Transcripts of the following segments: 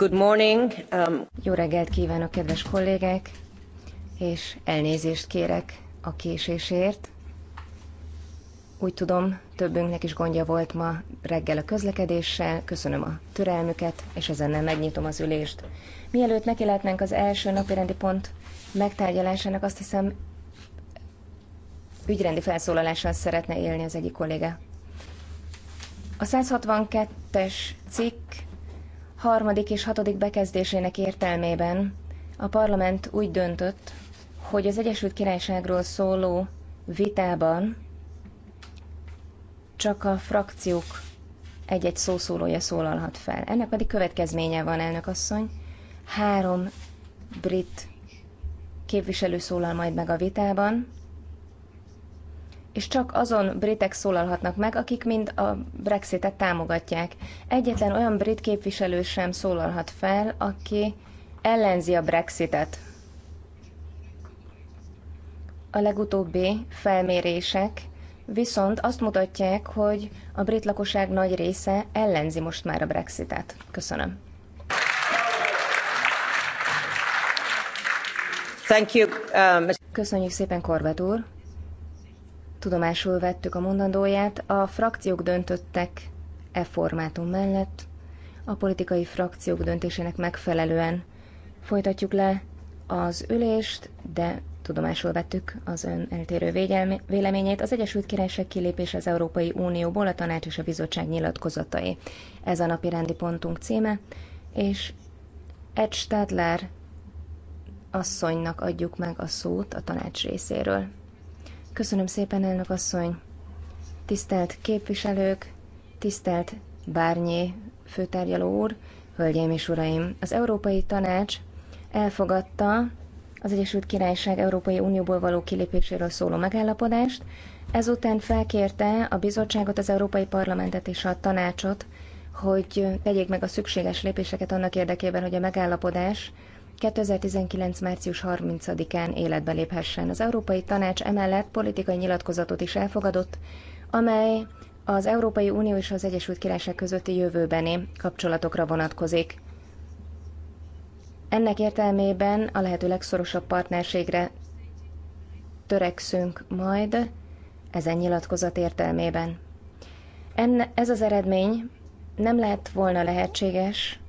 Good morning. Um... Jó reggelt kívánok, kedves kollégák, és elnézést kérek a késésért. Úgy tudom, többünknek is gondja volt ma reggel a közlekedéssel, köszönöm a türelmüket, és ezennel megnyitom az ülést. Mielőtt neki lehetnénk az első napirendi pont megtárgyalásának, azt hiszem ügyrendi felszólalással szeretne élni az egyik kolléga. A 162-es cikk harmadik és hatodik bekezdésének értelmében a parlament úgy döntött, hogy az Egyesült Királyságról szóló vitában csak a frakciók egy-egy szószólója szólalhat fel. Ennek pedig következménye van, elnök asszony. Három brit képviselő szólal majd meg a vitában, és csak azon britek szólalhatnak meg, akik mind a Brexitet támogatják. Egyetlen olyan brit képviselő sem szólalhat fel, aki ellenzi a Brexitet. A legutóbbi felmérések viszont azt mutatják, hogy a brit lakosság nagy része ellenzi most már a Brexitet. Köszönöm. Thank you, um... Köszönjük szépen, Korbett úr tudomásul vettük a mondandóját, a frakciók döntöttek e formátum mellett, a politikai frakciók döntésének megfelelően folytatjuk le az ülést, de tudomásul vettük az ön eltérő véleményét, az Egyesült Királyság kilépés az Európai Unióból, a tanács és a bizottság nyilatkozatai. Ez a napi rendi pontunk címe, és Ed Stadler asszonynak adjuk meg a szót a tanács részéről. Köszönöm szépen, elnök asszony. Tisztelt képviselők, tisztelt Bárnyé főtárgyaló úr, hölgyeim és uraim! Az Európai Tanács elfogadta az Egyesült Királyság Európai Unióból való kilépéséről szóló megállapodást, ezután felkérte a bizottságot, az Európai Parlamentet és a tanácsot, hogy tegyék meg a szükséges lépéseket annak érdekében, hogy a megállapodás 2019. március 30-án életbe léphessen. Az Európai Tanács emellett politikai nyilatkozatot is elfogadott, amely az Európai Unió és az Egyesült Királyság közötti jövőbeni kapcsolatokra vonatkozik. Ennek értelmében a lehető legszorosabb partnerségre törekszünk majd ezen nyilatkozat értelmében. Enne, ez az eredmény nem lett volna lehetséges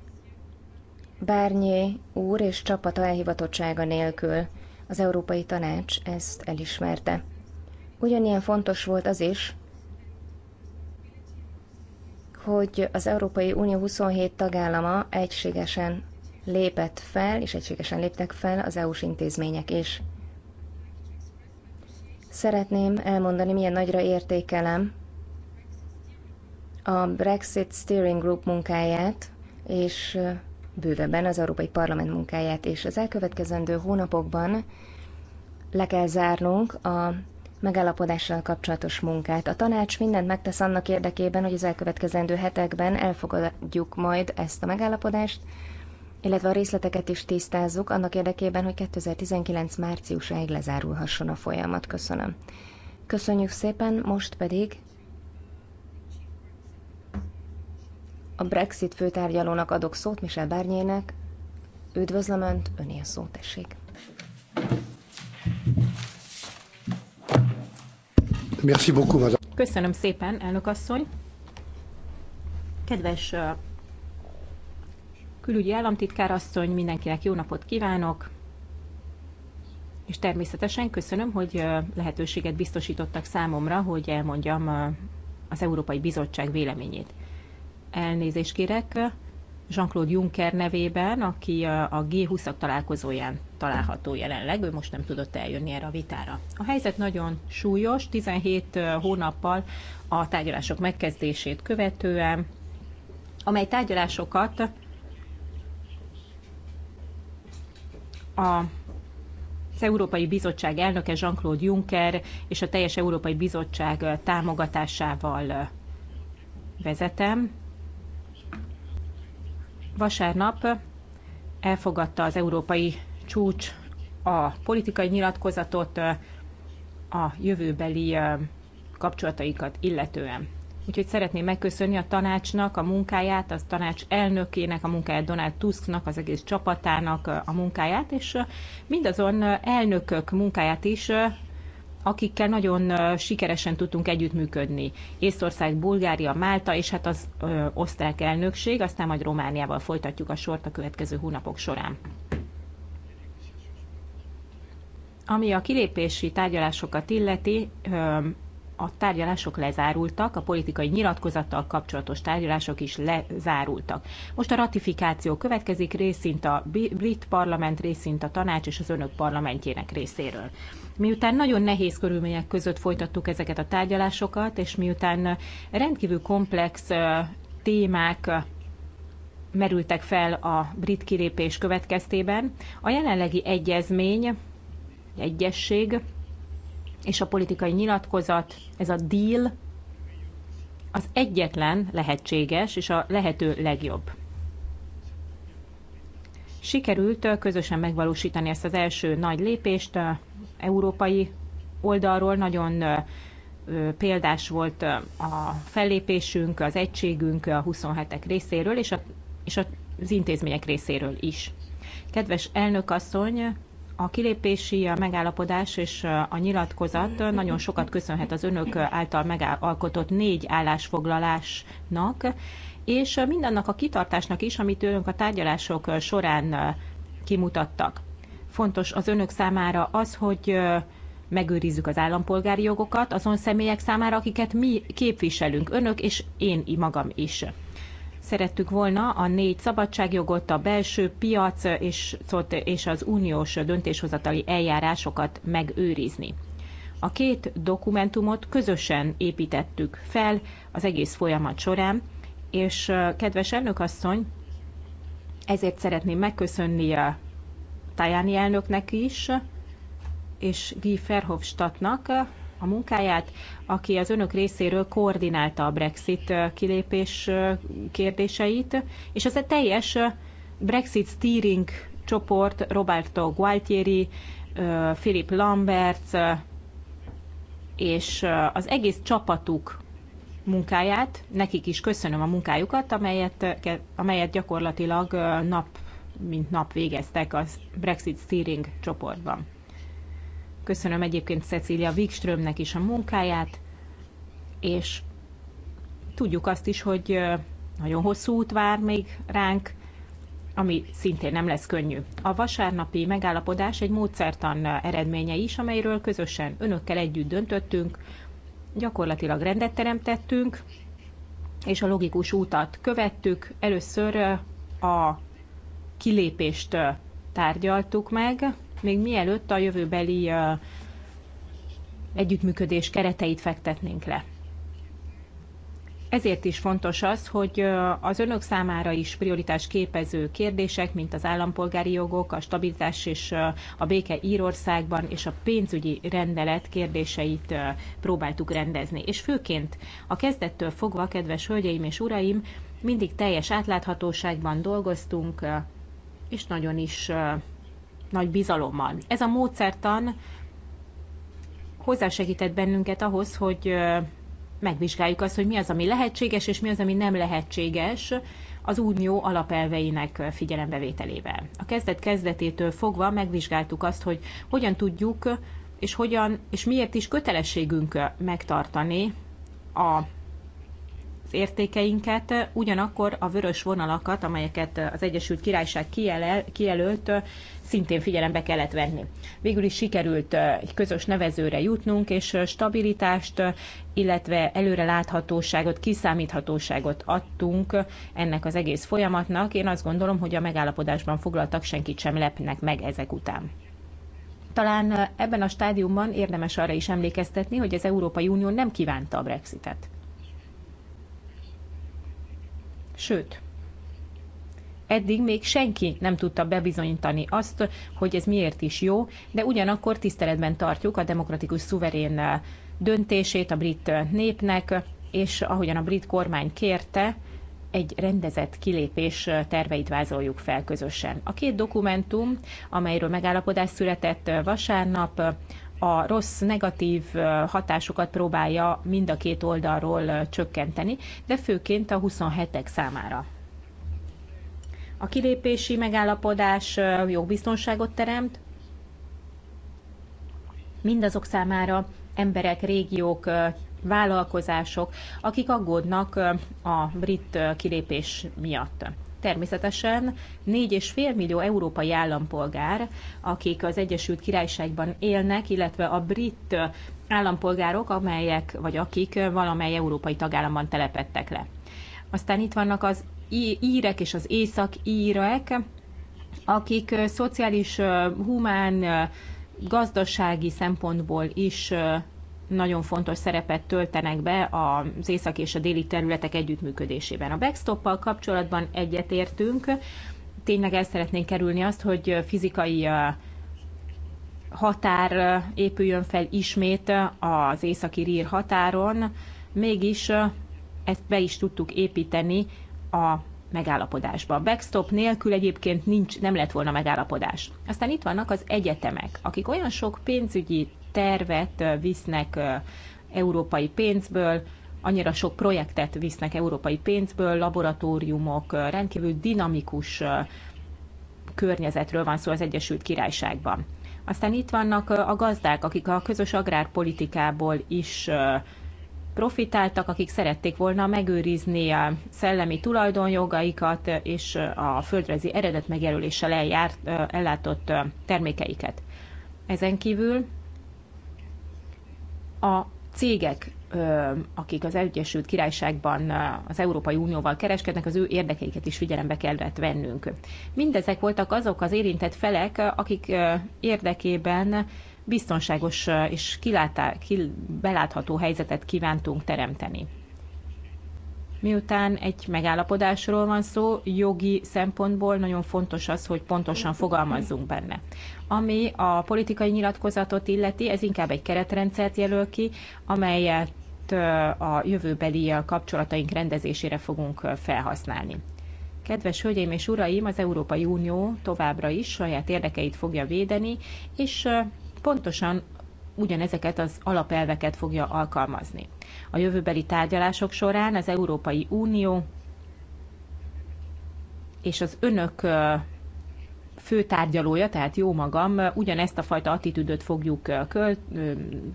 Bárnyé úr és csapata elhivatottsága nélkül. Az Európai Tanács ezt elismerte. Ugyanilyen fontos volt az is, hogy az Európai Unió 27 tagállama egységesen lépett fel, és egységesen léptek fel az EU-s intézmények is. Szeretném elmondani, milyen nagyra értékelem a Brexit Steering Group munkáját, és bővebben az Európai Parlament munkáját, és az elkövetkezendő hónapokban le kell zárnunk a megállapodással kapcsolatos munkát. A tanács mindent megtesz annak érdekében, hogy az elkövetkezendő hetekben elfogadjuk majd ezt a megállapodást, illetve a részleteket is tisztázzuk annak érdekében, hogy 2019 márciusáig lezárulhasson a folyamat. Köszönöm. Köszönjük szépen, most pedig A Brexit főtárgyalónak adok szót Michel Barnier-nek. Üdvözlöm Önt, Öné a szó, tessék. Merci beaucoup, madame. Köszönöm szépen, elnök asszony. Kedves külügyi államtitkár asszony, mindenkinek jó napot kívánok. És természetesen köszönöm, hogy lehetőséget biztosítottak számomra, hogy elmondjam az Európai Bizottság véleményét elnézést kérek Jean-Claude Juncker nevében, aki a G20-ak találkozóján található jelenleg, ő most nem tudott eljönni erre a vitára. A helyzet nagyon súlyos, 17 hónappal a tárgyalások megkezdését követően, amely tárgyalásokat a az Európai Bizottság elnöke Jean-Claude Juncker és a teljes Európai Bizottság támogatásával vezetem. Vasárnap elfogadta az európai csúcs a politikai nyilatkozatot a jövőbeli kapcsolataikat illetően. Úgyhogy szeretném megköszönni a tanácsnak a munkáját, a tanács elnökének a munkáját, Donald Tusknak, az egész csapatának a munkáját, és mindazon elnökök munkáját is, akikkel nagyon sikeresen tudtunk együttműködni. Észország, Bulgária, Málta, és hát az ö, osztrák elnökség, aztán majd Romániával folytatjuk a sort a következő hónapok során. Ami a kilépési tárgyalásokat illeti, ö, a tárgyalások lezárultak, a politikai nyilatkozattal kapcsolatos tárgyalások is lezárultak. Most a ratifikáció következik részint a brit parlament, részint a tanács és az önök parlamentjének részéről. Miután nagyon nehéz körülmények között folytattuk ezeket a tárgyalásokat, és miután rendkívül komplex témák merültek fel a brit kilépés következtében, a jelenlegi egyezmény, egyesség és a politikai nyilatkozat, ez a deal, az egyetlen lehetséges és a lehető legjobb. Sikerült közösen megvalósítani ezt az első nagy lépést, európai oldalról nagyon példás volt a fellépésünk, az egységünk a 27-ek részéről és, a, és az intézmények részéről is. Kedves elnökasszony, a kilépési a megállapodás és a nyilatkozat nagyon sokat köszönhet az önök által megalkotott négy állásfoglalásnak, és mindannak a kitartásnak is, amit önök a tárgyalások során kimutattak fontos az önök számára az, hogy megőrizzük az állampolgári jogokat azon személyek számára, akiket mi képviselünk, önök és én magam is. Szerettük volna a négy szabadságjogot, a belső piac és, az uniós döntéshozatali eljárásokat megőrizni. A két dokumentumot közösen építettük fel az egész folyamat során, és kedves elnökasszony, ezért szeretném megköszönni Tajani elnöknek is, és Guy Verhofstadtnak a munkáját, aki az önök részéről koordinálta a Brexit kilépés kérdéseit, és ez a teljes Brexit Steering csoport Roberto Gualtieri, Philip Lambert és az egész csapatuk munkáját, nekik is köszönöm a munkájukat, amelyet, amelyet gyakorlatilag nap mint nap végeztek az Brexit Steering csoportban. Köszönöm egyébként Cecília Wikströmnek is a munkáját, és tudjuk azt is, hogy nagyon hosszú út vár még ránk, ami szintén nem lesz könnyű. A vasárnapi megállapodás egy módszertan eredménye is, amelyről közösen önökkel együtt döntöttünk, gyakorlatilag rendet teremtettünk, és a logikus útat követtük. Először a kilépést tárgyaltuk meg, még mielőtt a jövőbeli együttműködés kereteit fektetnénk le. Ezért is fontos az, hogy az önök számára is prioritás képező kérdések, mint az állampolgári jogok, a stabilitás és a béke Írországban és a pénzügyi rendelet kérdéseit próbáltuk rendezni. És főként a kezdettől fogva, kedves hölgyeim és uraim, mindig teljes átláthatóságban dolgoztunk, és nagyon is nagy bizalommal. Ez a módszertan hozzásegített bennünket ahhoz, hogy megvizsgáljuk azt, hogy mi az, ami lehetséges, és mi az, ami nem lehetséges az unió alapelveinek figyelembevételével. A kezdet kezdetétől fogva megvizsgáltuk azt, hogy hogyan tudjuk, és hogyan, és miért is kötelességünk megtartani a értékeinket, ugyanakkor a vörös vonalakat, amelyeket az Egyesült Királyság kijelölt, szintén figyelembe kellett venni. Végül is sikerült eh, egy közös nevezőre jutnunk, és eh, stabilitást, eh, illetve előreláthatóságot, kiszámíthatóságot adtunk ennek az egész folyamatnak. Én azt gondolom, hogy a megállapodásban foglaltak senkit sem lepnek meg ezek után. Talán ebben a stádiumban érdemes arra is emlékeztetni, hogy az Európai Unió nem kívánta a Brexitet. Sőt, eddig még senki nem tudta bebizonyítani azt, hogy ez miért is jó, de ugyanakkor tiszteletben tartjuk a demokratikus szuverén eh, döntését a brit eh, népnek, és ahogyan a brit kormány kérte, egy rendezett kilépés eh, terveit vázoljuk fel közösen. A két dokumentum, amelyről megállapodás született vasárnap, a rossz, negatív hatásokat próbálja mind a két oldalról csökkenteni, de főként a 27-ek számára. A kilépési megállapodás jogbiztonságot teremt, mindazok számára emberek, régiók, vállalkozások, akik aggódnak a brit kilépés miatt természetesen 4,5 millió európai állampolgár, akik az Egyesült Királyságban élnek, illetve a brit állampolgárok, amelyek vagy akik valamely európai tagállamban telepettek le. Aztán itt vannak az írek és az észak-írek, akik szociális, humán, gazdasági szempontból is nagyon fontos szerepet töltenek be az észak és a déli területek együttműködésében. A backstoppal kapcsolatban egyetértünk. Tényleg el szeretnénk kerülni azt, hogy fizikai határ épüljön fel ismét az északi rír határon, mégis ezt be is tudtuk építeni a megállapodásba. Backstop nélkül egyébként nincs, nem lett volna megállapodás. Aztán itt vannak az egyetemek, akik olyan sok pénzügyi tervet visznek európai pénzből, annyira sok projektet visznek európai pénzből, laboratóriumok, rendkívül dinamikus környezetről van szó az Egyesült Királyságban. Aztán itt vannak a gazdák, akik a közös agrárpolitikából is profitáltak, akik szerették volna megőrizni a szellemi tulajdonjogaikat és a földrajzi eredet megjelöléssel ellátott termékeiket. Ezen kívül a cégek, akik az Egyesült Királyságban az Európai Unióval kereskednek, az ő érdekeiket is figyelembe kellett vennünk. Mindezek voltak azok az érintett felek, akik érdekében biztonságos és kilátá, kil, belátható helyzetet kívántunk teremteni. Miután egy megállapodásról van szó, jogi szempontból nagyon fontos az, hogy pontosan fogalmazzunk benne. Ami a politikai nyilatkozatot illeti, ez inkább egy keretrendszert jelöl ki, amelyet a jövőbeli kapcsolataink rendezésére fogunk felhasználni. Kedves Hölgyeim és Uraim, az Európai Unió továbbra is saját érdekeit fogja védeni, és pontosan ugyanezeket az alapelveket fogja alkalmazni a jövőbeli tárgyalások során az Európai Unió és az önök főtárgyalója, tehát jó magam, ugyanezt a fajta attitűdöt fogjuk köl,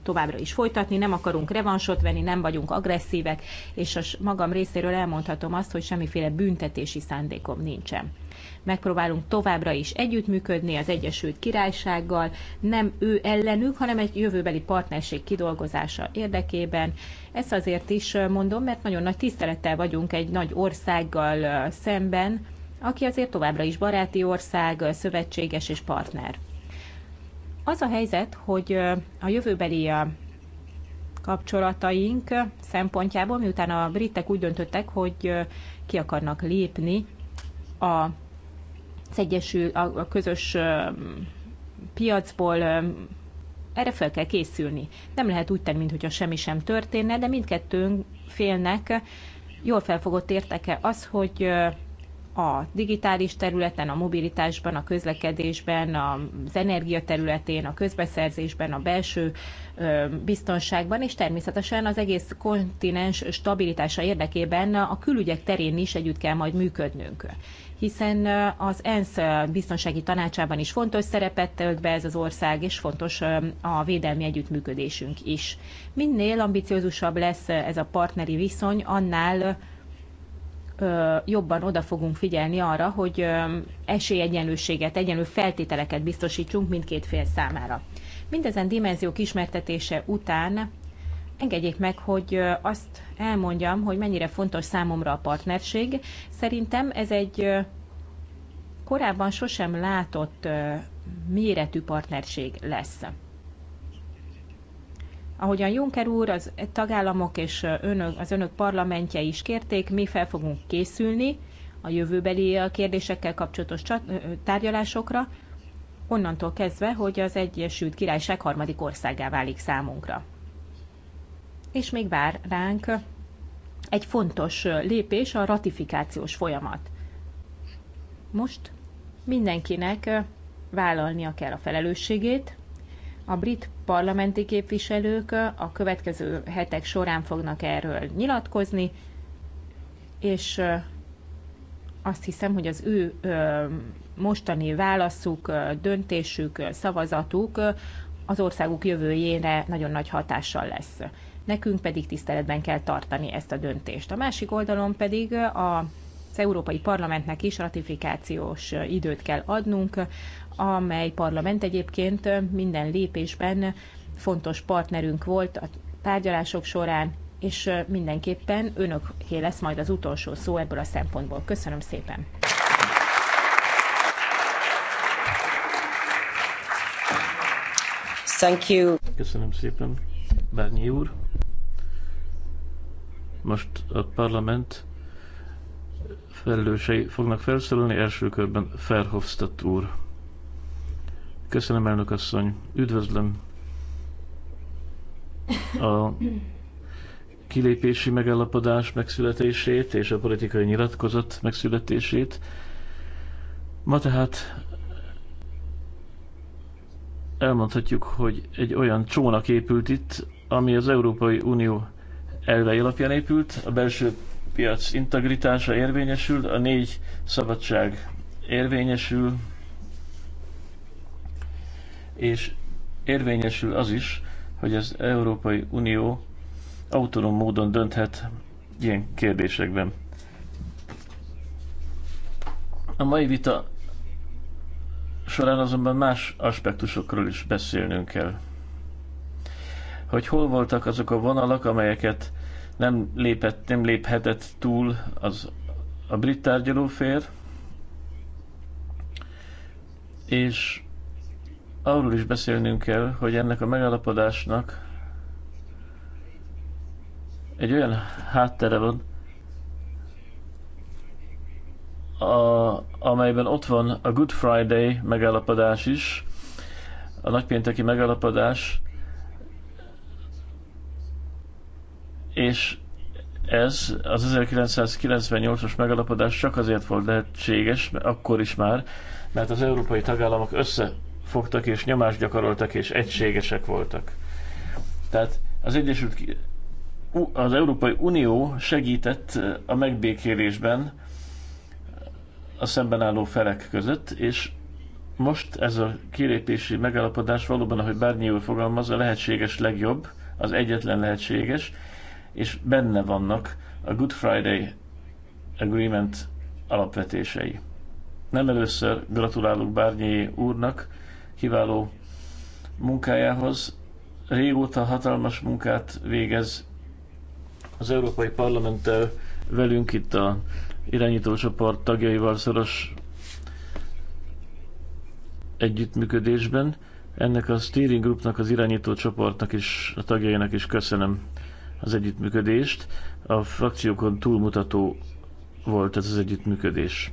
továbbra is folytatni, nem akarunk revansot venni, nem vagyunk agresszívek, és a magam részéről elmondhatom azt, hogy semmiféle büntetési szándékom nincsen. Megpróbálunk továbbra is együttműködni az Egyesült Királysággal, nem ő ellenük, hanem egy jövőbeli partnerség kidolgozása érdekében, ezt azért is mondom, mert nagyon nagy tisztelettel vagyunk egy nagy országgal szemben, aki azért továbbra is baráti ország, szövetséges és partner. Az a helyzet, hogy a jövőbeli kapcsolataink szempontjából, miután a britek úgy döntöttek, hogy ki akarnak lépni a egyesül, a közös piacból erre fel kell készülni. Nem lehet úgy tenni, mintha semmi sem történne, de mindkettőnk félnek, jól felfogott érteke az, hogy a digitális területen, a mobilitásban, a közlekedésben, az energia területén, a közbeszerzésben, a belső biztonságban, és természetesen az egész kontinens stabilitása érdekében a külügyek terén is együtt kell majd működnünk hiszen az ENSZ biztonsági tanácsában is fontos szerepet tölt be ez az ország, és fontos a védelmi együttműködésünk is. Minél ambiciózusabb lesz ez a partneri viszony, annál jobban oda fogunk figyelni arra, hogy esélyegyenlőséget, egyenlő feltételeket biztosítsunk mindkét fél számára. Mindezen dimenziók ismertetése után Engedjék meg, hogy azt elmondjam, hogy mennyire fontos számomra a partnerség. Szerintem ez egy korábban sosem látott méretű partnerség lesz. Ahogyan Juncker úr, az tagállamok és önök, az önök parlamentje is kérték, mi fel fogunk készülni a jövőbeli kérdésekkel kapcsolatos tárgyalásokra, onnantól kezdve, hogy az Egyesült Királyság harmadik országá válik számunkra és még vár ránk egy fontos lépés a ratifikációs folyamat. Most mindenkinek vállalnia kell a felelősségét. A brit parlamenti képviselők a következő hetek során fognak erről nyilatkozni, és azt hiszem, hogy az ő mostani válaszuk, döntésük, szavazatuk az országuk jövőjére nagyon nagy hatással lesz nekünk pedig tiszteletben kell tartani ezt a döntést. A másik oldalon pedig a az Európai Parlamentnek is ratifikációs időt kell adnunk, amely parlament egyébként minden lépésben fontos partnerünk volt a tárgyalások során, és mindenképpen önöké lesz majd az utolsó szó ebből a szempontból. Köszönöm szépen! Thank you. Köszönöm szépen, Bárnyi úr! Most a parlament felelősei fognak felszólalni, első körben Ferhofstadt úr. Köszönöm, elnök asszony. Üdvözlöm a kilépési megállapodás megszületését és a politikai nyilatkozat megszületését. Ma tehát elmondhatjuk, hogy egy olyan csónak épült itt, ami az Európai Unió elvei alapján épült, a belső piac integritása érvényesül, a négy szabadság érvényesül, és érvényesül az is, hogy az Európai Unió autonóm módon dönthet ilyen kérdésekben. A mai vita során azonban más aspektusokról is beszélnünk kell hogy hol voltak azok a vonalak, amelyeket nem, lépett, nem léphetett túl az, a brit tárgyalófér, és arról is beszélnünk kell, hogy ennek a megállapodásnak egy olyan háttere van, a, amelyben ott van a Good Friday megállapodás is, a nagypénteki megállapodás, és ez az 1998-as megalapodás csak azért volt lehetséges, mert akkor is már, mert az európai tagállamok összefogtak és nyomást gyakoroltak és egységesek voltak. Tehát az Egyesült az Európai Unió segített eh, a megbékélésben a szemben álló felek között, és most ez a kilépési megállapodás valóban, ahogy Bárnyi úr fogalmazza, lehetséges legjobb, az egyetlen lehetséges, és benne vannak a Good Friday Agreement alapvetései. Nem először gratulálok Bárnyé úrnak kiváló munkájához. Régóta hatalmas munkát végez az Európai Parlamenttel velünk itt a irányítócsoport tagjaival szoros együttműködésben. Ennek a steering groupnak, az irányító csoportnak is, a tagjainak is köszönöm az együttműködést. A frakciókon túlmutató volt ez az együttműködés.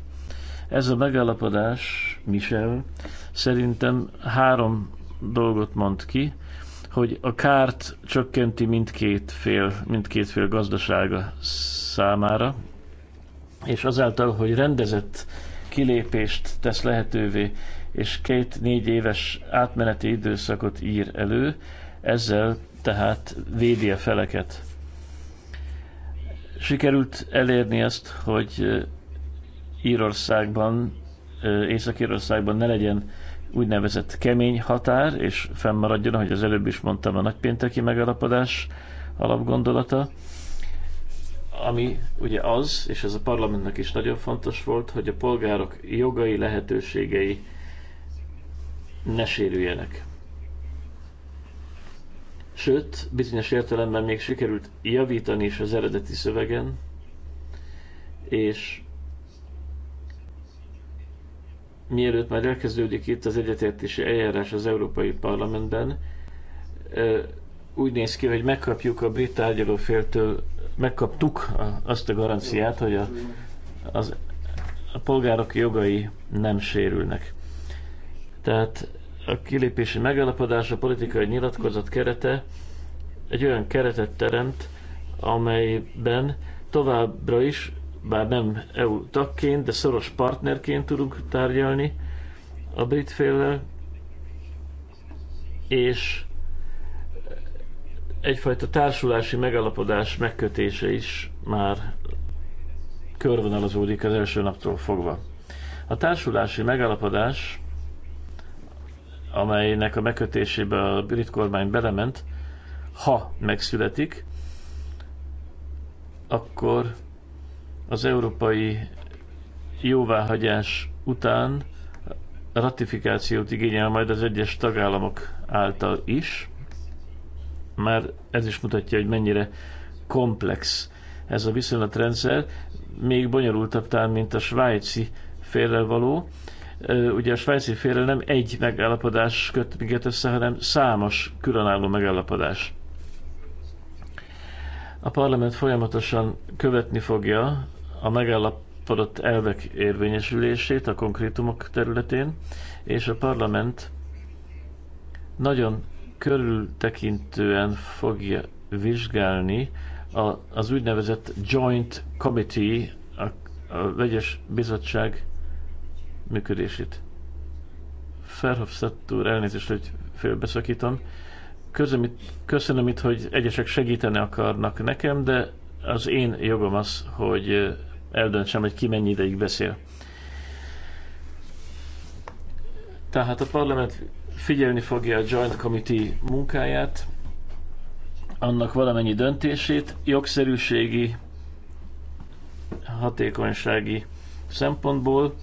Ez a megállapodás, Michel, szerintem három dolgot mond ki, hogy a kárt csökkenti mindkét fél, mindkét fél gazdasága számára, és azáltal, hogy rendezett kilépést tesz lehetővé, és két-négy éves átmeneti időszakot ír elő, ezzel tehát védi a feleket. Sikerült elérni ezt, hogy Írországban, Észak-Írországban ne legyen úgynevezett kemény határ, és fennmaradjon, ahogy az előbb is mondtam, a nagypénteki megalapodás alapgondolata, ami ugye az, és ez a parlamentnek is nagyon fontos volt, hogy a polgárok jogai, lehetőségei ne sérüljenek sőt, bizonyos értelemben még sikerült javítani is az eredeti szövegen, és mielőtt már elkezdődik itt az egyetértési eljárás az Európai Parlamentben, úgy néz ki, hogy megkapjuk a brit tárgyalóféltől, megkaptuk azt a garanciát, hogy a, az, a polgárok jogai nem sérülnek. Tehát a kilépési megállapodás, a politikai nyilatkozat kerete egy olyan keretet teremt, amelyben továbbra is, bár nem EU tagként, de szoros partnerként tudunk tárgyalni a brit féllel, és egyfajta társulási megalapodás megkötése is már körvonalazódik az első naptól fogva. A társulási megalapodás amelynek a megkötésébe a brit kormány belement, ha megszületik, akkor az európai jóváhagyás után ratifikációt igényel majd az egyes tagállamok által is. Már ez is mutatja, hogy mennyire komplex ez a viszonylatrendszer, még bonyolultabb talán, mint a svájci félrel való, ugye a svájci félre nem egy megállapodás köt minket össze, hanem számos különálló megállapodás. A parlament folyamatosan követni fogja a megállapodott elvek érvényesülését a konkrétumok területén, és a parlament nagyon körültekintően fogja vizsgálni az úgynevezett Joint Committee, a, a vegyes bizottság működését. Ferhofstadt úr, elnézést, hogy félbeszakítom. Köszönöm, köszönöm itt, hogy egyesek segíteni akarnak nekem, de az én jogom az, hogy eldöntsem, hogy ki mennyi ideig beszél. Tehát a parlament figyelni fogja a Joint Committee munkáját, annak valamennyi döntését, jogszerűségi, hatékonysági szempontból,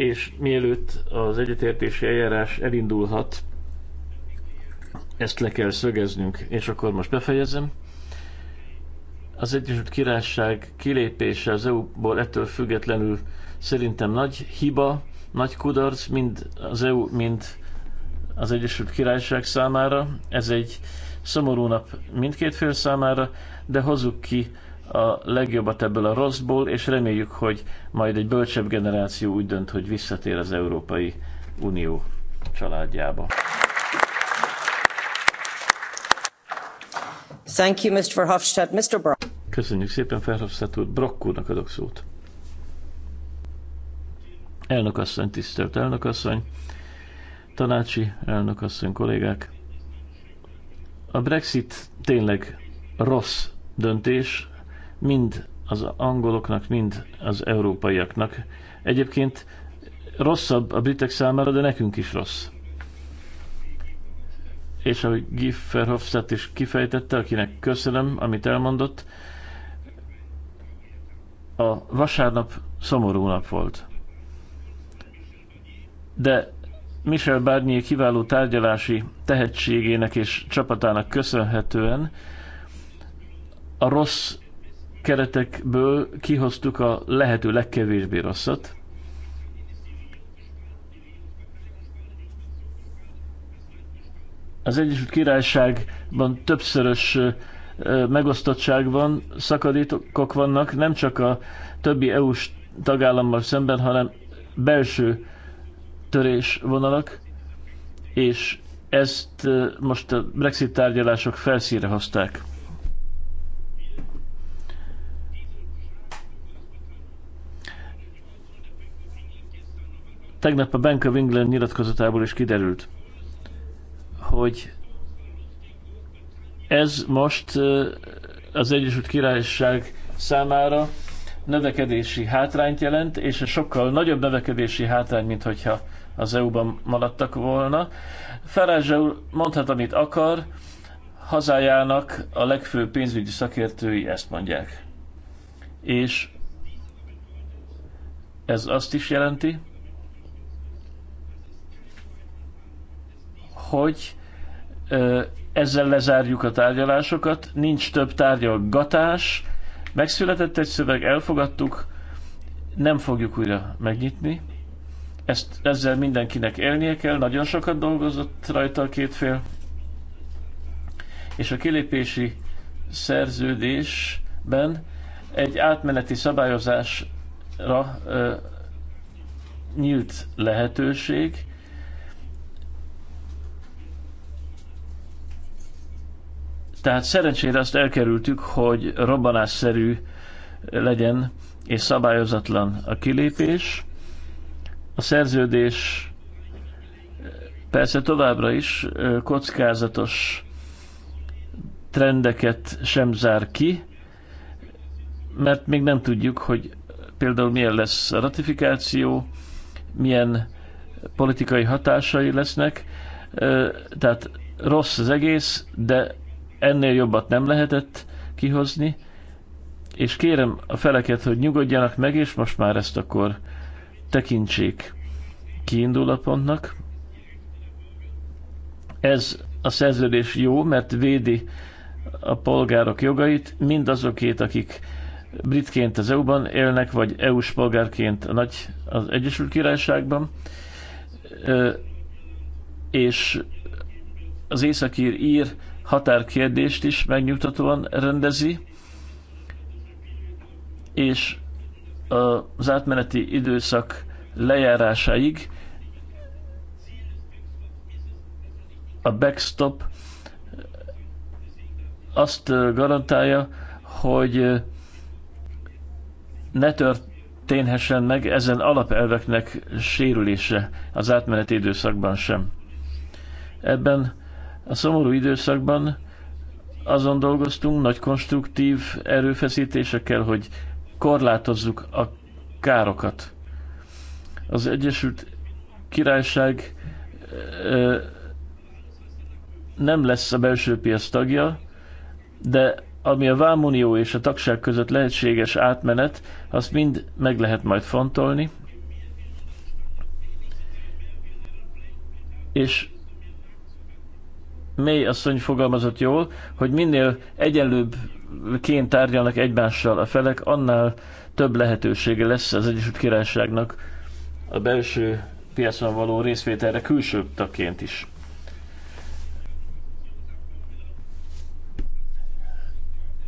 és mielőtt az egyetértési eljárás elindulhat, ezt le kell szögeznünk, és akkor most befejezem. Az Egyesült Királyság kilépése az EU-ból ettől függetlenül szerintem nagy hiba, nagy kudarc, mind az EU, mind az Egyesült Királyság számára. Ez egy szomorú nap mindkét fél számára, de hozzuk ki a legjobbat ebből a rosszból, és reméljük, hogy majd egy bölcsebb generáció úgy dönt, hogy visszatér az Európai Unió családjába. Thank you, Mr. Verhofstadt. Mr. Brock. Köszönjük szépen, Verhofstadt úr. Brock úrnak adok szót. Elnökasszony, tisztelt elnökasszony, tanácsi elnökasszony, kollégák. A Brexit tényleg rossz döntés, mind az angoloknak, mind az európaiaknak. Egyébként rosszabb a britek számára, de nekünk is rossz. És ahogy Gifferhofstadt is kifejtette, akinek köszönöm, amit elmondott, a vasárnap szomorú nap volt. De Michel Barnier kiváló tárgyalási tehetségének és csapatának köszönhetően a rossz keretekből kihoztuk a lehető legkevésbé rosszat. Az Egyesült Királyságban többszörös megosztottság van, szakadékok vannak, nem csak a többi EU-s tagállammal szemben, hanem belső törésvonalak, és ezt most a Brexit tárgyalások felszíre hozták. Tegnap a Bank of England nyilatkozatából is kiderült, hogy ez most az Egyesült Királyság számára növekedési hátrányt jelent, és sokkal nagyobb növekedési hátrány, mint hogyha az EU-ban maradtak volna. Farage mondhat, amit akar, hazájának a legfőbb pénzügyi szakértői ezt mondják. És ez azt is jelenti, hogy ezzel lezárjuk a tárgyalásokat, nincs több tárgyalgatás, megszületett egy szöveg, elfogadtuk, nem fogjuk újra megnyitni. Ezt, ezzel mindenkinek élnie kell, nagyon sokat dolgozott rajta a két fél. És a kilépési szerződésben egy átmeneti szabályozásra ö, nyílt lehetőség, Tehát szerencsére azt elkerültük, hogy robbanásszerű legyen és szabályozatlan a kilépés. A szerződés persze továbbra is kockázatos trendeket sem zár ki, mert még nem tudjuk, hogy például milyen lesz a ratifikáció, milyen politikai hatásai lesznek, tehát rossz az egész, de Ennél jobbat nem lehetett kihozni, és kérem a feleket, hogy nyugodjanak meg, és most már ezt akkor tekintsék pontnak. Ez a szerződés jó, mert védi a polgárok jogait, Mind azokét, akik britként az EU-ban élnek, vagy EU-s polgárként a nagy, az Egyesült Királyságban, és az északír ír határkérdést is megnyugtatóan rendezi, és az átmeneti időszak lejárásáig a backstop azt garantálja, hogy ne történhessen meg ezen alapelveknek sérülése az átmeneti időszakban sem. Ebben a szomorú időszakban azon dolgoztunk, nagy konstruktív erőfeszítésekkel, hogy korlátozzuk a károkat. Az Egyesült Királyság nem lesz a belső piac tagja, de ami a Vámunió és a tagság között lehetséges átmenet, azt mind meg lehet majd fontolni. És May asszony fogalmazott jól, hogy minél egyenlőbb ként tárgyalnak egymással a felek, annál több lehetősége lesz az Egyesült Királyságnak a belső piacon való részvételre külső tagként is.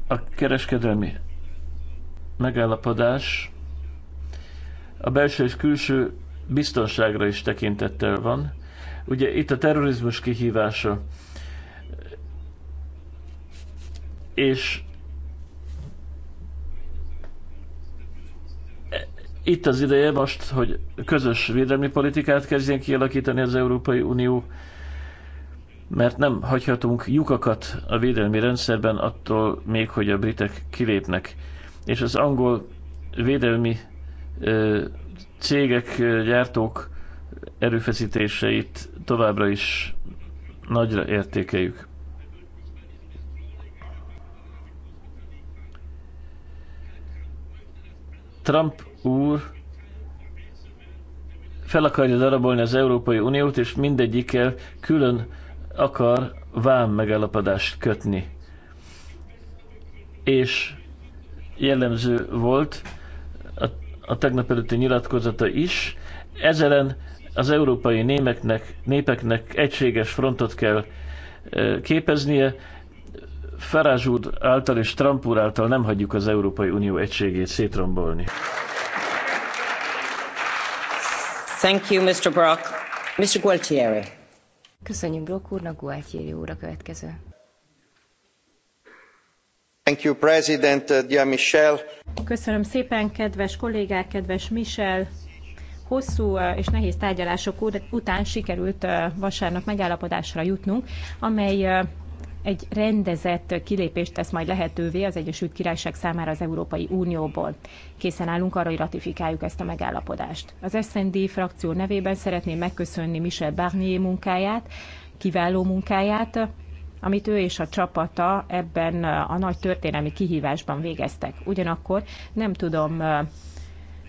A kereskedelmi megállapodás a belső és külső biztonságra is tekintettel van. Ugye itt a terrorizmus kihívása, és itt az ideje most, hogy közös védelmi politikát kezdjen kialakítani az Európai Unió, mert nem hagyhatunk lyukakat a védelmi rendszerben attól még, hogy a britek kilépnek. És az angol védelmi ö, cégek, gyártók erőfeszítéseit továbbra is nagyra értékeljük. Trump úr fel akarja darabolni az Európai Uniót, és mindegyikkel külön akar vám megállapodást kötni. És jellemző volt a, a tegnap előtti nyilatkozata is. Ezelen az európai némeknek, népeknek egységes frontot kell képeznie, Farage úr által és Trump úr által nem hagyjuk az Európai Unió egységét szétrombolni. Thank you, Mr. Brock. Mr. Gualtieri. Köszönjük Brock úrnak, Gualtieri úr a következő. Thank you, President, uh, dear Michel. Köszönöm szépen, kedves kollégák, kedves Michel. Hosszú uh, és nehéz tárgyalások után sikerült uh, vasárnap megállapodásra jutnunk, amely egy rendezett kilépést tesz majd lehetővé az Egyesült Királyság számára az Európai Unióból. Készen állunk arra, hogy ratifikáljuk ezt a megállapodást. Az SND frakció nevében szeretném megköszönni Michel Barnier munkáját, kiváló munkáját, amit ő és a csapata ebben a nagy történelmi kihívásban végeztek. Ugyanakkor nem tudom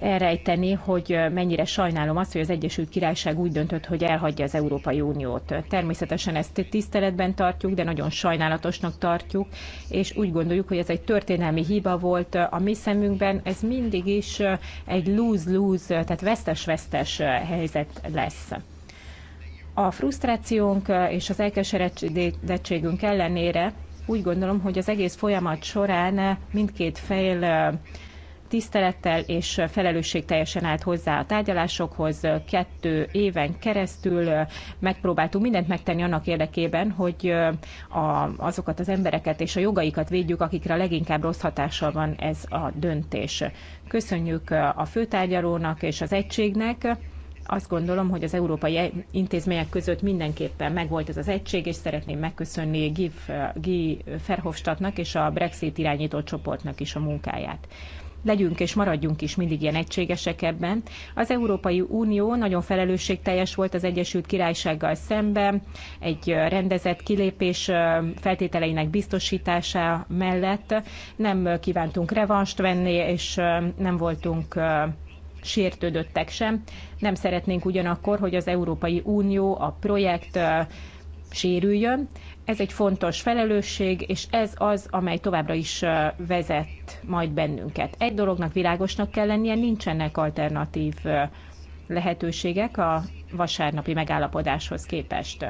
elrejteni, hogy mennyire sajnálom azt, hogy az Egyesült Királyság úgy döntött, hogy elhagyja az Európai Uniót. Természetesen ezt tiszteletben tartjuk, de nagyon sajnálatosnak tartjuk, és úgy gondoljuk, hogy ez egy történelmi hiba volt a mi szemünkben. Ez mindig is egy lose-lose, tehát vesztes-vesztes helyzet lesz. A frusztrációnk és az elkeseredettségünk ellenére úgy gondolom, hogy az egész folyamat során mindkét fél tisztelettel és felelősségteljesen állt hozzá a tárgyalásokhoz. Kettő éven keresztül megpróbáltunk mindent megtenni annak érdekében, hogy a, azokat az embereket és a jogaikat védjük, akikre a leginkább rossz hatással van ez a döntés. Köszönjük a főtárgyalónak és az egységnek azt gondolom, hogy az európai e- intézmények között mindenképpen megvolt ez az egység, és szeretném megköszönni Guy Verhofstadtnak és a Brexit irányító csoportnak is a munkáját legyünk és maradjunk is mindig ilyen egységesek ebben. Az Európai Unió nagyon felelősségteljes volt az Egyesült Királysággal szemben, egy rendezett kilépés feltételeinek biztosítása mellett nem kívántunk revanst venni, és nem voltunk sértődöttek sem. Nem szeretnénk ugyanakkor, hogy az Európai Unió, a projekt sérüljön, ez egy fontos felelősség, és ez az, amely továbbra is vezet majd bennünket. Egy dolognak világosnak kell lennie, nincsenek alternatív lehetőségek a vasárnapi megállapodáshoz képest.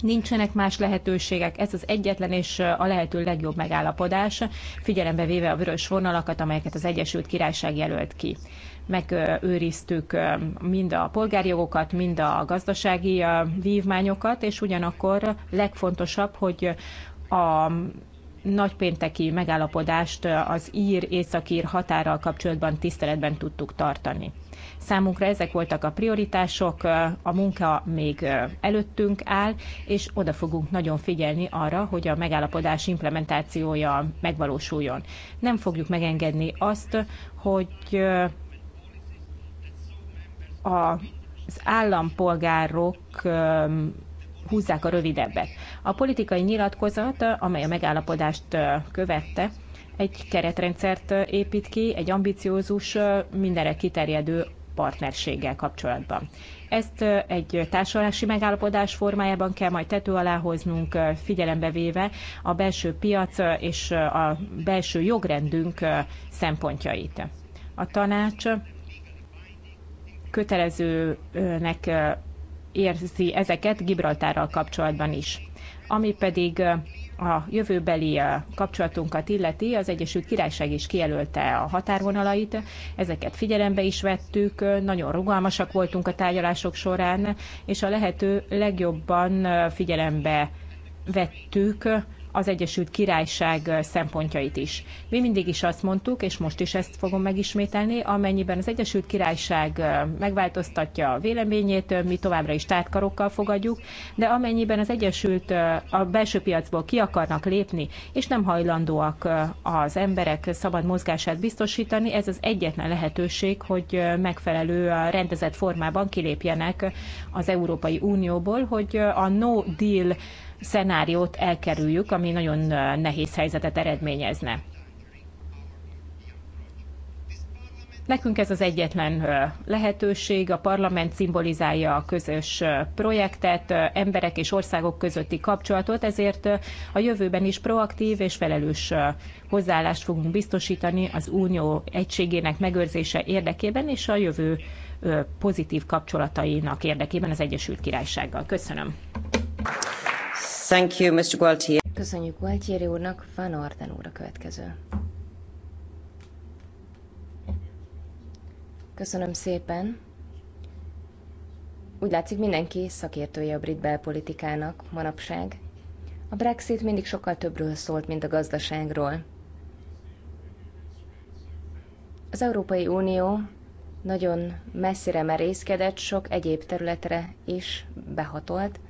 Nincsenek más lehetőségek, ez az egyetlen és a lehető legjobb megállapodás, figyelembe véve a vörös vonalakat, amelyeket az Egyesült Királyság jelölt ki megőriztük mind a polgári mind a gazdasági vívmányokat, és ugyanakkor legfontosabb, hogy a nagypénteki megállapodást az ír északír határral kapcsolatban tiszteletben tudtuk tartani. Számunkra ezek voltak a prioritások, a munka még előttünk áll, és oda fogunk nagyon figyelni arra, hogy a megállapodás implementációja megvalósuljon. Nem fogjuk megengedni azt, hogy az állampolgárok húzzák a rövidebbet. A politikai nyilatkozat, amely a megállapodást követte, egy keretrendszert épít ki, egy ambiciózus, mindenre kiterjedő partnerséggel kapcsolatban. Ezt egy társadalási megállapodás formájában kell majd tető alá hoznunk, figyelembe véve a belső piac és a belső jogrendünk szempontjait. A tanács kötelezőnek érzi ezeket Gibraltárral kapcsolatban is. Ami pedig a jövőbeli kapcsolatunkat illeti, az Egyesült Királyság is kijelölte a határvonalait, ezeket figyelembe is vettük, nagyon rugalmasak voltunk a tárgyalások során, és a lehető legjobban figyelembe vettük az Egyesült Királyság szempontjait is. Mi mindig is azt mondtuk, és most is ezt fogom megismételni, amennyiben az Egyesült Királyság megváltoztatja a véleményét, mi továbbra is tártkarokkal fogadjuk, de amennyiben az Egyesült a belső piacból ki akarnak lépni, és nem hajlandóak az emberek szabad mozgását biztosítani, ez az egyetlen lehetőség, hogy megfelelő rendezett formában kilépjenek az Európai Unióból, hogy a no deal szenáriót elkerüljük, ami nagyon nehéz helyzetet eredményezne. Nekünk ez az egyetlen lehetőség, a parlament szimbolizálja a közös projektet, emberek és országok közötti kapcsolatot, ezért a jövőben is proaktív és felelős hozzáállást fogunk biztosítani az unió egységének megőrzése érdekében és a jövő pozitív kapcsolatainak érdekében az Egyesült Királysággal. Köszönöm. Thank you, Mr. Gualtieri. Köszönjük Gualtieri úrnak, Van Orden úr a következő. Köszönöm szépen. Úgy látszik, mindenki szakértője a brit belpolitikának manapság. A Brexit mindig sokkal többről szólt, mint a gazdaságról. Az Európai Unió nagyon messzire merészkedett, sok egyéb területre is behatolt,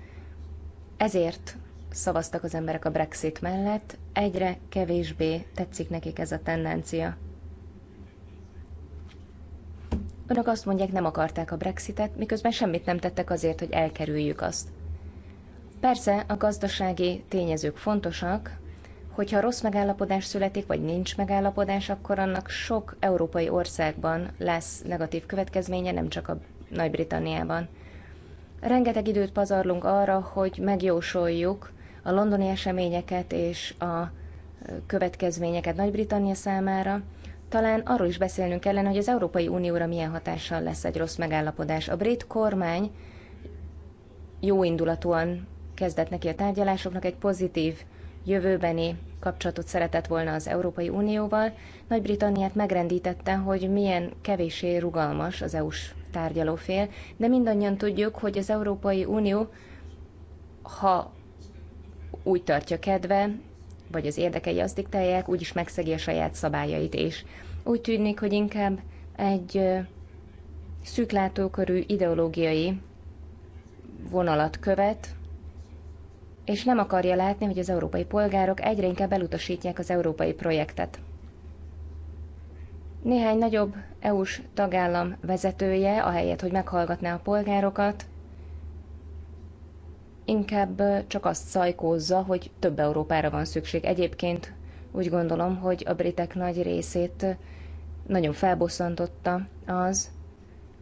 ezért szavaztak az emberek a Brexit mellett, egyre kevésbé tetszik nekik ez a tendencia. Önök azt mondják, nem akarták a Brexitet, miközben semmit nem tettek azért, hogy elkerüljük azt. Persze a gazdasági tényezők fontosak, hogyha rossz megállapodás születik, vagy nincs megállapodás, akkor annak sok európai országban lesz negatív következménye, nem csak a Nagy-Britanniában. Rengeteg időt pazarlunk arra, hogy megjósoljuk a londoni eseményeket és a következményeket Nagy-Britannia számára, talán arról is beszélnünk kellene, hogy az Európai Unióra milyen hatással lesz egy rossz megállapodás. A brit kormány jó indulatúan kezdett neki a tárgyalásoknak, egy pozitív jövőbeni kapcsolatot szeretett volna az Európai Unióval. Nagy-Britanniát megrendítette, hogy milyen kevésé rugalmas az EU-s tárgyalófél, de mindannyian tudjuk, hogy az Európai Unió, ha úgy tartja kedve, vagy az érdekei azt diktálják, úgyis megszegi a saját szabályait és Úgy tűnik, hogy inkább egy szűklátókörű ideológiai vonalat követ, és nem akarja látni, hogy az európai polgárok egyre inkább elutasítják az európai projektet. Néhány nagyobb EU-s tagállam vezetője, ahelyett, hogy meghallgatná a polgárokat, inkább csak azt szajkózza, hogy több Európára van szükség. Egyébként úgy gondolom, hogy a britek nagy részét nagyon felbosszantotta az,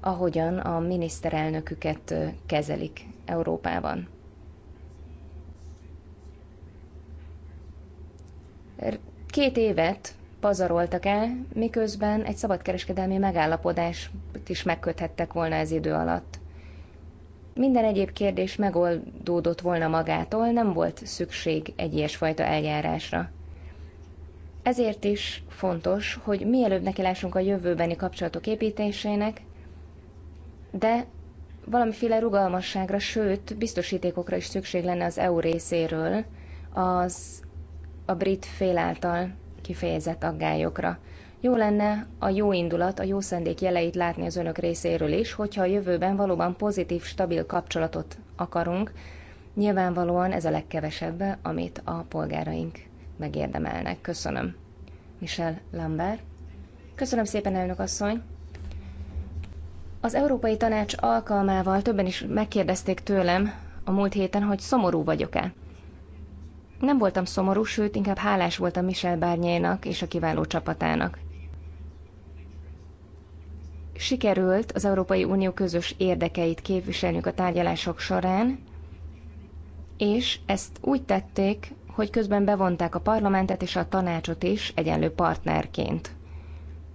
ahogyan a miniszterelnöküket kezelik Európában. Két évet pazaroltak el, miközben egy szabadkereskedelmi megállapodást is megköthettek volna ez idő alatt. Minden egyéb kérdés megoldódott volna magától, nem volt szükség egy ilyesfajta eljárásra. Ezért is fontos, hogy mielőbb nekilássunk a jövőbeni kapcsolatok építésének, de valamiféle rugalmasságra, sőt, biztosítékokra is szükség lenne az EU részéről az a brit fél által kifejezett aggályokra. Jó lenne a jó indulat, a jó szendék jeleit látni az önök részéről is, hogyha a jövőben valóban pozitív, stabil kapcsolatot akarunk. Nyilvánvalóan ez a legkevesebb, amit a polgáraink megérdemelnek. Köszönöm. Michel Lambert. Köszönöm szépen, elnök asszony. Az Európai Tanács alkalmával többen is megkérdezték tőlem a múlt héten, hogy szomorú vagyok-e. Nem voltam szomorú, sőt, inkább hálás voltam Michel Bárnyénak és a kiváló csapatának sikerült az Európai Unió közös érdekeit képviselniük a tárgyalások során, és ezt úgy tették, hogy közben bevonták a parlamentet és a tanácsot is egyenlő partnerként.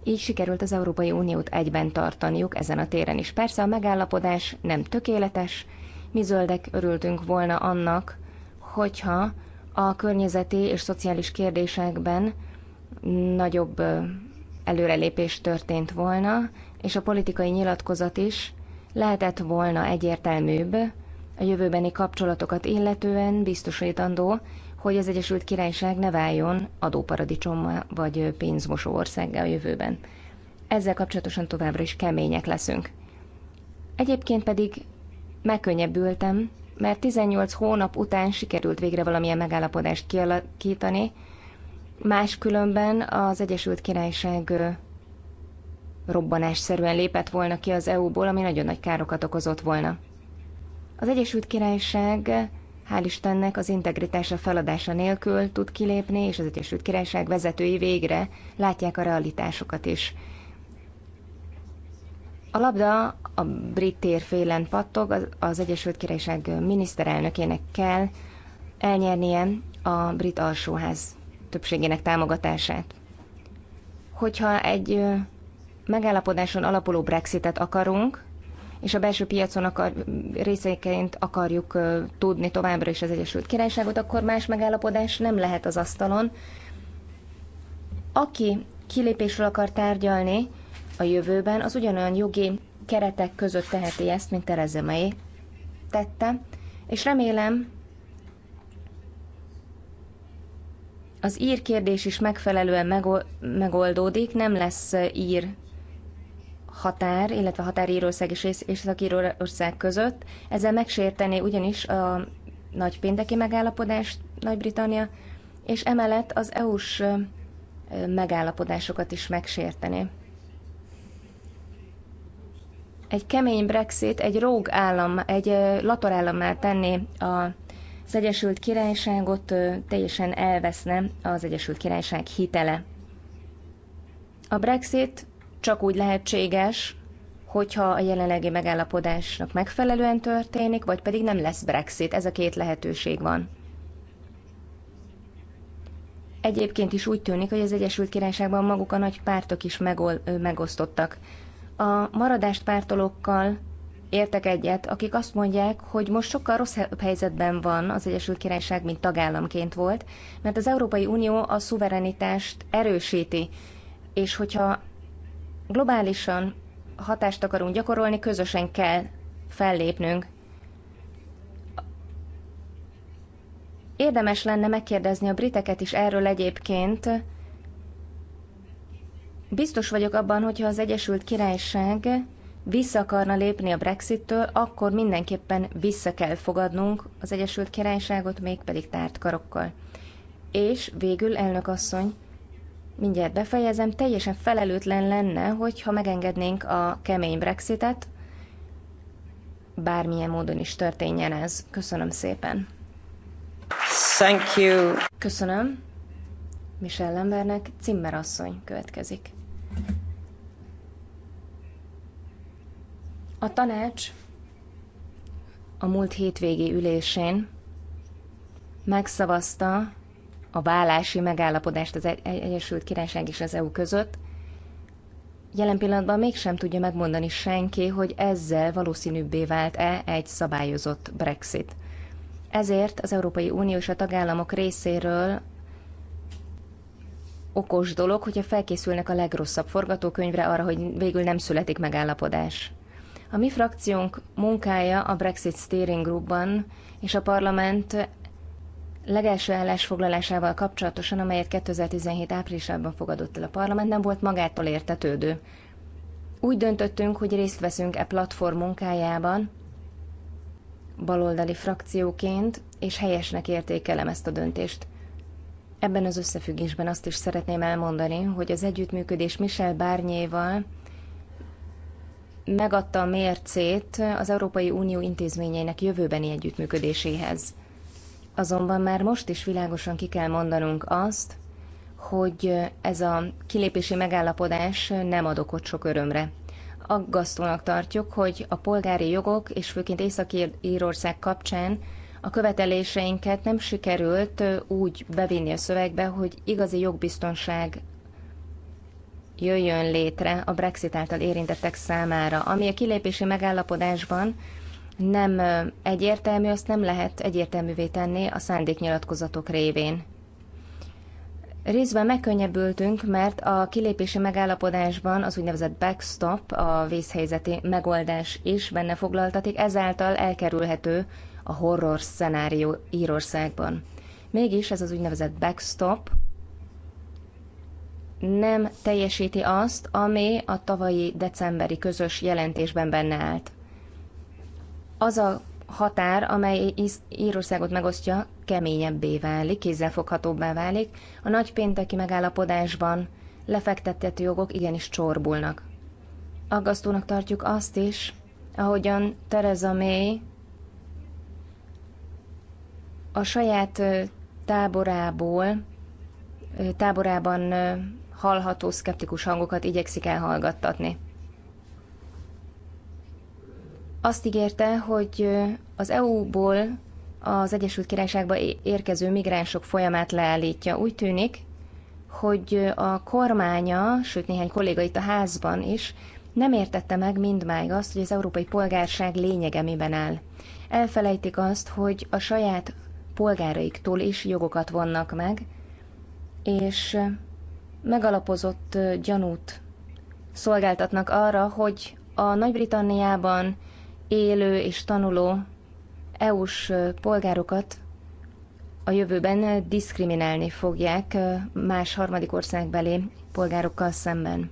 Így sikerült az Európai Uniót egyben tartaniuk ezen a téren is. Persze a megállapodás nem tökéletes, mi zöldek örültünk volna annak, hogyha a környezeti és szociális kérdésekben nagyobb előrelépés történt volna, és a politikai nyilatkozat is lehetett volna egyértelműbb, a jövőbeni kapcsolatokat illetően biztosítandó, hogy az Egyesült Királyság ne váljon adóparadicsommal vagy pénzmosó országgal a jövőben. Ezzel kapcsolatosan továbbra is kemények leszünk. Egyébként pedig megkönnyebbültem, mert 18 hónap után sikerült végre valamilyen megállapodást kialakítani, máskülönben az Egyesült Királyság robbanásszerűen lépett volna ki az EU-ból, ami nagyon nagy károkat okozott volna. Az Egyesült Királyság hál' Istennek az integritása feladása nélkül tud kilépni, és az Egyesült Királyság vezetői végre látják a realitásokat is. A labda a brit térfélen pattog, az Egyesült Királyság miniszterelnökének kell elnyernie a brit alsóház többségének támogatását. Hogyha egy megállapodáson alapuló Brexitet akarunk, és a belső piacon akar, részeiként akarjuk tudni továbbra is az Egyesült Királyságot, akkor más megállapodás nem lehet az asztalon. Aki kilépésről akar tárgyalni a jövőben, az ugyanolyan jogi keretek között teheti ezt, mint Tereza May tette, és remélem, az ír kérdés is megfelelően megoldódik, nem lesz ír határ, illetve határírország és Észak-Írország között. Ezzel megsértené ugyanis a nagy pénteki megállapodást Nagy-Britannia, és emellett az EU-s megállapodásokat is megsértené. Egy kemény Brexit egy róg állam, egy lator állammá tenni a az Egyesült Királyságot teljesen elveszne az Egyesült Királyság hitele. A Brexit csak úgy lehetséges, hogyha a jelenlegi megállapodásnak megfelelően történik, vagy pedig nem lesz Brexit. Ez a két lehetőség van. Egyébként is úgy tűnik, hogy az Egyesült Királyságban maguk a nagy pártok is megol, megosztottak. A maradást pártolókkal értek egyet, akik azt mondják, hogy most sokkal rosszabb helyzetben van az Egyesült Királyság, mint tagállamként volt, mert az Európai Unió a szuverenitást erősíti, és hogyha globálisan hatást akarunk gyakorolni, közösen kell fellépnünk. Érdemes lenne megkérdezni a briteket is erről egyébként. Biztos vagyok abban, hogyha az Egyesült Királyság vissza akarna lépni a Brexittől, akkor mindenképpen vissza kell fogadnunk az Egyesült Királyságot, mégpedig tárt karokkal. És végül, elnök asszony, mindjárt befejezem, teljesen felelőtlen lenne, hogyha megengednénk a kemény Brexitet, bármilyen módon is történjen ez. Köszönöm szépen. Thank you. Köszönöm. Michel Lembernek Zimmer asszony következik. A tanács a múlt hétvégi ülésén megszavazta a vállási megállapodást az e- Egyesült Királyság és az EU között, jelen pillanatban mégsem tudja megmondani senki, hogy ezzel valószínűbbé vált-e egy szabályozott Brexit. Ezért az Európai Unió és a tagállamok részéről okos dolog, hogyha felkészülnek a legrosszabb forgatókönyvre arra, hogy végül nem születik megállapodás. A mi frakciónk munkája a Brexit Steering Groupban és a parlament legelső állásfoglalásával kapcsolatosan, amelyet 2017 áprilisában fogadott el a parlament, nem volt magától értetődő. Úgy döntöttünk, hogy részt veszünk e platform munkájában, baloldali frakcióként, és helyesnek értékelem ezt a döntést. Ebben az összefüggésben azt is szeretném elmondani, hogy az együttműködés Michel Bárnyéval megadta a mércét az Európai Unió intézményeinek jövőbeni együttműködéséhez azonban már most is világosan ki kell mondanunk azt, hogy ez a kilépési megállapodás nem ad okot sok örömre. Aggasztónak tartjuk, hogy a polgári jogok és főként Észak-Írország kapcsán a követeléseinket nem sikerült úgy bevinni a szövegbe, hogy igazi jogbiztonság jöjjön létre a Brexit által érintettek számára, ami a kilépési megállapodásban nem egyértelmű, azt nem lehet egyértelművé tenni a szándéknyilatkozatok révén. Részben megkönnyebbültünk, mert a kilépési megállapodásban az úgynevezett backstop, a vészhelyzeti megoldás is benne foglaltatik, ezáltal elkerülhető a horror szenárió Írországban. Mégis ez az úgynevezett backstop nem teljesíti azt, ami a tavalyi decemberi közös jelentésben benne állt az a határ, amely Írországot megosztja, keményebbé válik, kézzelfoghatóbbá válik. A nagypénteki megállapodásban lefektetett jogok igenis csorbulnak. Aggasztónak tartjuk azt is, ahogyan Tereza May a saját táborából, táborában hallható szkeptikus hangokat igyekszik elhallgattatni azt ígérte, hogy az EU-ból az Egyesült Királyságba érkező migránsok folyamát leállítja. Úgy tűnik, hogy a kormánya, sőt néhány kolléga itt a házban is, nem értette meg mindmáig azt, hogy az európai polgárság lényege miben áll. Elfelejtik azt, hogy a saját polgáraiktól is jogokat vonnak meg, és megalapozott gyanút szolgáltatnak arra, hogy a Nagy-Britanniában élő és tanuló EU-s polgárokat a jövőben diszkriminálni fogják más harmadik országbeli polgárokkal szemben.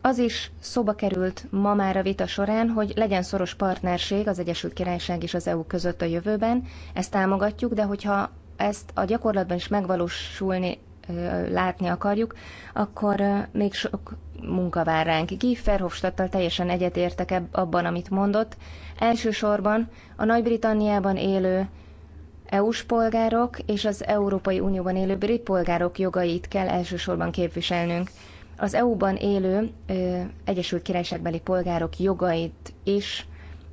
Az is szóba került ma már a vita során, hogy legyen szoros partnerség az Egyesült Királyság és az EU között a jövőben. Ezt támogatjuk, de hogyha ezt a gyakorlatban is megvalósulni látni akarjuk, akkor még sok munka vár ránk. Guy Verhofstadttal teljesen egyetértek abban, amit mondott. Elsősorban a Nagy-Britanniában élő EU-s polgárok és az Európai Unióban élő brit polgárok jogait kell elsősorban képviselnünk. Az EU-ban élő ö, Egyesült Királyságbeli polgárok jogait is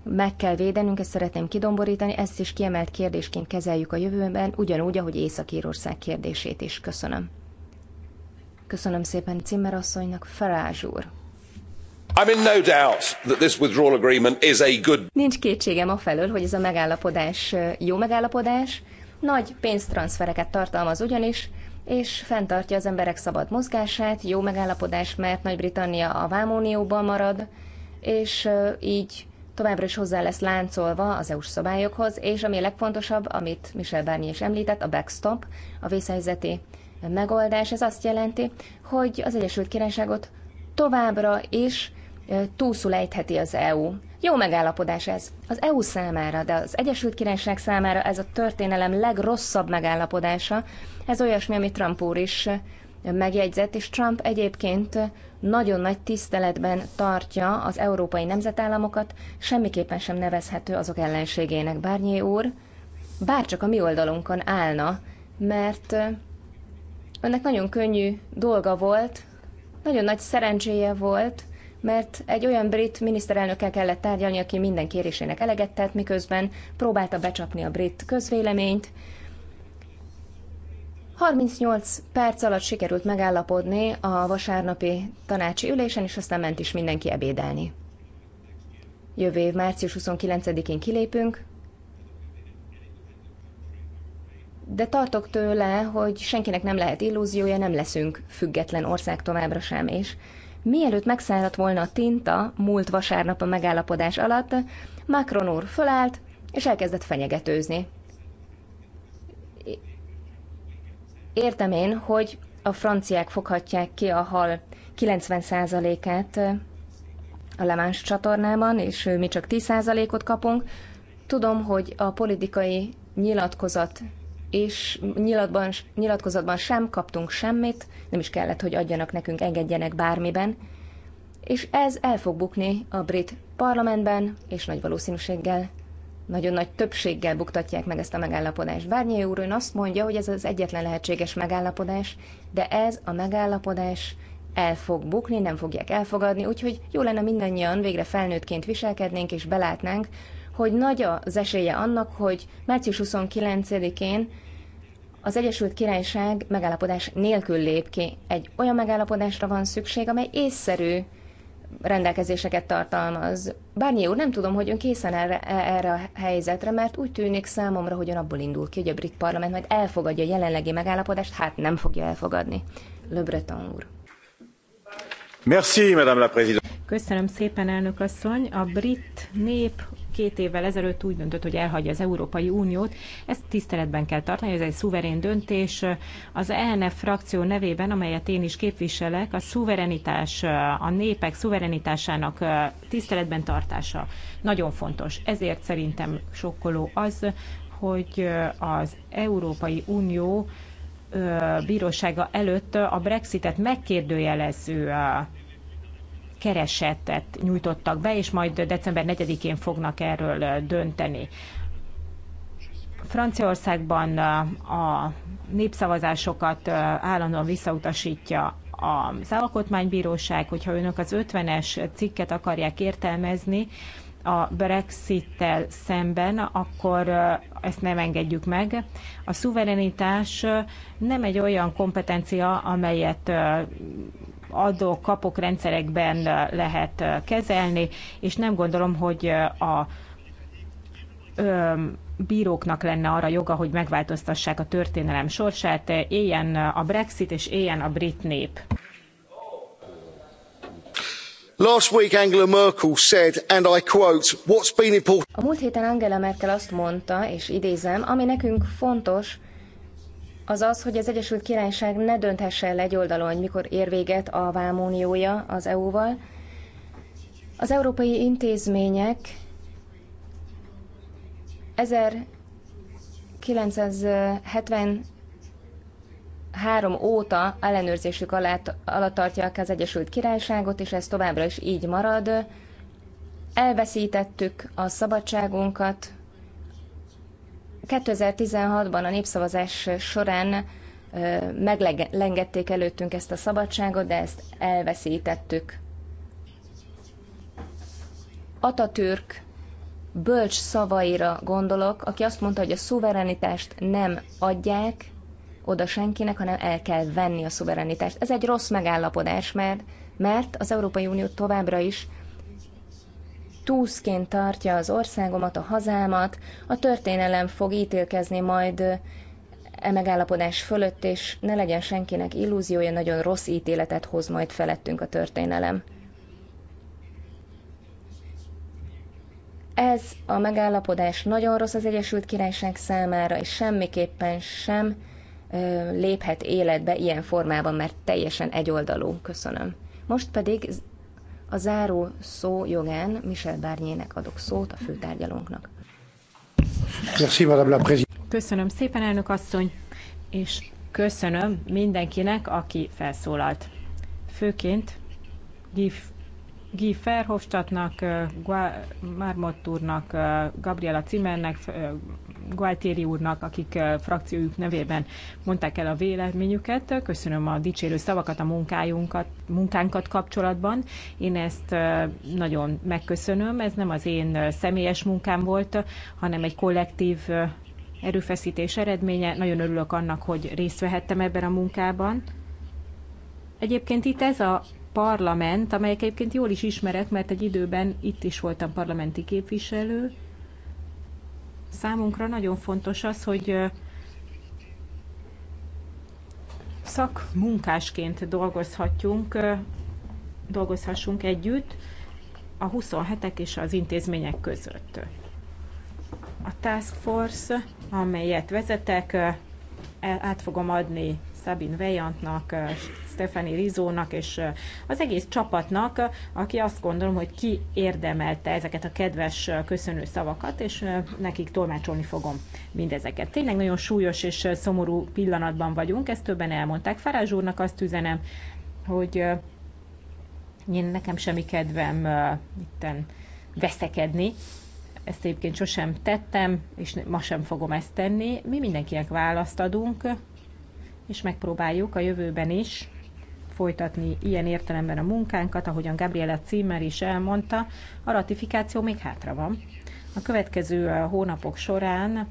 meg kell védenünk, ezt szeretném kidomborítani, ezt is kiemelt kérdésként kezeljük a jövőben, ugyanúgy, ahogy Észak-Írország kérdését is. Köszönöm. Köszönöm szépen Cimmerasszonynak, asszonynak, Farázs úr. I'm in no doubt that this withdrawal agreement is a good... Nincs kétségem felől, hogy ez a megállapodás jó megállapodás, nagy pénztranszfereket tartalmaz ugyanis, és fenntartja az emberek szabad mozgását, jó megállapodás, mert Nagy-Britannia a Vámónióban marad, és így továbbra is hozzá lesz láncolva az EU-s szabályokhoz, és ami a legfontosabb, amit Michel Barnier is említett, a backstop, a vészhelyzeti megoldás, ez azt jelenti, hogy az Egyesült Királyságot továbbra is túlszul ejtheti az EU. Jó megállapodás ez. Az EU számára, de az Egyesült Királyság számára ez a történelem legrosszabb megállapodása. Ez olyasmi, amit Trump úr is megjegyzett, és Trump egyébként nagyon nagy tiszteletben tartja az európai nemzetállamokat, semmiképpen sem nevezhető azok ellenségének Bárnyé úr, bárcsak a mi oldalunkon állna, mert önnek nagyon könnyű dolga volt, nagyon nagy szerencséje volt, mert egy olyan brit miniszterelnökkel kellett tárgyalni, aki minden kérésének eleget tett, miközben próbálta becsapni a brit közvéleményt, 38 perc alatt sikerült megállapodni a vasárnapi tanácsi ülésen, és aztán ment is mindenki ebédelni. Jövő év március 29-én kilépünk, de tartok tőle, hogy senkinek nem lehet illúziója, nem leszünk független ország továbbra sem, és mielőtt megszáradt volna a tinta múlt vasárnap a megállapodás alatt, Macron úr fölállt, és elkezdett fenyegetőzni. Értem én, hogy a franciák foghatják ki a hal 90%-át a Lemáns csatornában, és mi csak 10%-ot kapunk. Tudom, hogy a politikai nyilatkozat és nyilatban, nyilatkozatban sem kaptunk semmit, nem is kellett, hogy adjanak nekünk, engedjenek bármiben, és ez el fog bukni a brit parlamentben, és nagy valószínűséggel nagyon nagy többséggel buktatják meg ezt a megállapodást. Bárnyai úr ön azt mondja, hogy ez az egyetlen lehetséges megállapodás, de ez a megállapodás el fog bukni, nem fogják elfogadni, úgyhogy jó lenne mindannyian végre felnőttként viselkednénk és belátnánk, hogy nagy az esélye annak, hogy március 29-én az Egyesült Királyság megállapodás nélkül lép ki. Egy olyan megállapodásra van szükség, amely észszerű rendelkezéseket tartalmaz. Bárnyi úr, nem tudom, hogy ön készen erre, erre a helyzetre, mert úgy tűnik számomra, hogy ön abból indul ki, hogy a brit parlament majd elfogadja a jelenlegi megállapodást, hát nem fogja elfogadni. Le Breton úr. Merci, Madame la Köszönöm szépen, elnök asszony. A brit nép két évvel ezelőtt úgy döntött, hogy elhagyja az Európai Uniót. Ezt tiszteletben kell tartani, ez egy szuverén döntés. Az ELNE frakció nevében, amelyet én is képviselek, a szuverenitás, a népek szuverenitásának tiszteletben tartása nagyon fontos. Ezért szerintem sokkoló az, hogy az Európai Unió bírósága előtt a Brexitet megkérdőjelező keresetet nyújtottak be, és majd december 4-én fognak erről dönteni. Franciaországban a népszavazásokat állandóan visszautasítja az alkotmánybíróság, hogyha önök az 50-es cikket akarják értelmezni, a Brexit-tel szemben, akkor ezt nem engedjük meg. A szuverenitás nem egy olyan kompetencia, amelyet adok, kapok rendszerekben lehet kezelni, és nem gondolom, hogy a bíróknak lenne arra joga, hogy megváltoztassák a történelem sorsát, éljen a Brexit és éljen a brit nép. Last week Angela Merkel said, and I quote, what's been important... A múlt héten Angela Merkel azt mondta, és idézem, ami nekünk fontos, az az, hogy az Egyesült Királyság ne dönthesse el egy oldalon, hogy mikor ér véget a vámóniója az EU-val. Az európai intézmények 1973 óta ellenőrzésük alatt alatt tartják az Egyesült Királyságot, és ez továbbra is így marad. Elveszítettük a szabadságunkat, 2016-ban a népszavazás során meglengedték előttünk ezt a szabadságot, de ezt elveszítettük. Atatürk bölcs szavaira gondolok, aki azt mondta, hogy a szuverenitást nem adják oda senkinek, hanem el kell venni a szuverenitást. Ez egy rossz megállapodás, mert, mert az Európai Unió továbbra is túszként tartja az országomat, a hazámat, a történelem fog ítélkezni majd e megállapodás fölött, és ne legyen senkinek illúziója, nagyon rossz ítéletet hoz majd felettünk a történelem. Ez a megállapodás nagyon rossz az Egyesült Királyság számára, és semmiképpen sem ö, léphet életbe ilyen formában, mert teljesen egyoldalú. Köszönöm. Most pedig a záró szó jogán Michel Barnier-nek adok szót a főtárgyalónknak. Köszönöm szépen, elnök asszony, és köszönöm mindenkinek, aki felszólalt. Főként Gif Guy Verhofstadtnak, Mármott úrnak, Gabriela Cimernek, Gualtieri úrnak, akik frakciójuk nevében mondták el a véleményüket. Köszönöm a dicsérő szavakat, a munkájunkat, munkánkat kapcsolatban. Én ezt nagyon megköszönöm. Ez nem az én személyes munkám volt, hanem egy kollektív erőfeszítés eredménye. Nagyon örülök annak, hogy részt vehettem ebben a munkában. Egyébként itt ez a parlament, amelyek egyébként jól is ismerek, mert egy időben itt is voltam parlamenti képviselő. Számunkra nagyon fontos az, hogy szakmunkásként dolgozhatjunk, dolgozhassunk együtt a 27-ek és az intézmények között. A Task Force, amelyet vezetek, át fogom adni Sabine Vejantnak, Stephanie Rizónak és az egész csapatnak, aki azt gondolom, hogy ki érdemelte ezeket a kedves köszönő szavakat, és nekik tolmácsolni fogom mindezeket. Tényleg nagyon súlyos és szomorú pillanatban vagyunk, ezt többen elmondták. Farázs úrnak azt üzenem, hogy én nekem semmi kedvem itten veszekedni, ezt egyébként sosem tettem, és ma sem fogom ezt tenni. Mi mindenkinek választ adunk, és megpróbáljuk a jövőben is folytatni ilyen értelemben a munkánkat, ahogyan Gabriela Zimmer is elmondta, a ratifikáció még hátra van. A következő uh, hónapok során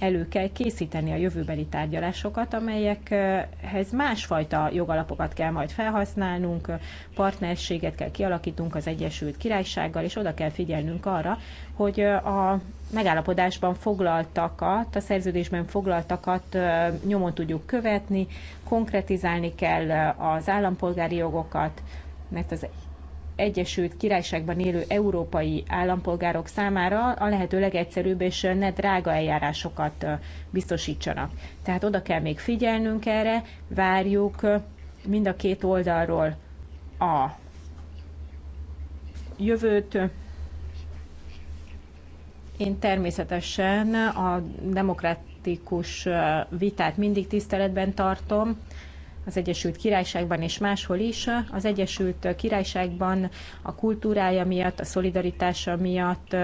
elő kell készíteni a jövőbeli tárgyalásokat, amelyekhez másfajta jogalapokat kell majd felhasználnunk, partnerséget kell kialakítunk az Egyesült Királysággal, és oda kell figyelnünk arra, hogy uh, a megállapodásban foglaltakat, a szerződésben foglaltakat nyomon tudjuk követni, konkretizálni kell az állampolgári jogokat, mert az Egyesült Királyságban élő európai állampolgárok számára a lehető legegyszerűbb és ne drága eljárásokat biztosítsanak. Tehát oda kell még figyelnünk erre, várjuk mind a két oldalról a jövőt, én természetesen a demokratikus vitát mindig tiszteletben tartom, az Egyesült Királyságban és máshol is. Az Egyesült Királyságban a kultúrája miatt, a szolidaritása miatt,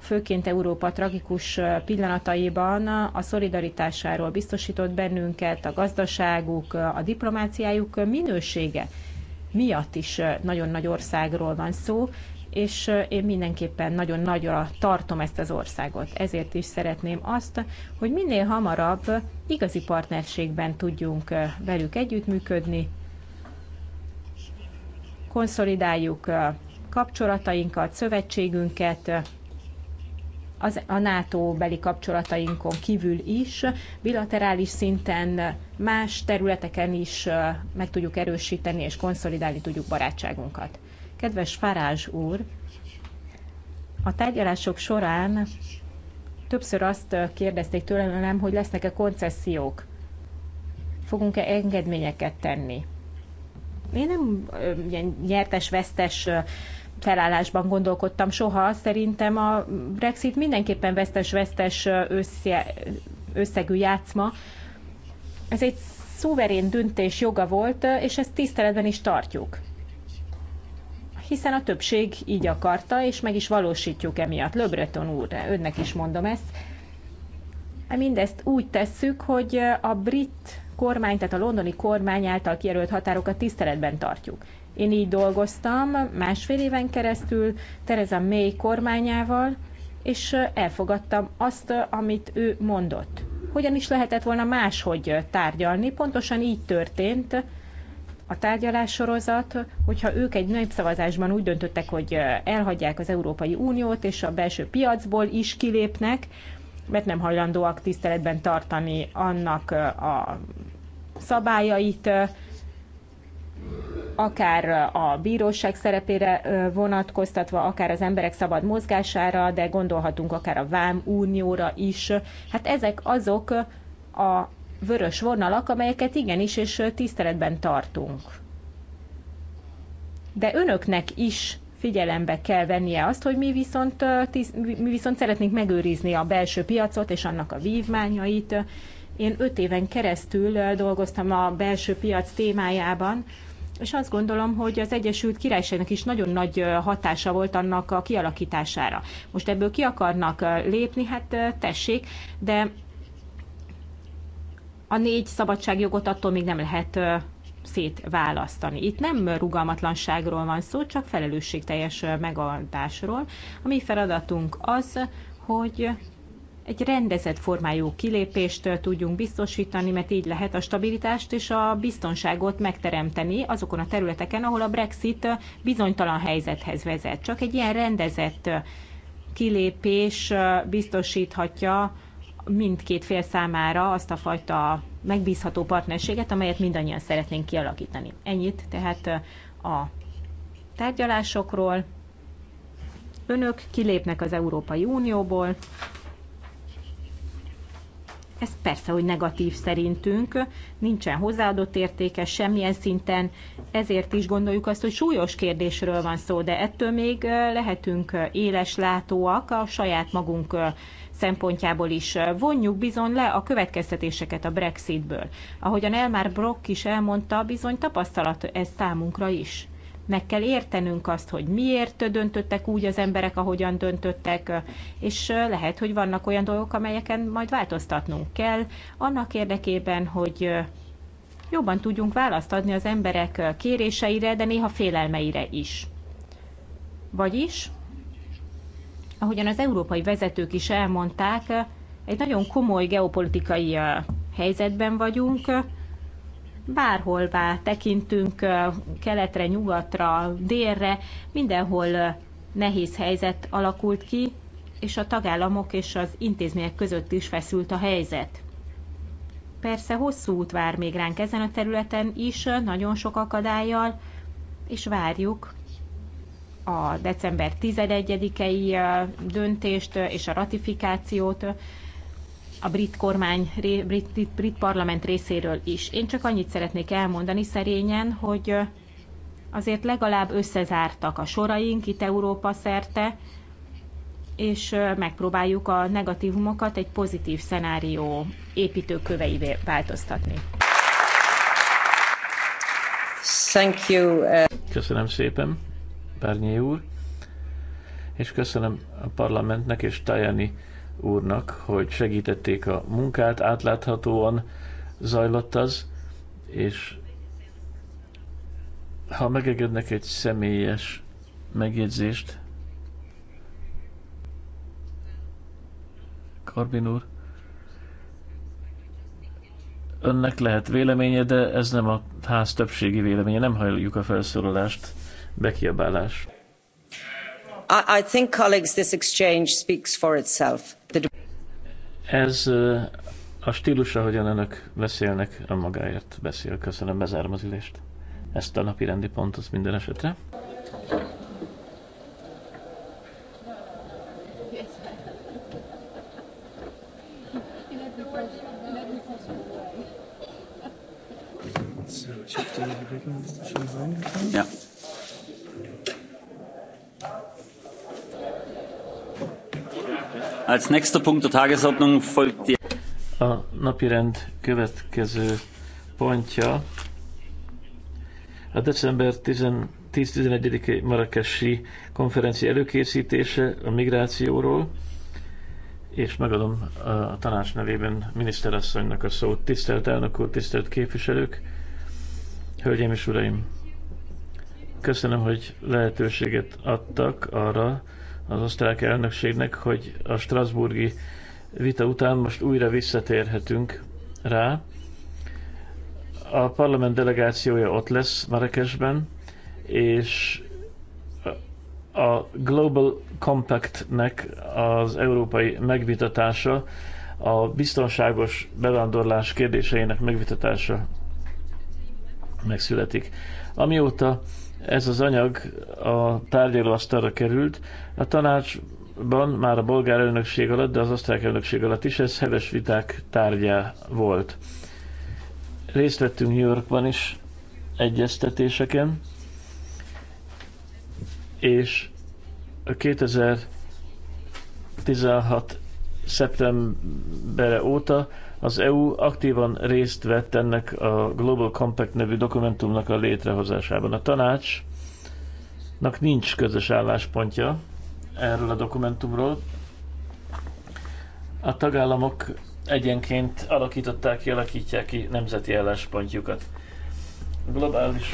főként Európa tragikus pillanataiban a szolidaritásáról biztosított bennünket, a gazdaságuk, a diplomáciájuk minősége miatt is nagyon nagy országról van szó, és én mindenképpen nagyon nagyra tartom ezt az országot. Ezért is szeretném azt, hogy minél hamarabb igazi partnerségben tudjunk velük együttműködni, konszolidáljuk kapcsolatainkat, szövetségünket, az, a NATO beli kapcsolatainkon kívül is, bilaterális szinten, más területeken is meg tudjuk erősíteni és konszolidálni tudjuk barátságunkat. Kedves Farázs úr, a tárgyalások során többször azt kérdezték tőlem, hogy lesznek-e koncesziók, fogunk-e engedményeket tenni. Én nem ilyen nyertes-vesztes felállásban gondolkodtam soha, szerintem a Brexit mindenképpen vesztes-vesztes összegű játszma. Ez egy szuverén döntés joga volt, és ezt tiszteletben is tartjuk hiszen a többség így akarta, és meg is valósítjuk emiatt. Löbreton úr, önnek is mondom ezt. E mindezt úgy tesszük, hogy a brit kormány, tehát a londoni kormány által kijelölt határokat tiszteletben tartjuk. Én így dolgoztam másfél éven keresztül Tereza May kormányával, és elfogadtam azt, amit ő mondott. Hogyan is lehetett volna máshogy tárgyalni? Pontosan így történt, a tárgyalássorozat, hogyha ők egy népszavazásban úgy döntöttek, hogy elhagyják az Európai Uniót, és a belső piacból is kilépnek, mert nem hajlandóak tiszteletben tartani annak a szabályait, akár a bíróság szerepére vonatkoztatva, akár az emberek szabad mozgására, de gondolhatunk akár a Vám Unióra is. Hát ezek azok a vörös vonalak, amelyeket igenis és tiszteletben tartunk. De önöknek is figyelembe kell vennie azt, hogy mi viszont, mi viszont szeretnénk megőrizni a belső piacot és annak a vívmányait. Én öt éven keresztül dolgoztam a belső piac témájában, és azt gondolom, hogy az Egyesült Királyságnak is nagyon nagy hatása volt annak a kialakítására. Most ebből ki akarnak lépni, hát tessék, de a négy szabadságjogot attól még nem lehet szétválasztani. Itt nem rugalmatlanságról van szó, csak felelősségteljes megoldásról. A mi feladatunk az, hogy egy rendezett formájú kilépést tudjunk biztosítani, mert így lehet a stabilitást és a biztonságot megteremteni azokon a területeken, ahol a Brexit bizonytalan helyzethez vezet. Csak egy ilyen rendezett kilépés biztosíthatja mindkét fél számára azt a fajta megbízható partnerséget, amelyet mindannyian szeretnénk kialakítani. Ennyit tehát a tárgyalásokról. Önök kilépnek az Európai Unióból. Ez persze, hogy negatív szerintünk, nincsen hozzáadott értéke semmilyen szinten, ezért is gondoljuk azt, hogy súlyos kérdésről van szó, de ettől még lehetünk éles látóak a saját magunk szempontjából is vonjuk bizony le a következtetéseket a Brexitből. Ahogyan Elmar Brock is elmondta, bizony tapasztalat ez számunkra is. Meg kell értenünk azt, hogy miért döntöttek úgy az emberek, ahogyan döntöttek, és lehet, hogy vannak olyan dolgok, amelyeken majd változtatnunk kell, annak érdekében, hogy jobban tudjunk választ adni az emberek kéréseire, de néha félelmeire is. Vagyis ahogyan az európai vezetők is elmondták, egy nagyon komoly geopolitikai helyzetben vagyunk. Bárholvá tekintünk, keletre, nyugatra, délre, mindenhol nehéz helyzet alakult ki, és a tagállamok és az intézmények között is feszült a helyzet. Persze hosszú út vár még ránk ezen a területen is, nagyon sok akadályjal, és várjuk a december 11-i döntést és a ratifikációt a brit kormány, brit, brit, brit parlament részéről is. Én csak annyit szeretnék elmondani szerényen, hogy azért legalább összezártak a soraink itt Európa szerte, és megpróbáljuk a negatívumokat egy pozitív szenárió építőköveivé változtatni. Thank you. Uh, Köszönöm szépen. Párnyé úr, és köszönöm a parlamentnek és Tajani úrnak, hogy segítették a munkát, átláthatóan zajlott az, és ha megegednek egy személyes megjegyzést, Karbin úr, önnek lehet véleménye, de ez nem a ház többségi véleménye, nem halljuk a felszólalást bekiabálás. I, think, colleagues, this exchange speaks for itself. The... Ez a stílus, ahogyan önök beszélnek, magáért beszél. Köszönöm, bezárom az ülést. Ezt a napi rendi pontot minden esetre. Yeah. Als nächster Punkt der Tagesordnung folgt die... A napirend következő pontja a december 10-11-i marakesi konferencia előkészítése a migrációról, és megadom a tanács nevében miniszterasszonynak a szót. Tisztelt elnök úr, tisztelt képviselők, hölgyeim és uraim! Köszönöm, hogy lehetőséget adtak arra, az osztrák elnökségnek, hogy a Strasburgi vita után most újra visszatérhetünk rá. A parlament delegációja ott lesz Marrakesben, és a Global Compactnek az európai megvitatása, a biztonságos bevándorlás kérdéseinek megvitatása megszületik. Amióta ez az anyag a tárgyalóasztalra került. A tanácsban már a bolgár elnökség alatt, de az osztrák elnökség alatt is ez heves viták tárgyá volt. Részt vettünk New Yorkban is egyeztetéseken, és a 2016 szeptembere óta az EU aktívan részt vett ennek a Global Compact nevű dokumentumnak a létrehozásában. A tanácsnak nincs közös álláspontja erről a dokumentumról. A tagállamok egyenként alakították ki, alakítják ki nemzeti álláspontjukat. A globális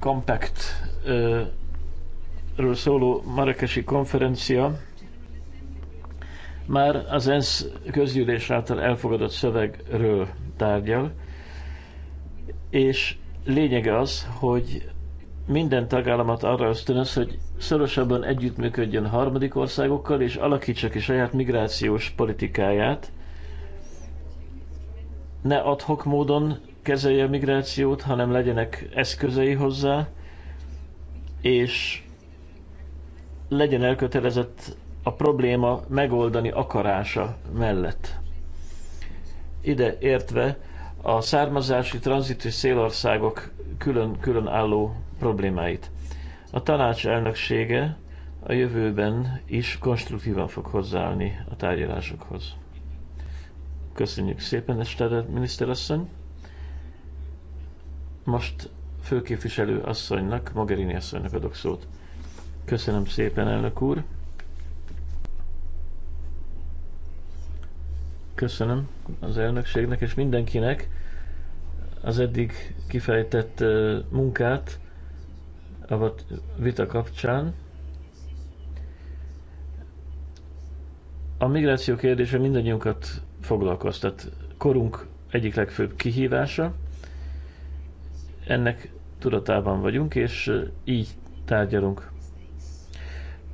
Compact ről szóló marekesi konferencia már az ENSZ közgyűlés által elfogadott szövegről tárgyal, és lényege az, hogy minden tagállamat arra ösztönöz, hogy szorosabban együttműködjön harmadik országokkal, és alakítsa ki saját migrációs politikáját. Ne adhok módon kezelje a migrációt, hanem legyenek eszközei hozzá, és legyen elkötelezett a probléma megoldani akarása mellett. Ide értve a származási tranzit és szélországok külön-külön álló problémáit. A tanács elnöksége a jövőben is konstruktívan fog hozzáállni a tárgyalásokhoz. Köszönjük szépen, Estere, miniszterasszony! Most főképviselő asszonynak, Mogherini asszonynak adok szót. Köszönöm szépen, elnök úr! köszönöm az elnökségnek és mindenkinek az eddig kifejtett munkát a vita kapcsán. A migráció kérdése mindannyiunkat foglalkoztat. Korunk egyik legfőbb kihívása. Ennek tudatában vagyunk, és így tárgyalunk.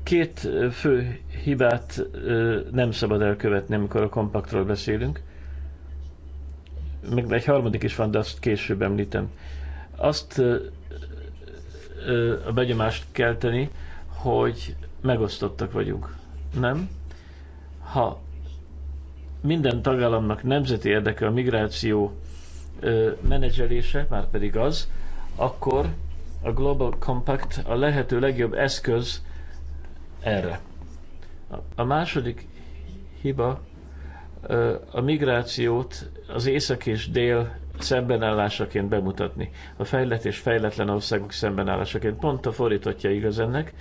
Két fő hibát nem szabad elkövetni, amikor a kompaktról beszélünk. Meg egy harmadik is van, de azt később említem. Azt a begyomást tenni, hogy megosztottak vagyunk. Nem? Ha minden tagállamnak nemzeti érdeke a migráció menedzselése, már pedig az, akkor a Global Compact a lehető legjobb eszköz erre. A második hiba a migrációt az észak és dél szembenállásaként bemutatni. A fejlett és fejletlen országok szembenállásaként. Pont a fordítottja igaz ennek.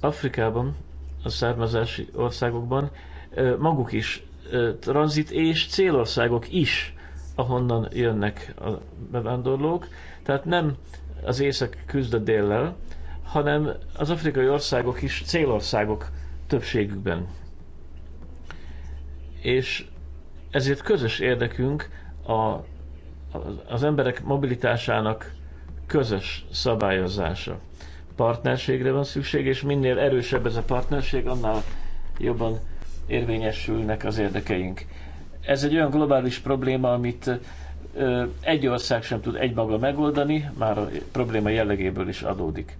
Afrikában, a származási országokban maguk is tranzit és célországok is, ahonnan jönnek a bevándorlók. Tehát nem az észak küzd a déllel, hanem az afrikai országok is célországok többségükben. És ezért közös érdekünk a, az emberek mobilitásának közös szabályozása. Partnerségre van szükség, és minél erősebb ez a partnerség, annál jobban érvényesülnek az érdekeink. Ez egy olyan globális probléma, amit egy ország sem tud egymaga megoldani, már a probléma jellegéből is adódik.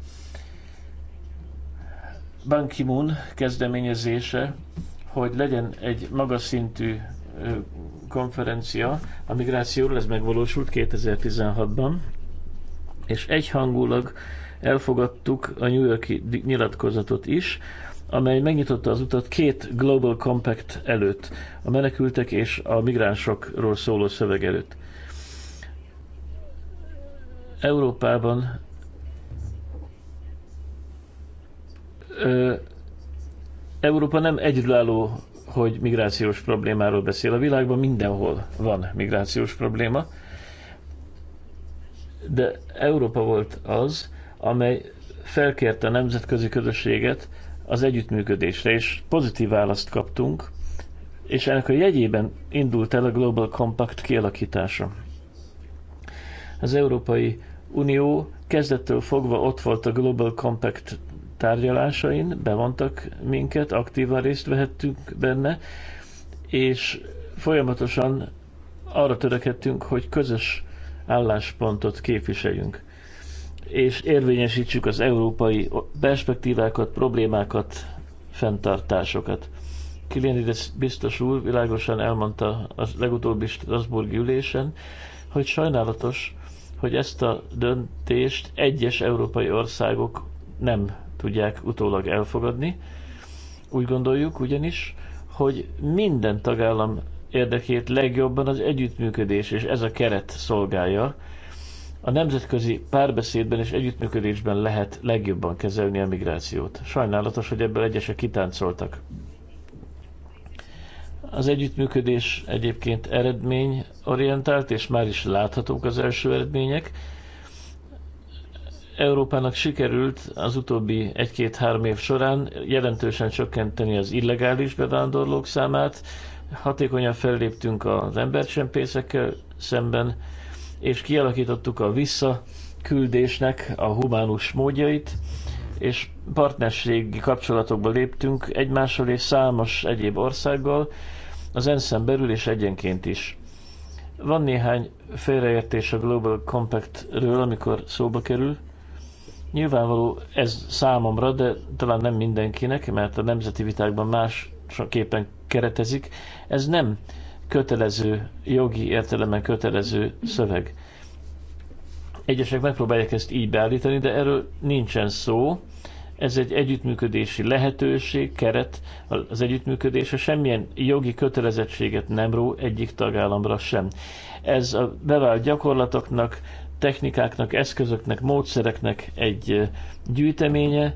Ban Ki-moon kezdeményezése, hogy legyen egy magas szintű konferencia a migrációról, ez megvalósult 2016-ban, és egyhangulag elfogadtuk a New Yorki nyilatkozatot is, amely megnyitotta az utat két Global Compact előtt, a menekültek és a migránsokról szóló szöveg előtt. Európában Európa nem egyedülálló, hogy migrációs problémáról beszél. A világban mindenhol van migrációs probléma, de Európa volt az, amely felkérte a nemzetközi közösséget az együttműködésre, és pozitív választ kaptunk, és ennek a jegyében indult el a Global Compact kialakítása. Az Európai Unió kezdettől fogva ott volt a Global Compact tárgyalásain, bevontak minket, aktívan részt vehettünk benne, és folyamatosan arra törekedtünk, hogy közös álláspontot képviseljünk, és érvényesítsük az európai perspektívákat, problémákat, fenntartásokat. Kilianides biztos úr világosan elmondta a legutóbbi Strasburgi ülésen, hogy sajnálatos, hogy ezt a döntést egyes európai országok nem tudják utólag elfogadni. Úgy gondoljuk ugyanis, hogy minden tagállam érdekét legjobban az együttműködés, és ez a keret szolgálja. A nemzetközi párbeszédben és együttműködésben lehet legjobban kezelni a migrációt. Sajnálatos, hogy ebből egyesek kitáncoltak. Az együttműködés egyébként eredményorientált, és már is láthatók az első eredmények. Európának sikerült az utóbbi egy-két-három év során jelentősen csökkenteni az illegális bevándorlók számát, hatékonyan felléptünk az embercsempészekkel szemben, és kialakítottuk a visszaküldésnek a humánus módjait, és partnerségi kapcsolatokba léptünk egymással és számos egyéb országgal, az ENSZ-en belül és egyenként is. Van néhány félreértés a Global Compact-ről, amikor szóba kerül, Nyilvánvaló ez számomra, de talán nem mindenkinek, mert a nemzeti vitákban másképpen keretezik. Ez nem kötelező, jogi értelemben kötelező szöveg. Egyesek megpróbálják ezt így beállítani, de erről nincsen szó. Ez egy együttműködési lehetőség, keret az együttműködése, semmilyen jogi kötelezettséget nem ró egyik tagállamra sem. Ez a bevált gyakorlatoknak technikáknak, eszközöknek, módszereknek egy gyűjteménye.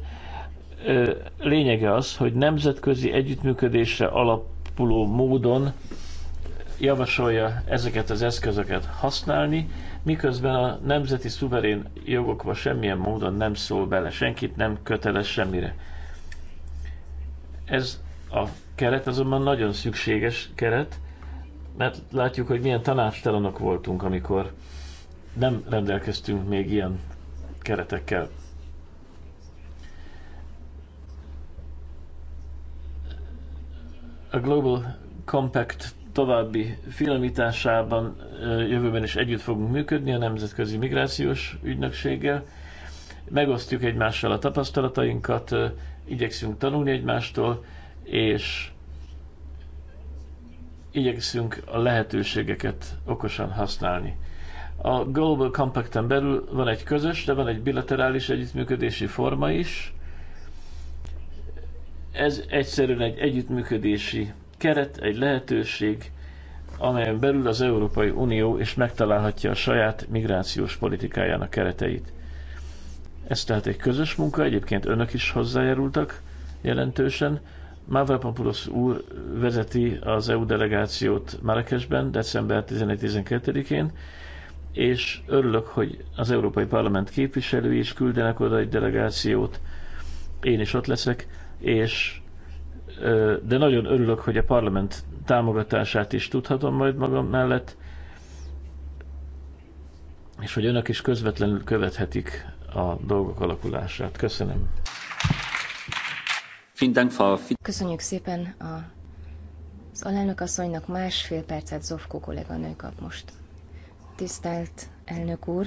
Lényege az, hogy nemzetközi együttműködésre alapuló módon javasolja ezeket az eszközöket használni, miközben a nemzeti szuverén jogokba semmilyen módon nem szól bele, senkit nem köteles semmire. Ez a keret azonban nagyon szükséges keret, mert látjuk, hogy milyen tanácstalanok voltunk, amikor nem rendelkeztünk még ilyen keretekkel. A Global Compact további finomításában jövőben is együtt fogunk működni a Nemzetközi Migrációs Ügynökséggel. Megosztjuk egymással a tapasztalatainkat, igyekszünk tanulni egymástól, és igyekszünk a lehetőségeket okosan használni. A Global Compacten belül van egy közös, de van egy bilaterális együttműködési forma is. Ez egyszerűen egy együttműködési keret, egy lehetőség, amelyen belül az Európai Unió is megtalálhatja a saját migrációs politikájának kereteit. Ez tehát egy közös munka, egyébként önök is hozzájárultak jelentősen. Pampulosz úr vezeti az EU delegációt Marrakesben december 11-12-én, és örülök, hogy az Európai Parlament képviselői is küldenek oda egy delegációt, én is ott leszek, és de nagyon örülök, hogy a parlament támogatását is tudhatom majd magam mellett, és hogy önök is közvetlenül követhetik a dolgok alakulását. Köszönöm. Köszönjük szépen a, az alelnök asszonynak másfél percet Zofko kolléganő kap most. Tisztelt elnök úr,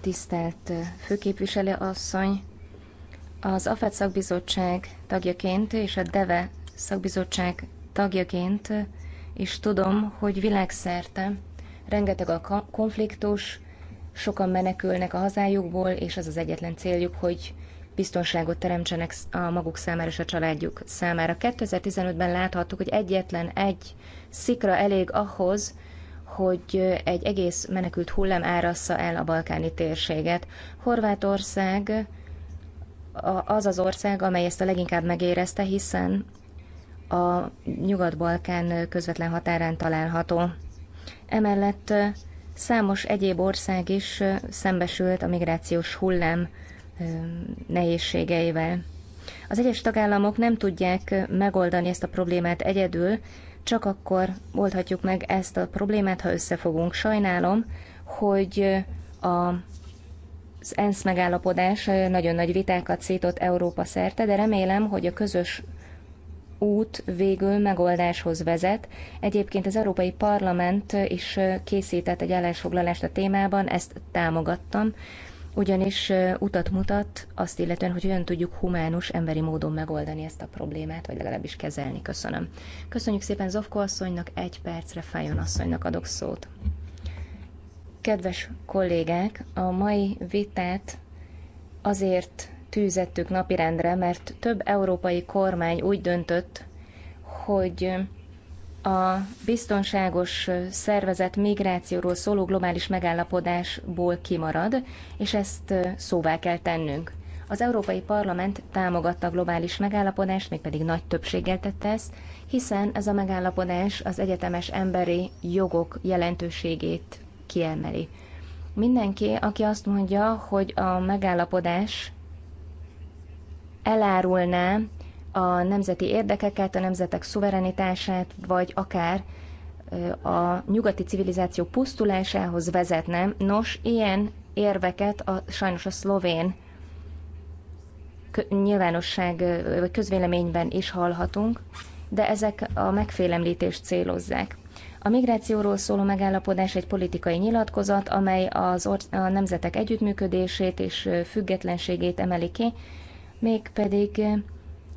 tisztelt főképviselő asszony, az AFET szakbizottság tagjaként és a DEVE szakbizottság tagjaként is tudom, hogy világszerte rengeteg a konfliktus, sokan menekülnek a hazájukból, és az az egyetlen céljuk, hogy biztonságot teremtsenek a maguk számára és a családjuk számára. 2015-ben láthattuk, hogy egyetlen egy szikra elég ahhoz, hogy egy egész menekült hullám árassza el a balkáni térséget. Horvátország az az ország, amely ezt a leginkább megérezte, hiszen a Nyugat-Balkán közvetlen határán található. Emellett számos egyéb ország is szembesült a migrációs hullám nehézségeivel. Az egyes tagállamok nem tudják megoldani ezt a problémát egyedül, csak akkor oldhatjuk meg ezt a problémát, ha összefogunk. Sajnálom, hogy a az ENSZ megállapodás nagyon nagy vitákat szított Európa szerte, de remélem, hogy a közös út végül megoldáshoz vezet. Egyébként az Európai Parlament is készített egy állásfoglalást a témában, ezt támogattam ugyanis utat mutat azt illetően, hogy hogyan tudjuk humánus, emberi módon megoldani ezt a problémát, vagy legalábbis kezelni. Köszönöm. Köszönjük szépen Zovko asszonynak, egy percre Fájon asszonynak adok szót. Kedves kollégák, a mai vitát azért tűzettük napirendre, mert több európai kormány úgy döntött, hogy a biztonságos szervezet migrációról szóló globális megállapodásból kimarad, és ezt szóvá kell tennünk. Az Európai Parlament támogatta a globális megállapodást, mégpedig nagy többséggel tette ezt, hiszen ez a megállapodás az egyetemes emberi jogok jelentőségét kiemeli. Mindenki, aki azt mondja, hogy a megállapodás elárulná a nemzeti érdekeket, a nemzetek szuverenitását, vagy akár a nyugati civilizáció pusztulásához vezetne. Nos, ilyen érveket a, sajnos a szlovén nyilvánosság vagy közvéleményben is hallhatunk, de ezek a megfélemlítést célozzák. A migrációról szóló megállapodás egy politikai nyilatkozat, amely az a nemzetek együttműködését és függetlenségét emeli ki, mégpedig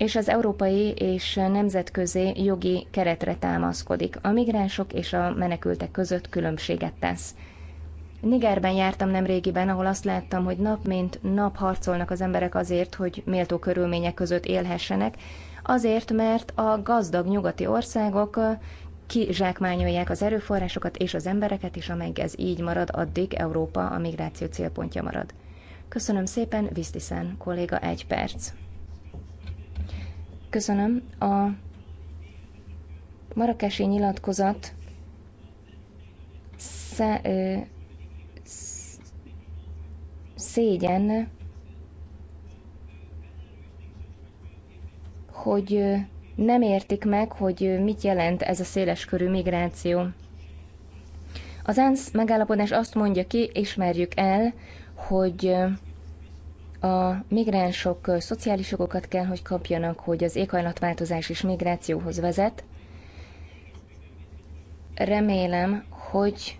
és az európai és nemzetközi jogi keretre támaszkodik. A migránsok és a menekültek között különbséget tesz. Nigerben jártam nem régiben, ahol azt láttam, hogy nap mint nap harcolnak az emberek azért, hogy méltó körülmények között élhessenek, azért, mert a gazdag nyugati országok kizsákmányolják az erőforrásokat és az embereket, és amíg ez így marad, addig Európa a migráció célpontja marad. Köszönöm szépen, Visztiszen kolléga, egy perc. Köszönöm. A marakesi nyilatkozat sze, ö, szégyen, hogy nem értik meg, hogy mit jelent ez a széleskörű migráció. Az ENSZ megállapodás azt mondja ki, ismerjük el, hogy a migránsok szociális jogokat kell, hogy kapjanak, hogy az éghajlatváltozás is migrációhoz vezet. Remélem, hogy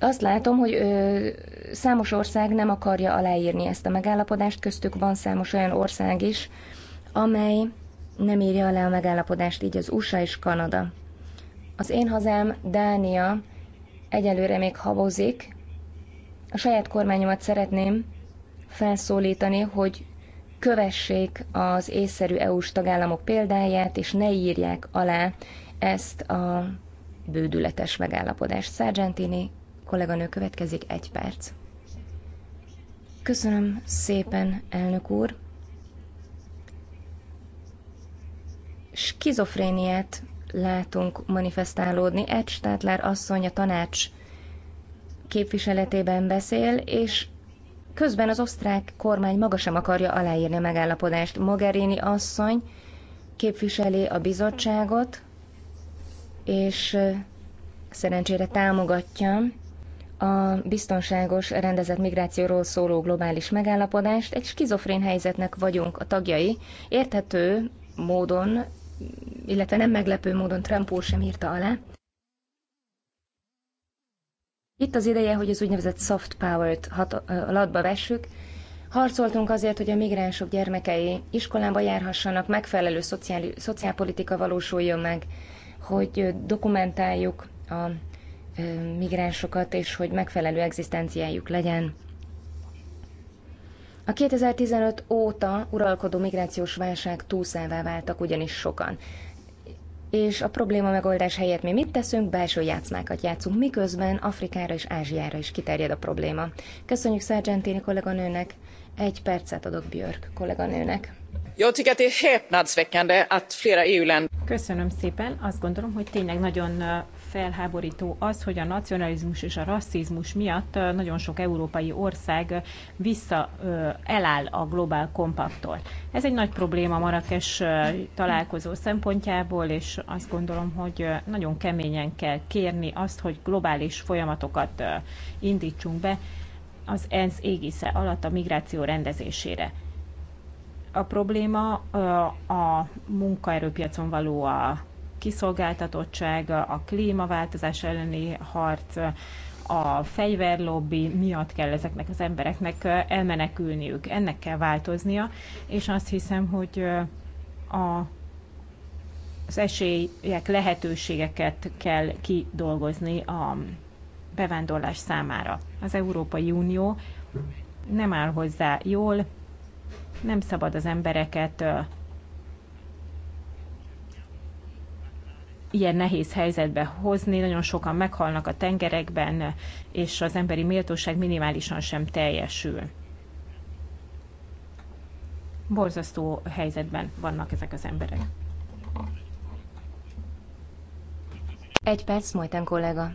azt látom, hogy ö, számos ország nem akarja aláírni ezt a megállapodást, köztük van számos olyan ország is, amely nem írja alá a megállapodást, így az USA és Kanada. Az én hazám, Dánia, egyelőre még habozik, a saját kormányomat szeretném felszólítani, hogy kövessék az észszerű EU-s tagállamok példáját, és ne írják alá ezt a bődületes megállapodást. Sargentini kolléganő következik egy perc. Köszönöm szépen, elnök úr. Skizofréniát látunk manifestálódni. Egy Státler asszony a tanács képviseletében beszél, és közben az osztrák kormány maga sem akarja aláírni a megállapodást. Mogherini asszony képviseli a bizottságot, és szerencsére támogatja a biztonságos rendezett migrációról szóló globális megállapodást. Egy skizofrén helyzetnek vagyunk a tagjai. Érthető módon, illetve nem meglepő módon Trump úr sem írta alá itt az ideje, hogy az úgynevezett soft power-t latba vessük. Harcoltunk azért, hogy a migránsok gyermekei iskolába járhassanak, megfelelő szociál, szociálpolitika valósuljon meg, hogy dokumentáljuk a migránsokat, és hogy megfelelő egzisztenciájuk legyen. A 2015 óta uralkodó migrációs válság túlszává váltak ugyanis sokan és a probléma megoldás helyett mi mit teszünk, belső játszmákat játszunk, miközben Afrikára és Ázsiára is kiterjed a probléma. Köszönjük Sargentini kolléganőnek, egy percet adok Björk kolléganőnek. Jó, tycker att det är häpnadsväckande flera eu Köszönöm szépen. Azt gondolom, hogy tényleg nagyon felháborító az, hogy a nacionalizmus és a rasszizmus miatt nagyon sok európai ország vissza eláll a globál kompaktól. Ez egy nagy probléma Marrakes találkozó szempontjából, és azt gondolom, hogy nagyon keményen kell kérni azt, hogy globális folyamatokat indítsunk be az ENSZ égisze alatt a migráció rendezésére a probléma a munkaerőpiacon való a kiszolgáltatottság, a klímaváltozás elleni harc, a fegyverlobbi miatt kell ezeknek az embereknek elmenekülniük. Ennek kell változnia, és azt hiszem, hogy a, az esélyek, lehetőségeket kell kidolgozni a bevándorlás számára. Az Európai Unió nem áll hozzá jól nem szabad az embereket ilyen nehéz helyzetbe hozni, nagyon sokan meghalnak a tengerekben, és az emberi méltóság minimálisan sem teljesül. Borzasztó helyzetben vannak ezek az emberek. Egy perc, Mojten kollega.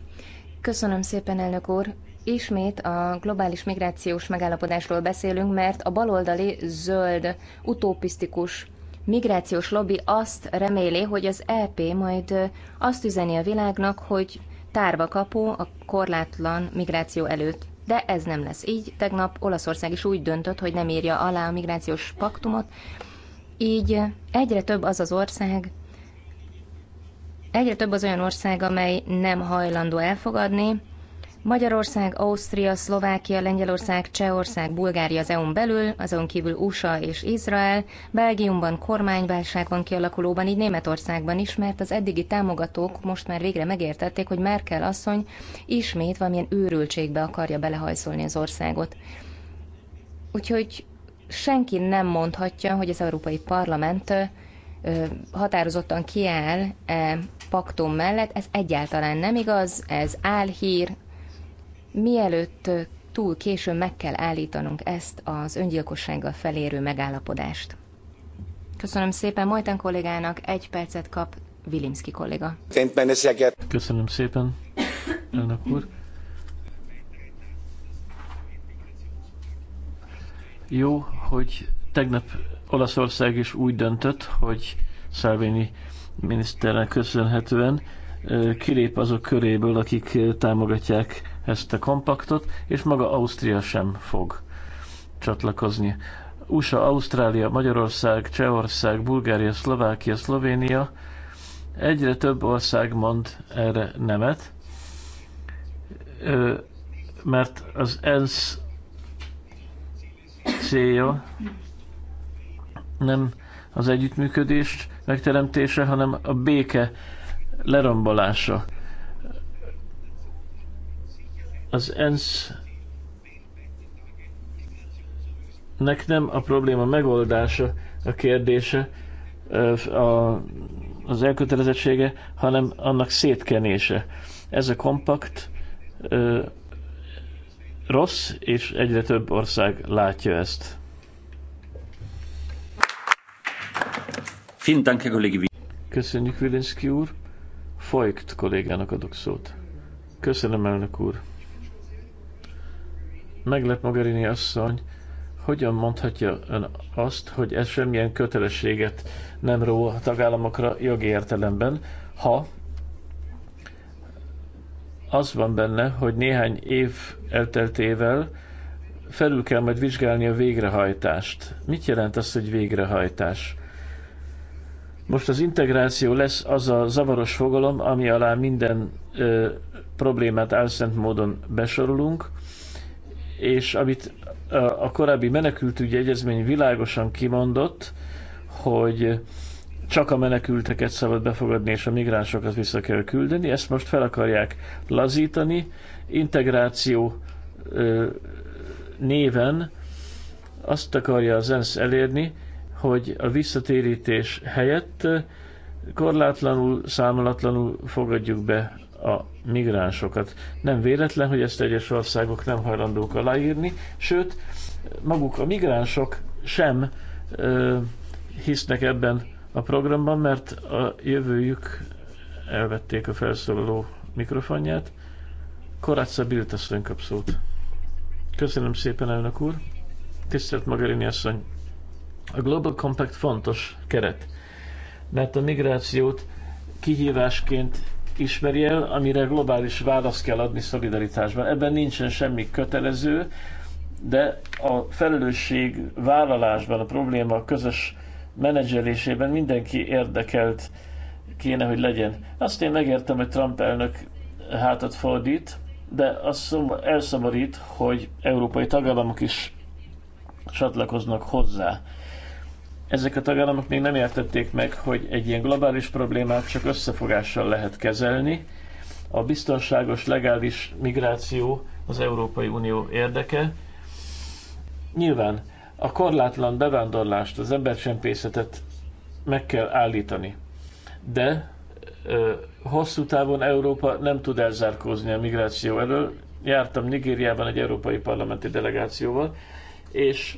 Köszönöm szépen, elnök úr. Ismét a globális migrációs megállapodásról beszélünk, mert a baloldali zöld utopisztikus migrációs lobby azt reméli, hogy az EP majd azt üzeni a világnak, hogy tárva kapó a korlátlan migráció előtt. De ez nem lesz így. Tegnap Olaszország is úgy döntött, hogy nem írja alá a migrációs paktumot. Így egyre több az az ország, egyre több az olyan ország, amely nem hajlandó elfogadni Magyarország, Ausztria, Szlovákia, Lengyelország, Csehország, Bulgária az EU-n belül, azon kívül USA és Izrael, Belgiumban kormányválság van kialakulóban, így Németországban is, mert az eddigi támogatók most már végre megértették, hogy Merkel asszony ismét valamilyen őrültségbe akarja belehajszolni az országot. Úgyhogy senki nem mondhatja, hogy az Európai Parlament határozottan kiáll e paktum mellett, ez egyáltalán nem igaz, ez álhír, mielőtt túl későn meg kell állítanunk ezt az öngyilkossággal felérő megállapodást. Köszönöm szépen Mojten kollégának, egy percet kap Vilimski kolléga. Köszönöm szépen, elnök úr. Jó, hogy tegnap Olaszország is úgy döntött, hogy Salvini miniszternek köszönhetően kilép azok köréből, akik támogatják ezt a kompaktot, és maga Ausztria sem fog csatlakozni. USA, Ausztrália, Magyarország, Csehország, Bulgária, Szlovákia, Szlovénia, egyre több ország mond erre nemet, mert az ENSZ célja nem az együttműködést megteremtése, hanem a béke lerombolása. Az ENSZ nek nem a probléma megoldása a kérdése, a, az elkötelezettsége, hanem annak szétkenése. Ez a kompakt ö, rossz, és egyre több ország látja ezt. Köszönjük, Vilinszki úr. folyt kollégának adok szót. Köszönöm, elnök úr meglep Mogherini asszony, hogyan mondhatja ön azt, hogy ez semmilyen kötelességet nem ró a tagállamokra jogi értelemben, ha az van benne, hogy néhány év elteltével felül kell majd vizsgálni a végrehajtást. Mit jelent az, hogy végrehajtás? Most az integráció lesz az a zavaros fogalom, ami alá minden ö, problémát álszent módon besorolunk, és amit a korábbi menekültügyi egyezmény világosan kimondott, hogy csak a menekülteket szabad befogadni, és a migránsokat vissza kell küldeni, ezt most fel akarják lazítani, integráció néven azt akarja az ENSZ elérni, hogy a visszatérítés helyett korlátlanul, számolatlanul fogadjuk be a migránsokat. Nem véletlen, hogy ezt egyes országok nem hajlandók aláírni, sőt, maguk a migránsok sem ö, hisznek ebben a programban, mert a jövőjük elvették a felszólaló mikrofonját. Korácsa asszony kap szót. Köszönöm szépen, elnök úr. Tisztelt Magarini asszony. A Global Compact fontos keret, mert a migrációt kihívásként ismeri el, amire globális választ kell adni szolidaritásban. Ebben nincsen semmi kötelező, de a felelősség vállalásban, a probléma közös menedzselésében mindenki érdekelt kéne, hogy legyen. Azt én megértem, hogy Trump elnök hátat fordít, de az elszomorít, hogy európai tagállamok is csatlakoznak hozzá ezek a tagállamok még nem értették meg, hogy egy ilyen globális problémát csak összefogással lehet kezelni. A biztonságos, legális migráció az Európai Unió érdeke. Nyilván a korlátlan bevándorlást, az embercsempészetet meg kell állítani. De ö, hosszú távon Európa nem tud elzárkózni a migráció elől. Jártam Nigériában egy európai parlamenti delegációval, és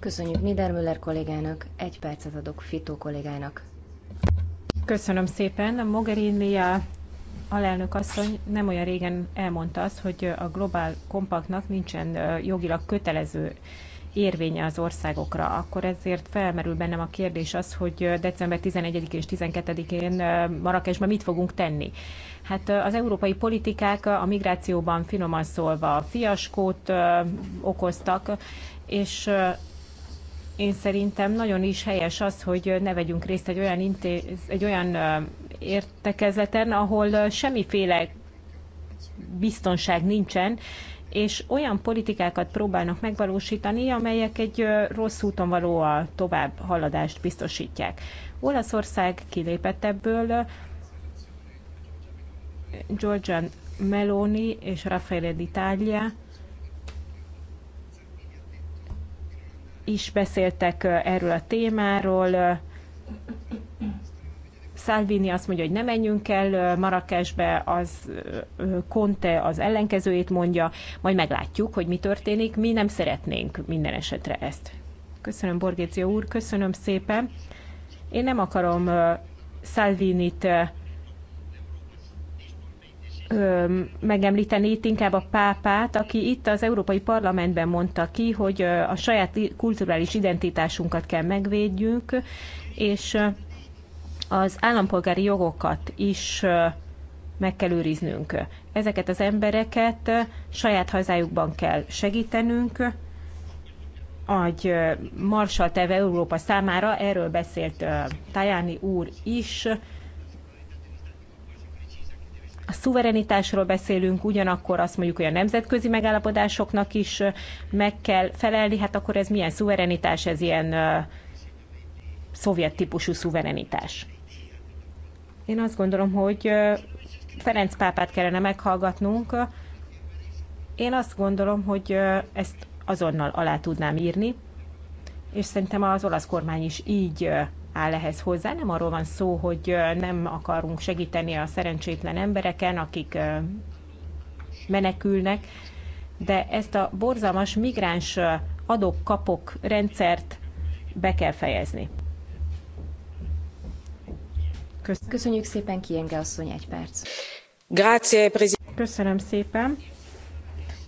Köszönjük Niedermüller kollégának, egy percet adok Fitó kollégának. Köszönöm szépen. A Mogherini a alelnök asszony nem olyan régen elmondta azt, hogy a globál kompaktnak nincsen jogilag kötelező érvénye az országokra, akkor ezért felmerül bennem a kérdés az, hogy december 11 és 12-én Marrakesben mit fogunk tenni. Hát az európai politikák a migrációban finoman szólva fiaskót okoztak, és én szerintem nagyon is helyes az, hogy ne vegyünk részt egy olyan, intéz, egy olyan értekezleten, ahol semmiféle biztonság nincsen, és olyan politikákat próbálnak megvalósítani, amelyek egy rossz úton való a tovább haladást biztosítják. Olaszország kilépett ebből, Georgia, Meloni és Raffaele d'Italia is beszéltek erről a témáról, Salvini azt mondja, hogy ne menjünk el Marrakesbe, az Conte az ellenkezőjét mondja, majd meglátjuk, hogy mi történik. Mi nem szeretnénk minden esetre ezt. Köszönöm, Borgézia úr, köszönöm szépen. Én nem akarom Salvini-t megemlíteni itt inkább a pápát, aki itt az Európai Parlamentben mondta ki, hogy a saját kulturális identitásunkat kell megvédjünk, és az állampolgári jogokat is meg kell őriznünk. Ezeket az embereket saját hazájukban kell segítenünk. Egy Marshall Teve Európa számára erről beszélt Tajani úr is. A szuverenitásról beszélünk, ugyanakkor azt mondjuk, hogy a nemzetközi megállapodásoknak is meg kell felelni, hát akkor ez milyen szuverenitás, ez ilyen szovjet típusú szuverenitás. Én azt gondolom, hogy Ferenc pápát kellene meghallgatnunk. Én azt gondolom, hogy ezt azonnal alá tudnám írni, és szerintem az olasz kormány is így áll ehhez hozzá. Nem arról van szó, hogy nem akarunk segíteni a szerencsétlen embereken, akik menekülnek, de ezt a borzalmas migráns adok-kapok rendszert be kell fejezni. Köszönjük szépen, Kienge asszony, egy perc. Köszönöm szépen.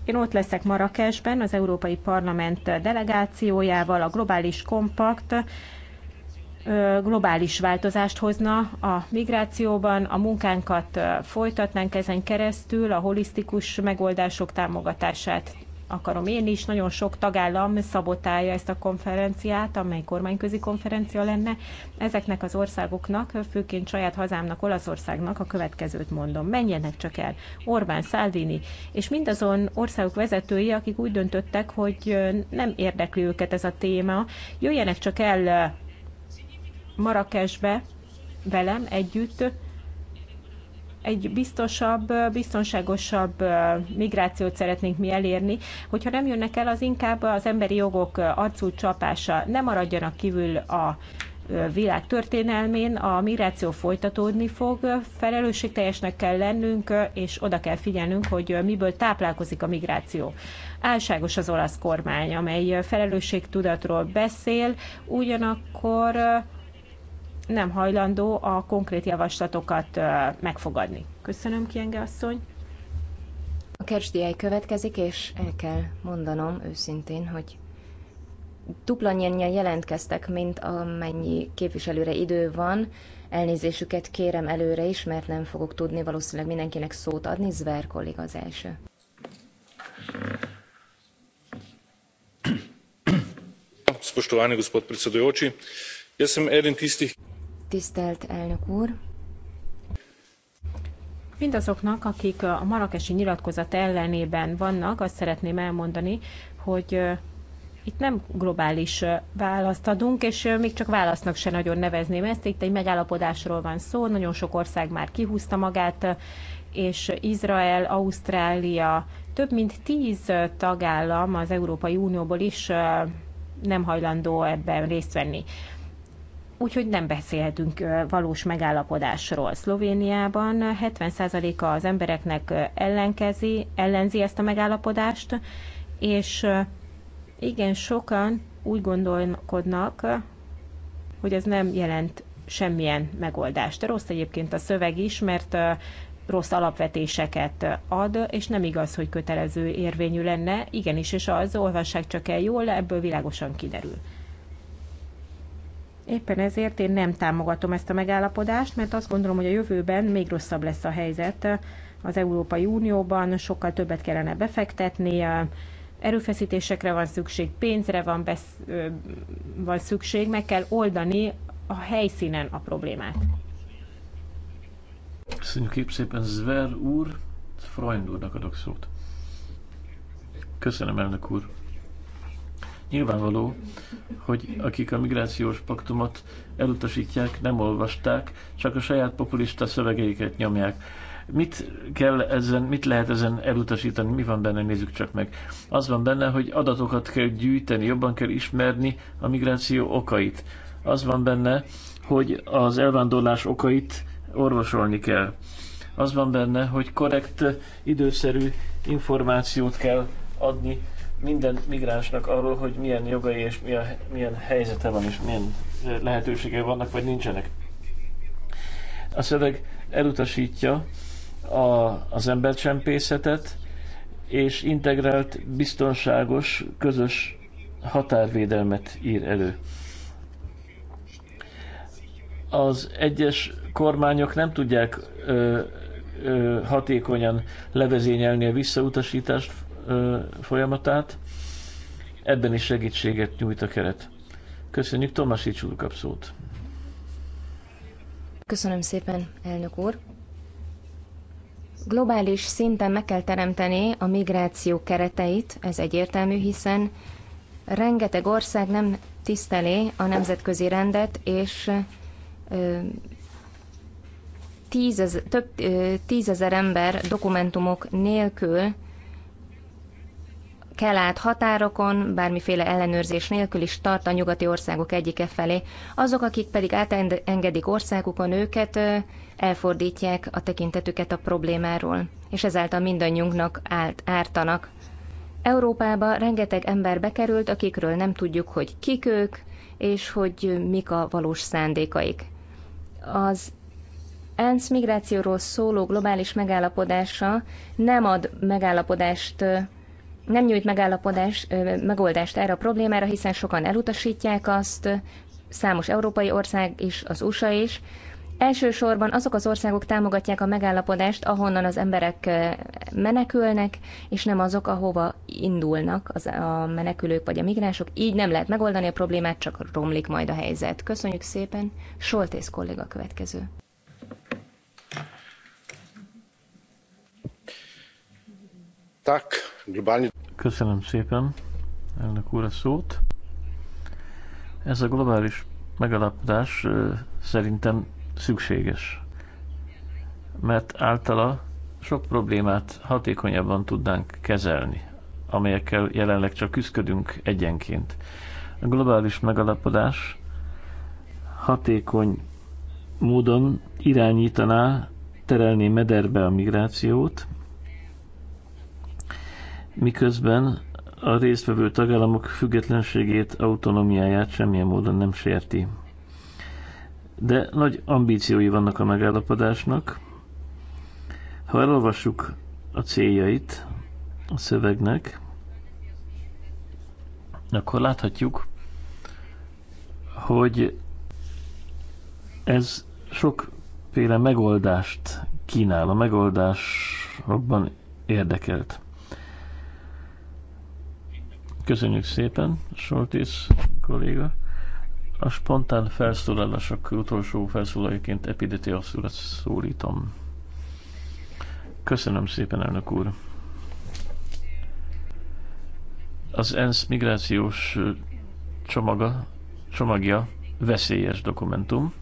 Én ott leszek Marrakesben az Európai Parlament delegációjával, a Globális Kompakt globális változást hozna a migrációban, a munkánkat folytatnánk ezen keresztül, a holisztikus megoldások támogatását akarom én is. Nagyon sok tagállam szabotálja ezt a konferenciát, amely kormányközi konferencia lenne. Ezeknek az országoknak, főként saját hazámnak, Olaszországnak a következőt mondom. Menjenek csak el Orbán, Salvini, és mindazon országok vezetői, akik úgy döntöttek, hogy nem érdekli őket ez a téma, jöjjenek csak el Marrakesbe velem együtt, egy biztosabb, biztonságosabb migrációt szeretnénk mi elérni. Hogyha nem jönnek el, az inkább az emberi jogok arcú csapása. nem maradjanak kívül a világ történelmén a migráció folytatódni fog, felelősségteljesnek kell lennünk, és oda kell figyelnünk, hogy miből táplálkozik a migráció. Álságos az olasz kormány, amely felelősségtudatról beszél, ugyanakkor nem hajlandó a konkrét javaslatokat megfogadni. Köszönöm, Kienge asszony. A kersdiáj következik, és el kell mondanom őszintén, hogy dupla nyenyen jelentkeztek, mint amennyi képviselőre idő van. Elnézésüket kérem előre is, mert nem fogok tudni valószínűleg mindenkinek szót adni. Zver kolléga az első. Spoštovani gospod predsedujoči, jaz sem eden tistih, Tisztelt elnök úr! Mindazoknak, akik a marakesi nyilatkozat ellenében vannak, azt szeretném elmondani, hogy itt nem globális választ adunk, és még csak válasznak se nagyon nevezném ezt. Itt egy megállapodásról van szó, nagyon sok ország már kihúzta magát, és Izrael, Ausztrália, több mint tíz tagállam az Európai Unióból is nem hajlandó ebben részt venni úgyhogy nem beszélhetünk valós megállapodásról. Szlovéniában 70%-a az embereknek ellenkezi, ellenzi ezt a megállapodást, és igen, sokan úgy gondolkodnak, hogy ez nem jelent semmilyen megoldást. Rossz egyébként a szöveg is, mert rossz alapvetéseket ad, és nem igaz, hogy kötelező érvényű lenne. Igenis, és az olvassák csak el jól, ebből világosan kiderül. Éppen ezért én nem támogatom ezt a megállapodást, mert azt gondolom, hogy a jövőben még rosszabb lesz a helyzet az Európai Unióban, sokkal többet kellene befektetni, erőfeszítésekre van szükség, pénzre van, besz, van szükség, meg kell oldani a helyszínen a problémát. Köszönjük szépen Zver úr, Freund úrnak adok szót. Köszönöm, elnök úr. Nyilvánvaló, hogy akik a migrációs paktumot elutasítják, nem olvasták, csak a saját populista szövegeiket nyomják. Mit kell ezen, mit lehet ezen elutasítani, mi van benne, nézzük csak meg. Az van benne, hogy adatokat kell gyűjteni, jobban kell ismerni a migráció okait. Az van benne, hogy az elvándorlás okait orvosolni kell. Az van benne, hogy korrekt, időszerű információt kell adni minden migránsnak arról, hogy milyen jogai és milyen, milyen helyzete van, és milyen lehetőségei vannak, vagy nincsenek. A szöveg elutasítja a, az embercsempészetet, és integrált, biztonságos, közös határvédelmet ír elő. Az egyes kormányok nem tudják ö, ö, hatékonyan levezényelni a visszautasítást, folyamatát. Ebben is segítséget nyújt a keret. Köszönjük, Tomasics úr kapszót. Köszönöm szépen, elnök úr. Globális szinten meg kell teremteni a migráció kereteit, ez egyértelmű, hiszen rengeteg ország nem tiszteli a nemzetközi rendet, és ö, tízez, több ö, tízezer ember dokumentumok nélkül kell át határokon, bármiféle ellenőrzés nélkül is tart a nyugati országok egyike felé. Azok, akik pedig átengedik országukon őket, elfordítják a tekintetüket a problémáról, és ezáltal mindannyiunknak állt, ártanak. Európába rengeteg ember bekerült, akikről nem tudjuk, hogy kik ők, és hogy mik a valós szándékaik. Az ENSZ migrációról szóló globális megállapodása nem ad megállapodást nem nyújt megállapodás, megoldást erre a problémára, hiszen sokan elutasítják azt, számos európai ország is, az USA is. Elsősorban azok az országok támogatják a megállapodást, ahonnan az emberek menekülnek, és nem azok, ahova indulnak az a menekülők vagy a migránsok. Így nem lehet megoldani a problémát, csak romlik majd a helyzet. Köszönjük szépen. Soltész kolléga következő. Tak, Köszönöm szépen, elnök úr, a szót. Ez a globális megalapodás szerintem szükséges, mert általa sok problémát hatékonyabban tudnánk kezelni, amelyekkel jelenleg csak küzdködünk egyenként. A globális megalapodás hatékony módon irányítaná, terelné mederbe a migrációt, miközben a résztvevő tagállamok függetlenségét, autonómiáját semmilyen módon nem sérti. De nagy ambíciói vannak a megállapodásnak. Ha elolvassuk a céljait a szövegnek, akkor láthatjuk, hogy ez sokféle megoldást kínál, a megoldásokban érdekelt. Köszönjük szépen, Soltis kolléga. A spontán felszólalások utolsó felszólalóként Epideti urat szólítom. Köszönöm szépen, elnök úr. Az ENSZ migrációs csomaga, csomagja veszélyes dokumentum,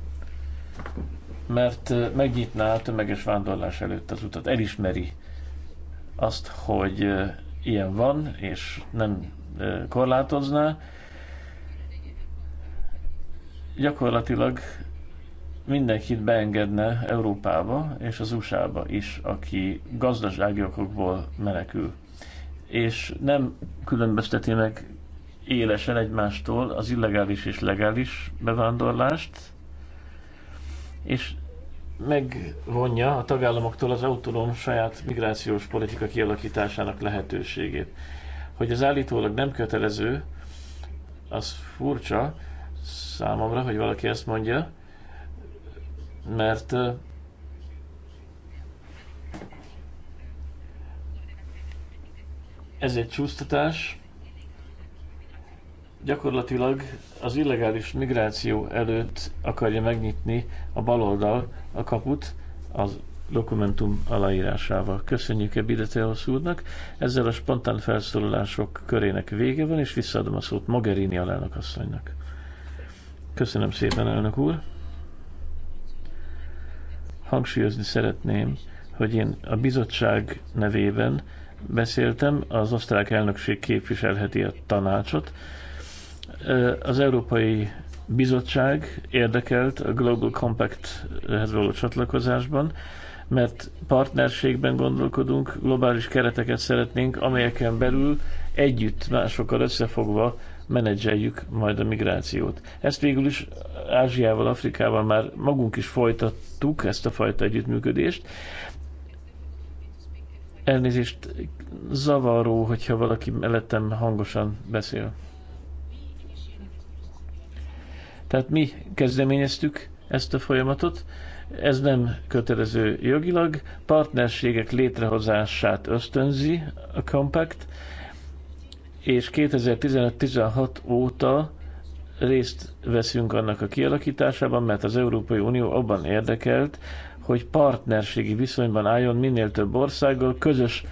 mert megnyitná a tömeges vándorlás előtt az utat. Elismeri azt, hogy ilyen van, és nem korlátozná. Gyakorlatilag mindenkit beengedne Európába és az USA-ba is, aki gazdasági okokból menekül. És nem különbözteti meg élesen egymástól az illegális és legális bevándorlást, és megvonja a tagállamoktól az autonóm saját migrációs politika kialakításának lehetőségét. Hogy az állítólag nem kötelező, az furcsa számomra, hogy valaki ezt mondja, mert ez egy csúsztatás, gyakorlatilag az illegális migráció előtt akarja megnyitni a baloldal a kaput az dokumentum aláírásával. Köszönjük Ebideteos úrnak. Ezzel a spontán felszólalások körének vége van, és visszaadom a szót Magerini alelnök asszonynak. Köszönöm szépen, elnök úr. Hangsúlyozni szeretném, hogy én a bizottság nevében beszéltem, az osztrák elnökség képviselheti a tanácsot. Az Európai Bizottság érdekelt a Global Compact-hez való csatlakozásban, mert partnerségben gondolkodunk, globális kereteket szeretnénk, amelyeken belül együtt másokkal összefogva menedzseljük majd a migrációt. Ezt végül is Ázsiával, Afrikával már magunk is folytattuk, ezt a fajta együttműködést. Elnézést zavaró, hogyha valaki mellettem hangosan beszél. Tehát mi kezdeményeztük ezt a folyamatot, ez nem kötelező jogilag, partnerségek létrehozását ösztönzi a Compact, és 2015-16 óta részt veszünk annak a kialakításában, mert az Európai Unió abban érdekelt, hogy partnerségi viszonyban álljon minél több országgal, közös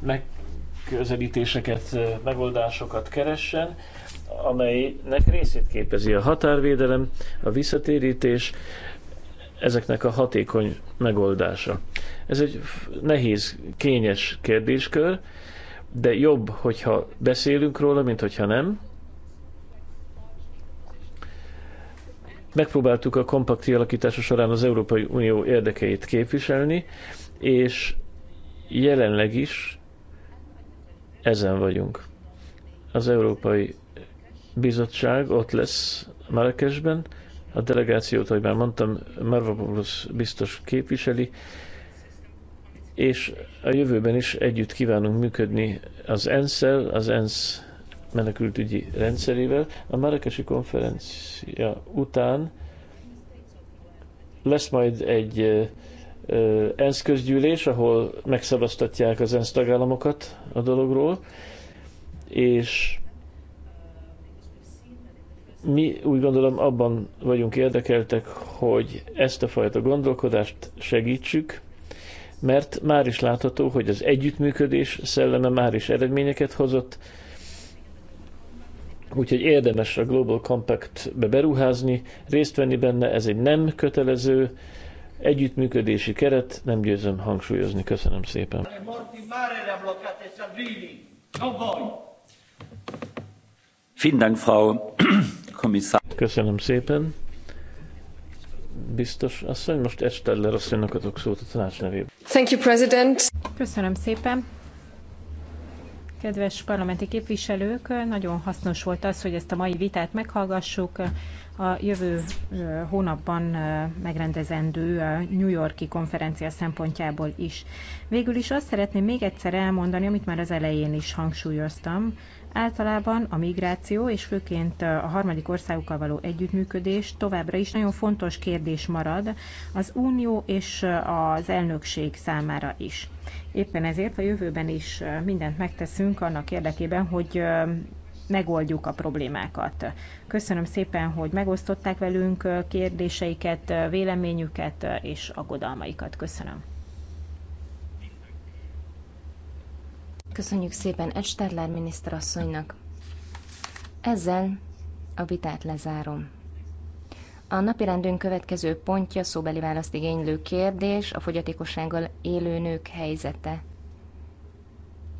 megközelítéseket, megoldásokat keressen, amelynek részét képezi a határvédelem, a visszatérítés, ezeknek a hatékony megoldása. Ez egy nehéz, kényes kérdéskör, de jobb, hogyha beszélünk róla, mint hogyha nem. Megpróbáltuk a kompakt kialakítása során az Európai Unió érdekeit képviselni, és jelenleg is ezen vagyunk. Az Európai Bizottság ott lesz Marrakesben, a delegációt, ahogy már mondtam, Marvopoulos biztos képviseli, és a jövőben is együtt kívánunk működni az ensz az ENSZ menekültügyi rendszerével. A Marrakesi konferencia után lesz majd egy ENSZ közgyűlés, ahol megszavaztatják az ENSZ tagállamokat a dologról, és mi úgy gondolom abban vagyunk érdekeltek, hogy ezt a fajta gondolkodást segítsük, mert már is látható, hogy az együttműködés szelleme már is eredményeket hozott, úgyhogy érdemes a Global Compact-be beruházni, részt venni benne, ez egy nem kötelező együttműködési keret, nem győzöm hangsúlyozni. Köszönöm szépen. Vielen Dank, Frau Köszönöm szépen. Biztos asszony, most Esteller asszonynak adok szót a tanács nevében. Thank you, President. Köszönöm szépen. Kedves parlamenti képviselők, nagyon hasznos volt az, hogy ezt a mai vitát meghallgassuk. A jövő hónapban megrendezendő New Yorki konferencia szempontjából is. Végül is azt szeretném még egyszer elmondani, amit már az elején is hangsúlyoztam, Általában a migráció és főként a harmadik országokkal való együttműködés továbbra is nagyon fontos kérdés marad az Unió és az elnökség számára is. Éppen ezért a jövőben is mindent megteszünk annak érdekében, hogy megoldjuk a problémákat. Köszönöm szépen, hogy megosztották velünk kérdéseiket, véleményüket és aggodalmaikat. Köszönöm. Köszönjük szépen Egy Stadler miniszterasszonynak. Ezzel a vitát lezárom. A napirendünk következő pontja szóbeli választ igénylő kérdés a fogyatékossággal élő nők helyzete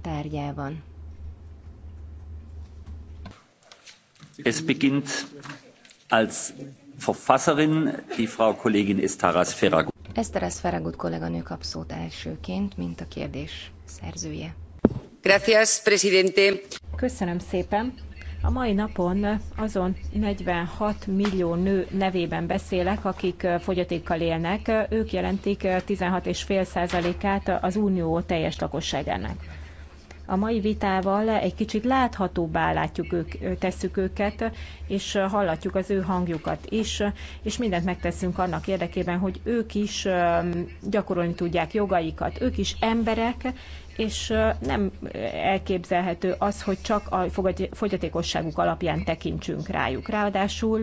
tárgyában. Es beginnt als Verfasserin die Frau Kollegin Estaras Ferragut. Estaras Ferragut kolléganő kap szót elsőként, mint a kérdés szerzője. Köszönöm szépen. A mai napon azon 46 millió nő nevében beszélek, akik fogyatékkal élnek. Ők jelentik fél százalékát az unió teljes lakosságának. A mai vitával egy kicsit láthatóbbá látjuk ők, tesszük őket, és hallatjuk az ő hangjukat is, és mindent megteszünk annak érdekében, hogy ők is gyakorolni tudják jogaikat. Ők is emberek, és nem elképzelhető az, hogy csak a fogyatékosságuk alapján tekintsünk rájuk. Ráadásul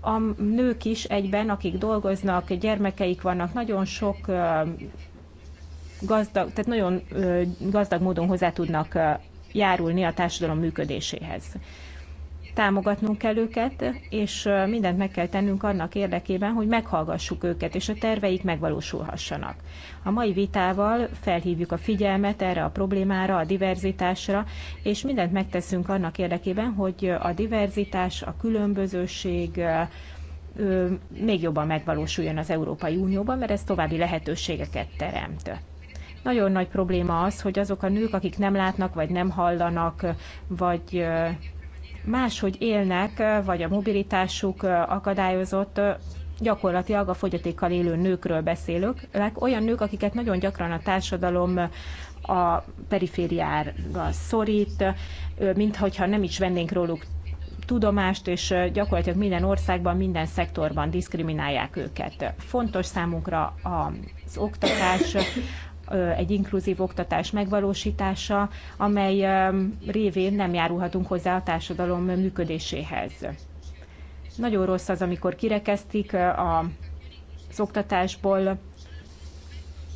a nők is egyben, akik dolgoznak, gyermekeik vannak, nagyon sok gazdag, tehát nagyon gazdag módon hozzá tudnak járulni a társadalom működéséhez támogatnunk kell őket, és mindent meg kell tennünk annak érdekében, hogy meghallgassuk őket, és a terveik megvalósulhassanak. A mai vitával felhívjuk a figyelmet erre a problémára, a diverzitásra, és mindent megteszünk annak érdekében, hogy a diverzitás, a különbözőség, még jobban megvalósuljon az Európai Unióban, mert ez további lehetőségeket teremt. Nagyon nagy probléma az, hogy azok a nők, akik nem látnak, vagy nem hallanak, vagy máshogy élnek, vagy a mobilitásuk akadályozott, gyakorlatilag a fogyatékkal élő nőkről beszélök, olyan nők, akiket nagyon gyakran a társadalom a perifériára szorít, mintha nem is vennénk róluk tudomást, és gyakorlatilag minden országban, minden szektorban diszkriminálják őket. Fontos számunkra az oktatás, egy inkluzív oktatás megvalósítása, amely révén nem járulhatunk hozzá a társadalom működéséhez. Nagyon rossz az, amikor kirekesztik a, az oktatásból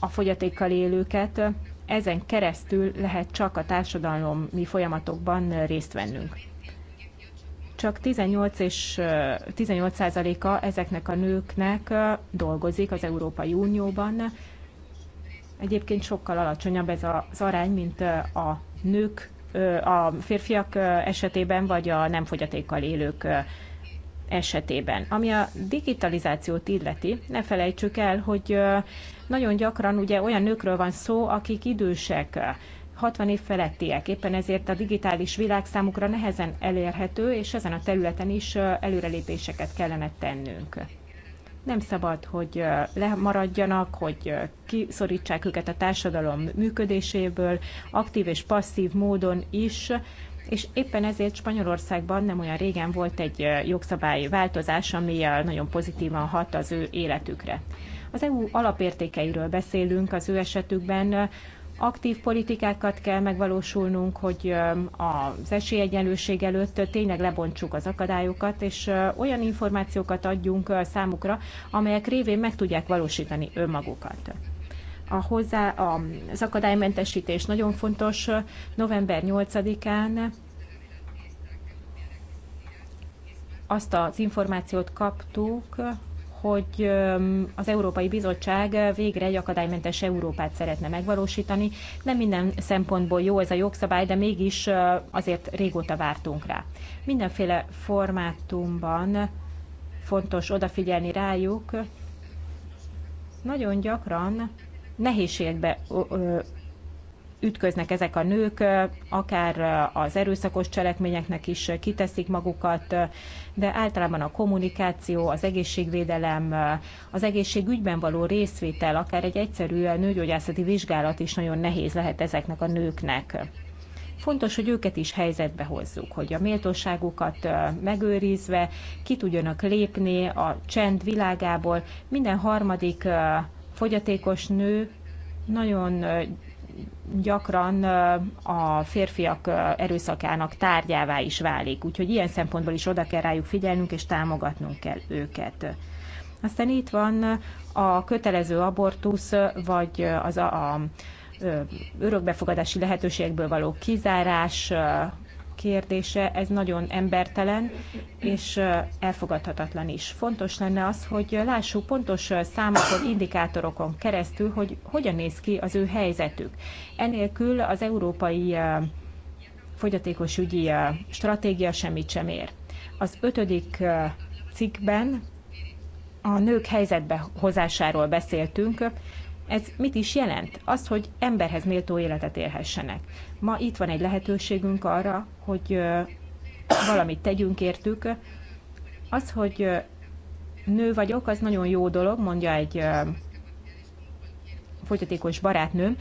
a fogyatékkal élőket, ezen keresztül lehet csak a társadalmi folyamatokban részt vennünk. Csak 18 és 18 a ezeknek a nőknek dolgozik az Európai Unióban, Egyébként sokkal alacsonyabb ez az arány, mint a nők, a férfiak esetében, vagy a nem fogyatékkal élők esetében. Ami a digitalizációt illeti, ne felejtsük el, hogy nagyon gyakran ugye olyan nőkről van szó, akik idősek, 60 év felettiek, éppen ezért a digitális világ számukra nehezen elérhető, és ezen a területen is előrelépéseket kellene tennünk nem szabad, hogy lemaradjanak, hogy kiszorítsák őket a társadalom működéséből, aktív és passzív módon is, és éppen ezért Spanyolországban nem olyan régen volt egy jogszabályi változás, ami nagyon pozitívan hat az ő életükre. Az EU alapértékeiről beszélünk az ő esetükben, aktív politikákat kell megvalósulnunk, hogy az esélyegyenlőség előtt tényleg lebontsuk az akadályokat, és olyan információkat adjunk számukra, amelyek révén meg tudják valósítani önmagukat. A hozzá, az akadálymentesítés nagyon fontos. November 8-án azt az információt kaptuk, hogy az Európai Bizottság végre egy akadálymentes Európát szeretne megvalósítani. Nem minden szempontból jó ez a jogszabály, de mégis azért régóta vártunk rá. Mindenféle formátumban fontos odafigyelni rájuk. Nagyon gyakran nehézségbe ütköznek ezek a nők, akár az erőszakos cselekményeknek is kiteszik magukat, de általában a kommunikáció, az egészségvédelem, az egészségügyben való részvétel, akár egy egyszerű nőgyógyászati vizsgálat is nagyon nehéz lehet ezeknek a nőknek fontos, hogy őket is helyzetbe hozzuk, hogy a méltóságukat megőrizve ki tudjanak lépni a csend világából. Minden harmadik fogyatékos nő nagyon gyakran a férfiak erőszakának tárgyává is válik. Úgyhogy ilyen szempontból is oda kell rájuk figyelnünk, és támogatnunk kell őket. Aztán itt van a kötelező abortusz, vagy az a, a örökbefogadási lehetőségből való kizárás, kérdése, ez nagyon embertelen és elfogadhatatlan is. Fontos lenne az, hogy lássuk pontos számokon, indikátorokon keresztül, hogy hogyan néz ki az ő helyzetük. Enélkül az európai fogyatékosügyi stratégia semmit sem ér. Az ötödik cikkben a nők helyzetbe hozásáról beszéltünk, ez mit is jelent? Az, hogy emberhez méltó életet élhessenek. Ma itt van egy lehetőségünk arra, hogy valamit tegyünk értük. Az, hogy nő vagyok, az nagyon jó dolog, mondja egy fogyatékos barátnőm.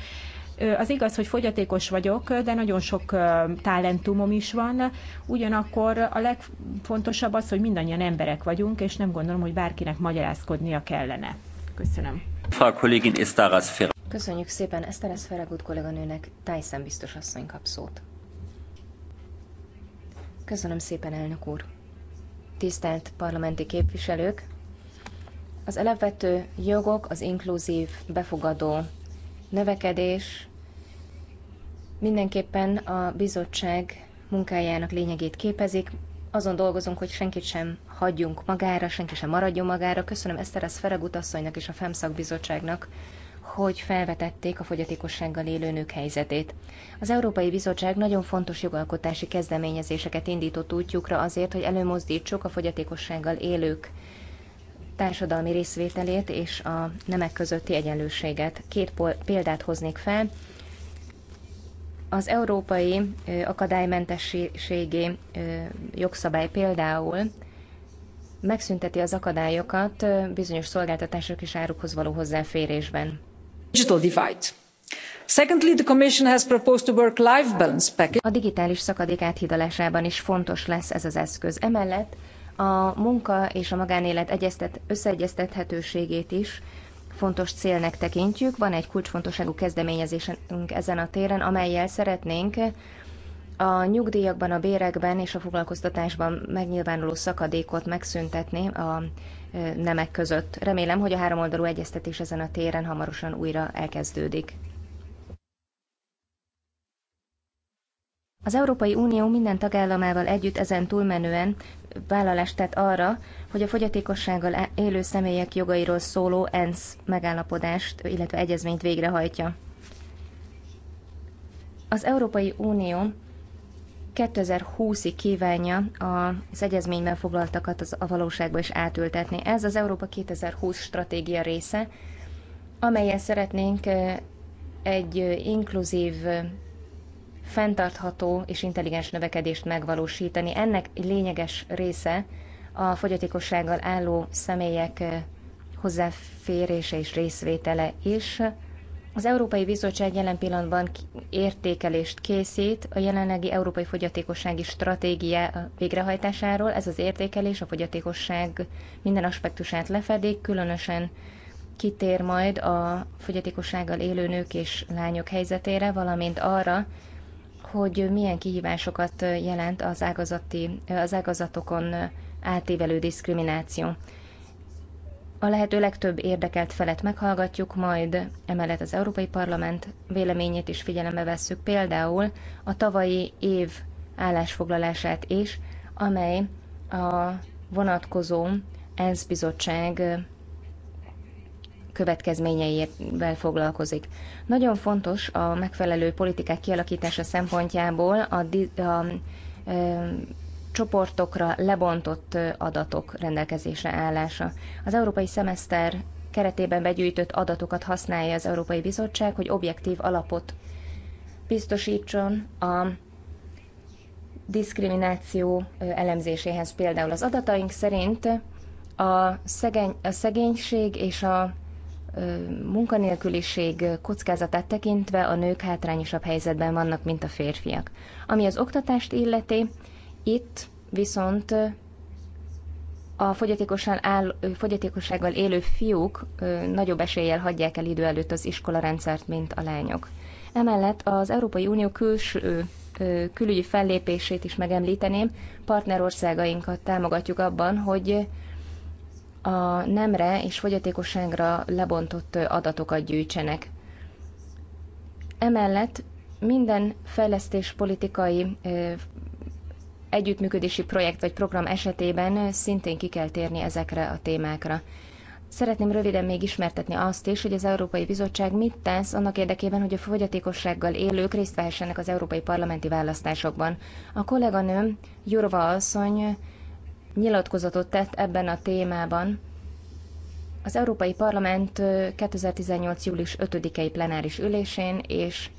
Az igaz, hogy fogyatékos vagyok, de nagyon sok talentumom is van. Ugyanakkor a legfontosabb az, hogy mindannyian emberek vagyunk, és nem gondolom, hogy bárkinek magyarázkodnia kellene. Köszönöm. Köszönjük szépen Eszteres Feragut kolléganőnek, Tyson biztos asszony kap szót. Köszönöm szépen, elnök úr. Tisztelt parlamenti képviselők, az elevető jogok, az inkluzív, befogadó növekedés mindenképpen a bizottság munkájának lényegét képezik, azon dolgozunk, hogy senkit sem hagyjunk magára, senki sem maradjon magára. Köszönöm Eszterez Feregut asszonynak és a FEMSZAK bizottságnak, hogy felvetették a fogyatékossággal élő nők helyzetét. Az Európai Bizottság nagyon fontos jogalkotási kezdeményezéseket indított útjukra azért, hogy előmozdítsuk a fogyatékossággal élők társadalmi részvételét és a nemek közötti egyenlőséget. Két példát hoznék fel. Az európai akadálymentességi jogszabály például megszünteti az akadályokat bizonyos szolgáltatások és árukhoz való hozzáférésben. Digital divide. Secondly, the Commission has proposed a work-life balance package. A digitális szakadék áthidalásában is fontos lesz ez az eszköz. Emellett a munka és a magánélet egyeztet, összeegyeztethetőségét is fontos célnak tekintjük. Van egy kulcsfontosságú kezdeményezésünk ezen a téren, amelyel szeretnénk a nyugdíjakban, a bérekben és a foglalkoztatásban megnyilvánuló szakadékot megszüntetni a nemek között. Remélem, hogy a háromoldalú egyeztetés ezen a téren hamarosan újra elkezdődik. Az Európai Unió minden tagállamával együtt ezen túlmenően vállalást tett arra, hogy a fogyatékossággal e- élő személyek jogairól szóló ENSZ megállapodást, illetve egyezményt végrehajtja. Az Európai Unió 2020-ig kívánja az egyezményben foglaltakat az, a valóságba is átültetni. Ez az Európa 2020 stratégia része, amelyen szeretnénk egy inkluzív fenntartható és intelligens növekedést megvalósítani. Ennek egy lényeges része a fogyatékossággal álló személyek eh, hozzáférése és részvétele is. Az Európai Bizottság jelen pillanatban értékelést készít a jelenlegi Európai Fogyatékossági Stratégia végrehajtásáról. Ez az értékelés a fogyatékosság minden aspektusát lefedik, különösen kitér majd a fogyatékossággal élő nők és lányok helyzetére, valamint arra, hogy milyen kihívásokat jelent az, ágazati, az ágazatokon átívelő diszkrimináció. A lehető legtöbb érdekelt felet meghallgatjuk, majd emellett az Európai Parlament véleményét is figyelembe vesszük, például a tavalyi év állásfoglalását is, amely a vonatkozó ENSZ bizottság következményeivel foglalkozik. Nagyon fontos a megfelelő politikák kialakítása szempontjából a, di- a a csoportokra lebontott adatok rendelkezésre állása. Az európai szemeszter keretében begyűjtött adatokat használja az Európai Bizottság, hogy objektív alapot biztosítson a diszkrimináció elemzéséhez. Például az adataink szerint a, szegény, a szegénység és a munkanélküliség kockázatát tekintve a nők hátrányosabb helyzetben vannak, mint a férfiak. Ami az oktatást illeti, itt viszont a áll, fogyatékossággal élő fiúk nagyobb eséllyel hagyják el idő előtt az iskolarendszert, mint a lányok. Emellett az Európai Unió külső külügyi fellépését is megemlíteném, partnerországainkat támogatjuk abban, hogy a nemre és fogyatékosságra lebontott adatokat gyűjtsenek. Emellett minden fejlesztéspolitikai együttműködési projekt vagy program esetében szintén ki kell térni ezekre a témákra. Szeretném röviden még ismertetni azt is, hogy az Európai Bizottság mit tesz annak érdekében, hogy a fogyatékossággal élők részt vehessenek az európai parlamenti választásokban. A kolléganőm Jurva asszony nyilatkozatot tett ebben a témában az Európai Parlament 2018. július 5-i plenáris ülésén, és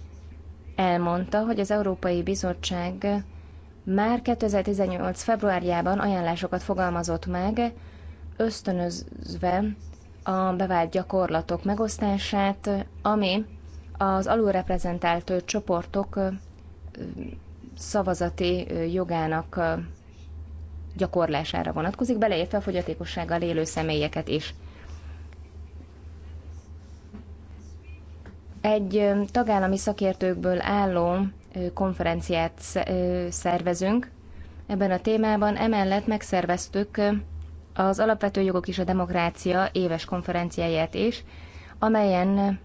elmondta, hogy az Európai Bizottság már 2018. februárjában ajánlásokat fogalmazott meg, ösztönözve a bevált gyakorlatok megosztását, ami az alulreprezentált csoportok szavazati jogának gyakorlására vonatkozik, beleértve a fogyatékossággal élő személyeket is. Egy tagállami szakértőkből álló konferenciát szervezünk ebben a témában, emellett megszerveztük az Alapvető Jogok és a Demokrácia éves konferenciáját is, amelyen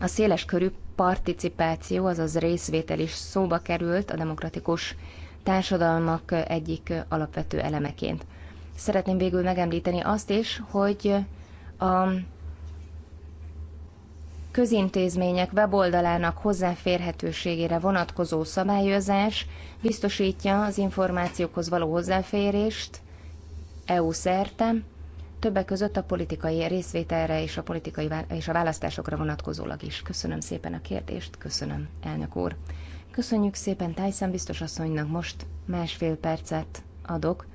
a széles körű participáció, azaz részvétel is szóba került a demokratikus társadalmak egyik alapvető elemeként. Szeretném végül megemlíteni azt is, hogy a közintézmények weboldalának hozzáférhetőségére vonatkozó szabályozás biztosítja az információkhoz való hozzáférést EU szerte, többek között a politikai részvételre és a, politikai és a választásokra vonatkozólag is. Köszönöm szépen a kérdést, köszönöm, elnök úr. Köszönjük szépen Tyson biztos asszonynak, most másfél percet adok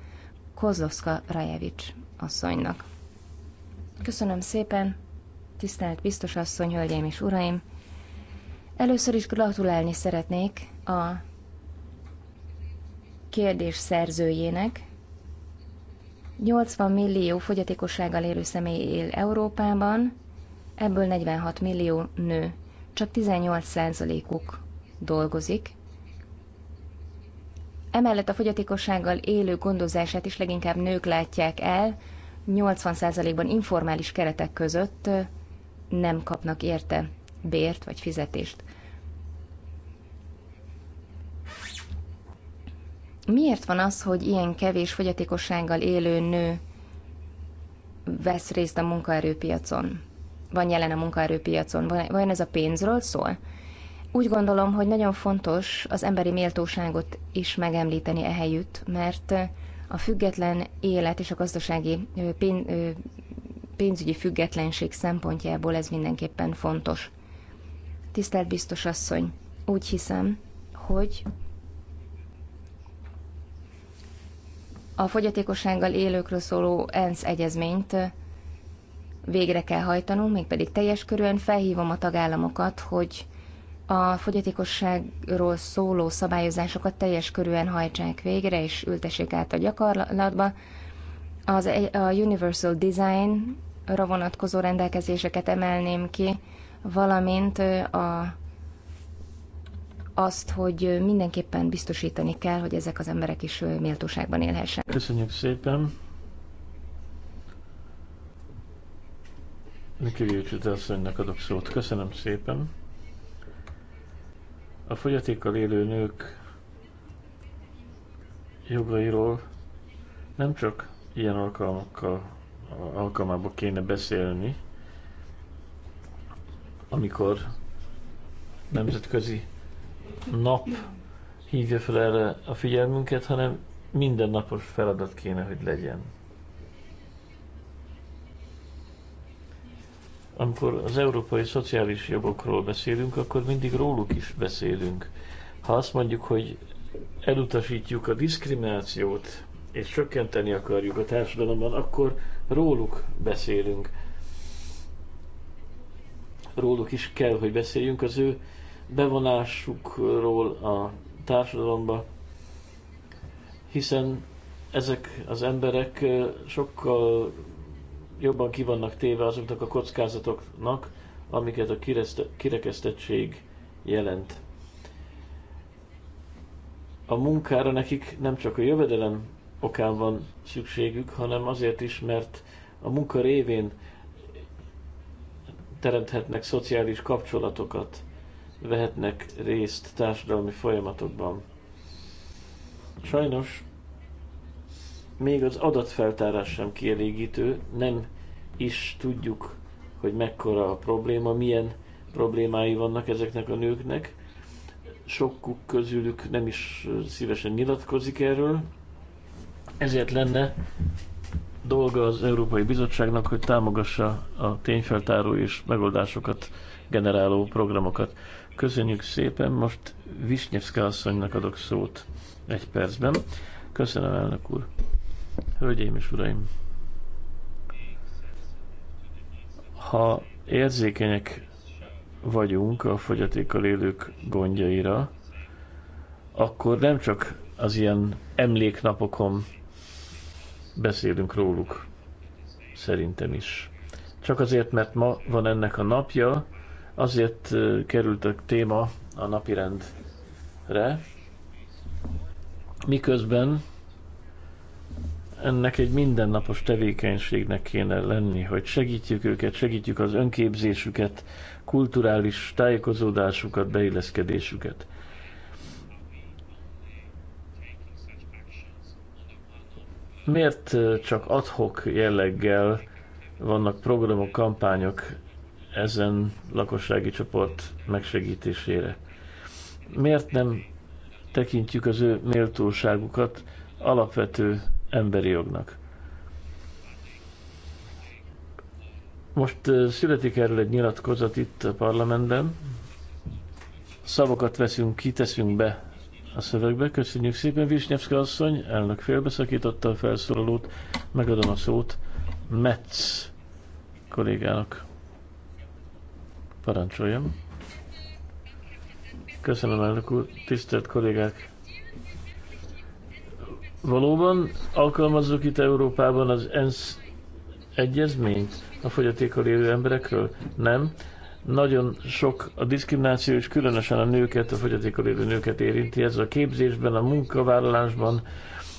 Kozlovska Rajevics asszonynak. Köszönöm szépen, tisztelt biztos asszony, hölgyeim és uraim! Először is gratulálni szeretnék a kérdés szerzőjének. 80 millió fogyatékossággal élő személy él Európában, ebből 46 millió nő. Csak 18 százalékuk dolgozik. Emellett a fogyatékossággal élő gondozását is leginkább nők látják el, 80%-ban informális keretek között nem kapnak érte bért vagy fizetést. Miért van az, hogy ilyen kevés fogyatékossággal élő nő vesz részt a munkaerőpiacon? Van jelen a munkaerőpiacon? Vajon ez a pénzről szól? Úgy gondolom, hogy nagyon fontos az emberi méltóságot is megemlíteni ehelyütt, mert a független élet és a gazdasági pénzügyi függetlenség szempontjából ez mindenképpen fontos. Tisztelt biztos asszony, úgy hiszem, hogy a fogyatékossággal élőkről szóló ENSZ egyezményt végre kell hajtanunk, mégpedig teljes körűen felhívom a tagállamokat, hogy a fogyatékosságról szóló szabályozásokat teljes körűen hajtsák végre és ültessék át a gyakorlatba. Az, a Universal design vonatkozó rendelkezéseket emelném ki, valamint a, azt, hogy mindenképpen biztosítani kell, hogy ezek az emberek is méltóságban élhessenek. Köszönjük szépen! Neki Vilcsita asszonynak adok szót. Köszönöm szépen! A fogyatékkal élő nők jogairól nem csak ilyen alkalmakkal, alkalmából kéne beszélni, amikor nemzetközi nap hívja fel erre a figyelmünket, hanem mindennapos feladat kéne, hogy legyen. amikor az európai szociális jogokról beszélünk, akkor mindig róluk is beszélünk. Ha azt mondjuk, hogy elutasítjuk a diszkriminációt, és csökkenteni akarjuk a társadalomban, akkor róluk beszélünk. Róluk is kell, hogy beszéljünk az ő bevonásukról a társadalomba, hiszen ezek az emberek sokkal jobban kivannak téve azoknak a kockázatoknak, amiket a kirekesztettség jelent. A munkára nekik nem csak a jövedelem okán van szükségük, hanem azért is, mert a munka révén teremthetnek szociális kapcsolatokat, vehetnek részt társadalmi folyamatokban. Sajnos még az adatfeltárás sem kielégítő, nem is tudjuk, hogy mekkora a probléma, milyen problémái vannak ezeknek a nőknek. Sokuk közülük nem is szívesen nyilatkozik erről, ezért lenne dolga az Európai Bizottságnak, hogy támogassa a tényfeltáró és megoldásokat generáló programokat. Köszönjük szépen, most Visnyevszka asszonynak adok szót egy percben. Köszönöm, elnök úr. Hölgyeim és uraim, ha érzékenyek vagyunk a fogyatékkal élők gondjaira, akkor nem csak az ilyen emléknapokon beszélünk róluk, szerintem is. Csak azért, mert ma van ennek a napja, azért került a téma a napirendre, miközben ennek egy mindennapos tevékenységnek kéne lenni, hogy segítjük őket, segítjük az önképzésüket, kulturális tájékozódásukat, beilleszkedésüket. Miért csak adhok jelleggel vannak programok, kampányok ezen lakossági csoport megsegítésére? Miért nem tekintjük az ő méltóságukat alapvető emberi jognak. Most születik erről egy nyilatkozat itt a parlamentben. Szavakat veszünk kiteszünk be a szövegbe. Köszönjük szépen, Visnyevszka asszony. Elnök félbeszakította a felszólalót. Megadom a szót Metz kollégának. Parancsoljam. Köszönöm, elnök úr. Tisztelt kollégák! Valóban alkalmazzuk itt Európában az ENSZ egyezményt a fogyatékkal élő emberekről? Nem. Nagyon sok a diszkrimináció, és különösen a nőket, a fogyatékkal élő nőket érinti. Ez a képzésben, a munkavállalásban,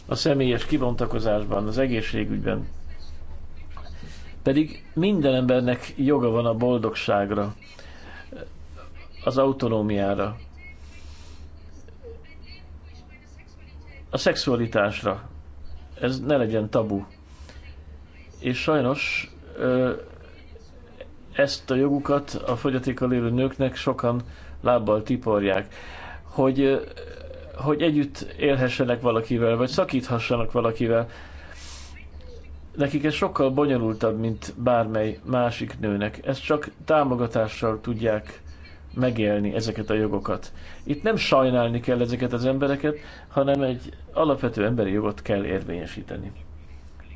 a személyes kibontakozásban, az egészségügyben. Pedig minden embernek joga van a boldogságra, az autonómiára, a szexualitásra. Ez ne legyen tabu. És sajnos ezt a jogukat a fogyatékkal élő nőknek sokan lábbal tiporják, hogy, hogy együtt élhessenek valakivel, vagy szakíthassanak valakivel. Nekik ez sokkal bonyolultabb, mint bármely másik nőnek. Ezt csak támogatással tudják megélni ezeket a jogokat. Itt nem sajnálni kell ezeket az embereket, hanem egy alapvető emberi jogot kell érvényesíteni.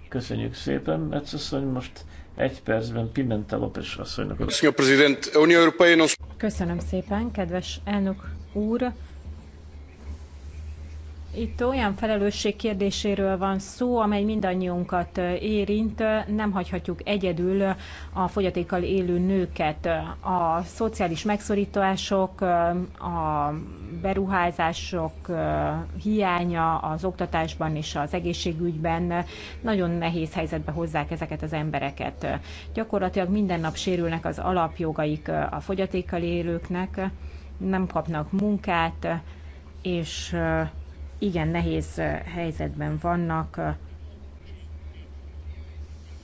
Köszönjük szépen, Metzasszony, most egy percben Pimenta López asszonynak. Köszönöm szépen, kedves elnök úr! Itt olyan felelősség kérdéséről van szó, amely mindannyiunkat érint. Nem hagyhatjuk egyedül a fogyatékkal élő nőket. A szociális megszorítások, a beruházások hiánya az oktatásban és az egészségügyben nagyon nehéz helyzetbe hozzák ezeket az embereket. Gyakorlatilag minden nap sérülnek az alapjogaik a fogyatékkal élőknek, nem kapnak munkát, és igen nehéz helyzetben vannak,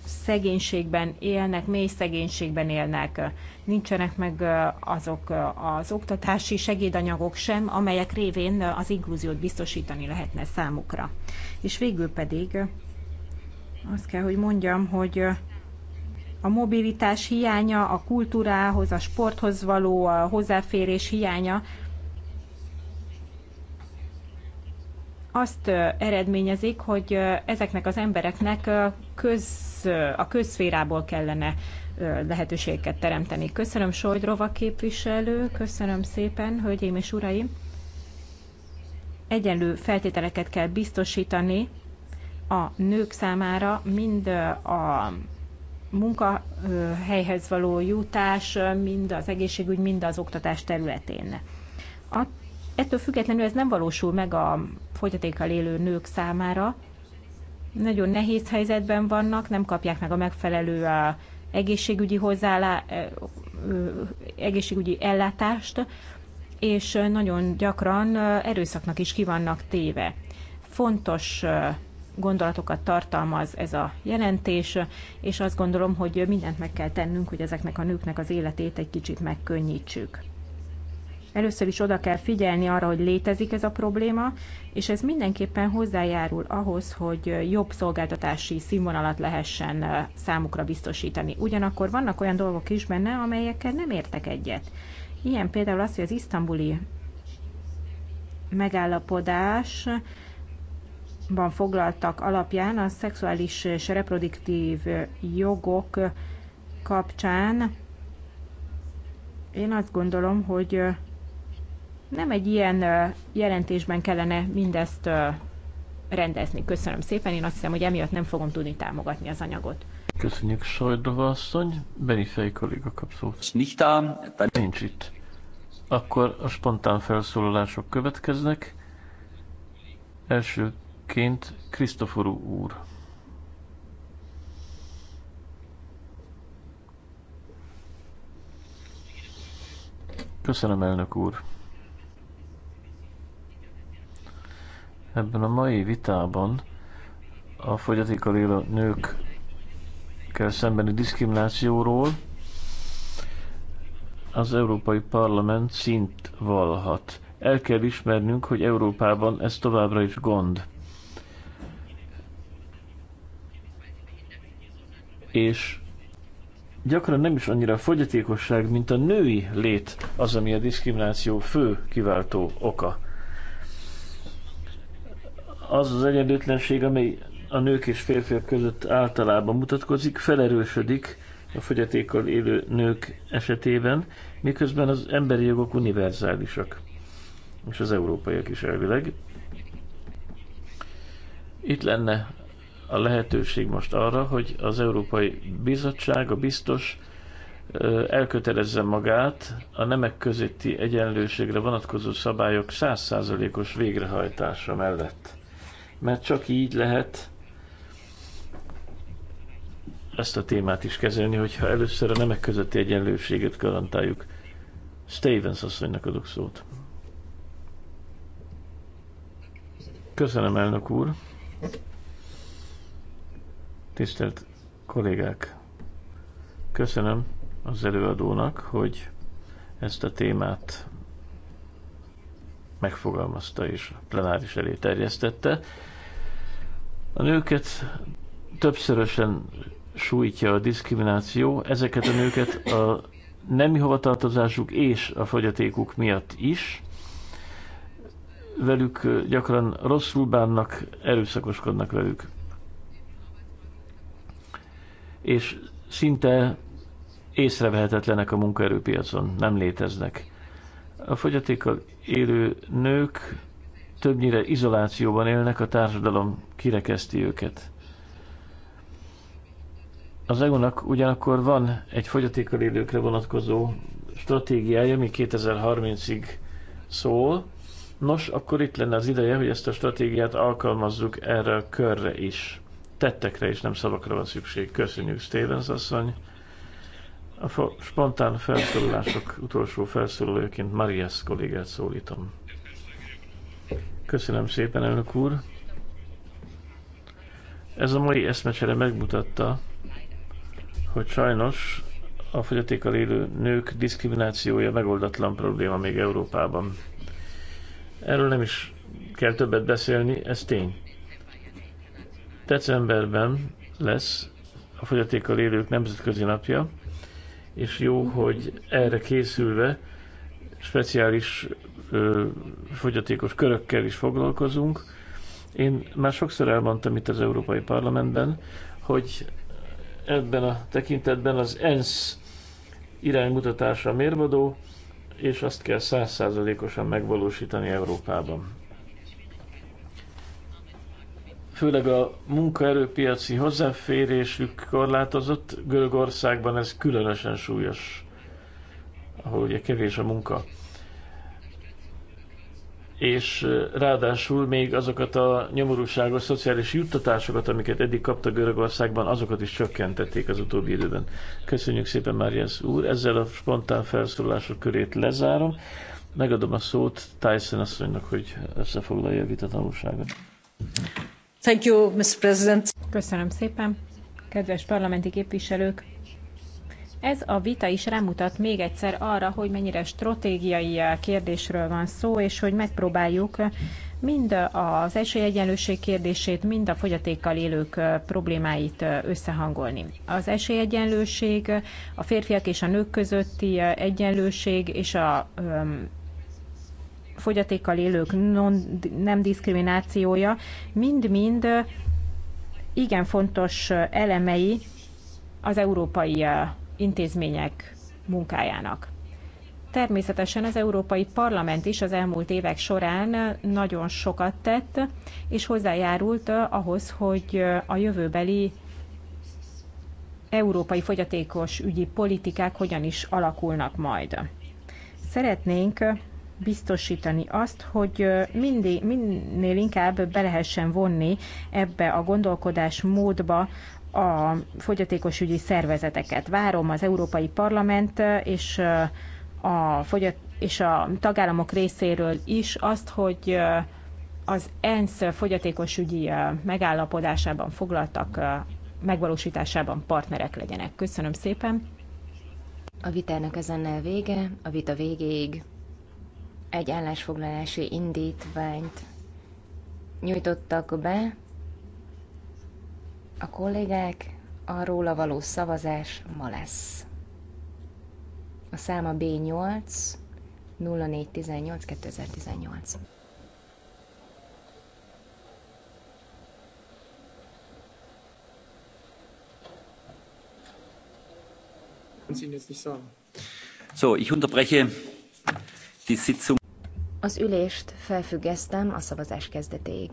szegénységben élnek, mély szegénységben élnek. Nincsenek meg azok az oktatási segédanyagok sem, amelyek révén az inkluziót biztosítani lehetne számukra. És végül pedig azt kell, hogy mondjam, hogy a mobilitás hiánya, a kultúrához, a sporthoz való hozzáférés hiánya azt eredményezik, hogy ezeknek az embereknek köz, a közszférából kellene lehetőségeket teremteni. Köszönöm Sojdrova képviselő, köszönöm szépen, hölgyeim és uraim. Egyenlő feltételeket kell biztosítani a nők számára, mind a munkahelyhez való jutás, mind az egészségügy, mind az oktatás területén. A Ettől függetlenül ez nem valósul meg a fogyatékkal élő nők számára. Nagyon nehéz helyzetben vannak, nem kapják meg a megfelelő a egészségügyi hozzálá, egészségügyi ellátást, és nagyon gyakran erőszaknak is kivannak téve. Fontos gondolatokat tartalmaz ez a jelentés, és azt gondolom, hogy mindent meg kell tennünk, hogy ezeknek a nőknek az életét egy kicsit megkönnyítsük. Először is oda kell figyelni arra, hogy létezik ez a probléma, és ez mindenképpen hozzájárul ahhoz, hogy jobb szolgáltatási színvonalat lehessen számukra biztosítani. Ugyanakkor vannak olyan dolgok is benne, amelyekkel nem értek egyet. Ilyen például az, hogy az isztambuli megállapodás ban foglaltak alapján a szexuális és reproduktív jogok kapcsán én azt gondolom, hogy nem egy ilyen jelentésben kellene mindezt rendezni. Köszönöm szépen, én azt hiszem, hogy emiatt nem fogom tudni támogatni az anyagot. Köszönjük, Sajdova asszony. fej kolléga kap szót. Nincs itt. Akkor a spontán felszólalások következnek. Elsőként Krisztoforú úr. Köszönöm, elnök úr. ebben a mai vitában a fogyatékkal élő nőkkel szembeni diszkriminációról az Európai Parlament szint valhat. El kell ismernünk, hogy Európában ez továbbra is gond. És gyakran nem is annyira a fogyatékosság, mint a női lét az, ami a diszkrimináció fő kiváltó oka az az egyenlőtlenség, amely a nők és férfiak között általában mutatkozik, felerősödik a fogyatékkal élő nők esetében, miközben az emberi jogok univerzálisak, és az európaiak is elvileg. Itt lenne a lehetőség most arra, hogy az Európai Bizottság, a biztos elkötelezze magát a nemek közötti egyenlőségre vonatkozó szabályok százszázalékos végrehajtása mellett mert csak így lehet ezt a témát is kezelni, hogyha először a nemek közötti egyenlőséget garantáljuk. Stevens asszonynak adok szót. Köszönöm, elnök úr. Tisztelt kollégák! Köszönöm az előadónak, hogy ezt a témát megfogalmazta és plenáris elé terjesztette. A nőket többszörösen sújtja a diszkrimináció, ezeket a nőket a nemi hovatartozásuk és a fogyatékuk miatt is. Velük gyakran rosszul bánnak, erőszakoskodnak velük. És szinte észrevehetetlenek a munkaerőpiacon, nem léteznek. A fogyatékkal élő nők többnyire izolációban élnek, a társadalom kirekeszti őket. Az EU-nak ugyanakkor van egy fogyatékkal élőkre vonatkozó stratégiája, ami 2030-ig szól. Nos, akkor itt lenne az ideje, hogy ezt a stratégiát alkalmazzuk erre a körre is. Tettekre is, nem szavakra van szükség. Köszönjük, Stevens asszony. A spontán felszólalások utolsó felszólalóként Marias kollégát szólítom. Köszönöm szépen, elnök úr. Ez a mai eszmecsere megmutatta, hogy sajnos a fogyatékkal élő nők diszkriminációja megoldatlan probléma még Európában. Erről nem is kell többet beszélni, ez tény. Decemberben lesz a fogyatékkal élők nemzetközi napja, és jó, hogy erre készülve speciális fogyatékos körökkel is foglalkozunk. Én már sokszor elmondtam itt az Európai Parlamentben, hogy ebben a tekintetben az ENSZ iránymutatása mérvadó, és azt kell százszázalékosan megvalósítani Európában. Főleg a munkaerőpiaci hozzáférésük korlátozott, Görögországban ez különösen súlyos, ahol ugye kevés a munka és ráadásul még azokat a nyomorúságos szociális juttatásokat, amiket eddig kaptak Görögországban, azokat is csökkentették az utóbbi időben. Köszönjük szépen, Máriász úr. Ezzel a spontán felszólások körét lezárom. Megadom a szót Tyson asszonynak, hogy összefoglalja a vita tanulságot. Thank you, Mr. President. Köszönöm szépen. Kedves parlamenti képviselők, ez a vita is rámutat még egyszer arra, hogy mennyire stratégiai kérdésről van szó, és hogy megpróbáljuk mind az esélyegyenlőség kérdését, mind a fogyatékkal élők problémáit összehangolni. Az esélyegyenlőség, a férfiak és a nők közötti egyenlőség és a fogyatékkal élők non, nem diszkriminációja mind-mind igen fontos elemei az európai intézmények munkájának. Természetesen az Európai Parlament is az elmúlt évek során nagyon sokat tett, és hozzájárult ahhoz, hogy a jövőbeli európai fogyatékos ügyi politikák hogyan is alakulnak majd. Szeretnénk biztosítani azt, hogy mindig, minél inkább belehessen vonni ebbe a gondolkodás módba a fogyatékosügyi szervezeteket. Várom az Európai Parlament és a, fogyat- és a tagállamok részéről is azt, hogy az ENSZ fogyatékosügyi megállapodásában foglaltak megvalósításában partnerek legyenek. Köszönöm szépen! A vitának ezennel vége, a vita végéig egy állásfoglalási indítványt nyújtottak be, a kollégák, a róla való szavazás ma lesz. A száma B8 0418 2018. So, ich unterbreche die Sitzung. Az ülést felfüggesztem a szavazás kezdetéig.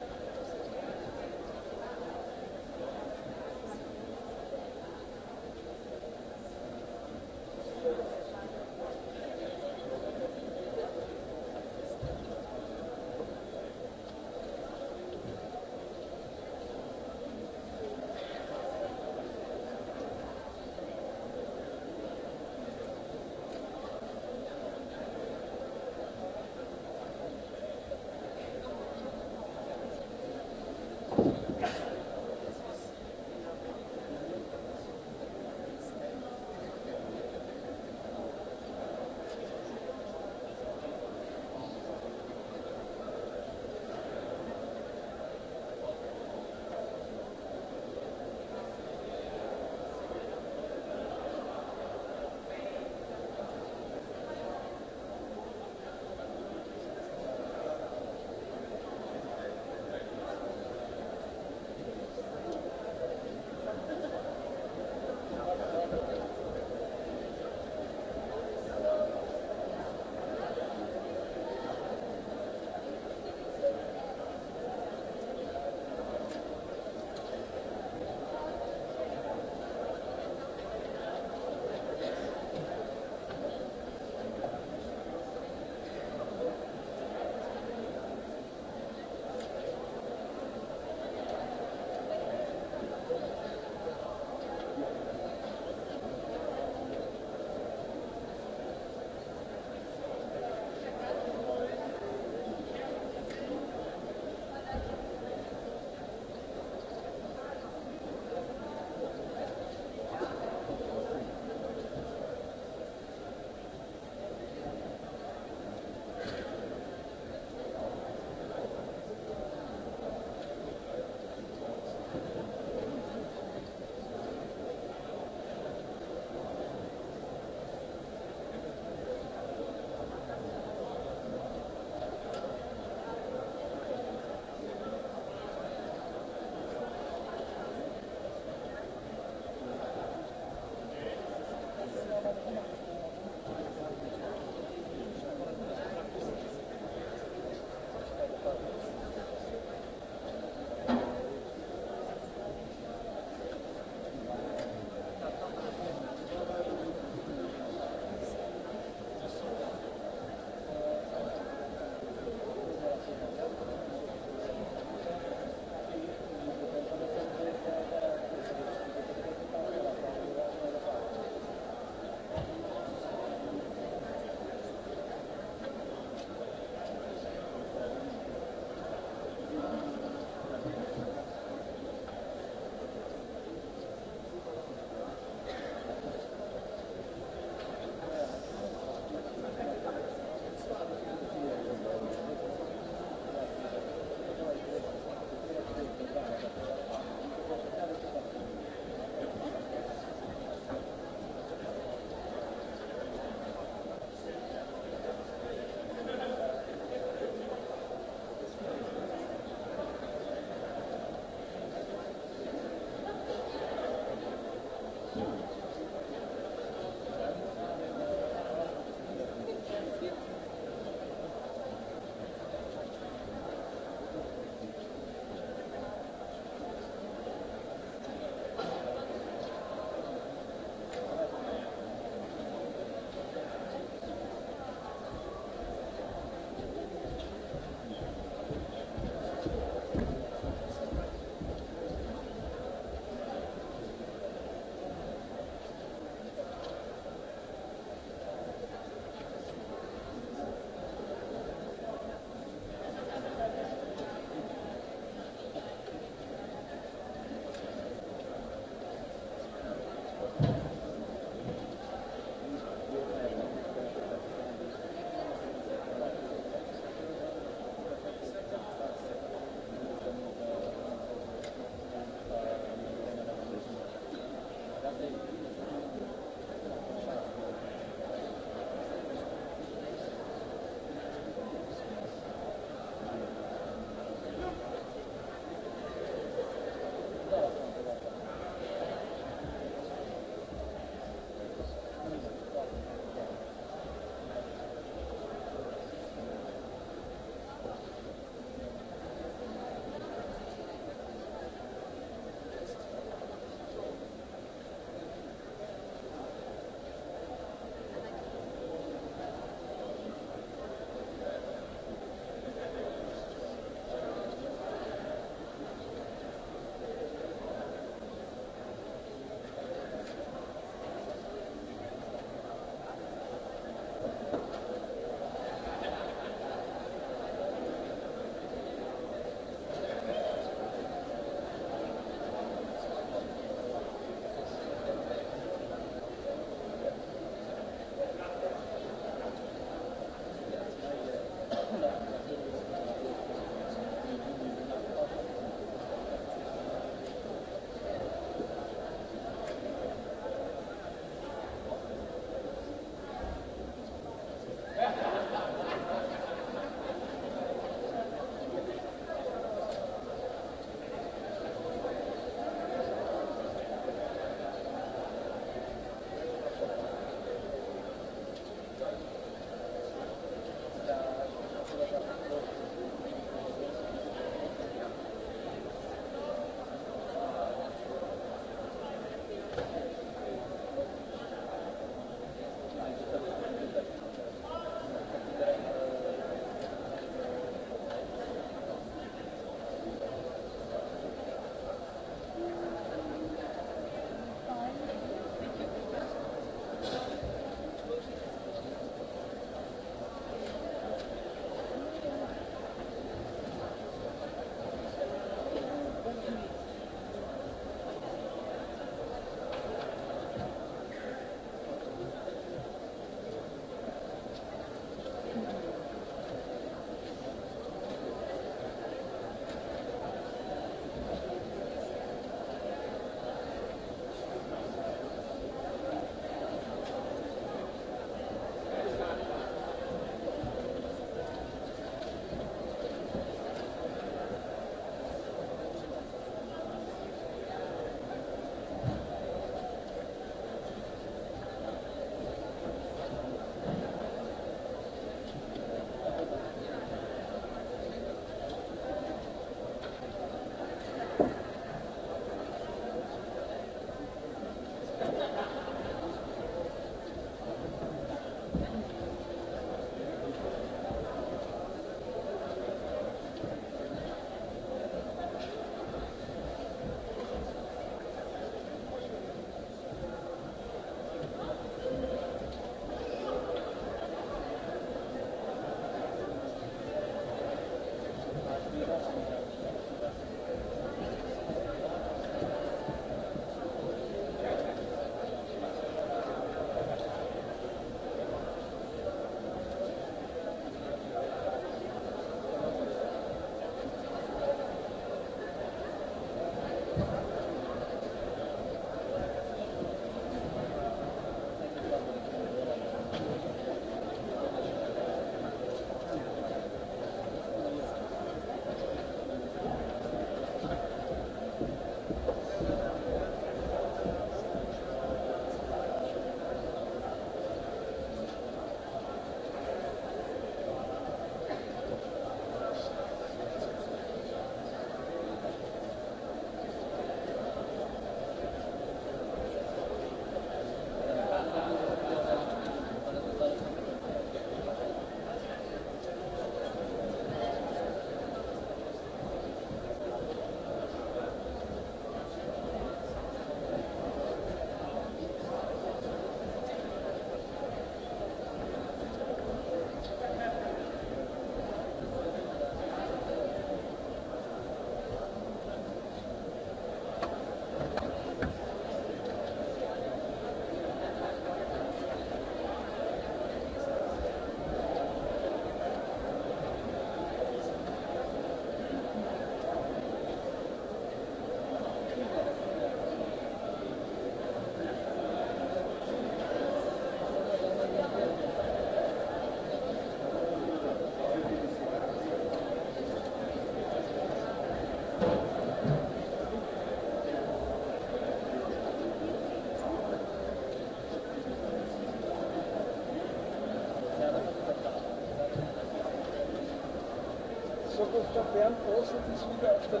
Stadtbernd aus und ist wieder auf der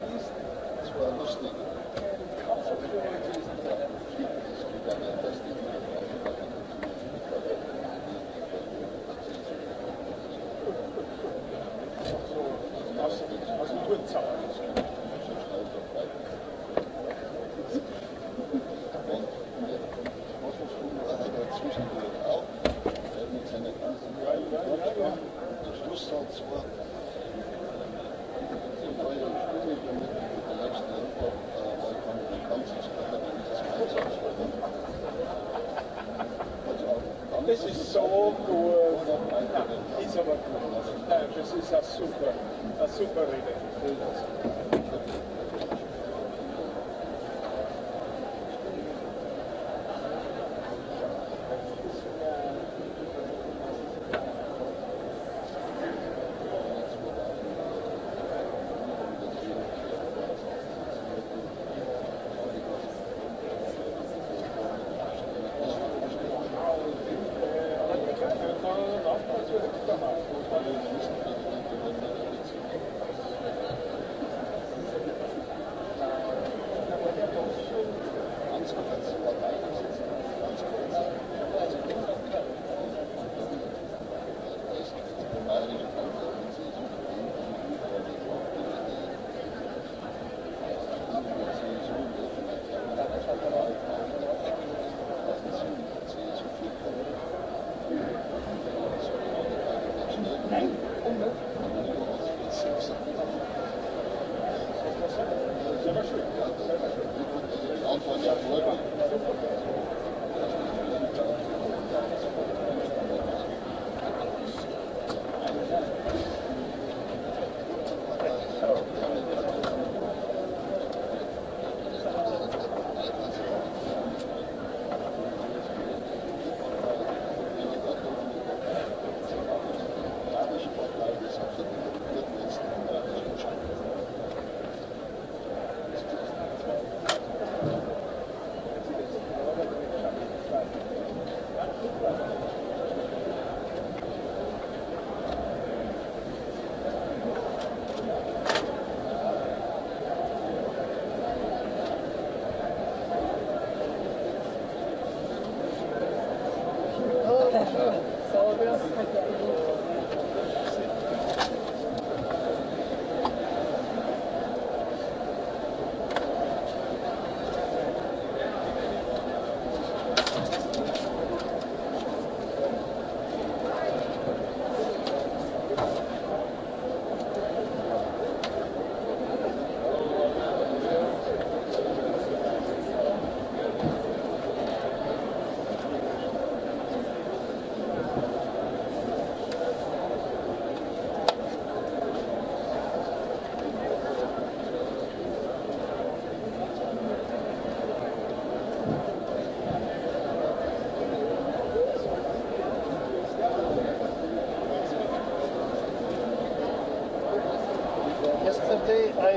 Tamam.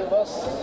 Servus.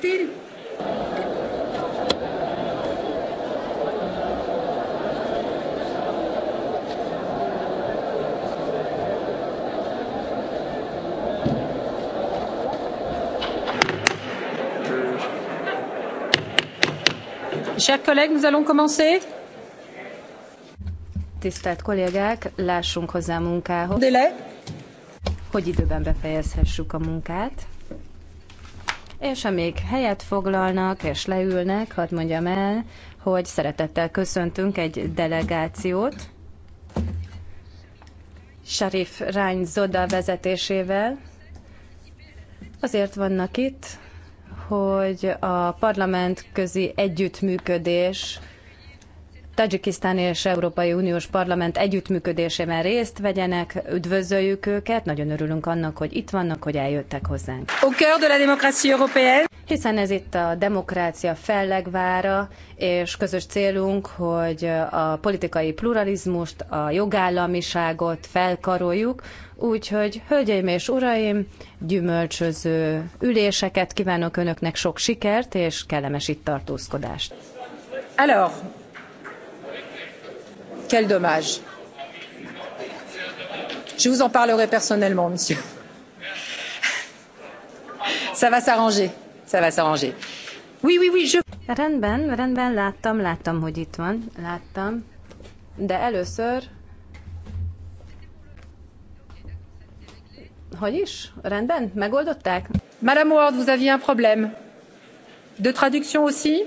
štiri. Chers collègues, nous allons commencer. Tisztelt kollégák, lássunk hozzá a munkához. Délai. Hogy időben befejezhessük a munkát és amíg helyet foglalnak és leülnek, hadd mondjam el, hogy szeretettel köszöntünk egy delegációt, Sharif Rány Zoda vezetésével. Azért vannak itt, hogy a parlament közi együttműködés Tajikisztán és Európai Uniós Parlament együttműködésében részt vegyenek, üdvözöljük őket, nagyon örülünk annak, hogy itt vannak, hogy eljöttek hozzánk. Au cœur de la démocratie européenne. Hiszen ez itt a demokrácia fellegvára, és közös célunk, hogy a politikai pluralizmust, a jogállamiságot felkaroljuk, Úgyhogy, hölgyeim és uraim, gyümölcsöző üléseket kívánok önöknek, sok sikert és kellemes itt tartózkodást. Alors, Quel dommage. Je vous en parlerai personnellement, monsieur. Ça va s'arranger. Ça va s'arranger. Oui, oui, oui, je... Rendben, rendben, láttam, láttam, hogy itt van, láttam. De először... Hogy is? Rendben? Megoldották? Madame Ward, vous aviez un problème. De traduction aussi?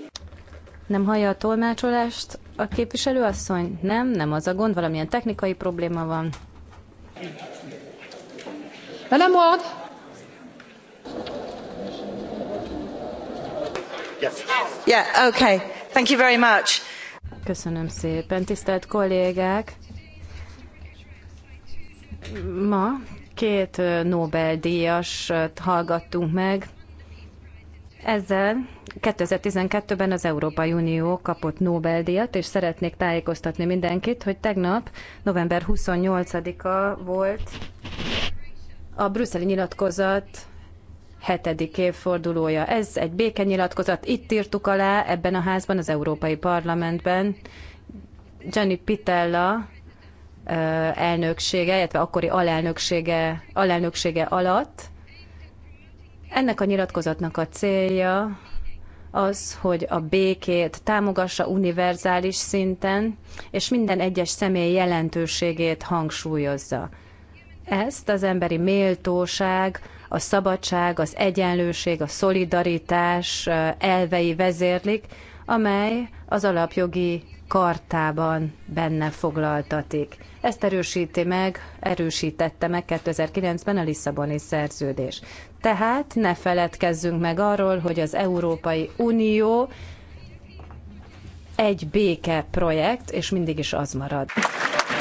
Nem hallja a tolmácsolást a képviselő asszony? Nem, nem az a gond, valamilyen technikai probléma van. Madame Ward! Yes. Yeah, okay. Thank you very much. Köszönöm szépen, tisztelt kollégák! Ma két Nobel-díjas hallgattunk meg, ezzel 2012-ben az Európai Unió kapott Nobel-díjat, és szeretnék tájékoztatni mindenkit, hogy tegnap, november 28-a volt a brüsszeli nyilatkozat hetedik évfordulója. Ez egy békenyilatkozat, itt írtuk alá ebben a házban, az Európai Parlamentben. Jenny Pitella elnöksége, illetve akkori alelnöksége, alelnöksége alatt ennek a nyilatkozatnak a célja az, hogy a békét támogassa univerzális szinten, és minden egyes személy jelentőségét hangsúlyozza. Ezt az emberi méltóság, a szabadság, az egyenlőség, a szolidaritás elvei vezérlik, amely az alapjogi kartában benne foglaltatik. Ezt erősíti meg, erősítette meg 2009-ben a Lisszaboni szerződés. Tehát ne feledkezzünk meg arról, hogy az Európai Unió egy béke projekt, és mindig is az marad.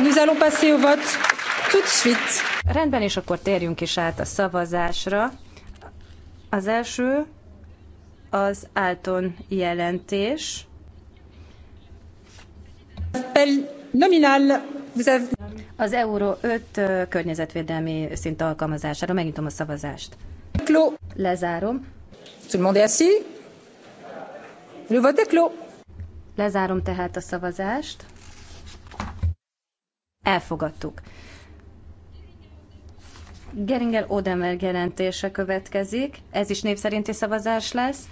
Nous allons passer au vote tout de suite. Rendben, és akkor térjünk is át a szavazásra. Az első az Alton jelentés. Az Euró 5 környezetvédelmi szint alkalmazására megnyitom a szavazást. Lezárom. Lezárom tehát a szavazást. Elfogadtuk. Geringer Odenberg jelentése következik. Ez is népszerinti szavazás lesz.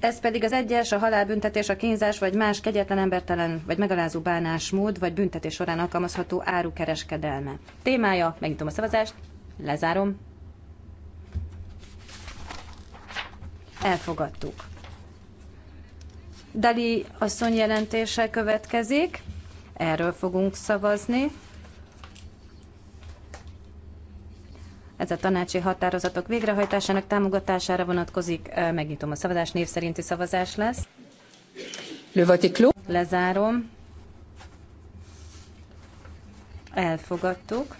Ez pedig az egyes, a halálbüntetés, a kínzás, vagy más kegyetlen embertelen, vagy megalázó bánásmód, vagy büntetés során alkalmazható árukereskedelme. Témája, megnyitom a szavazást, lezárom. Elfogadtuk. Dali asszony jelentése következik. Erről fogunk szavazni. Ez a tanácsi határozatok végrehajtásának támogatására vonatkozik. Megnyitom a szavazás, név szerinti szavazás lesz. Lezárom. Elfogadtuk.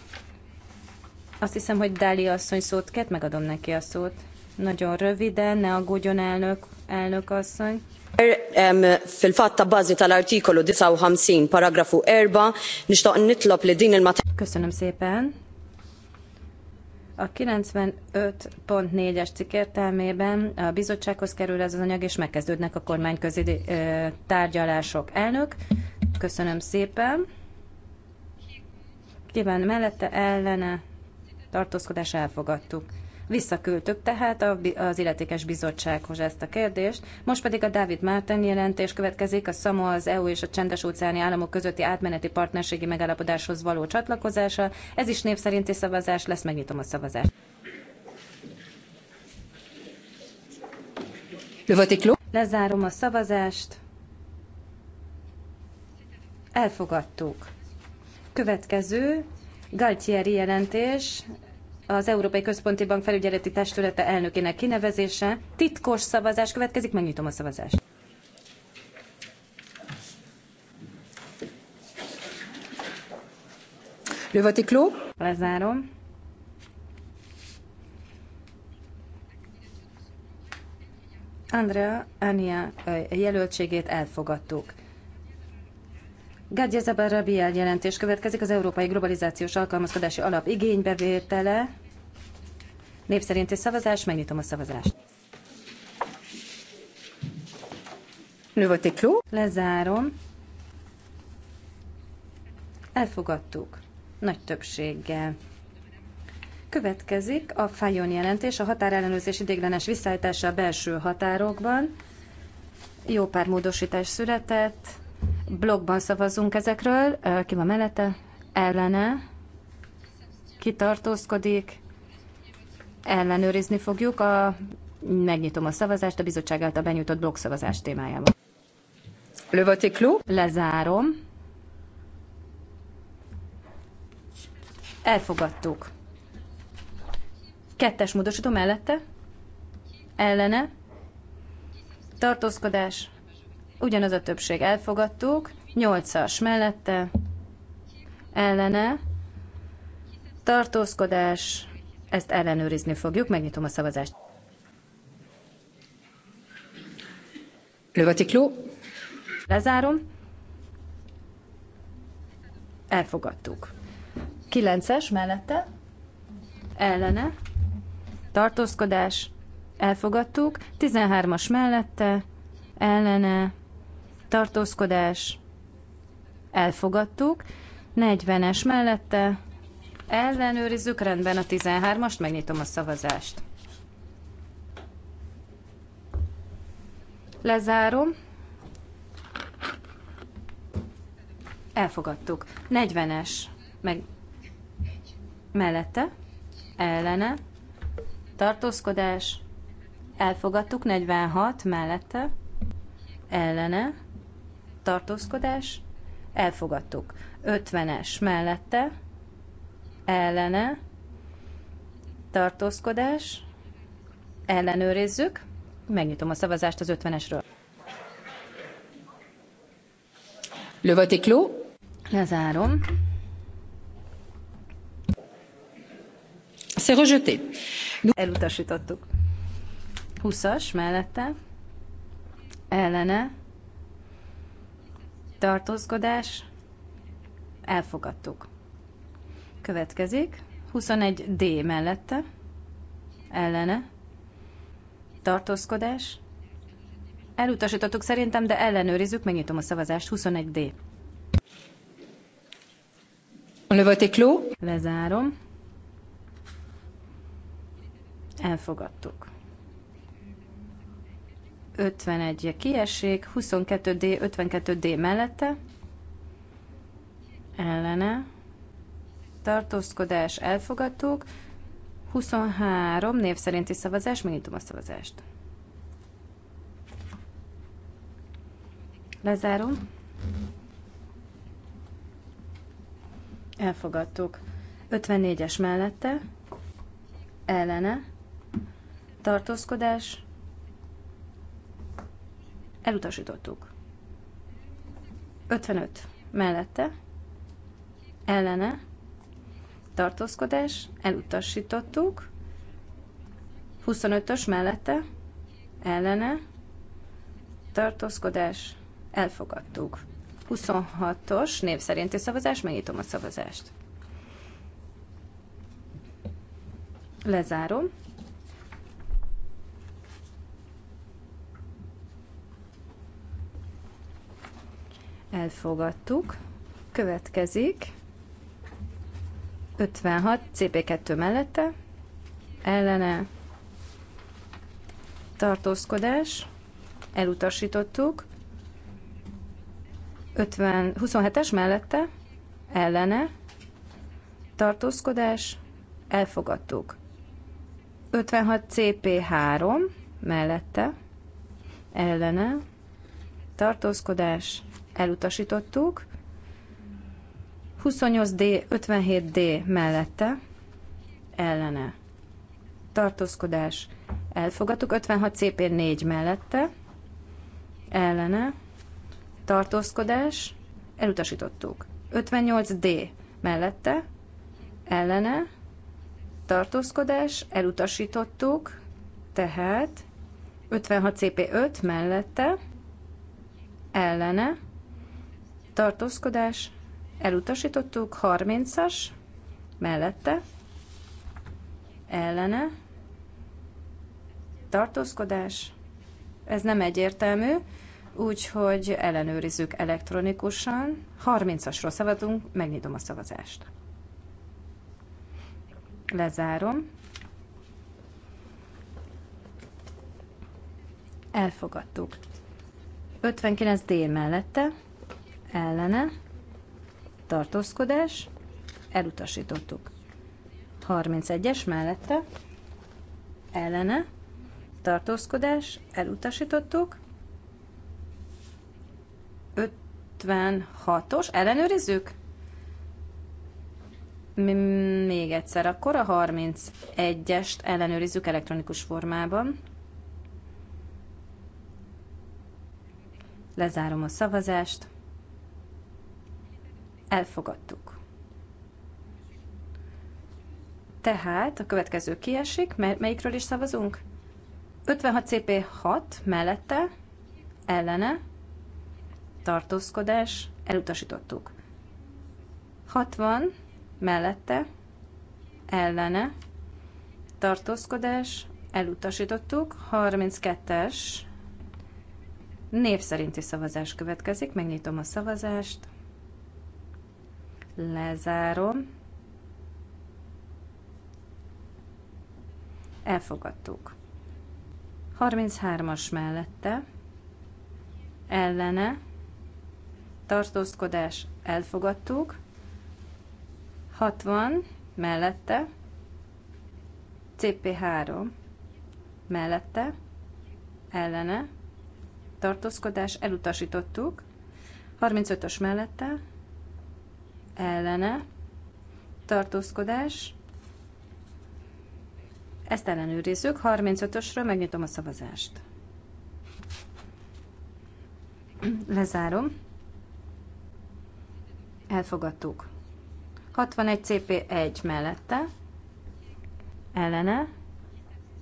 Azt hiszem, hogy Dáli asszony szót kett, megadom neki a szót. Nagyon röviden, ne aggódjon elnök, elnök asszony. Fil-fatt bażi tal-artikolu 59 paragrafu 4 nixtaq nitlob li din il Köszönöm szépen. A 95.4-es cikk értelmében a bizottsághoz kerül ez az anyag, és megkezdődnek a kormányközi tárgyalások. Elnök, köszönöm szépen. Kíván mellette ellene tartózkodás elfogadtuk. Visszaküldtük tehát az illetékes bizottsághoz ezt a kérdést. Most pedig a David Márten jelentés következik a Samoa, az EU és a csendes óceáni államok közötti átmeneti partnerségi megállapodáshoz való csatlakozása. Ez is népszerinti szavazás lesz, megnyitom a szavazást. Lezárom a szavazást. Elfogadtuk. Következő Galtieri jelentés, az Európai Központi Bank felügyeleti testülete elnökének kinevezése. Titkos szavazás következik, megnyitom a szavazást. Le vote Lezárom. Andrea Ania jelöltségét elfogadtuk. Gárgya Zabar Rabiel jelentés következik az Európai Globalizációs Alkalmazkodási Alap igénybevétele. Népszerinti szavazás, megnyitom a szavazást. Lezárom. Elfogadtuk. Nagy többséggel. Következik a Fajon jelentés, a határellenőrzés idéglenes visszaállítása a belső határokban. Jó pár módosítás született. Blogban szavazunk ezekről. Ki van mellette? Ellene. Kitartózkodik. Ellenőrizni fogjuk. A, megnyitom a szavazást a bizottság által benyújtott blogszavazás témájában. Le vote Lezárom. Elfogadtuk. Kettes módosító mellette. Ellene. Tartózkodás ugyanaz a többség elfogadtuk, 8-as mellette, ellene, tartózkodás, ezt ellenőrizni fogjuk, megnyitom a szavazást. Lövatikló. Lezárom. Elfogadtuk. 9-es mellette, ellene, tartózkodás, elfogadtuk. 13-as mellette, ellene, tartózkodás, elfogadtuk. 40-es mellette ellenőrizzük, rendben a 13-ast, megnyitom a szavazást. Lezárom. Elfogadtuk. 40-es, meg mellette, ellene, tartózkodás, elfogadtuk, 46 mellette, ellene, tartózkodás, elfogadtuk. 50-es mellette, ellene, tartózkodás, ellenőrizzük. Megnyitom a szavazást az 50-esről. Le vote clos. Lezárom. C'est rejeté. Elutasítottuk. 20-as mellette, ellene, tartózkodás, elfogadtuk. Következik 21D mellette, ellene, tartózkodás, elutasítottuk szerintem, de ellenőrizzük, megnyitom a szavazást, 21D. Le vote Lezárom. Elfogadtuk. 51 -e kiesik, 22D, 52D mellette, ellene, tartózkodás, elfogadtuk, 23 név szerinti szavazás, megnyitom a szavazást. Lezárom. Elfogadtuk. 54-es mellette, ellene, tartózkodás, Elutasítottuk. 55 mellette, ellene, tartózkodás, elutasítottuk. 25-ös mellette, ellene, tartózkodás, elfogadtuk. 26-os név szerinti szavazás, megnyitom a szavazást. Lezárom. Elfogadtuk. Következik 56 CP2 mellette, ellene tartózkodás, elutasítottuk. 50, 27-es mellette, ellene tartózkodás, elfogadtuk. 56 CP3 mellette, ellene tartózkodás, elutasítottuk. 28D, 57D mellette, ellene, tartózkodás, elfogadtuk. 56CP4 mellette, ellene, tartózkodás, elutasítottuk. 58D mellette, ellene, tartózkodás, elutasítottuk, tehát 56 CP5 mellette, ellene, tartózkodás, elutasítottuk, 30-as, mellette, ellene, tartózkodás, ez nem egyértelmű, úgyhogy ellenőrizzük elektronikusan. 30-asról szavazunk, megnyitom a szavazást. Lezárom. Elfogadtuk. 59 D mellette, ellene, tartózkodás, elutasítottuk. 31-es mellette, ellene, tartózkodás, elutasítottuk. 56-os, ellenőrizzük? Még egyszer, akkor a 31-est ellenőrizzük elektronikus formában. Lezárom a szavazást elfogadtuk. Tehát a következő kiesik, mert melyikről is szavazunk? 56 CP6 mellette, ellene, tartózkodás, elutasítottuk. 60 mellette, ellene, tartózkodás, elutasítottuk. 32-es név szerinti szavazás következik, megnyitom a szavazást. Lezárom. Elfogadtuk. 33-as mellette. Ellene. Tartózkodás. Elfogadtuk. 60 mellette. CP3 mellette. Ellene. Tartózkodás. Elutasítottuk. 35-ös mellette ellene, tartózkodás, ezt ellenőrizzük. 35-ösről megnyitom a szavazást. Lezárom. Elfogadtuk. 61 CP1 mellette, ellene,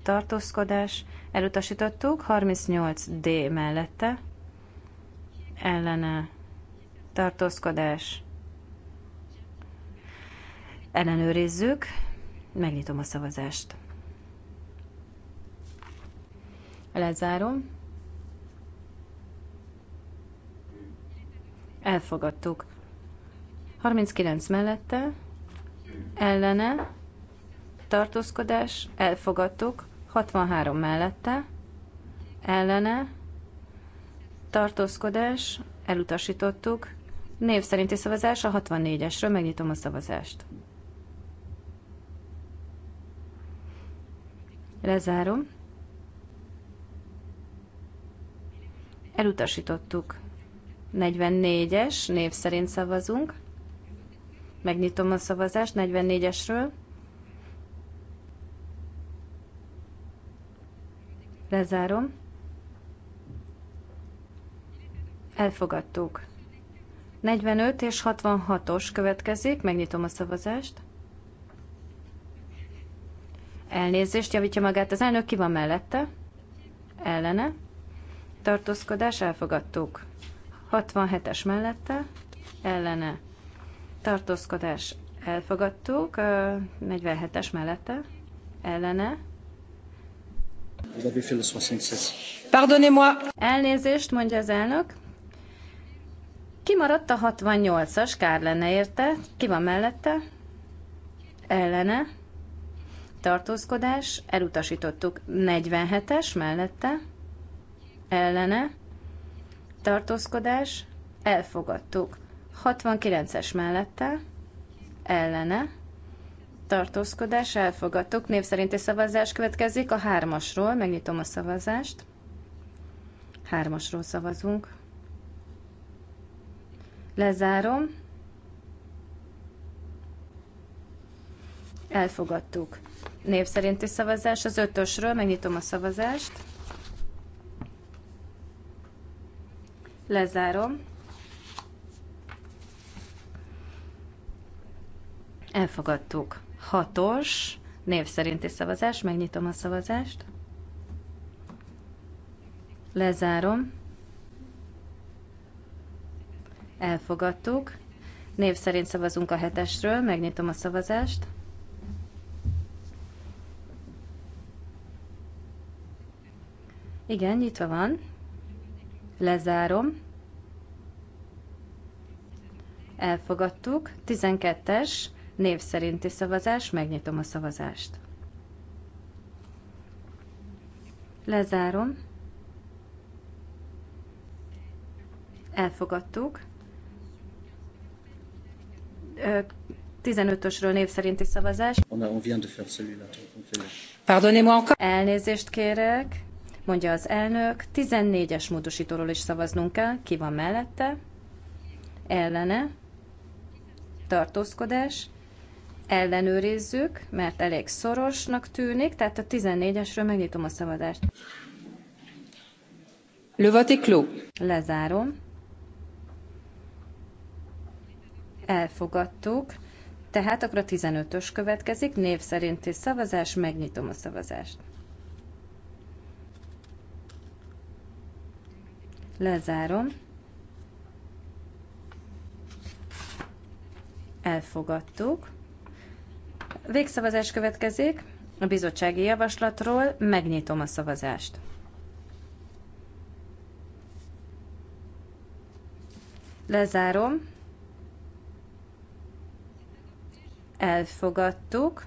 tartózkodás, elutasítottuk, 38 D mellette, ellene, tartózkodás, Ellenőrizzük, megnyitom a szavazást. Lezárom. Elfogadtuk. 39 mellette, ellene, tartózkodás, elfogadtuk. 63 mellette, ellene, tartózkodás, elutasítottuk. Név szerinti szavazás a 64-esről, megnyitom a szavazást. Lezárom. Elutasítottuk. 44-es, név szerint szavazunk. Megnyitom a szavazást 44-esről. Lezárom. Elfogadtuk. 45 és 66-os következik, megnyitom a szavazást. Elnézést, javítja magát az elnök, ki van mellette? Ellene. Tartózkodás, elfogadtuk. 67-es mellette, ellene. Tartózkodás, elfogadtuk. 47-es mellette, ellene. Pardonnez-moi. Elnézést, mondja az elnök. Kimaradt a 68-as, kár lenne érte. Ki van mellette? Ellene tartózkodás, elutasítottuk 47-es mellette, ellene, tartózkodás, elfogadtuk 69-es mellette, ellene, tartózkodás, elfogadtuk. Név szerinti szavazás következik a hármasról, megnyitom a szavazást. Hármasról szavazunk. Lezárom. Elfogadtuk név szerinti szavazás. Az ötösről megnyitom a szavazást. Lezárom. Elfogadtuk. Hatos név szerinti szavazás. Megnyitom a szavazást. Lezárom. Elfogadtuk. Név szerint szavazunk a hetesről. Megnyitom a szavazást. Igen, nyitva van. Lezárom. Elfogadtuk. 12-es név szerinti szavazás. Megnyitom a szavazást. Lezárom. Elfogadtuk. 15-ösről név szerinti szavazás. Pardonnez-moi encore. Elnézést kérek mondja az elnök. 14-es módosítóról is szavaznunk kell. Ki van mellette? Ellene. Tartózkodás. Ellenőrizzük, mert elég szorosnak tűnik, tehát a 14-esről megnyitom a szavazást. Le Lezárom. Elfogadtuk. Tehát akkor a 15-ös következik, név szerinti szavazás, megnyitom a szavazást. Lezárom. Elfogadtuk. Végszavazás következik. A bizottsági javaslatról megnyitom a szavazást. Lezárom. Elfogadtuk.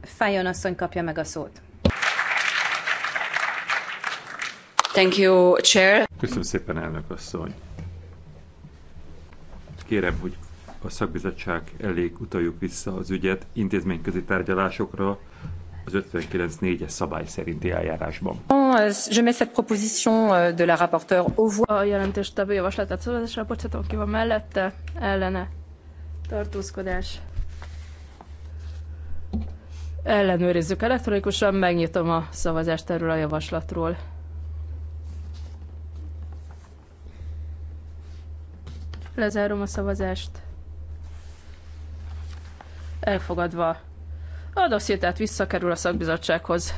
Fájon asszony kapja meg a szót. Thank you, Chair. Köszönöm szépen, elnök asszony. Kérem, hogy a szakbizottság elég utaljuk vissza az ügyet intézményközi tárgyalásokra az 59.4-es szabály szerinti eljárásban. Euh, je mets cette proposition euh, de la rapporteure au voix. A jelentéstevő javaslatát szavazásra bocsátok ki van mellette, ellene tartózkodás. Ellenőrizzük elektronikusan, megnyitom a szavazást erről a javaslatról. Lezárom a szavazást. Elfogadva. A dossziét tehát visszakerül a szakbizottsághoz.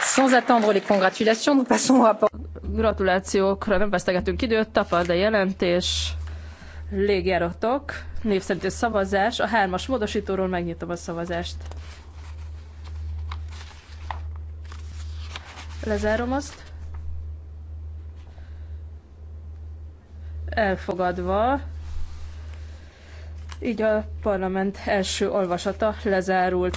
Sans attendre les congratulations, nous passons au rapport. Gratulációkra nem vesztegetünk időt, tapad a jelentés. Légjáratok, név szerinti szavazás. A hármas módosítóról megnyitom a szavazást. Lezárom azt. elfogadva. Így a parlament első olvasata lezárult.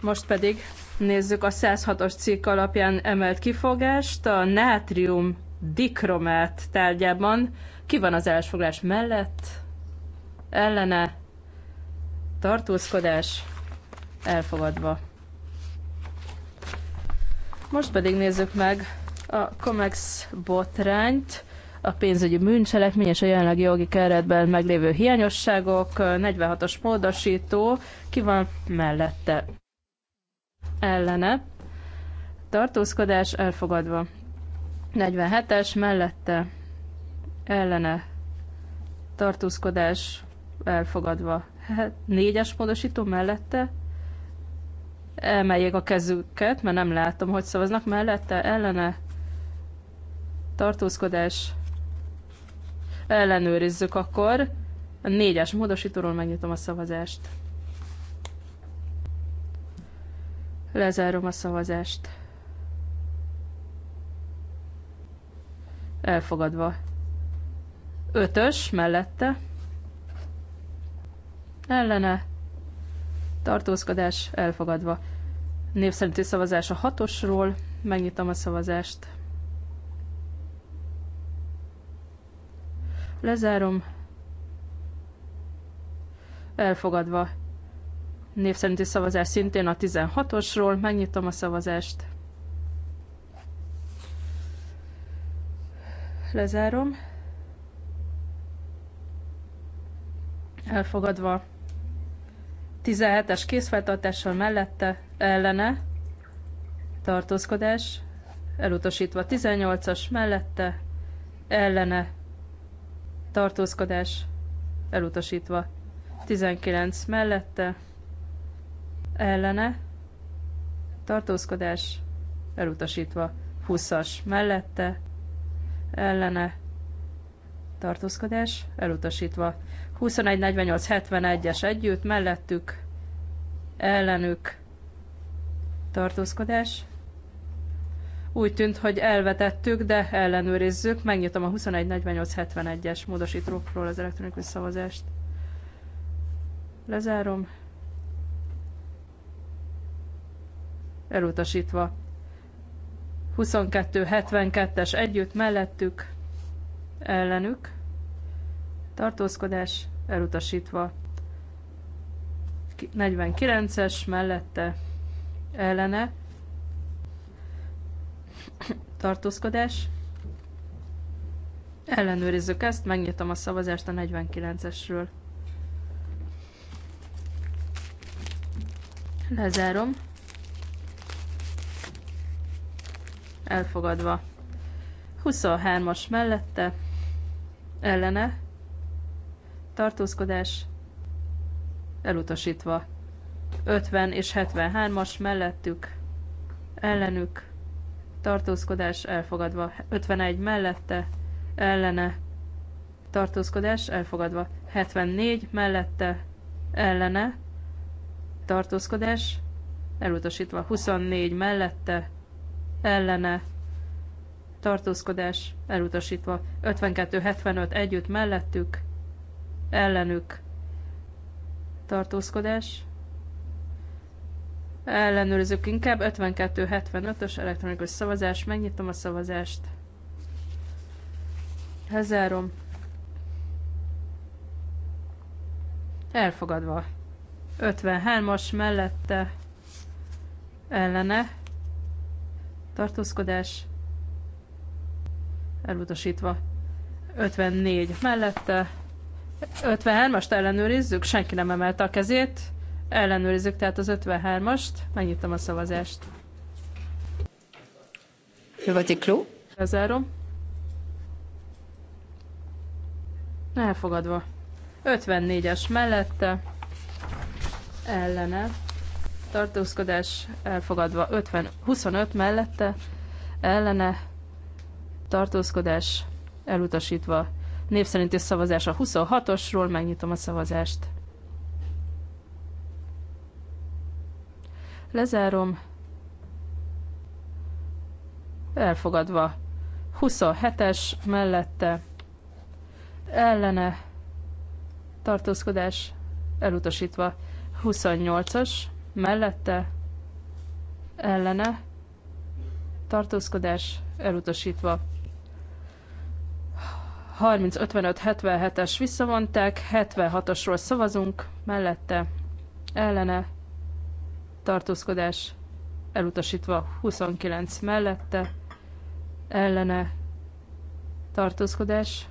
Most pedig nézzük a 106-os cikk alapján emelt kifogást a nátrium dikromát tárgyában. Ki van az elsfoglás mellett? Ellene? Tartózkodás? Elfogadva. Most pedig nézzük meg a COMEX botrányt a pénzügyi bűncselekmény és a jelenlegi jogi keretben meglévő hiányosságok, 46-os módosító, ki van mellette? Ellene. Tartózkodás elfogadva. 47-es mellette. Ellene. Tartózkodás elfogadva. 4-es módosító mellette. Emeljék a kezüket, mert nem látom, hogy szavaznak mellette. Ellene tartózkodás Ellenőrizzük akkor. A négyes módosítóról megnyitom a szavazást. Lezárom a szavazást. Elfogadva. Ötös mellette. Ellene. Tartózkodás elfogadva. Név szavazás a hatosról. Megnyitom a szavazást. Lezárom. Elfogadva. Név szerinti szavazás szintén a 16-osról. Megnyitom a szavazást. Lezárom. Elfogadva. 17-es készfeltartással mellette ellene tartózkodás, elutasítva 18-as mellette ellene tartózkodás elutasítva. 19 mellette, ellene, tartózkodás elutasítva. 20-as mellette, ellene, tartózkodás elutasítva. 21-48-71-es együtt, mellettük, ellenük, tartózkodás úgy tűnt, hogy elvetettük, de ellenőrizzük. Megnyitom a 21.48.71-es módosítókról az elektronikus szavazást. Lezárom. Elutasítva. 22.72-es együtt mellettük, ellenük. Tartózkodás elutasítva. 49-es mellette, ellene tartózkodás. Ellenőrizzük ezt, megnyitom a szavazást a 49-esről. Lezárom. Elfogadva. 23-as mellette, ellene, tartózkodás, elutasítva. 50 és 73-as mellettük, ellenük, tartózkodás elfogadva. 51 mellette, ellene, tartózkodás elfogadva. 74 mellette, ellene, tartózkodás elutasítva. 24 mellette, ellene, tartózkodás elutasítva. 52-75 együtt mellettük, ellenük, tartózkodás Ellenőrizzük inkább 52-75-ös elektronikus szavazás. Megnyitom a szavazást. Lezárom. Elfogadva. 53-as mellette ellene tartózkodás elutasítva. 54 mellette 53-ast ellenőrizzük, senki nem emelte a kezét. Ellenőrizzük tehát az 53-ast, megnyitom a szavazást. Le vagy egy kló? Lezárom. Elfogadva. 54-es mellette, ellene, tartózkodás elfogadva, 50, 25 mellette, ellene, tartózkodás elutasítva. Név szavazás a 26-osról, megnyitom a szavazást. Lezárom. Elfogadva. 27-es mellette. Ellene. Tartózkodás elutasítva. 28-as mellette. Ellene. Tartózkodás elutasítva. 30-55-77-es visszavonták, 76-osról szavazunk, mellette, ellene, tartózkodás elutasítva 29 mellette, ellene tartózkodás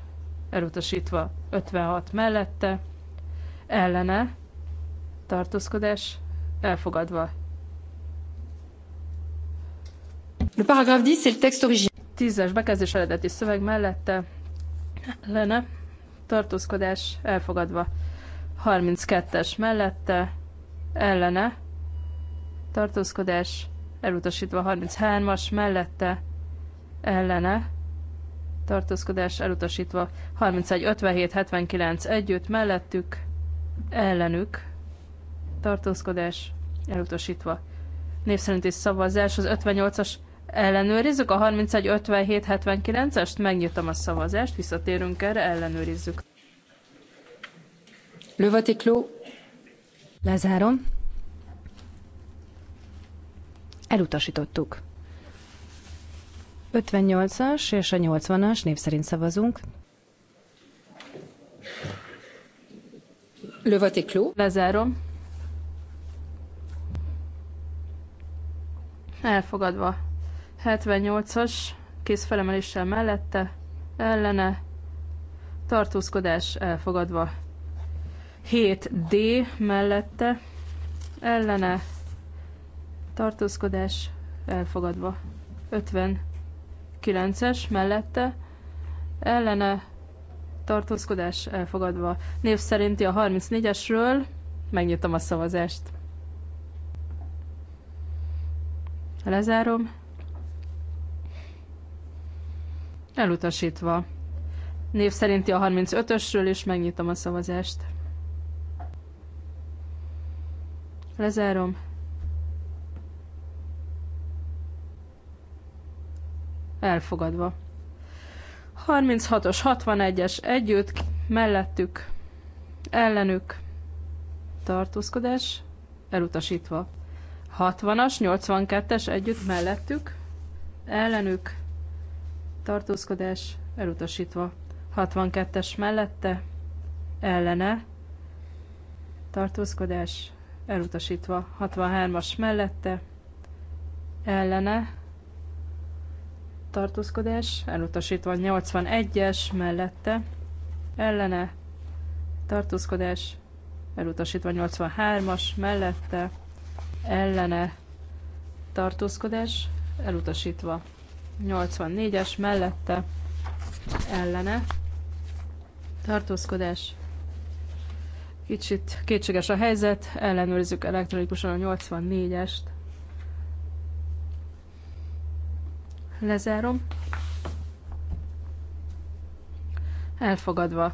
elutasítva 56 mellette, ellene tartózkodás elfogadva. Le paragraphe 10, c'est le texte original. 10-es bekezdés eredeti szöveg mellette, ellene tartózkodás elfogadva. 32-es mellette, ellene tartózkodás elutasítva 33-as mellette ellene tartózkodás elutasítva 31 57 79 együtt mellettük ellenük tartózkodás elutasítva név szerinti szavazás az 58-as ellenőrizzük a 31 57 79-est megnyitom a szavazást visszatérünk erre ellenőrizzük Le vote Lezárom. Elutasítottuk. 58-as és a 80-as név szerint szavazunk. Le vote Lezárom. Elfogadva. 78-as, kész felemeléssel mellette, ellene, tartózkodás elfogadva. 7D mellette, ellene, tartózkodás elfogadva. 59-es mellette ellene tartózkodás elfogadva. Név szerinti a 34-esről megnyitom a szavazást. Lezárom. Elutasítva. Név szerinti a 35-ösről is megnyitom a szavazást. Lezárom. elfogadva. 36-os, 61-es együtt, mellettük, ellenük, tartózkodás, elutasítva. 60-as, 82-es együtt, mellettük, ellenük, tartózkodás, elutasítva. 62-es mellette, ellene, tartózkodás, elutasítva. 63-as mellette, ellene, tartózkodás, elutasítva 81-es mellette, ellene tartózkodás, elutasítva 83-as mellette, ellene tartózkodás, elutasítva 84-es mellette, ellene tartózkodás, kicsit kétséges a helyzet, ellenőrizzük elektronikusan a 84-est. Lezárom. Elfogadva.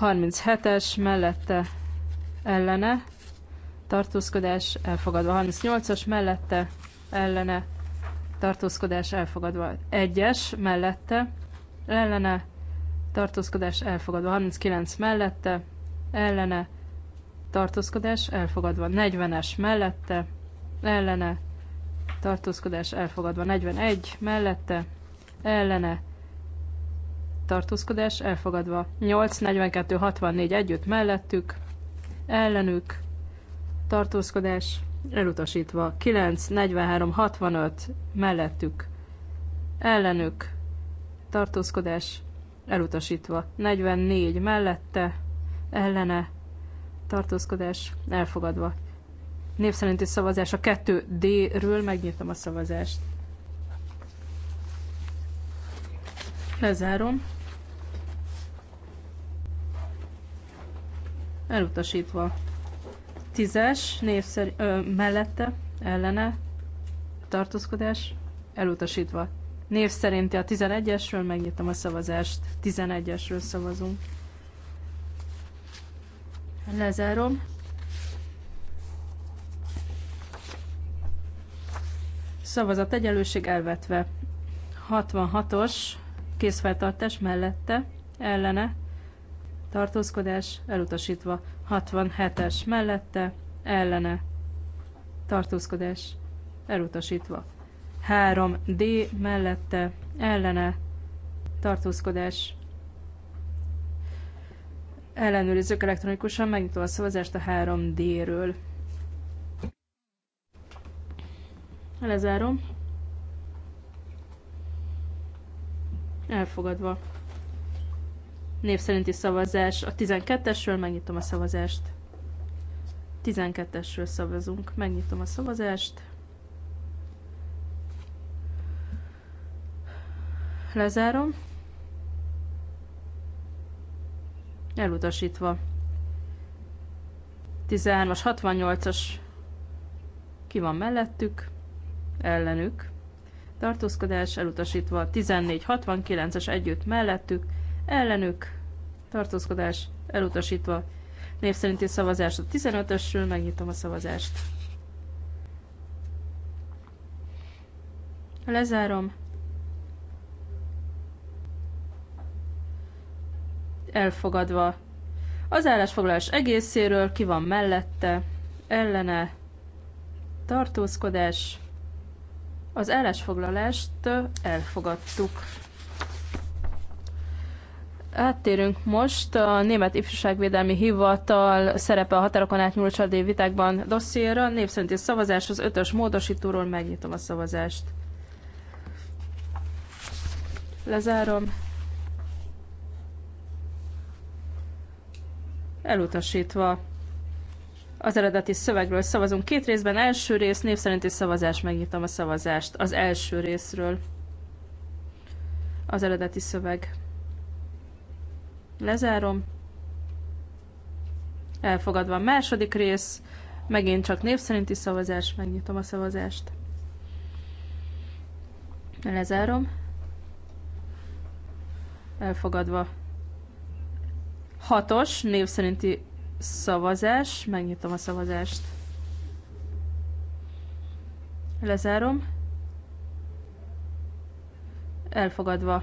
37-es mellette ellene. Tartózkodás elfogadva. 38-as mellette ellene. Tartózkodás elfogadva. 1-es mellette ellene. Tartózkodás elfogadva. 39 mellette ellene. Tartózkodás elfogadva. 40-es mellette ellene tartózkodás elfogadva. 41 mellette, ellene, tartózkodás elfogadva. 8, 42, 64 együtt mellettük, ellenük, tartózkodás elutasítva. 9, 43, 65 mellettük, ellenük, tartózkodás elutasítva. 44 mellette, ellene, tartózkodás elfogadva. Név szerinti szavazás a 2D-ről. Megnyitom a szavazást. Lezárom. Elutasítva. Tízes név szerint, ö, mellette, ellene, tartózkodás, elutasítva. Név szerinti a 11-esről, megnyitom a szavazást. 11-esről szavazunk. Lezárom. Szavazat egyenlőség elvetve. 66-os készfeltartás mellette, ellene, tartózkodás elutasítva. 67-es mellette, ellene, tartózkodás elutasítva. 3D mellette, ellene, tartózkodás ellenőrizzük elektronikusan, megnyitom a szavazást a 3D-ről. Lezárom. Elfogadva. Név szerinti szavazás. A 12-esről megnyitom a szavazást. 12-esről szavazunk. Megnyitom a szavazást. Lezárom. Elutasítva. 13-as, 68-as. Ki van mellettük? ellenük, tartózkodás elutasítva 1469-es együtt mellettük, ellenük, tartózkodás elutasítva név szerinti szavazást a 15-ösről, megnyitom a szavazást. Lezárom. Elfogadva. Az állásfoglalás egészéről ki van mellette, ellene, tartózkodás, az állásfoglalást elfogadtuk. Áttérünk most a Német Ifjúságvédelmi Hivatal szerepe a határokon átnyúló családi vitákban dossziéra. Népszerinti szavazás az ötös módosítóról. Megnyitom a szavazást. Lezárom. Elutasítva. Az eredeti szövegről szavazunk két részben. Első rész név szerinti szavazás. Megnyitom a szavazást az első részről. Az eredeti szöveg. Lezárom. Elfogadva a második rész. Megint csak név szerinti szavazás. Megnyitom a szavazást. Lezárom. Elfogadva. Hatos név szerinti szavazás. Megnyitom a szavazást. Lezárom. Elfogadva.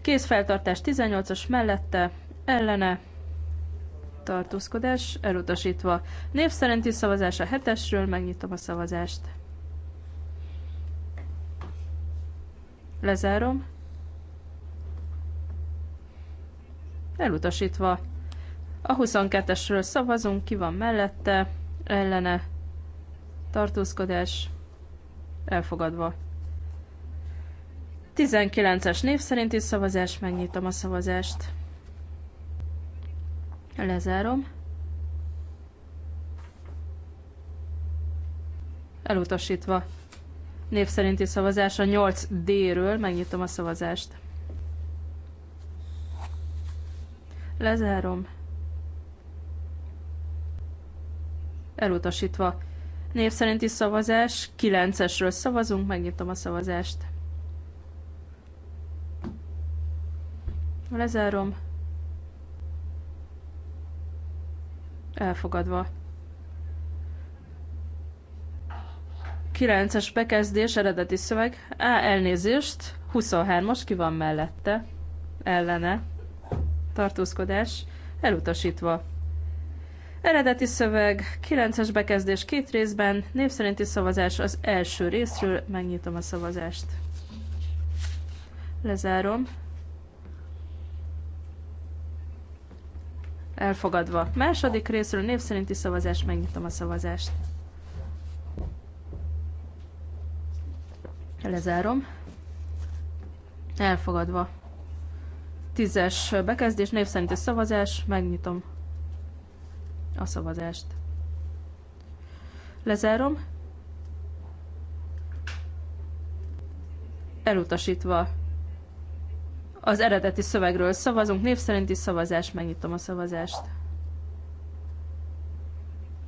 Kézfeltartás 18-as mellette, ellene, tartózkodás elutasítva. Név szerinti szavazás a hetesről, megnyitom a szavazást. Lezárom. Elutasítva. A 22-esről szavazunk, ki van mellette, ellene, tartózkodás, elfogadva. 19-es név szerinti szavazás, megnyitom a szavazást. Lezárom. Elutasítva. Név szerinti szavazás a 8D-ről, megnyitom a szavazást. Lezárom. elutasítva. Név szerinti szavazás, 9-esről szavazunk, megnyitom a szavazást. Lezárom. Elfogadva. 9-es bekezdés, eredeti szöveg. Á, elnézést. 23-as, ki van mellette? Ellene. Tartózkodás. Elutasítva. Eredeti szöveg, 9-es bekezdés két részben, népszerinti szavazás az első részről, megnyitom a szavazást. Lezárom. Elfogadva. Második részről név szerinti szavazás, megnyitom a szavazást. Lezárom. Elfogadva. Tízes bekezdés, név szerinti szavazás, megnyitom a szavazást. Lezárom. Elutasítva. Az eredeti szövegről szavazunk, név szerinti szavazás, megnyitom a szavazást.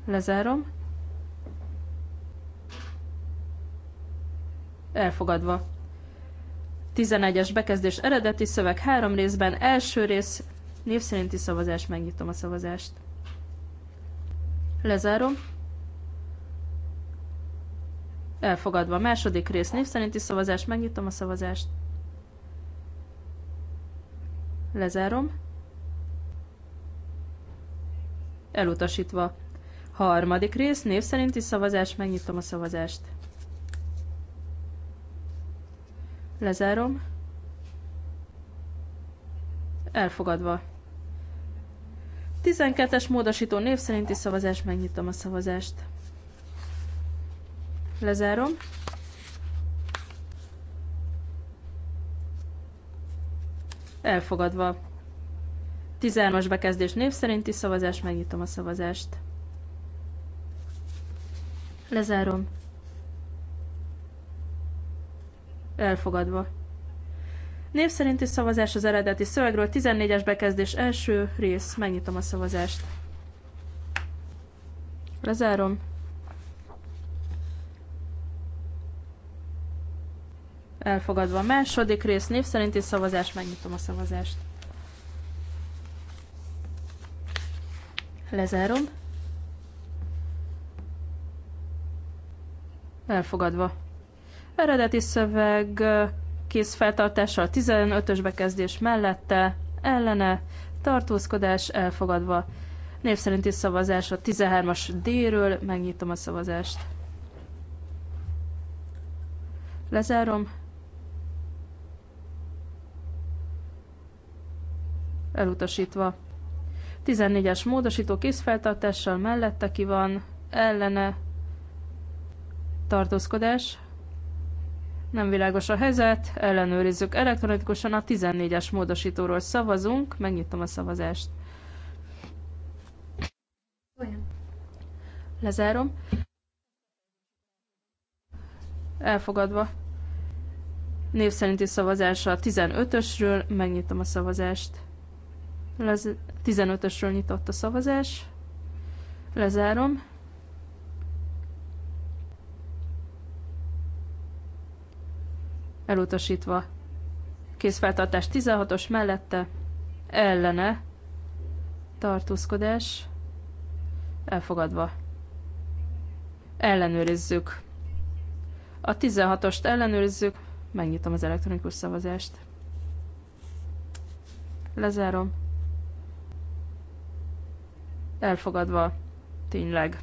Lezárom. Elfogadva. 11-es bekezdés eredeti szöveg három részben, első rész név szerinti szavazás, megnyitom a szavazást. Lezárom. Elfogadva a második rész név szerinti szavazás. Megnyitom a szavazást. Lezárom. Elutasítva. Harmadik rész név szerinti szavazás. Megnyitom a szavazást. Lezárom. Elfogadva. 12-es módosító név szerinti szavazás, megnyitom a szavazást. Lezárom. Elfogadva. 13-as bekezdés név szerinti szavazás, megnyitom a szavazást. Lezárom. Elfogadva. Név szerinti szavazás az eredeti szövegről, 14-es bekezdés első rész, megnyitom a szavazást. Lezárom. Elfogadva a második rész, név szerinti szavazás, megnyitom a szavazást. Lezárom. Elfogadva. Eredeti szöveg kész a 15-ös bekezdés mellette, ellene, tartózkodás elfogadva. Név szerinti szavazás a 13-as D-ről, megnyitom a szavazást. Lezárom. Elutasítva. 14-es módosító készfeltartással mellette ki van, ellene, tartózkodás, nem világos a helyzet, ellenőrizzük elektronikusan a 14-es módosítóról szavazunk, megnyitom a szavazást. Lezárom. Elfogadva. Név szerinti szavazás a 15-ösről, megnyitom a szavazást. Lez 15-ösről nyitott a szavazás. Lezárom. elutasítva. Készfeltartás 16-os mellette, ellene, tartózkodás, elfogadva. Ellenőrizzük. A 16-ost ellenőrizzük, megnyitom az elektronikus szavazást. Lezárom. Elfogadva. Tényleg.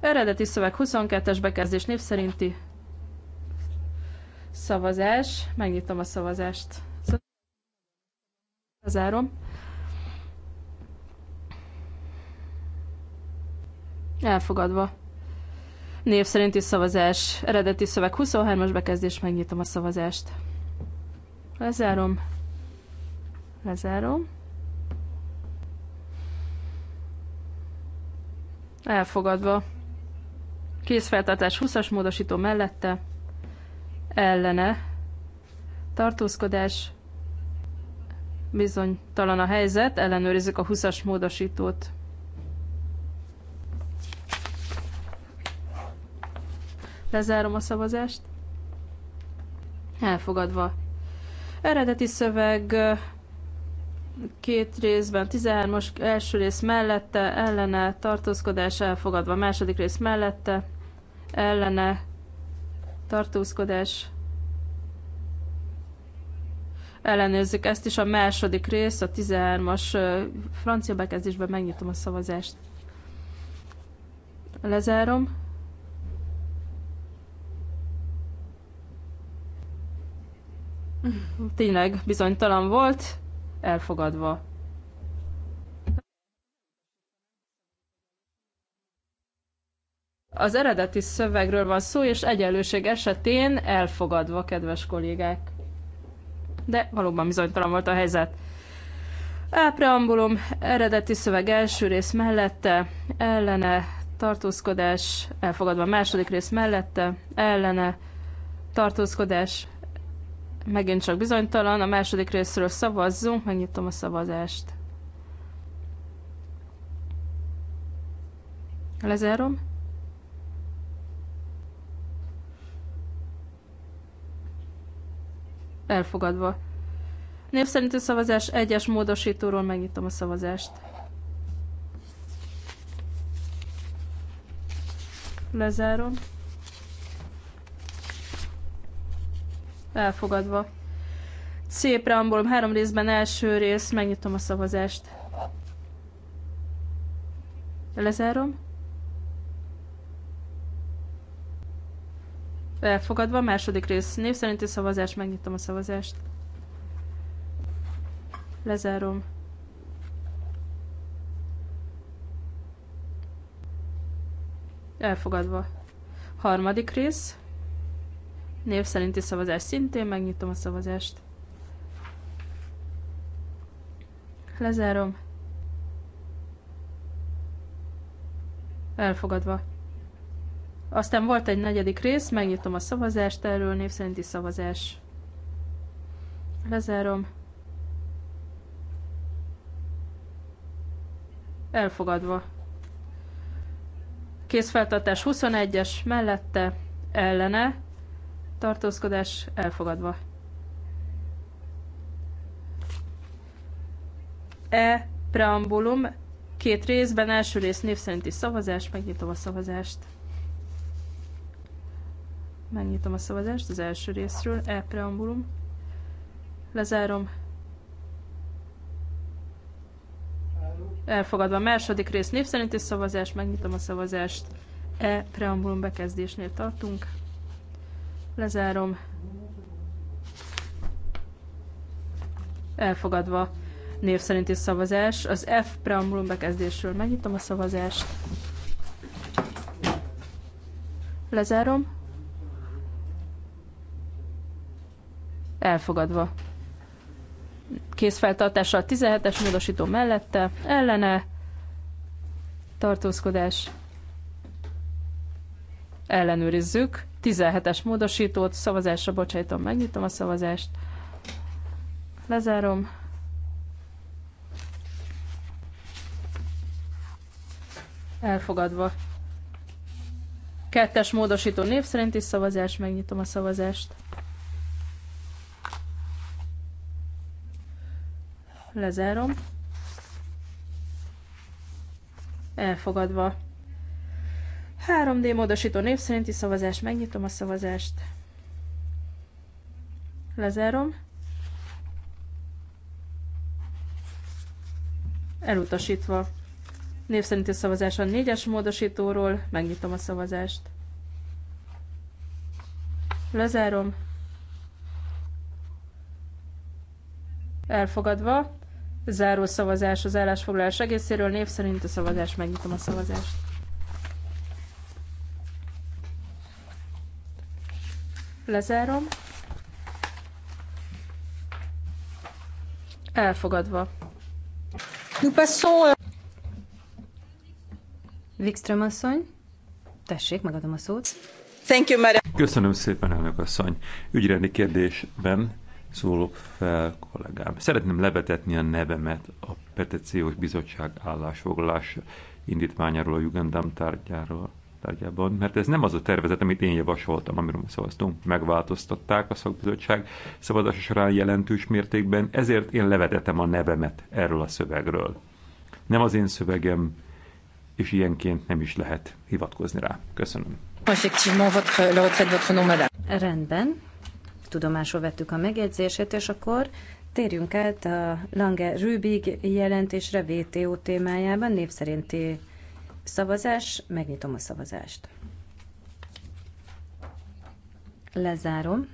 Eredeti szöveg 22-es bekezdés név szerinti Szavazás. Megnyitom a szavazást. Zárom. Elfogadva. Név szerinti szavazás. Eredeti szöveg 23-as bekezdés. Megnyitom a szavazást. Lezárom. Lezárom. Elfogadva. Készfeltartás 20-as módosító mellette ellene tartózkodás bizonytalan a helyzet, ellenőrizzük a 20-as módosítót. Lezárom a szavazást. Elfogadva. Eredeti szöveg két részben, 13-as első rész mellette, ellene, tartózkodás elfogadva, második rész mellette, ellene, tartózkodás. Ellenőrzzük ezt is, a második rész, a 13-as francia bekezdésben megnyitom a szavazást. Lezárom. Tényleg bizonytalan volt, elfogadva. Az eredeti szövegről van szó, és egyenlőség esetén elfogadva, kedves kollégák. De valóban bizonytalan volt a helyzet. A preambulum eredeti szöveg első rész mellette, ellene tartózkodás, elfogadva a második rész mellette, ellene tartózkodás, megint csak bizonytalan, a második részről szavazzunk, megnyitom a szavazást. Lezárom. elfogadva. Név szerinti szavazás egyes módosítóról megnyitom a szavazást. Lezárom. Elfogadva. C preambulum három részben első rész, megnyitom a szavazást. Lezárom. Elfogadva, második rész név szerinti szavazás, megnyitom a szavazást. Lezárom. Elfogadva. Harmadik rész. Név szerinti szavazás szintén, megnyitom a szavazást. Lezárom. Elfogadva. Aztán volt egy negyedik rész, megnyitom a szavazást erről, név szerinti szavazás. Lezárom. Elfogadva. Készfeltartás 21-es, mellette, ellene, tartózkodás elfogadva. E preambulum két részben, első rész név szerinti szavazás, megnyitom a szavazást. Megnyitom a szavazást az első részről, e preambulum. Lezárom. Elfogadva a második rész név szerinti szavazás, megnyitom a szavazást. E preambulum bekezdésnél tartunk. Lezárom. Elfogadva név szerinti szavazás. Az F preambulum bekezdésről megnyitom a szavazást. Lezárom. elfogadva. Készfeltartással 17-es módosító mellette, ellene, tartózkodás, ellenőrizzük. 17-es módosítót, szavazásra bocsájtom, megnyitom a szavazást, lezárom. Elfogadva. Kettes módosító név is szavazás, megnyitom a szavazást. Lezárom. Elfogadva. 3D módosító név szerinti szavazás. Megnyitom a szavazást. Lezárom. Elutasítva. Név szerinti szavazás a négyes módosítóról. Megnyitom a szavazást. Lezárom. elfogadva. Záró szavazás az állásfoglalás egészéről, név szerint a szavazás, megnyitom a szavazást. Lezárom. Elfogadva. Euh, Wikström asszony, tessék, megadom a szót. Thank you, Köszönöm szépen, elnök asszony. Ügyrendi kérdésben szólok fel kollégám. Szeretném levetetni a nevemet a Petíciós Bizottság állásfoglalás indítványáról a Jugendam tárgyáról tárgyában, mert ez nem az a tervezet, amit én javasoltam, amiről szavaztunk. Megváltoztatták a szakbizottság szavazása során jelentős mértékben, ezért én levetetem a nevemet erről a szövegről. Nem az én szövegem, és ilyenként nem is lehet hivatkozni rá. Köszönöm. Effectivement, votre, retrait de votre nom, madame. Rendben, tudomásul vettük a megjegyzését, és akkor térjünk át a Lange Rübig jelentésre VTO témájában név szerinti szavazás. Megnyitom a szavazást. Lezárom.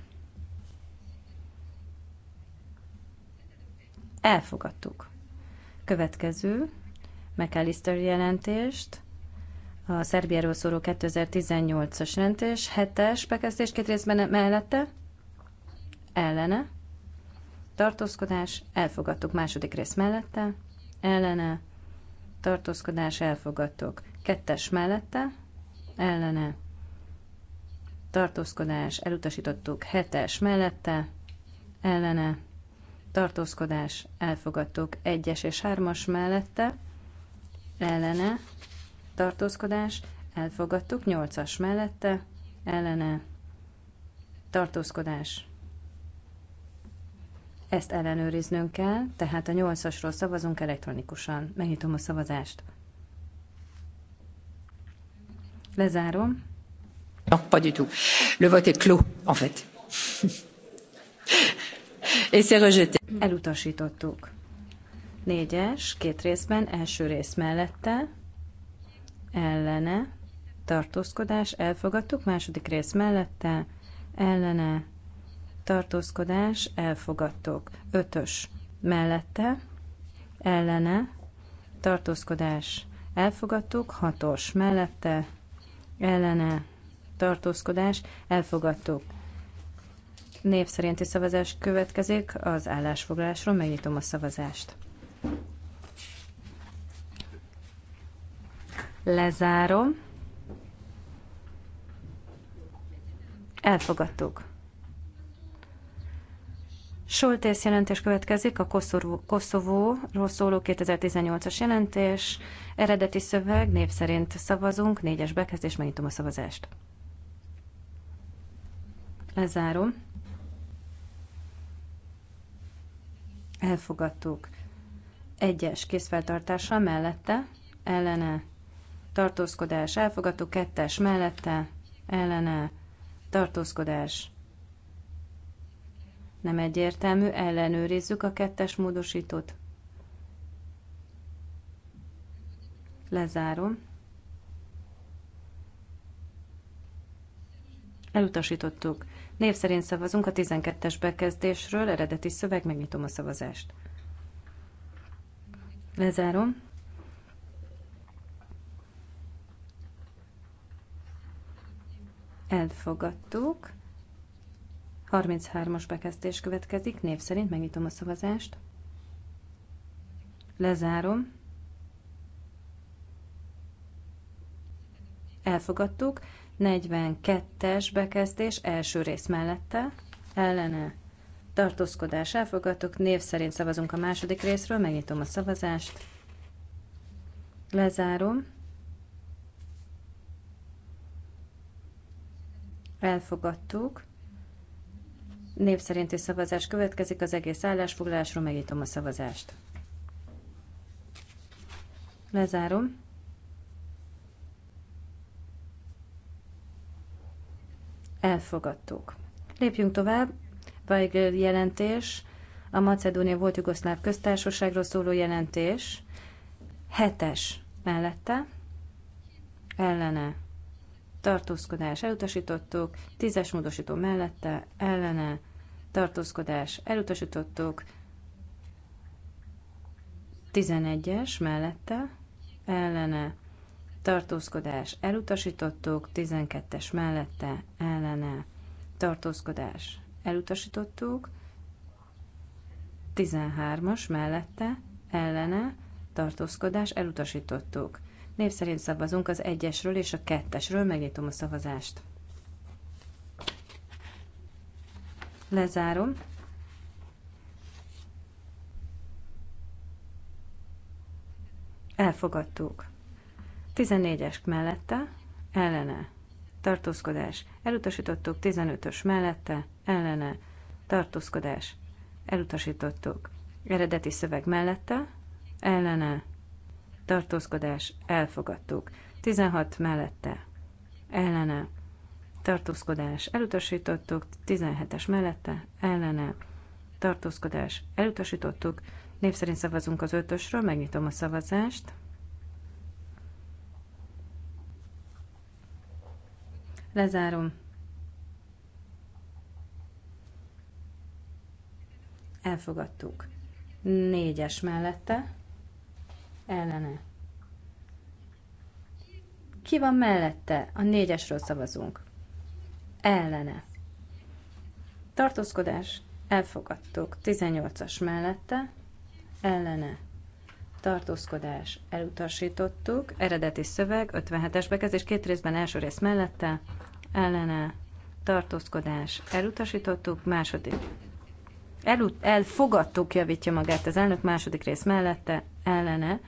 Elfogadtuk. Következő McAllister jelentést a Szerbiáról szóló 2018-as jelentés, hetes bekezdés két részben mellette, ellene, tartózkodás, elfogadtuk második rész mellette, ellene, tartózkodás, elfogadtuk kettes mellette, ellene, tartózkodás, elutasítottuk hetes mellette, ellene, tartózkodás, elfogadtuk egyes és hármas mellette, ellene, tartózkodás, elfogadtuk nyolcas mellette, ellene, tartózkodás, ezt ellenőriznünk kell, tehát a 8-asról szavazunk elektronikusan. Megnyitom a szavazást. Lezárom. Non, pas du tout. Le vote est clos, en fait. Et c'est rejeté. Elutasítottuk. Négyes, két részben, első rész mellette, ellene, tartózkodás, elfogadtuk, második rész mellette, ellene, tartózkodás, elfogadtok. Ötös mellette, ellene, tartózkodás, elfogadtok. Hatos mellette, ellene, tartózkodás, elfogadtok. Név szerinti szavazás következik az állásfoglalásról. Megnyitom a szavazást. Lezárom. Elfogadtuk. Soltész jelentés következik, a Koszovóról szóló 2018-as jelentés. Eredeti szöveg, név szerint szavazunk, négyes bekezdés, megnyitom a szavazást. Lezárom. Elfogadtuk. Egyes készfeltartása mellette, ellene, tartózkodás, elfogadtuk, kettes mellette, ellene, tartózkodás, nem egyértelmű, ellenőrizzük a kettes módosítót. Lezárom. Elutasítottuk. Név szerint szavazunk a 12-es bekezdésről, eredeti szöveg, megnyitom a szavazást. Lezárom. Elfogadtuk. 33-as bekezdés következik. Név szerint megnyitom a szavazást. Lezárom. Elfogadtuk. 42-es bekezdés első rész mellette. Ellene. Tartózkodás elfogadtuk. Név szerint szavazunk a második részről. Megnyitom a szavazást. Lezárom. Elfogadtuk. Név szerinti szavazás következik az egész állásfoglalásról, megnyitom a szavazást. Lezárom. Elfogadtuk. Lépjünk tovább. Weigel jelentés, a Macedónia volt Jugoszláv köztársaságról szóló jelentés, hetes mellette, ellene tartózkodás elutasítottuk, tízes módosító mellette, ellene, tartózkodás elutasítottuk, 11-es mellette, ellene, tartózkodás elutasítottuk, 12-es mellette, ellene, tartózkodás elutasítottuk, 13-as mellette, ellene, tartózkodás elutasítottuk. Név szerint szavazunk az egyesről és a kettesről. Megnyitom a szavazást. Lezárom. Elfogadtuk. 14-es mellette, ellene, tartózkodás. Elutasítottuk 15-ös mellette, ellene, tartózkodás. Elutasítottuk. Eredeti szöveg mellette, ellene, tartózkodás, elfogadtuk. 16 mellette, ellene, tartózkodás, elutasítottuk. 17-es mellette, ellene, tartózkodás, elutasítottuk. Név szerint szavazunk az ötösről, megnyitom a szavazást. Lezárom. Elfogadtuk. Négyes mellette, ellene. Ki van mellette? A négyesről szavazunk. Ellene. Tartózkodás. Elfogadtuk. 18-as mellette. Ellene. Tartózkodás. Elutasítottuk. Eredeti szöveg. 57-es bekezdés. Két részben első rész mellette. Ellene. Tartózkodás. Elutasítottuk. Második. Elut- elfogadtuk, javítja magát az elnök. Második rész mellette. Ellene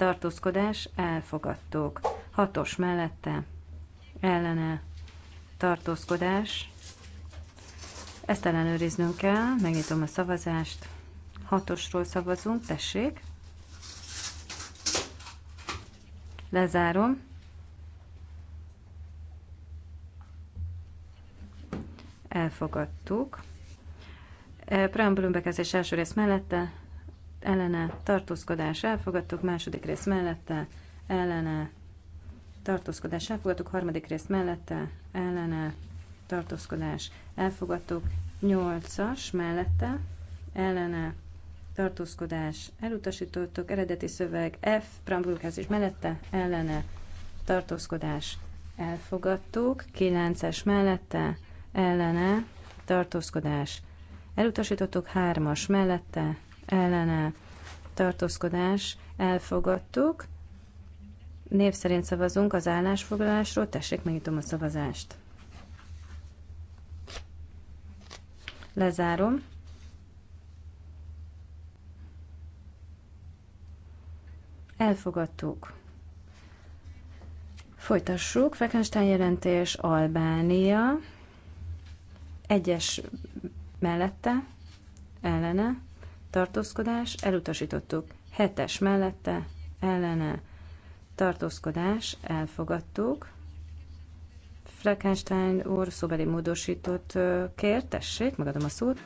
tartózkodás elfogadtuk. Hatos mellette ellene tartózkodás. Ezt ellenőriznünk kell. Megnyitom a szavazást. Hatosról szavazunk, tessék. Lezárom. Elfogadtuk. Preambulum bekezdés első rész mellette ellene tartózkodás elfogadtuk, második rész mellette ellene tartózkodás elfogadtuk, harmadik rész mellette ellene tartózkodás elfogadtuk, nyolcas mellette ellene tartózkodás elutasítottuk, eredeti szöveg F, prambulkázis mellette ellene tartózkodás elfogadtuk, kilences mellette ellene tartózkodás elutasítottuk, hármas mellette ellene tartózkodás elfogadtuk. Név szerint szavazunk az állásfoglalásról. Tessék, megnyitom a szavazást. Lezárom. Elfogadtuk. Folytassuk. Fekenstein jelentés Albánia. Egyes mellette, ellene tartózkodás, elutasítottuk. Hetes mellette, ellene, tartózkodás, elfogadtuk. Frankenstein úr szóbeli módosított kért, tessék, megadom a szót.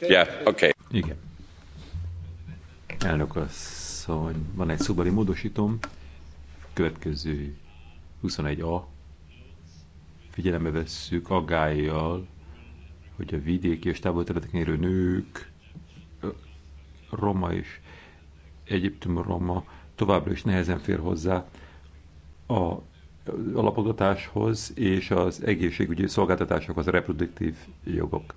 Yeah, okay. Igen. Elnök asszony, van egy szóbeli módosítom, következő 21a. Figyelembe vesszük aggájjal hogy a vidéki és távol élő nők, roma és egyiptom roma továbbra is nehezen fér hozzá a alapodatáshoz és az egészségügyi szolgáltatásokhoz a reproduktív jogok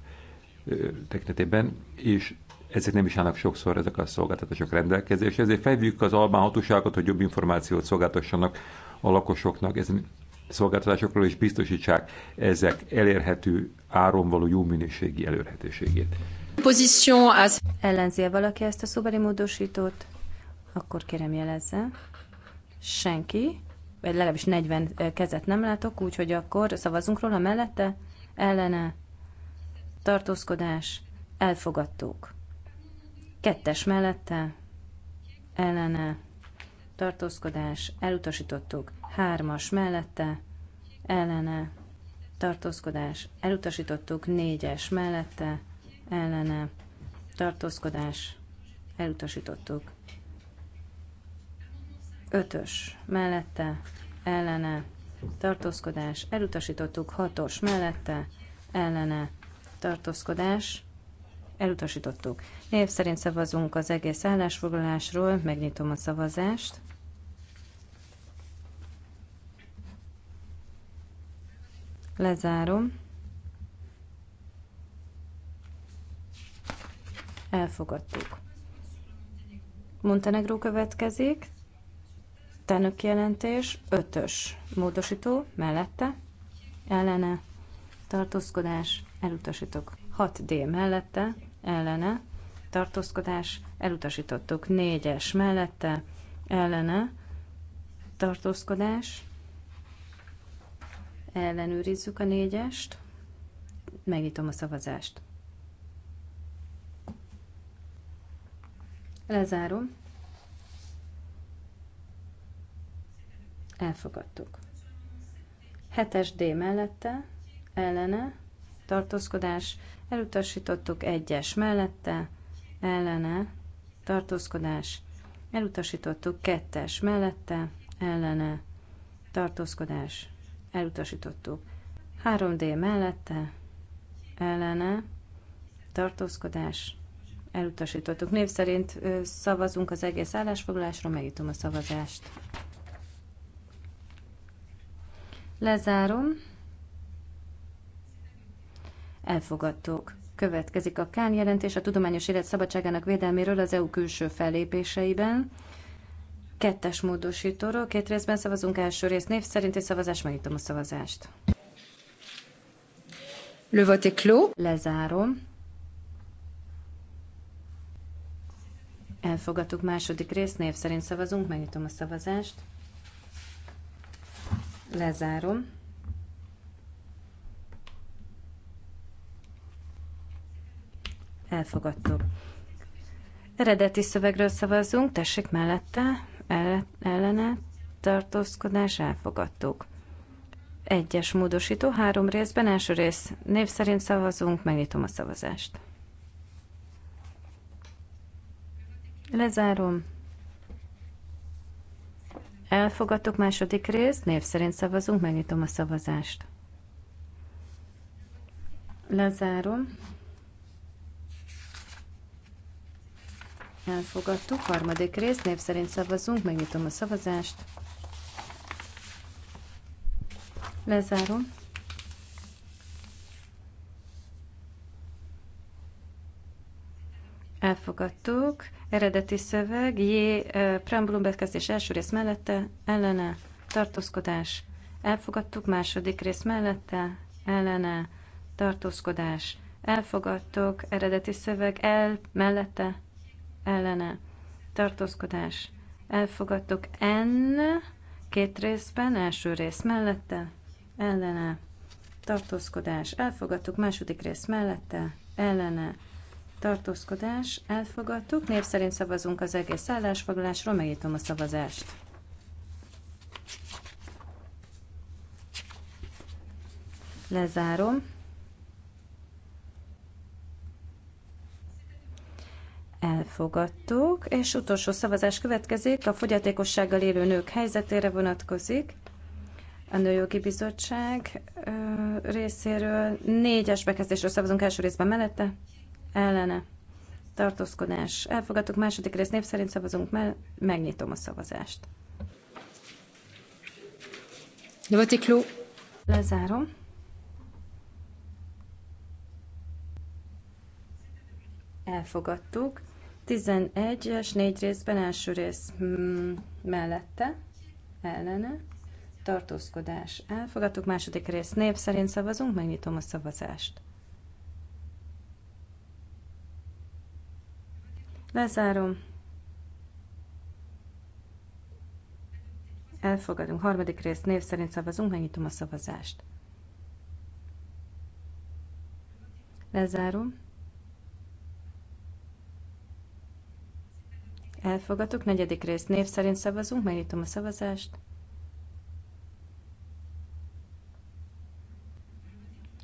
tekintetében, és ezek nem is állnak sokszor ezek a szolgáltatások rendelkezésre. Ezért felvívjuk az albán hatóságot, hogy jobb információt szolgáltassanak a lakosoknak ezen szolgáltatásokról is biztosítsák ezek elérhető áron való jó minőségi elérhetőségét. az... Ellenzi -e valaki ezt a szóbeli módosítót? Akkor kérem jelezze. Senki, vagy legalábbis 40 kezet nem látok, úgyhogy akkor szavazunk róla mellette, ellene, tartózkodás, elfogadtuk. Kettes mellette, ellene, tartózkodás, elutasítottuk hármas mellette, ellene, tartózkodás, elutasítottuk, négyes mellette, ellene, tartózkodás, elutasítottuk. Ötös mellette, ellene, tartózkodás, elutasítottuk, hatos mellette, ellene, tartózkodás, elutasítottuk. Név szerint szavazunk az egész állásfoglalásról, megnyitom a szavazást. Lezárom. Elfogadtuk. Montenegró következik. Tenök jelentés, ötös módosító, mellette, ellene, tartózkodás, elutasítok. 6D mellette, ellene, tartózkodás, elutasítottuk. 4-es mellette, ellene, tartózkodás, Ellenőrizzük a négyest. Megnyitom a szavazást. Lezárom. Elfogadtuk. 7-es D mellette, ellene, tartózkodás, elutasítottuk 1-es mellette, ellene, tartózkodás, elutasítottuk 2-es mellette, ellene, tartózkodás, elutasítottuk. 3D mellette, ellene, tartózkodás, elutasítottuk. Név szerint szavazunk az egész állásfoglalásról, megítom a szavazást. Lezárom. Elfogadtuk. Következik a Kán jelentés a tudományos élet szabadságának védelméről az EU külső fellépéseiben. Kettes módosítóról két részben szavazunk. Első rész név szerinti szavazás. Megnyitom a szavazást. Le vote est clos. Lezárom. Elfogadtuk második rész, név szerint szavazunk, megnyitom a szavazást. Lezárom. Elfogadtuk. Eredeti szövegről szavazunk, tessék mellette, ellene tartózkodás elfogadtuk. Egyes módosító három részben, első rész név szerint szavazunk, megnyitom a szavazást. Lezárom. Elfogadtuk második rész, név szerint szavazunk, megnyitom a szavazást. Lezárom. Elfogadtuk. Harmadik rész, név szerint szavazunk. Megnyitom a szavazást. Lezárom. Elfogadtuk. Eredeti szöveg, J, preambulum bekezdés első rész mellette, ellene, tartózkodás. Elfogadtuk második rész mellette, ellene, tartózkodás. Elfogadtuk. Eredeti szöveg, el, mellette, ellene tartózkodás elfogadtuk N két részben, első rész mellette, ellene tartózkodás elfogadtuk, második rész mellette, ellene tartózkodás elfogadtuk, név szerint szavazunk az egész állásfoglalásról, megítom a szavazást. Lezárom. elfogadtuk, és utolsó szavazás következik, a fogyatékossággal élő nők helyzetére vonatkozik. A Nőjogi Bizottság ö, részéről négyes bekezdésről szavazunk első részben mellette, ellene, tartózkodás, elfogadtuk, második rész név szerint szavazunk, mell- megnyitom a szavazást. Novatikló. Lezárom. Elfogadtuk. 11-es, négy részben első rész hmm, mellette, ellene, tartózkodás. Elfogadtuk második rész név szerint szavazunk, megnyitom a szavazást. Lezárom. Elfogadunk. Harmadik rész név szerint szavazunk, megnyitom a szavazást. Lezárom. Elfogadtuk. Negyedik rész név szerint szavazunk. Megnyitom a szavazást.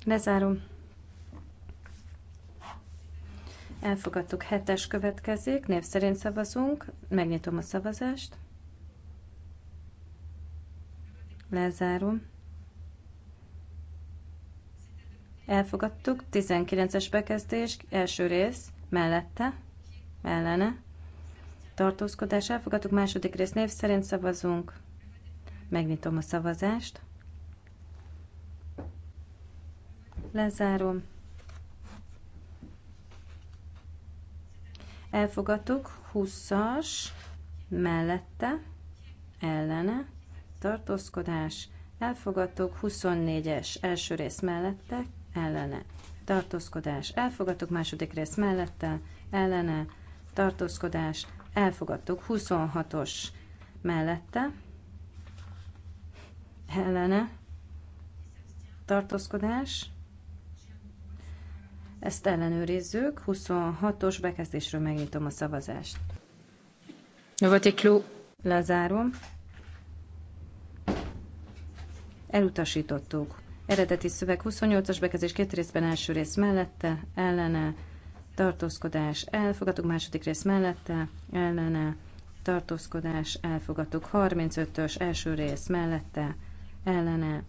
Lezárom. Elfogadtuk. Hetes következik. Név szerint szavazunk. Megnyitom a szavazást. Lezárom. Elfogadtuk. 19-es bekezdés. Első rész. Mellette. Ellene tartózkodás elfogadtuk, második rész név szerint szavazunk. Megnyitom a szavazást. Lezárom. Elfogadtuk 20-as mellette, ellene, tartózkodás. Elfogadtuk 24-es első rész mellette, ellene, tartózkodás. Elfogadtuk második rész mellette, ellene, tartózkodás elfogadtuk. 26-os mellette, ellene, tartózkodás, ezt ellenőrizzük. 26-os bekezdésről megnyitom a szavazást. Novatikló. Lezárom. Elutasítottuk. Eredeti szöveg 28-as bekezdés két részben első rész mellette, ellene, tartózkodás elfogadtuk, második rész mellette, ellene, tartózkodás elfogadtuk, 35-ös első rész mellette, ellene,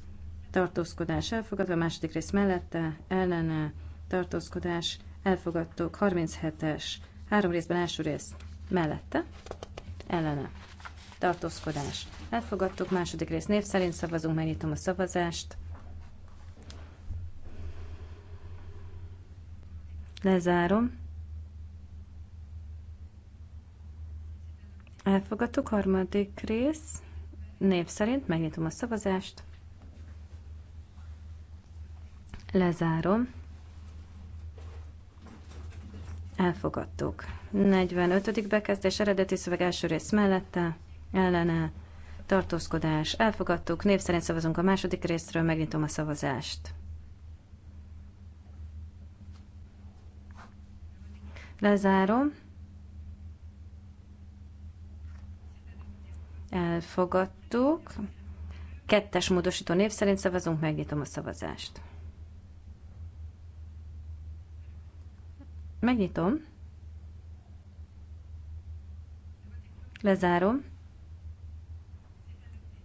tartózkodás elfogadva, második rész mellette, ellene, tartózkodás elfogadtuk, 37-es, három részben első rész mellette, ellene, tartózkodás elfogadtuk, második rész név szerint szavazunk, megnyitom a szavazást, Lezárom. Elfogadtuk harmadik rész. Név szerint megnyitom a szavazást. Lezárom. Elfogadtuk. 45. bekezdés eredeti szöveg első rész mellette, ellene, tartózkodás. Elfogadtuk. Név szerint szavazunk a második részről, megnyitom a szavazást. Lezárom. Elfogadtuk. Kettes módosító név szerint szavazunk, megnyitom a szavazást. Megnyitom. Lezárom.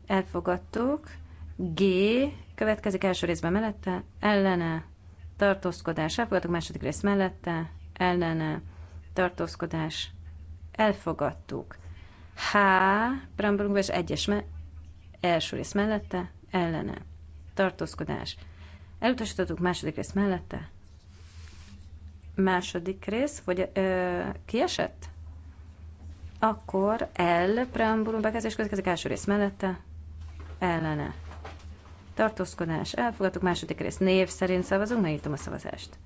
Elfogadtuk. G. Következik első részben mellette. Ellene. Tartózkodás. Elfogadtuk második rész mellette ellene tartózkodás elfogadtuk. H. és egyes me- első rész mellette ellene tartózkodás elutasítottuk második rész mellette. Második rész, vagy ö, kiesett? Akkor L preambulum bekezdés következik első rész mellette ellene tartózkodás. Elfogadtuk második rész. Név szerint szavazunk, megnyitom a szavazást.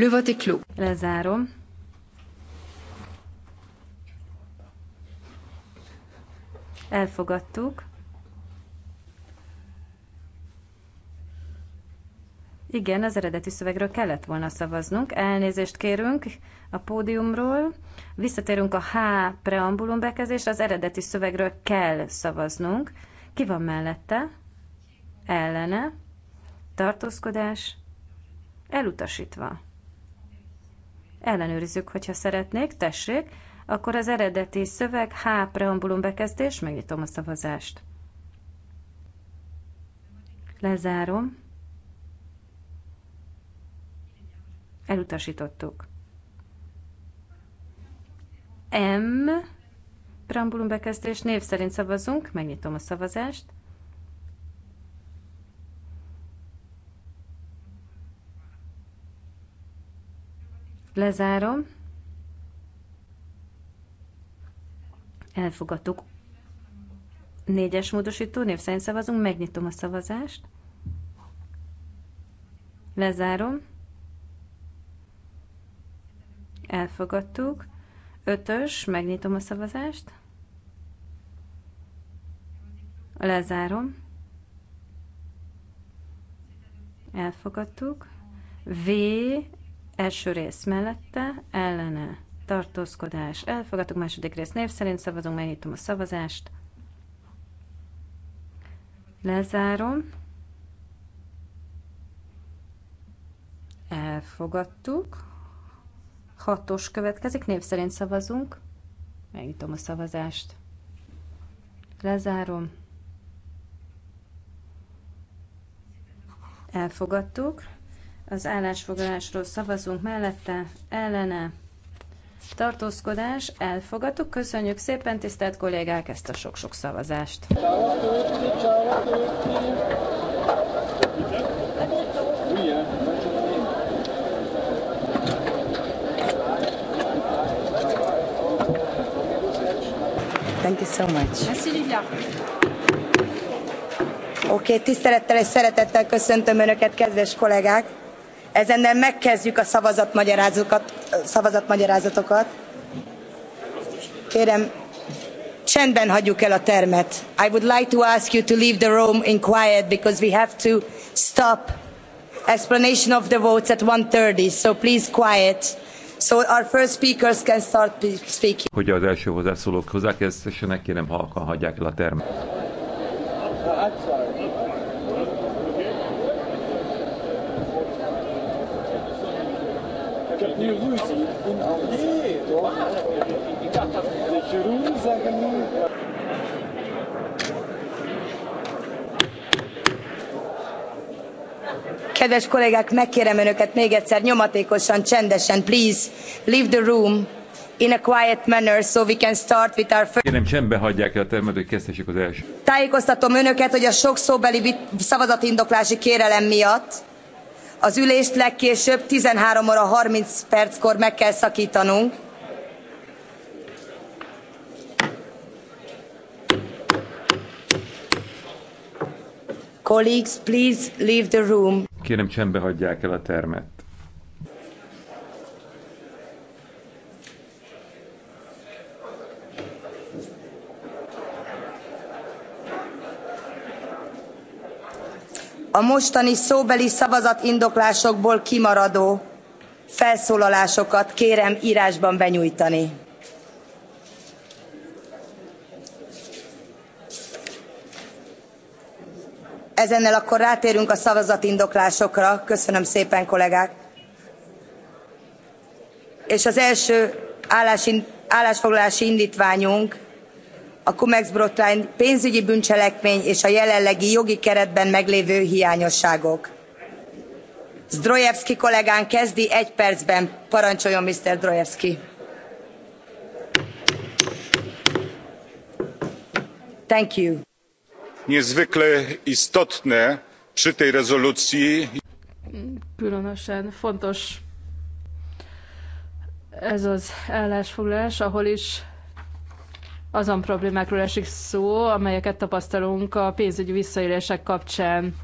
Le vote est clos. Lezárom. Elfogadtuk. Igen, az eredeti szövegről kellett volna szavaznunk. Elnézést kérünk a pódiumról. Visszatérünk a H preambulum bekezés. Az eredeti szövegről kell szavaznunk. Ki van mellette? Ellene. Tartózkodás. Elutasítva ellenőrizzük, hogyha szeretnék, tessék, akkor az eredeti szöveg H preambulum bekezdés, megnyitom a szavazást. Lezárom. Elutasítottuk. M preambulum bekezdés név szerint szavazunk, megnyitom a szavazást. Lezárom. Elfogadtuk. Négyes módosító név szerint szavazunk, megnyitom a szavazást. Lezárom. Elfogadtuk. Ötös, megnyitom a szavazást. Lezárom. Elfogadtuk. V, Első rész mellette, ellene, tartózkodás. Elfogadtuk második rész név szerint szavazunk, megnyitom a szavazást. Lezárom. Elfogadtuk. Hatos következik, név szerint szavazunk. Megnyitom a szavazást. Lezárom. Elfogadtuk az állásfoglalásról szavazunk mellette, ellene, tartózkodás, elfogadtuk. Köszönjük szépen, tisztelt kollégák, ezt a sok-sok szavazást. Thank you so much. Oké, okay, tisztelettel és szeretettel köszöntöm Önöket, kedves kollégák! Ezennel megkezdjük a szavazatmagyarázatokat. szavazatmagyarázatokat. Kérem, csendben hagyjuk el a termet. I would like to ask you to leave the room in quiet because we have to stop explanation of the votes at 1.30, so please quiet. So our first speakers can start speaking. Hogy az első hozzászólók hozzákezdhessenek, kérem halkan hagyják el a termet. Uh, I'm sorry. in Kedves kollégák, megkérem önöket még egyszer nyomatékosan, csendesen, please, leave the room in a quiet manner, so we can start with our first... Kérem, csendbe hagyják el a termet, hogy kezdhessék az első. Tájékoztatom önöket, hogy a sok szóbeli szavazatindoklási kérelem miatt az ülést legkésőbb 13 óra 30 perckor meg kell szakítanunk. Colleagues, please leave the room. Kérem, csendbe hagyják el a termet. a mostani szóbeli szavazatindoklásokból kimaradó felszólalásokat kérem rásban benyújtani. ezennel akkor rátérünk a szavazatindoklásokra. Köszönöm szépen, kollégák. És az első állásfoglalási indítványunk a cumex botrány pénzügyi bűncselekmény és a jelenlegi jogi keretben meglévő hiányosságok. zdrojewski kollégánk kezdi egy percben parancsoljon mr zdrojewski. Thank you. niezwykle istotne przy tej rezolucji különösen fontos ez az állásfoglalás, ahol is azon problémákról esik szó, amelyeket tapasztalunk a pénzügyi visszaélések kapcsán.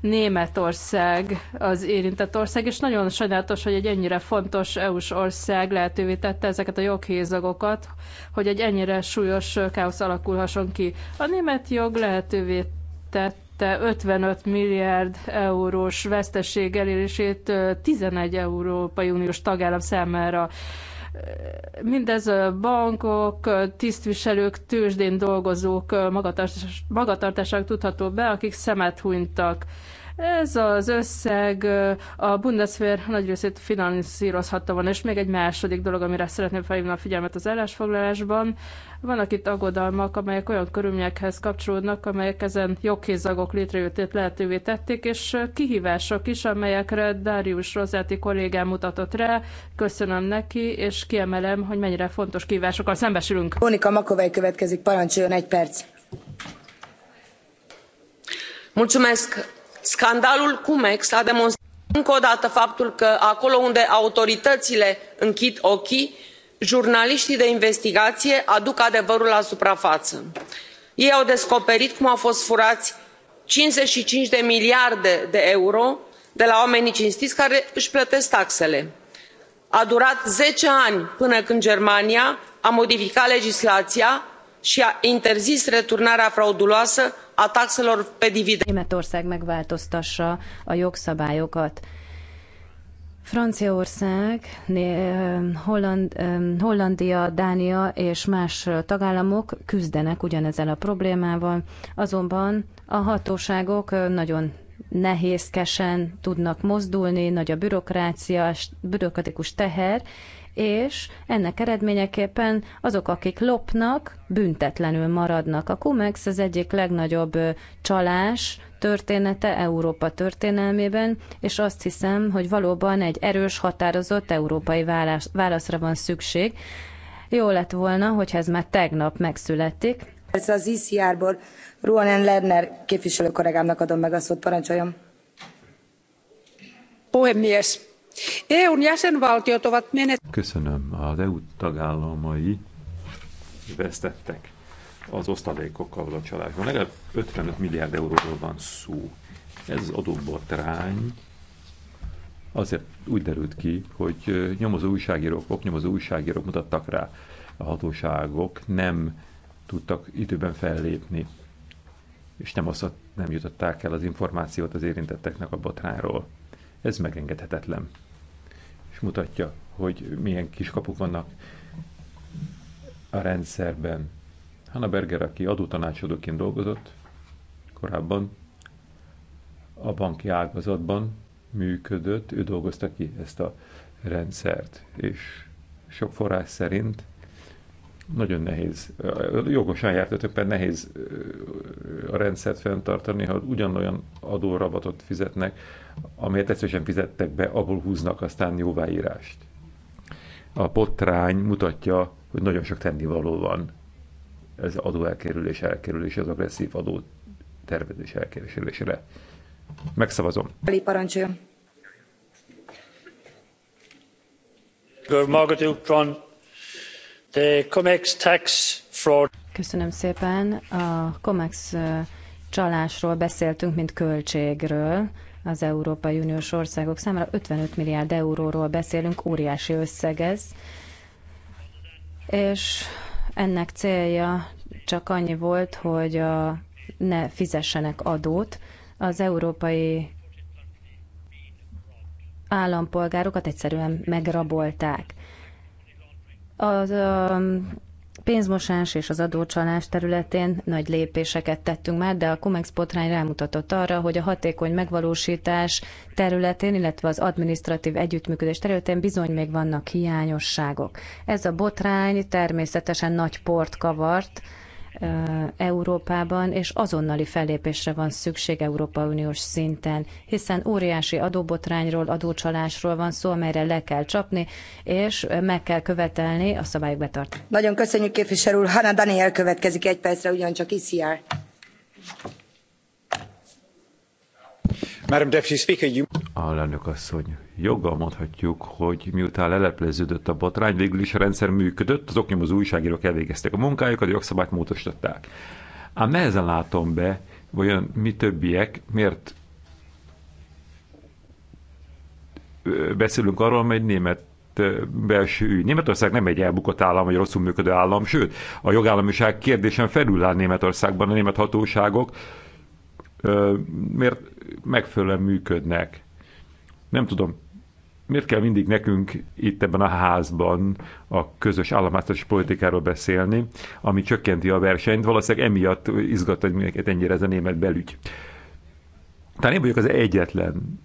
Németország az érintett ország, és nagyon sajnálatos, hogy egy ennyire fontos EU-s ország lehetővé tette ezeket a joghézagokat, hogy egy ennyire súlyos káosz alakulhasson ki. A német jog lehetővé tette 55 milliárd eurós veszteség elérését 11 Európai Uniós tagállam számára. Mindez bankok, tisztviselők, tőzsdén dolgozók magatartásának tudható be, akik szemet hunytak. Ez az összeg a Bundeswehr nagy részét finanszírozhatta volna. És még egy második dolog, amire szeretném felhívni a figyelmet az állásfoglalásban. Vannak itt aggodalmak, amelyek olyan körülményekhez kapcsolódnak, amelyek ezen jogkézagok létrejöttét lehetővé tették, és kihívások is, amelyekre Darius Rozáti kollégám mutatott rá. Köszönöm neki, és kiemelem, hogy mennyire fontos kihívásokkal szembesülünk. Monika Makovej következik, parancsoljon egy perc. Mulțumesc! scandalul cum ex a demonstrat încă o dată faptul că acolo unde autoritățile închid ochii jurnaliștii de investigație aduc adevărul la suprafață. ei au descoperit cum au fost furați cincizeci și cinci de miliarde de euro de la oamenii cinstiți care își plătesc taxele. a durat zece ani până când germania a modificat legislația și a interzis returnarea frauduloasă a taxelor pe dividende. Németország megváltoztassa a jogszabályokat. Franciaország, eh, Holland, eh, Hollandia, Dánia és más tagállamok küzdenek ugyanezzel a problémával, azonban a hatóságok eh, nagyon nehézkesen tudnak mozdulni, nagy a bürokrácia, bürokratikus teher, és ennek eredményeképpen azok, akik lopnak, büntetlenül maradnak. A Cumex az egyik legnagyobb csalás története Európa történelmében, és azt hiszem, hogy valóban egy erős, határozott európai válasz, válaszra van szükség. Jó lett volna, hogyha ez már tegnap megszületik. Ez az ICR-ból Ruanen Lerner képviselőkollégámnak adom meg a szót, parancsoljon. Puhemies, EUn jäsenvaltiot ovat menet... Köszönöm. Az EU tagállamai vesztettek az osztalékokkal a csalásban. Legalább 55 milliárd euróról van szó. Ez adóbotrány azért úgy derült ki, hogy nyomozó újságírók, nyomozó újságírók mutattak rá. A hatóságok nem tudtak időben fellépni, és nem, azt, nem jutották el az információt az érintetteknek a botrányról. Ez megengedhetetlen. És mutatja, hogy milyen kis kapuk vannak a rendszerben. Hanna Berger, aki adótanácsadóként dolgozott korábban, a banki ágazatban működött, ő dolgozta ki ezt a rendszert, és sok forrás szerint nagyon nehéz, jogosan járt, mert nehéz a rendszert fenntartani, ha ugyanolyan adórabatot fizetnek amelyet egyszerűen fizettek be, abból húznak aztán jóváírást. A potrány mutatja, hogy nagyon sok tennivaló van ez adó elkerülés, elkerülés, az agresszív adó tervezés elkerülésére. Megszavazom. Parancsoljon. Köszönöm szépen. A COMEX csalásról beszéltünk, mint költségről az Európai Uniós országok számára. 55 milliárd euróról beszélünk, óriási összeg ez. És ennek célja csak annyi volt, hogy a, ne fizessenek adót. Az európai állampolgárokat egyszerűen megrabolták. Az, a, pénzmosás és az adócsalás területén nagy lépéseket tettünk már, de a Comex potrány rámutatott arra, hogy a hatékony megvalósítás területén, illetve az administratív együttműködés területén bizony még vannak hiányosságok. Ez a botrány természetesen nagy port kavart, Európában, és azonnali fellépésre van szükség Európa Uniós szinten, hiszen óriási adóbotrányról, adócsalásról van szó, amelyre le kell csapni, és meg kell követelni a szabályok betartását. Nagyon köszönjük képviselő úr. Hanna Daniel következik egy percre, ugyancsak ICR. Madam Deputy Speaker, you... Alelnök asszony, joggal mondhatjuk, hogy miután lelepleződött a botrány, végül is a rendszer működött, az oknyomozó újságírók elvégezték a munkájukat, a jogszabályt módosították. Ám nehezen látom be, vajon mi többiek miért beszélünk arról, hogy német belső ügy. Németország nem egy elbukott állam, vagy rosszul működő állam, sőt, a jogállamiság kérdésen felül áll Németországban a német hatóságok, miért megfelelően működnek. Nem tudom, miért kell mindig nekünk itt ebben a házban a közös államháztatási politikáról beszélni, ami csökkenti a versenyt, valószínűleg emiatt izgatta, hogy minket ennyire ez a német belügy. Tehát én vagyok az egyetlen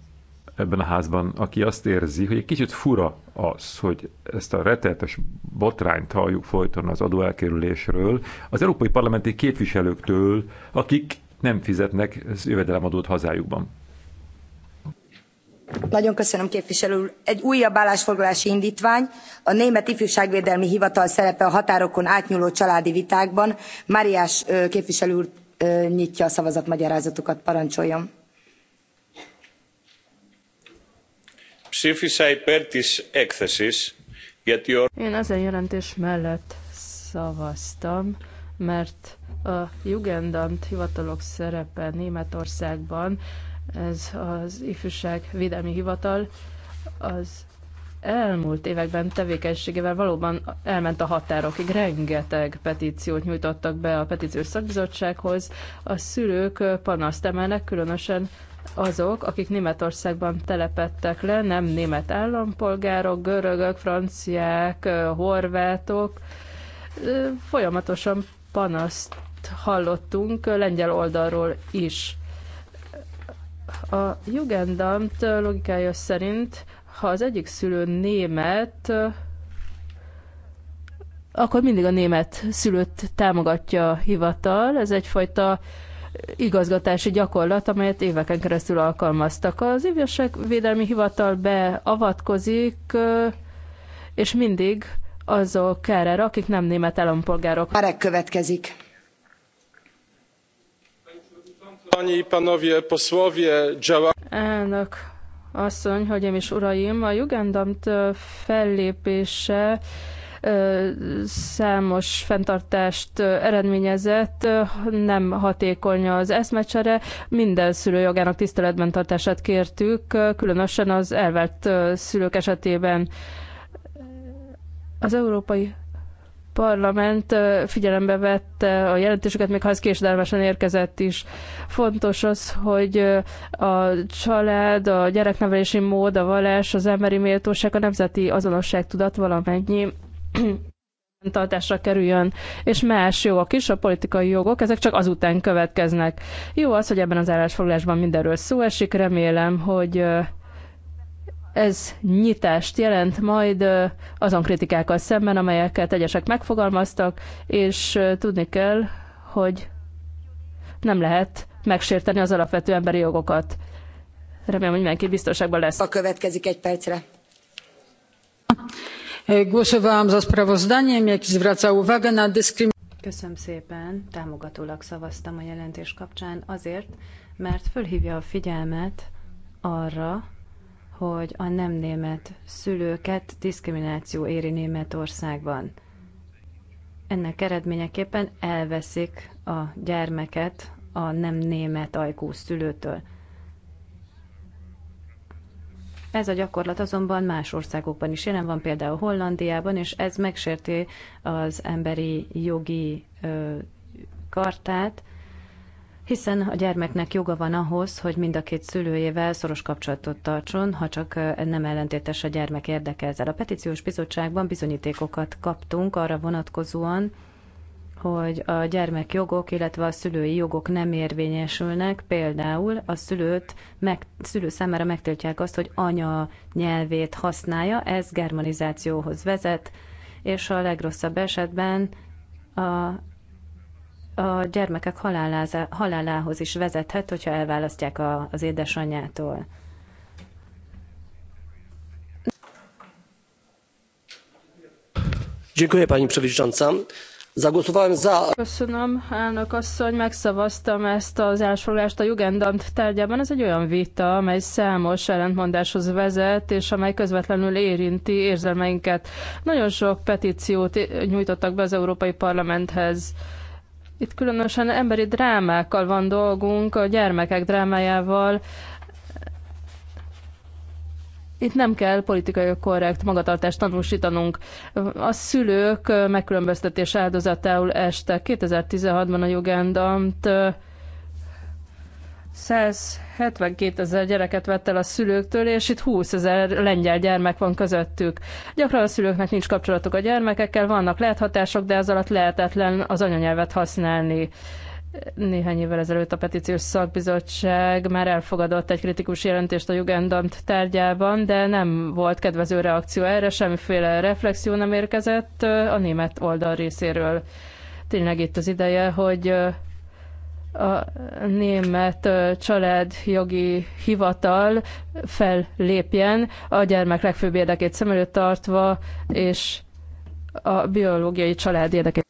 ebben a házban, aki azt érzi, hogy egy kicsit fura az, hogy ezt a reteltes botrányt halljuk folyton az adóelkerülésről az európai parlamenti képviselőktől, akik nem fizetnek jövedelemadót hazájukban nagyon köszönöm egy újabb állásfoglalási indtvány a német ifjúságvédelmi hivatal szerepe a határokon átnyúló családi vitákban marias képviselő úr nyitja a szavazatmagyarázatokat parancsoljon. én ezen jelentés mellett szavaztam mert a jugendamt hivatalok szerepe németországban ez az ifjúság védelmi hivatal, az elmúlt években tevékenységével valóban elment a határokig. Rengeteg petíciót nyújtottak be a petíciós szakbizottsághoz. A szülők panaszt emelnek, különösen azok, akik Németországban telepettek le, nem német állampolgárok, görögök, franciák, horvátok. Folyamatosan panaszt hallottunk lengyel oldalról is. A Jugendamt logikája szerint, ha az egyik szülő német, akkor mindig a német szülőt támogatja a hivatal. Ez egyfajta igazgatási gyakorlat, amelyet éveken keresztül alkalmaztak. Az évesek védelmi hivatal beavatkozik, és mindig azok kárára, akik nem német állampolgárok. Marek következik. Panie i panowie posłowie, Elnök asszony, hölgyeim és uraim, a Jugendamt fellépése számos fenntartást eredményezett, nem hatékony az eszmecsere. Minden szülőjogának tiszteletben tartását kértük, különösen az elvett szülők esetében. Az Európai Parlament figyelembe vette a jelentéseket, még ha ez késedelmesen érkezett is. Fontos az, hogy a család, a gyereknevelési mód, a vallás, az emberi méltóság, a nemzeti tudat valamennyi tartásra kerüljön, és más jogok is, a politikai jogok, ezek csak azután következnek. Jó az, hogy ebben az állásfoglásban mindenről szó esik, remélem, hogy ez nyitást jelent majd azon kritikákkal szemben, amelyeket egyesek megfogalmaztak, és tudni kell, hogy nem lehet megsérteni az alapvető emberi jogokat. Remélem, hogy mindenki biztonságban lesz. A következik egy percre. E, na Köszönöm szépen, támogatólag szavaztam a jelentés kapcsán azért, mert fölhívja a figyelmet arra, hogy a nem német szülőket diszkrimináció éri Németországban. Ennek eredményeképpen elveszik a gyermeket a nem német ajkú szülőtől. Ez a gyakorlat azonban más országokban is jelen van, például Hollandiában, és ez megsérti az emberi jogi ö, kartát, hiszen a gyermeknek joga van ahhoz, hogy mind a két szülőjével szoros kapcsolatot tartson, ha csak eh, nem ellentétes a gyermek érdeke ezzel. A petíciós bizottságban bizonyítékokat kaptunk arra vonatkozóan, hogy a gyermekjogok, illetve a szülői jogok nem érvényesülnek, például a szülőt meg, szülő számára megtiltják azt, hogy anya nyelvét használja, ez germanizációhoz vezet, és a legrosszabb esetben a a gyermekek halálához is vezethet, hogyha elválasztják a, az édesanyjától. Dziękuję pani przewodnicząca. za. Köszönöm, elnök asszony, megszavaztam ezt az elsorolást a Jugendamt tárgyában. Ez egy olyan vita, amely számos ellentmondáshoz vezet, és amely közvetlenül érinti érzelmeinket. Nagyon sok petíciót nyújtottak be az Európai Parlamenthez itt különösen emberi drámákkal van dolgunk, a gyermekek drámájával. Itt nem kell politikai korrekt magatartást tanúsítanunk. A szülők megkülönböztetés áldozatául este 2016-ban a jogendamt 172 ezer gyereket vett el a szülőktől, és itt 20 ezer lengyel gyermek van közöttük. Gyakran a szülőknek nincs kapcsolatuk a gyermekekkel, vannak lehet de ez alatt lehetetlen az anyanyelvet használni. Néhány évvel ezelőtt a petíciós szakbizottság már elfogadott egy kritikus jelentést a Jugendamt tárgyában, de nem volt kedvező reakció erre, semmiféle reflexió nem érkezett a német oldal részéről. Tényleg itt az ideje, hogy a német családjogi hivatal fellépjen a gyermek legfőbb érdekét szem előtt tartva, és a biológiai család érdekét.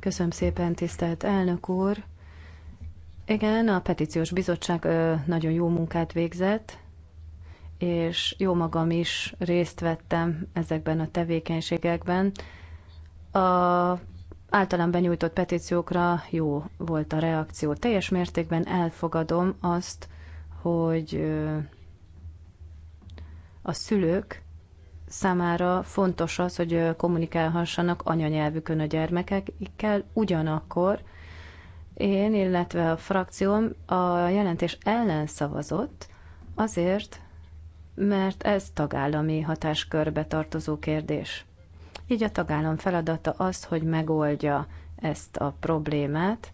Köszönöm szépen, tisztelt elnök úr! Igen, a petíciós bizottság nagyon jó munkát végzett, és jó magam is részt vettem ezekben a tevékenységekben. A általán benyújtott petíciókra jó volt a reakció. Teljes mértékben elfogadom azt, hogy a szülők számára fontos az, hogy kommunikálhassanak anyanyelvükön a gyermekekkel, ugyanakkor én, illetve a frakcióm a jelentés ellen szavazott, azért, mert ez tagállami hatáskörbe tartozó kérdés. Így a tagállam feladata az, hogy megoldja ezt a problémát.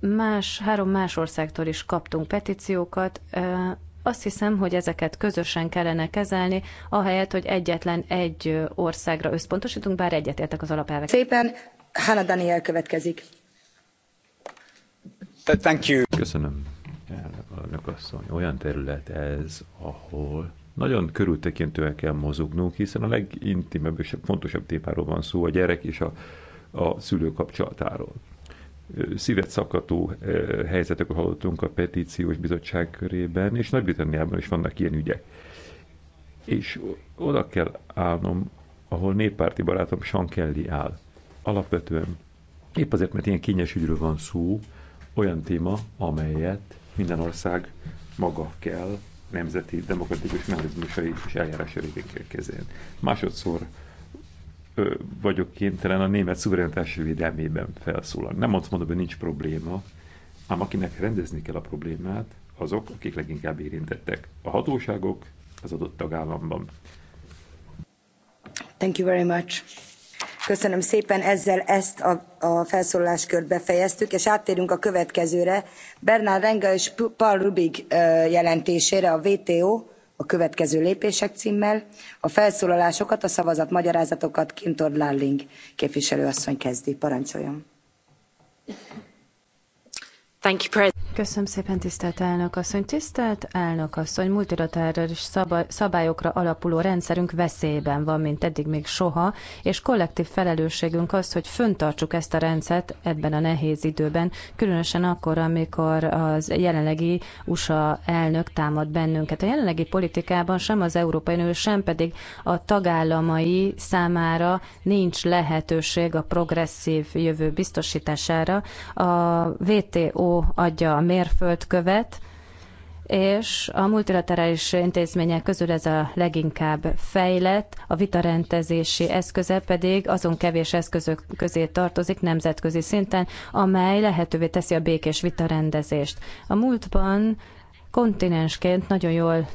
Más, három más országtól is kaptunk petíciókat, azt hiszem, hogy ezeket közösen kellene kezelni, ahelyett, hogy egyetlen egy országra összpontosítunk, bár egyetértek az alapelvek. Szépen, Hanna Daniel következik. Thank you. Köszönöm elnök asszony, olyan terület ez, ahol nagyon körültekintően kell mozognunk, hiszen a legintimebb és fontosabb témáról van szó, a gyerek és a, a szülő kapcsolatáról. Szívet szakató helyzetekről hallottunk a petíciós bizottság körében, és Nagy-Britanniában is vannak ilyen ügyek. És oda kell állnom, ahol néppárti barátom Sean Kelly áll. Alapvetően épp azért, mert ilyen kényes ügyről van szó, olyan téma, amelyet minden maga kell nemzeti demokratikus mechanizmusai és eljárása révén kezén. Másodszor ö, vagyok kénytelen a német szuverenitás védelmében felszólalni. Nem azt mondom, hogy nincs probléma, ám akinek rendezni kell a problémát, azok, akik leginkább érintettek. A hatóságok az adott tagállamban. Thank you very much köszönöm szépen ezzel ezt a, a felszólaláskört befejeztük és áttérünk a következőre bernard renga és paul rubig jelentésére a wto a következő lépések címmel a felszólalásokat a szavazatmagyarázatokat kim tord lálling képviselő asszony kezdi parancsoljon. Thank you, Köszönöm szépen, tisztelt elnök asszony. Tisztelt elnök asszony, multilaterális szabályokra alapuló rendszerünk veszélyben van, mint eddig még soha, és kollektív felelősségünk az, hogy föntartsuk ezt a rendszert ebben a nehéz időben, különösen akkor, amikor az jelenlegi USA elnök támad bennünket. A jelenlegi politikában sem az Európai Unió, sem pedig a tagállamai számára nincs lehetőség a progresszív jövő biztosítására. A WTO adja a mérföldkövet, és a multilaterális intézmények közül ez a leginkább fejlett, a vitarendezési eszköze pedig azon kevés eszközök közé tartozik nemzetközi szinten, amely lehetővé teszi a békés vitarendezést. A múltban kontinensként nagyon jól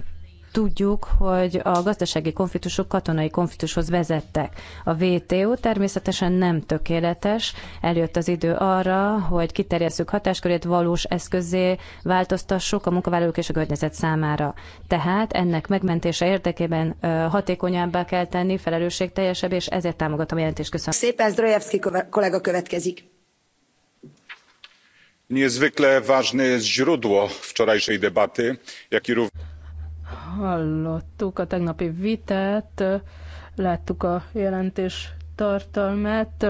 tudjuk, hogy a gazdasági konfliktusok katonai konfliktushoz vezettek. A WTO természetesen nem tökéletes, eljött az idő arra, hogy kiterjesszük hatáskörét, valós eszközé változtassuk a munkavállalók és a környezet számára. Tehát ennek megmentése érdekében hatékonyabbá kell tenni, felelősségteljesebb, és ezért támogatom a jelentést. Köszönöm. Szépen Zdrojewski kollega következik niezwykle ważne jest źródło wczorajszej debaty jak i również hallottuk a tegnapi vitát, láttuk a jelentés tartalmát.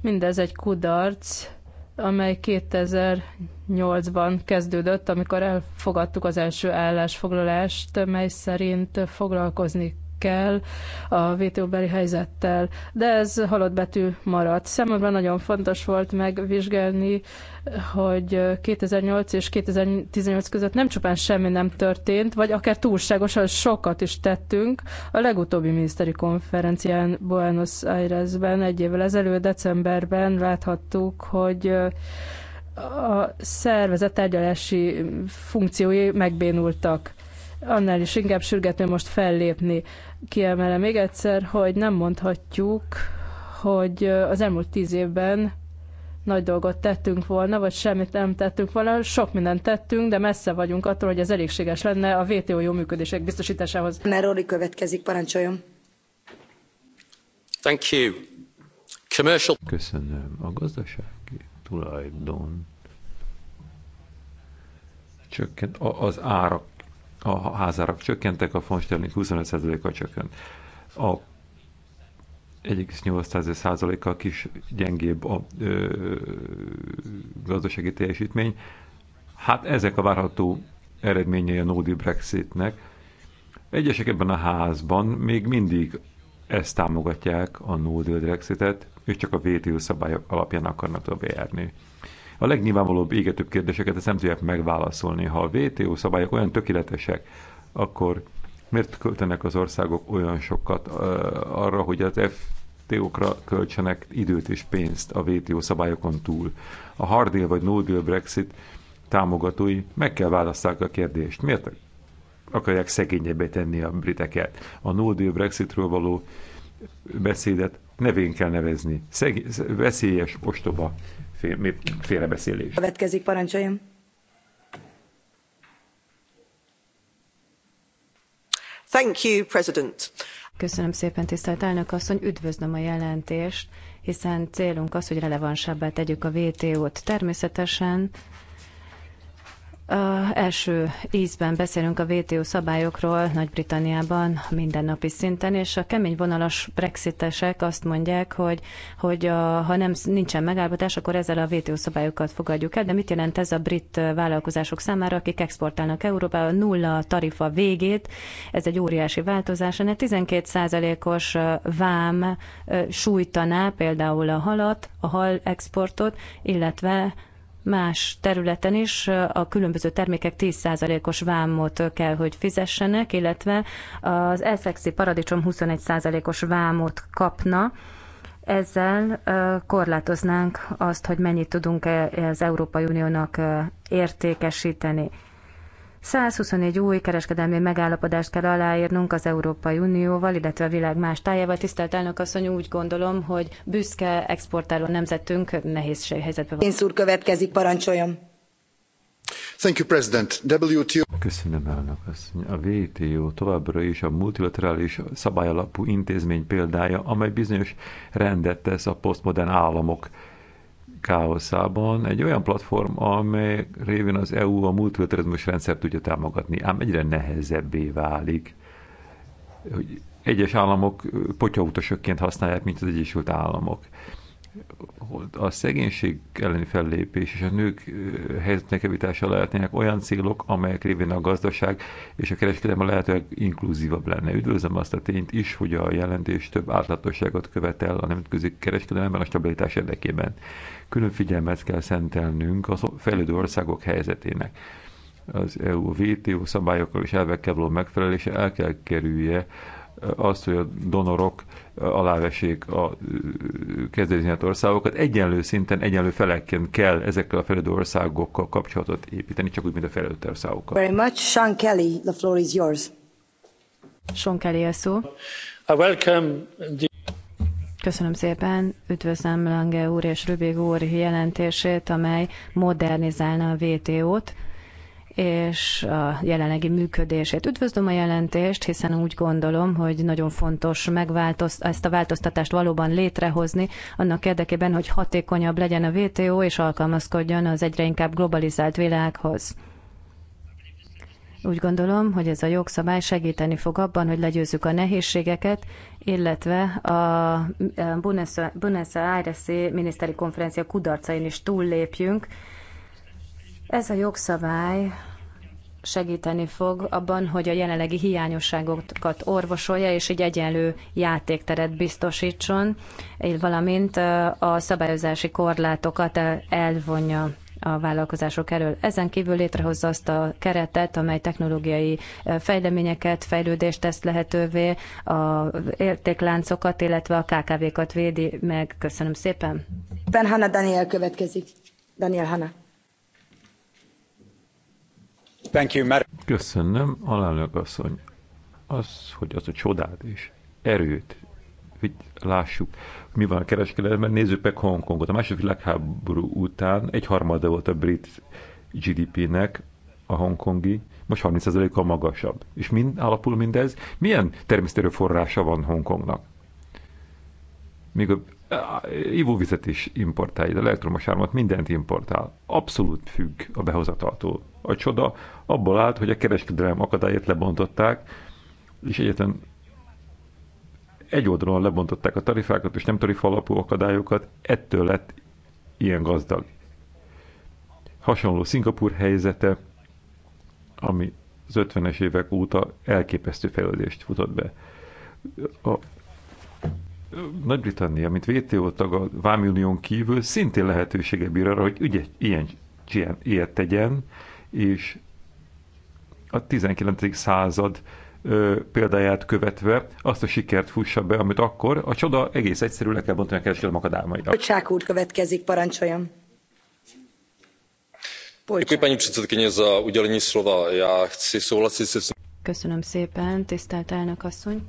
Mindez egy kudarc, amely 2008-ban kezdődött, amikor elfogadtuk az első állásfoglalást, mely szerint foglalkozni kérdésekkel, a WTO beli helyzettel, de ez halott betű maradt. Számomra nagyon fontos volt megvizsgálni, hogy 2008 és 2018 között nem csupán semmi nem történt, vagy akár túlságosan sokat is tettünk. A legutóbbi miniszteri konferencián Buenos Airesben egy évvel ezelőtt decemberben láthattuk, hogy a szervezet tárgyalási funkciói megbénultak. Annál is inkább sürgető most fellépni kiemelem még egyszer, hogy nem mondhatjuk, hogy az elmúlt tíz évben nagy dolgot tettünk volna, vagy semmit nem tettünk volna. Sok mindent tettünk, de messze vagyunk attól, hogy ez elégséges lenne a WTO jó működések biztosításához. Neroli következik, parancsoljon. Thank you. Commercial... Köszönöm. A gazdasági tulajdon csökkent, az árak a házárak csökkentek, a fonsterling 25%-kal csökkent. A 1,8%-kal kis gyengébb a ö, gazdasági teljesítmény. Hát ezek a várható eredményei a Nódi Brexitnek. Egyesek ebben a házban még mindig ezt támogatják, a Nódi Brexitet, és csak a WTO szabályok alapján akarnak tovább járni. A legnyilvánvalóbb égetőbb kérdéseket ezt nem tudják megválaszolni. Ha a WTO szabályok olyan tökéletesek, akkor miért költenek az országok olyan sokat uh, arra, hogy az FTO-kra költsenek időt és pénzt a WTO szabályokon túl? A hard deal vagy no deal Brexit támogatói meg kell választák a kérdést. Miért akarják szegényebbé tenni a briteket? A no deal Brexitről való beszédet nevén kell nevezni. Szegé- veszélyes, ostoba félrebeszélés. Következik, parancsoljon. Thank you, President. Köszönöm szépen, tisztelt elnök asszony, üdvözlöm a jelentést, hiszen célunk az, hogy relevansabbá tegyük a WTO-t. Természetesen első ízben beszélünk a WTO szabályokról Nagy-Britanniában mindennapi szinten, és a kemény vonalas brexitesek azt mondják, hogy, hogy a, ha nem, nincsen megállapodás, akkor ezzel a WTO szabályokat fogadjuk el. De mit jelent ez a brit vállalkozások számára, akik exportálnak Európába? A nulla tarifa végét, ez egy óriási változás. Ennek 12%-os vám sújtaná például a halat, a hal exportot, illetve más területen is a különböző termékek 10%-os vámot kell, hogy fizessenek, illetve az elszexi paradicsom 21%-os vámot kapna. Ezzel korlátoznánk azt, hogy mennyit tudunk az Európai Uniónak értékesíteni. 121 új kereskedelmi megállapodást kell aláírnunk az Európai Unióval, illetve a világ más tájával. Tisztelt elnök asszony, úgy gondolom, hogy büszke exportáló nemzetünk nehézség helyzetben van. Pénzúr következik, parancsoljon. Thank you, President. WTO... Köszönöm, elnök asszony. A WTO továbbra is a multilaterális szabályalapú intézmény példája, amely bizonyos rendet tesz a posztmodern államok káoszában egy olyan platform, amely révén az EU a multilaterizmus rendszert tudja támogatni, ám egyre nehezebbé válik. Hogy egyes államok potyautasokként használják, mint az Egyesült Államok a szegénység elleni fellépés és a nők helyzetnek javítása lehetnének olyan célok, amelyek révén a gazdaság és a kereskedelem lehetőleg inkluzívabb lenne. Üdvözlöm azt a tényt is, hogy a jelentés több átlatosságot követel a nemzetközi kereskedelemben a stabilitás érdekében. Külön figyelmet kell szentelnünk a fejlődő országok helyzetének. Az EU VTO szabályokkal és elvekkel való megfelelése el kell kerülje azt, hogy a donorok alávesék a kezdeményezett országokat. Egyenlő szinten, egyenlő felekként kell ezekkel a fejlődő országokkal kapcsolatot építeni, csak úgy, mint a fejlődő országokkal. Very much. Sean Kelly, the floor is yours. Sean Kelly a szó. I welcome the... Köszönöm szépen, üdvözlöm Lange úr és Rübig úr jelentését, amely modernizálna a vto t és a jelenlegi működését. Üdvözlöm a jelentést, hiszen úgy gondolom, hogy nagyon fontos megváltozt, ezt a változtatást valóban létrehozni, annak érdekében, hogy hatékonyabb legyen a VTO, és alkalmazkodjon az egyre inkább globalizált világhoz. Úgy gondolom, hogy ez a jogszabály segíteni fog abban, hogy legyőzzük a nehézségeket, illetve a Buenos Aires-i miniszteri konferencia kudarcain is túllépjünk, ez a jogszabály segíteni fog abban, hogy a jelenlegi hiányosságokat orvosolja, és egy egyenlő játékteret biztosítson, valamint a szabályozási korlátokat elvonja a vállalkozások elől. Ezen kívül létrehozza azt a keretet, amely technológiai fejleményeket, fejlődést tesz lehetővé, a értékláncokat, illetve a KKV-kat védi meg. Köszönöm szépen. Ben Hanna Daniel következik. Daniel Hanna. Thank you, Mer- Köszönöm, alelnök asszony. Az, hogy az a csodát és erőt, hogy lássuk, mi van a kereskedelemben, nézzük meg Hongkongot. A második világháború után egy harmada volt a brit GDP-nek, a hongkongi, most 30%-kal magasabb. És mind alapul mindez? Milyen természetű forrása van Hongkongnak? Még a ivóvizet is importál, de elektromos áramot mindent importál. Abszolút függ a behozataltól. A csoda abból állt, hogy a kereskedelem akadályát lebontották, és egyetlen egy oldalon lebontották a tarifákat, és nem tarifa alapú akadályokat, ettől lett ilyen gazdag. Hasonló Szingapur helyzete, ami az 50-es évek óta elképesztő fejlődést futott be. A nagy-Britannia, mint WTO tag a Vámunión kívül szintén lehetősége bír arra, hogy ügyet, ilyen, ilyen, ilyet tegyen, és a 19. század ö, példáját követve azt a sikert fussa be, amit akkor a csoda egész egyszerű le kell bontani a kereskedelem akadálymaira. Polcsák úr következik, parancsoljon. Köszönöm szépen, tisztelt elnök asszony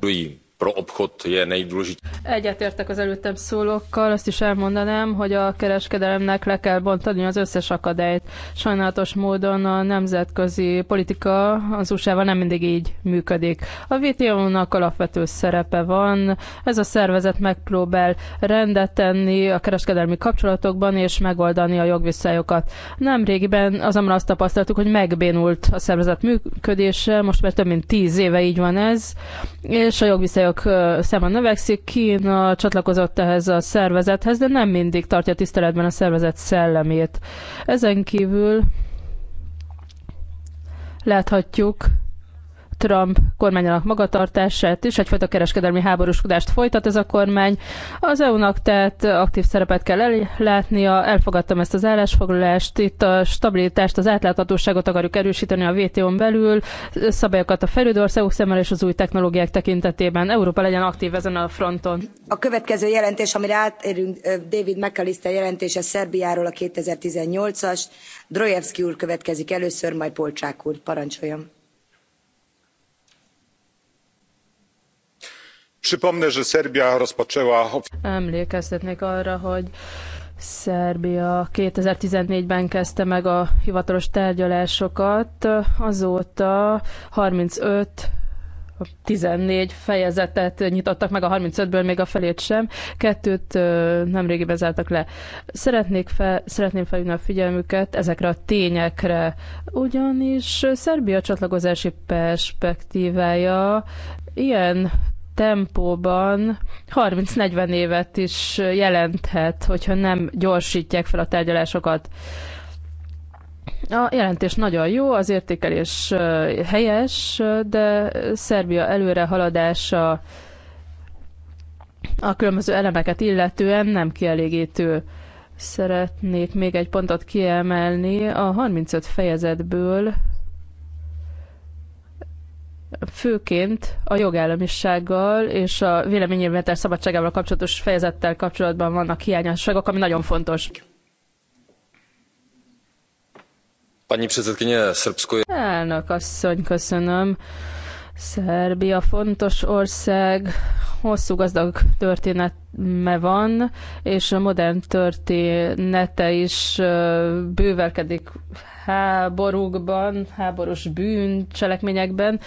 pro obchod je nejdůležitější. Egyetértek az előttem szólókkal, azt is elmondanám, hogy a kereskedelemnek le kell bontani az összes akadályt. Sajnálatos módon a nemzetközi politika az usa nem mindig így működik. A WTO-nak alapvető szerepe van, ez a szervezet megpróbál rendet tenni a kereskedelmi kapcsolatokban és megoldani a jogviszályokat. Nemrégiben azonban azt tapasztaltuk, hogy megbénult a szervezet működése, most már több mint tíz éve így van ez, és a jogviszályok kínaiak száma növekszik, Kína csatlakozott ehhez a szervezethez, de nem mindig tartja tiszteletben a szervezet szellemét. Ezen kívül láthatjuk, Trump kormányának magatartását és egyfajta kereskedelmi háborúskodást folytat ez a kormány. Az EU-nak tehát aktív szerepet kell ellátnia, elfogadtam ezt az állásfoglalást, itt a stabilitást, az átláthatóságot akarjuk erősíteni a WTO-n belül, szabályokat a fejlődő országok szemmel és az új technológiák tekintetében. Európa legyen aktív ezen a fronton. A következő jelentés, amire átérünk, David McAllister jelentése Szerbiáról a 2018-as. Drojevski úr következik először, majd Polcsák úr. Parancsoljon! Przypomnę, że rozpoczęła... Emlékeztetnék arra, hogy Szerbia 2014-ben kezdte meg a hivatalos tárgyalásokat, azóta 35 14 fejezetet nyitottak meg a 35-ből, még a felét sem. Kettőt nemrégiben zártak le. Szeretnék szeretném felhívni a figyelmüket ezekre a tényekre, ugyanis Szerbia csatlakozási perspektívája ilyen tempóban 30-40 évet is jelenthet, hogyha nem gyorsítják fel a tárgyalásokat. A jelentés nagyon jó, az értékelés helyes, de Szerbia előre haladása a különböző elemeket illetően nem kielégítő. Szeretnék még egy pontot kiemelni. A 35 fejezetből főként a jogállamisággal és a véleményérvétel szabadságával kapcsolatos fejezettel kapcsolatban vannak hiányosságok, ami nagyon fontos. Pani předsedkyně, Srbsko Elnök asszony, köszönöm. Szerbia fontos ország, hosszú gazdag történetme van, és a modern története is bővelkedik háborúkban, háborús bűncselekményekben.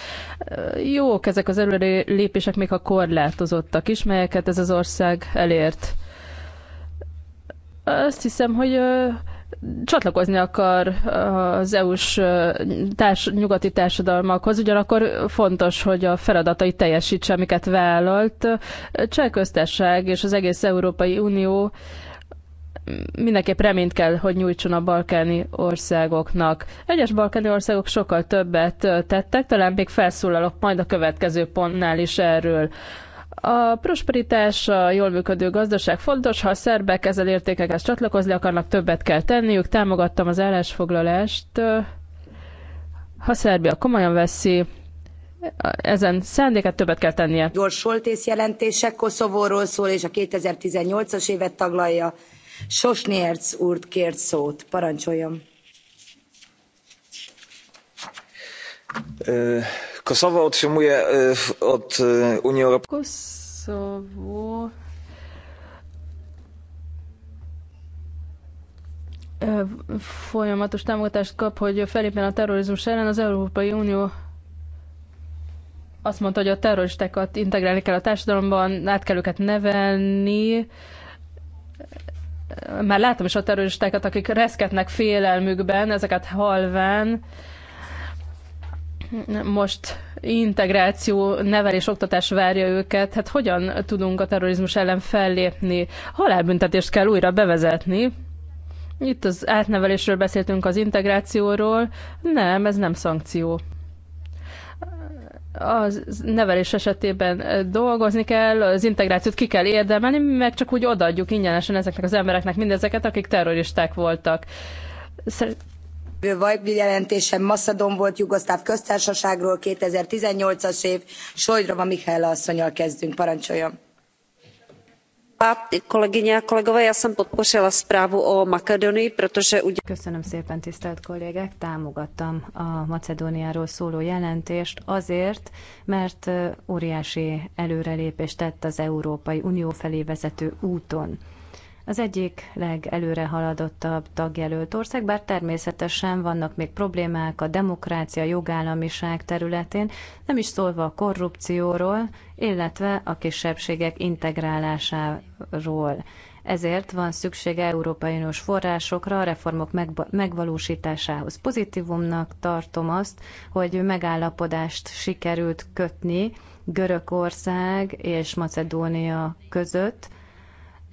Jók ezek az előre lépések, még a korlátozottak is, melyeket ez az ország elért. Azt hiszem, hogy csatlakozni akar az EU-s társ, nyugati társadalmakhoz, ugyanakkor fontos, hogy a feladatai teljesítse, amiket vállalt. Cseh köztársaság és az egész Európai Unió mindenképp reményt kell, hogy nyújtson a balkáni országoknak. Egyes balkáni országok sokkal többet tettek, talán még felszólalok majd a következő pontnál is erről. A prosperitás, a jól működő gazdaság fontos, ha a szerbek ezzel értékekhez csatlakozni akarnak, többet kell tenniük. Támogattam az állásfoglalást. Ha Szerbia komolyan veszi, ezen szándéket többet kell tennie. Gyors Soltész jelentése Koszovóról szól, és a 2018-as évet taglalja Sosnierc úr kért szót. Parancsoljon. Kosowo otrzymuje od Unii Europejskiej. Kosowo folyamatos támogatást kap, hogy felépjen a terrorizmus ellen. Az Európai Unió azt mondta, hogy a terroristákat integrálni kell a társadalomban, át kell őket nevelni, már látom is a terroristákat, akik reszketnek félelmükben, ezeket halván, most integráció, nevelés, oktatás várja őket, hát hogyan tudunk a terrorizmus ellen fellépni? Halálbüntetést kell újra bevezetni. Itt az átnevelésről beszéltünk, az integrációról. Nem, ez nem szankció a nevelés esetében dolgozni kell, az integrációt ki kell érdemelni, meg csak úgy odaadjuk ingyenesen ezeknek az embereknek mindezeket, akik terroristák voltak. Szer jelentésem Maszadon volt Jugoszláv köztársaságról 2018-as év. Sojdrova Mihály asszonyal kezdünk, parancsoljon já jsem podpořila zprávu o makedonii protože. köszönöm szépen tisztelt kollégák támogattam a macedóniáról szóló jelentést azért mert óriási előrelépést tett az európai unió felé vezető úton az egyik legelőre haladottabb tagjelölt ország, bár természetesen vannak még problémák a demokrácia, jogállamiság területén, nem is szólva a korrupcióról, illetve a kisebbségek integrálásáról. Ezért van szükség Európai Uniós forrásokra a reformok megvalósításához. Pozitívumnak tartom azt, hogy megállapodást sikerült kötni Görögország és Macedónia között,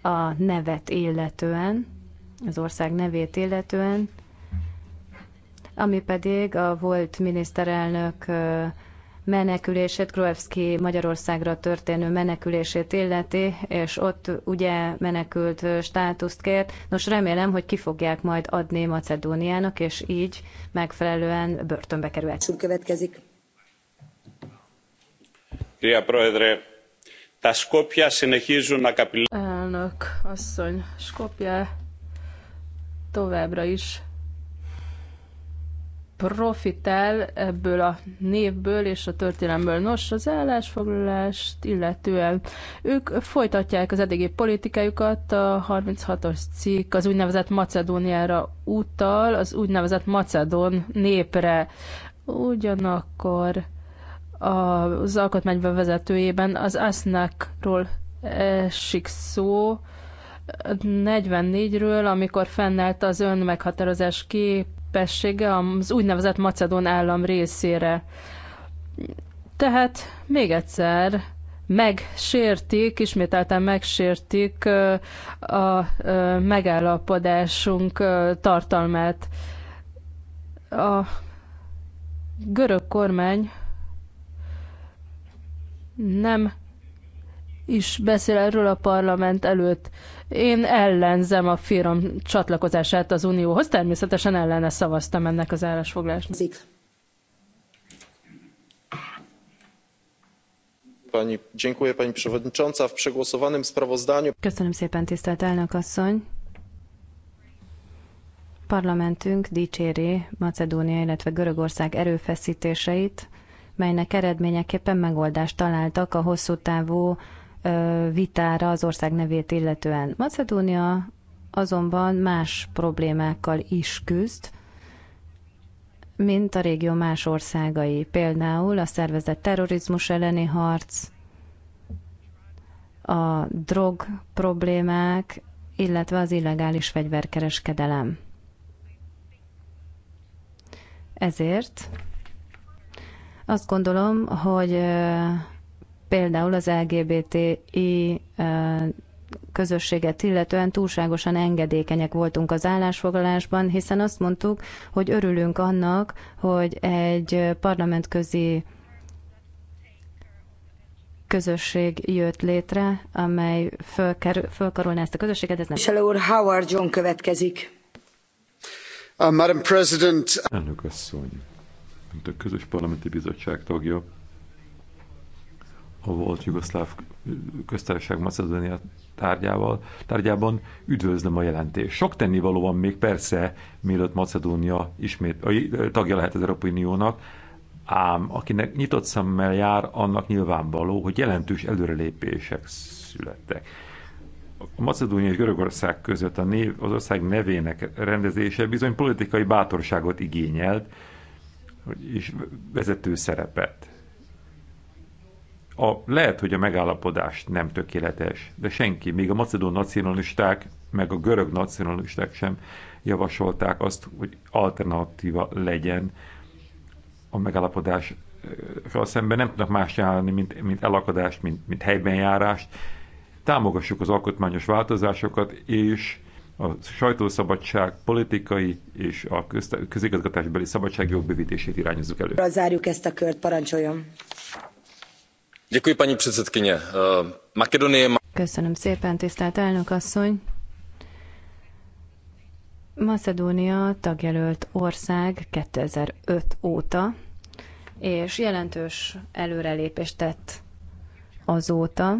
a nevet illetően, az ország nevét illetően, ami pedig a volt miniszterelnök menekülését, Gruevski Magyarországra történő menekülését illeti, és ott ugye menekült státuszt kért. Nos, remélem, hogy ki fogják majd adni Macedóniának, és így megfelelően börtönbe kerülhet. Következik. Szia, Τα Σκόπια συνεχίζουν να καπηλώνουν. Elnök asszony, Skopje továbbra is profitál ebből a névből és a történelmből. Nos, az állásfoglalást illetően ők folytatják az eddigi politikájukat, a 36-os cikk az úgynevezett Macedóniára utal, az úgynevezett Macedón népre. Ugyanakkor az alkotmányban az ASZNAK-ról esik szó, 44-ről, amikor fennállt az önmeghatározás képessége az úgynevezett Macedón állam részére. Tehát még egyszer megsértik, ismételten megsértik a megállapodásunk tartalmát. A görög kormány nem is beszél erről a parlament előtt. Én ellenzem a firm csatlakozását az Unióhoz, természetesen ellene szavaztam ennek az állásfoglásnak. Pani, dziękuję pani przewodnicząca. W przegłosowanym sprawozdaniu... Köszönöm szépen, tisztelt elnök asszony. Parlamentünk dicséri Macedónia, illetve Görögország erőfeszítéseit, melynek eredményeképpen megoldást találtak a hosszú távú vitára az ország nevét illetően. Macedónia azonban más problémákkal is küzd, mint a régió más országai, például a szervezett terrorizmus elleni harc, a drog problémák, illetve az illegális fegyverkereskedelem. Ezért azt gondolom, hogy például az LGBTI közösséget illetően túlságosan engedékenyek voltunk az állásfoglalásban, hiszen azt mondtuk, hogy örülünk annak, hogy egy parlamentközi közösség jött létre, amely fölkarolná ezt a közösséget. Ez nem... Viselő úr, Howard John következik. Uh, Madam President. Elnök asszony, mint a közös parlamenti bizottság tagja, a volt Jugoszláv köztársaság Macedónia tárgyával, tárgyában üdvözlöm a jelentést. Sok tennivaló van még persze, mielőtt Macedónia ismét a, tagja lehet az Európai Uniónak, ám akinek nyitott szemmel jár, annak nyilvánvaló, hogy jelentős előrelépések születtek. A Macedónia és Görögország között a név, az ország nevének rendezése bizony politikai bátorságot igényelt, és vezető szerepet. A, lehet, hogy a megállapodás nem tökéletes, de senki, még a macedón nacionalisták, meg a görög nacionalisták sem javasolták azt, hogy alternatíva legyen a megállapodás szemben nem tudnak más csinálni, mint, mint elakadást, mint, mint helyben járást. Támogassuk az alkotmányos változásokat, és a sajtószabadság politikai és a közigazgatásbeli jobb bővítését irányozzuk elő. Zárjuk ezt a kört, parancsoljon. E, Köszönöm szépen, tisztelt elnök asszony. Macedónia tagjelölt ország 2005 óta, és jelentős előrelépést tett azóta,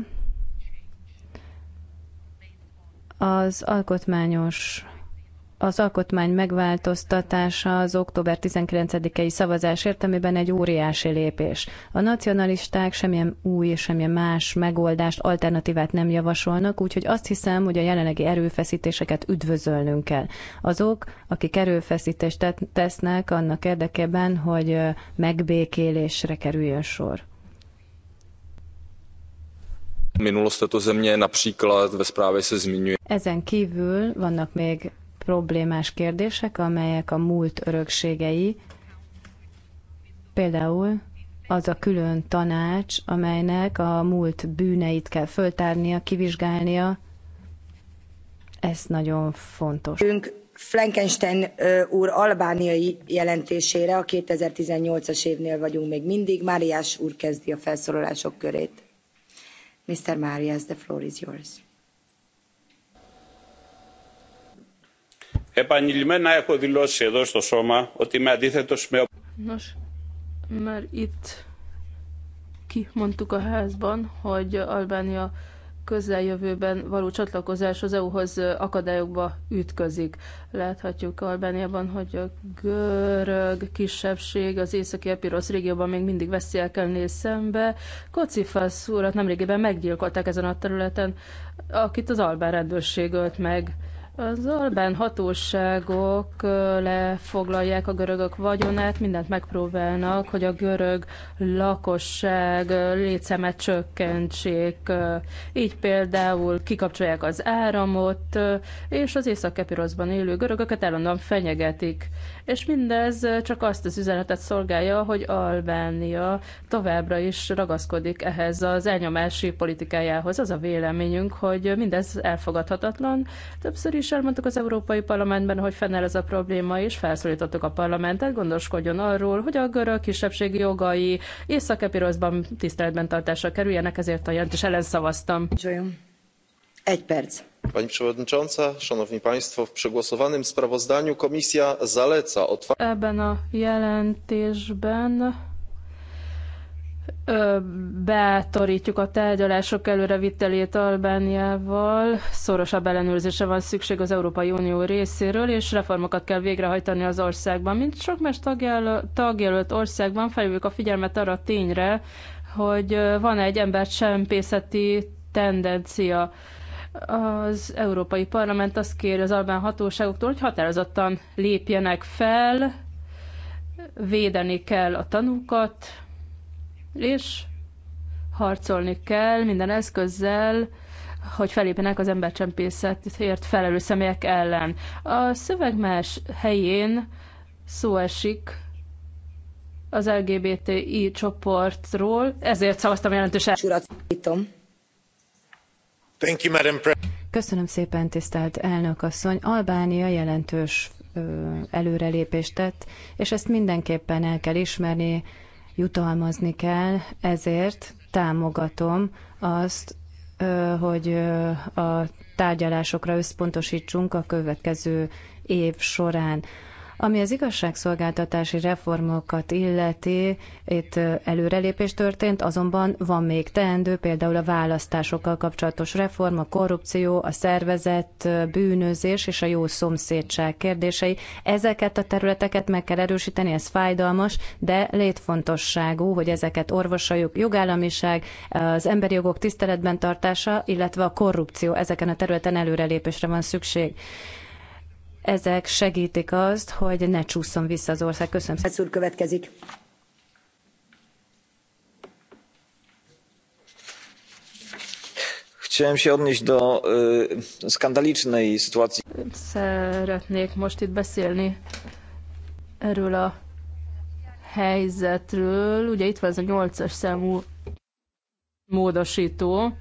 az alkotmányos az alkotmány megváltoztatása az október 19-i szavazás értelmében egy óriási lépés. A nacionalisták semmilyen új és semmilyen más megoldást, alternatívát nem javasolnak, úgyhogy azt hiszem, hogy a jelenlegi erőfeszítéseket üdvözölnünk kell. Azok, akik erőfeszítést tesznek annak érdekében, hogy megbékélésre kerüljön sor. Minulost této země například ve zprávě se zmiňuje. Ezen kívül vannak még problémás kérdések, amelyek a múlt örökségei, például az a külön tanács, amelynek a múlt bűneit kell föltárnia, kivizsgálnia. Ez nagyon fontos. Flankenstein úr albániai jelentésére a 2018-as évnél vagyunk még mindig. Máriás úr kezdi a felszólalások körét. Mr. Marias, the floor is yours. Επανειλημμένα έχω δηλώσει εδώ στο σώμα ότι είμαι αντίθετο με... Nos, már itt kimondtuk a házban, hogy Albánia közeljövőben való csatlakozás az EU-hoz akadályokba ütközik. Láthatjuk Albániában, hogy a görög kisebbség az északi Epirosz régióban még mindig néz szembe. Kocifasz úrat nemrégiben meggyilkolták ezen a területen, akit az albán rendőrség ölt meg. Az Albán hatóságok lefoglalják a görögök vagyonát, mindent megpróbálnak, hogy a görög lakosság létszámát csökkentsék. Így például kikapcsolják az áramot, és az észak élő görögöket állandóan fenyegetik és mindez csak azt az üzenetet szolgálja, hogy Albánia továbbra is ragaszkodik ehhez az elnyomási politikájához. Az a véleményünk, hogy mindez elfogadhatatlan. Többször is elmondtuk az Európai Parlamentben, hogy fennáll ez a probléma, és felszólítottuk a parlamentet, gondoskodjon arról, hogy a görög kisebbségi jogai észak tiszteletben tartásra kerüljenek, ezért a jelentés ellen szavaztam. Köszönöm pani przewodnicząca! szanowni państwo! w przegłosowanym sprawozdaniu komisja zaleca. ebben a jelentésben bátortjuk a tárgyalások előrevitelét albániával szorosabb ellenőrzésre van szükség az európai unió részéről és reformokat kell végrehajtani az országban. mint sok más tagjel, tagjelölt országban felhívjuk a figyelmet arra a tényre hogy van egy embercsempészeti tendencia. Az Európai Parlament azt kéri az albán hatóságoktól, hogy határozottan lépjenek fel, védeni kell a tanúkat, és harcolni kell minden eszközzel, hogy felépjenek az embercsempészetért felelő személyek ellen. A szöveg más helyén szó esik az LGBTI csoportról, ezért szavaztam jelentősen. Köszönöm szépen, tisztelt elnök asszony. Albánia jelentős előrelépést tett, és ezt mindenképpen el kell ismerni, jutalmazni kell, ezért támogatom azt, hogy a tárgyalásokra összpontosítsunk a következő év során. Ami az igazságszolgáltatási reformokat illeti, itt előrelépés történt, azonban van még teendő, például a választásokkal kapcsolatos reform, a korrupció, a szervezet bűnözés és a jó szomszédság kérdései. Ezeket a területeket meg kell erősíteni, ez fájdalmas, de létfontosságú, hogy ezeket orvosoljuk. Jogállamiság, az emberi jogok tiszteletben tartása, illetve a korrupció, ezeken a területen előrelépésre van szükség ezek segítik azt, hogy ne csúszom vissza az ország. Köszönöm szépen. úr következik. Chciałem się odnieść do skandalicznej sytuacji. Szeretnék most itt beszélni erről a helyzetről. Ugye itt van ez a 8-as számú módosító.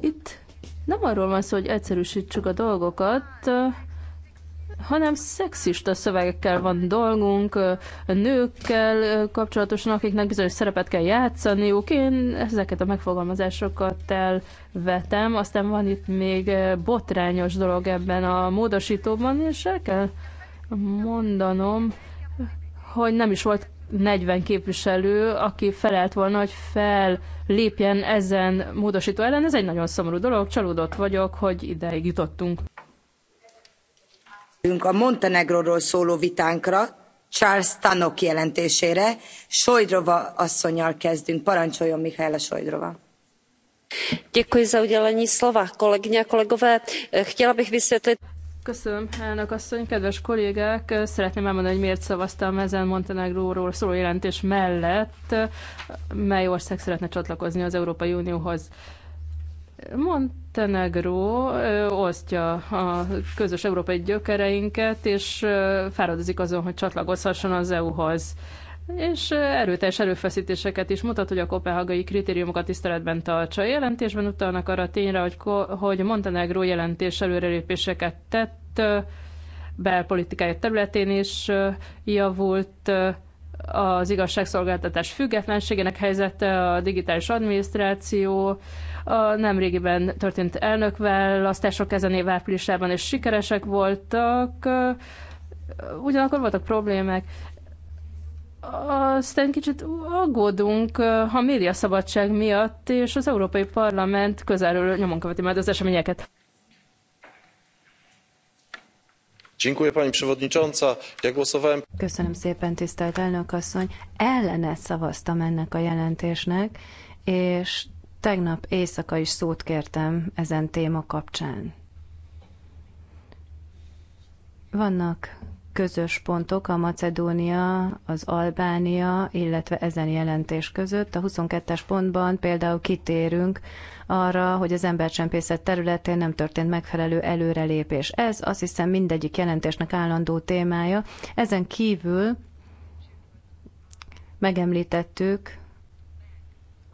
Itt nem arról van szó, hogy egyszerűsítsük a dolgokat, hanem szexista szövegekkel van dolgunk, nőkkel kapcsolatosan, akiknek bizonyos szerepet kell játszaniuk. Én ezeket a megfogalmazásokat elvetem, aztán van itt még botrányos dolog ebben a módosítóban, és el kell mondanom, hogy nem is volt 40 képviselő, aki felelt volna, hogy fel lépjen ezen módosító ellen. Ez egy nagyon szomorú dolog, csalódott vagyok, hogy ideig jutottunk. A Montenegróról szóló vitánkra Charles Tanok jelentésére. Sojdrova asszonyjal kezdünk. Parancsoljon Mihály Sojdrova udělení slova. kolegyně a kolegové chtěla bych vysvětlit. Köszönöm, elnök asszony, kedves kollégák! Szeretném elmondani, hogy miért szavaztam ezen Montenegróról szóló jelentés mellett, mely ország szeretne csatlakozni az Európai Unióhoz. Montenegró osztja a közös európai gyökereinket, és fáradozik azon, hogy csatlakozhasson az EU-hoz és erőteljes erőfeszítéseket is mutat, hogy a kopenhagai kritériumokat tiszteletben tartsa. A jelentésben utalnak arra a tényre, hogy, hogy Montenegro jelentés előrelépéseket tett, belpolitikája területén is javult, az igazságszolgáltatás függetlenségének helyzete, a digitális adminisztráció, a nemrégiben történt elnökválasztások ezen év áprilisában is sikeresek voltak, ugyanakkor voltak problémák aztán kicsit aggódunk a médiaszabadság miatt, és az Európai Parlament közelről nyomon követi majd az eseményeket. Köszönöm szépen, tisztelt elnök asszony. Ellene szavaztam ennek a jelentésnek, és tegnap éjszaka is szót kértem ezen téma kapcsán. Vannak közös pontok a Macedónia, az Albánia, illetve ezen jelentés között. A 22-es pontban például kitérünk arra, hogy az embercsempészet területén nem történt megfelelő előrelépés. Ez azt hiszem mindegyik jelentésnek állandó témája. Ezen kívül megemlítettük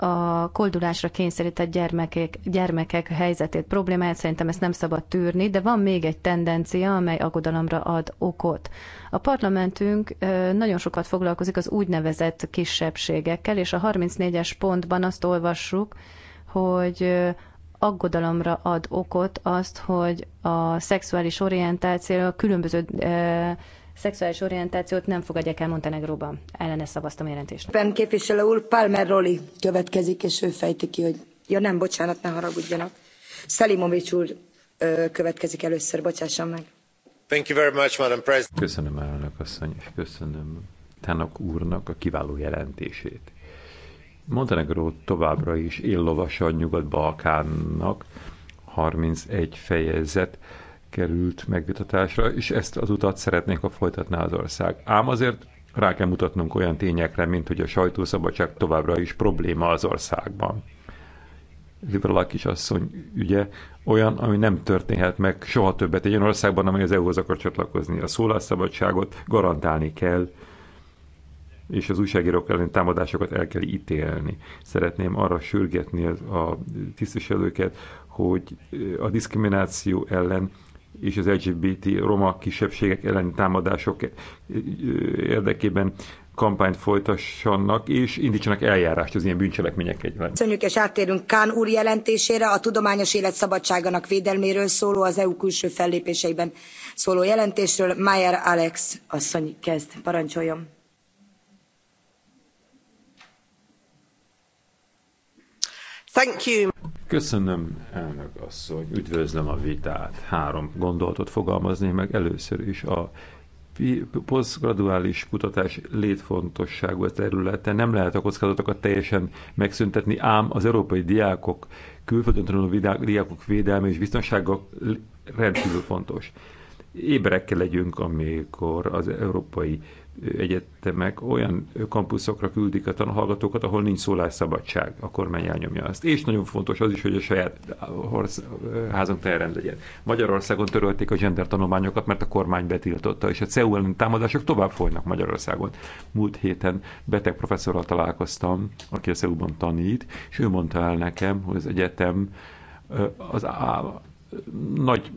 a koldulásra kényszerített gyermekek, gyermekek helyzetét, problémáját, szerintem ezt nem szabad tűrni, de van még egy tendencia, amely aggodalomra ad okot. A parlamentünk nagyon sokat foglalkozik az úgynevezett kisebbségekkel, és a 34-es pontban azt olvassuk, hogy aggodalomra ad okot azt, hogy a szexuális orientációra különböző szexuális orientációt nem fogadják el Montenegróban. Ellene szavaztam jelentést. Ben képviselő úr, Palmer Roli következik, és ő fejti ki, hogy... Ja nem, bocsánat, ne haragudjanak. Szelimovics úr következik először, bocsássam meg. Thank you very much, Madam President. Köszönöm, elnök asszony, és köszönöm Tának úrnak a kiváló jelentését. Montenegró továbbra is éllovasa a Nyugat-Balkánnak, 31 fejezet került megvitatásra, és ezt az utat szeretnék, ha folytatná az ország. Ám azért rá kell mutatnunk olyan tényekre, mint hogy a sajtószabadság továbbra is probléma az országban. Liberala kisasszony ügye olyan, ami nem történhet meg soha többet egy olyan országban, amely az EU-hoz akar csatlakozni. A szólásszabadságot garantálni kell, és az újságírók elleni támadásokat el kell ítélni. Szeretném arra sürgetni a tisztviselőket, hogy a diszkrimináció ellen és az LGBT roma kisebbségek elleni támadások e- érdekében kampányt folytassanak, és indítsanak eljárást az ilyen bűncselekmények egyben. Köszönjük, és áttérünk Kán úr jelentésére, a tudományos élet szabadságának védelméről szóló, az EU külső fellépéseiben szóló jelentésről. Mayer Alex asszony kezd, parancsoljon. Thank you, Köszönöm, elnök asszony, üdvözlöm a vitát. Három gondolatot fogalmazni meg először is a posztgraduális kutatás létfontosságú területe. Nem lehet a kockázatokat teljesen megszüntetni, ám az európai diákok, külföldön tanuló diákok védelme és biztonsága rendkívül fontos. Éberek kell legyünk, amikor az európai egyetemek olyan kampuszokra küldik a tanhallgatókat, ahol nincs szólásszabadság, a kormány elnyomja azt. És nagyon fontos az is, hogy a saját házunk terem legyen. Magyarországon törölték a gender tanulmányokat, mert a kormány betiltotta, és a CEU ellen támadások tovább folynak Magyarországon. Múlt héten beteg professzorral találkoztam, aki a CEU-ban tanít, és ő mondta el nekem, hogy az egyetem az nagy,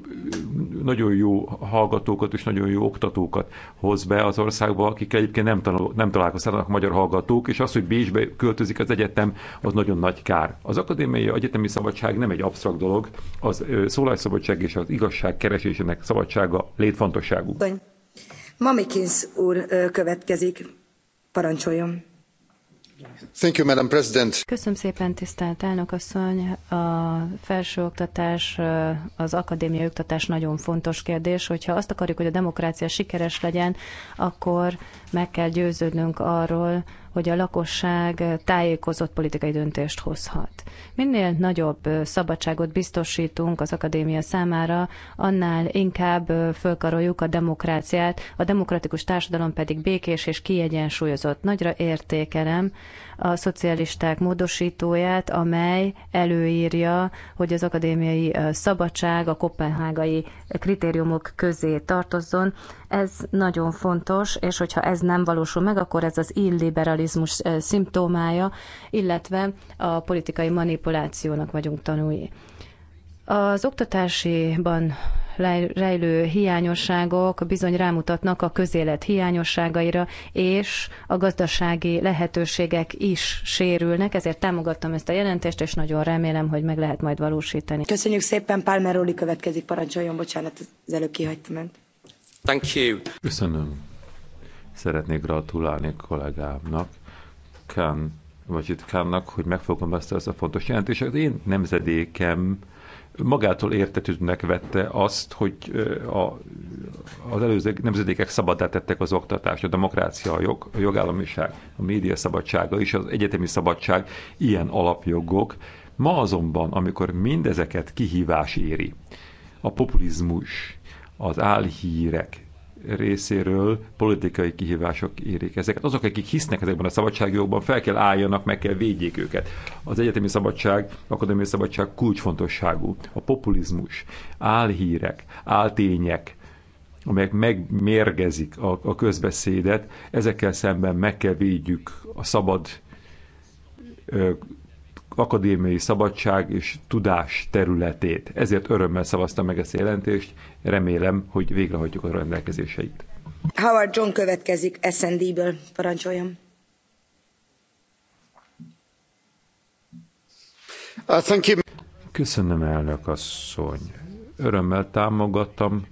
nagyon jó hallgatókat és nagyon jó oktatókat hoz be az országba, akikkel egyébként nem, tanul, nem találkozhatnak magyar hallgatók, és az, hogy Bécsbe költözik az egyetem, az nagyon nagy kár. Az akadémiai egyetemi szabadság nem egy absztrakt dolog, az szólásszabadság és az igazság keresésének szabadsága létfontosságú. Mamikins úr következik. Parancsoljon! Thank you, Madam President. Köszönöm szépen, tisztelt elnök asszony. A felsőoktatás, az akadémiai oktatás nagyon fontos kérdés. Hogyha azt akarjuk, hogy a demokrácia sikeres legyen, akkor meg kell győződnünk arról, hogy a lakosság tájékozott politikai döntést hozhat. Minél nagyobb szabadságot biztosítunk az akadémia számára, annál inkább fölkaroljuk a demokráciát, a demokratikus társadalom pedig békés és kiegyensúlyozott. Nagyra értékelem, a szocialisták módosítóját, amely előírja, hogy az akadémiai szabadság a kopenhágai kritériumok közé tartozzon. Ez nagyon fontos, és hogyha ez nem valósul meg, akkor ez az illiberalizmus szimptomája, illetve a politikai manipulációnak vagyunk tanúi. Az oktatásiban rejlő hiányosságok bizony rámutatnak a közélet hiányosságaira, és a gazdasági lehetőségek is sérülnek, ezért támogattam ezt a jelentést, és nagyon remélem, hogy meg lehet majd valósítani. Köszönjük szépen, Palmer Oli következik, parancsoljon, bocsánat, az előbb kihagytam önt. Thank you. Köszönöm. Szeretnék gratulálni kollégámnak, Kán, vagy itt Kánnak, hogy megfogom ezt, a fontos jelentést. én nemzedékem magától értetődnek vette azt, hogy a, az előző nemzedékek szabadát tettek az oktatást, a demokrácia, a, jog, a jogállamiság, a média szabadsága és az egyetemi szabadság ilyen alapjogok. Ma azonban, amikor mindezeket kihívás éri, a populizmus, az álhírek részéről politikai kihívások érik ezeket. Azok, akik hisznek ezekben a szabadságjogban, fel kell álljanak, meg kell védjék őket. Az egyetemi szabadság, akadémiai szabadság kulcsfontosságú. A populizmus, álhírek, áltények, amelyek megmérgezik a, a közbeszédet, ezekkel szemben meg kell védjük a szabad ö, akadémiai szabadság és tudás területét. Ezért örömmel szavaztam meg ezt a jelentést, remélem, hogy végrehajtjuk a rendelkezéseit. Howard John következik SND-ből, parancsoljam. Uh, Köszönöm, elnök asszony. Örömmel támogattam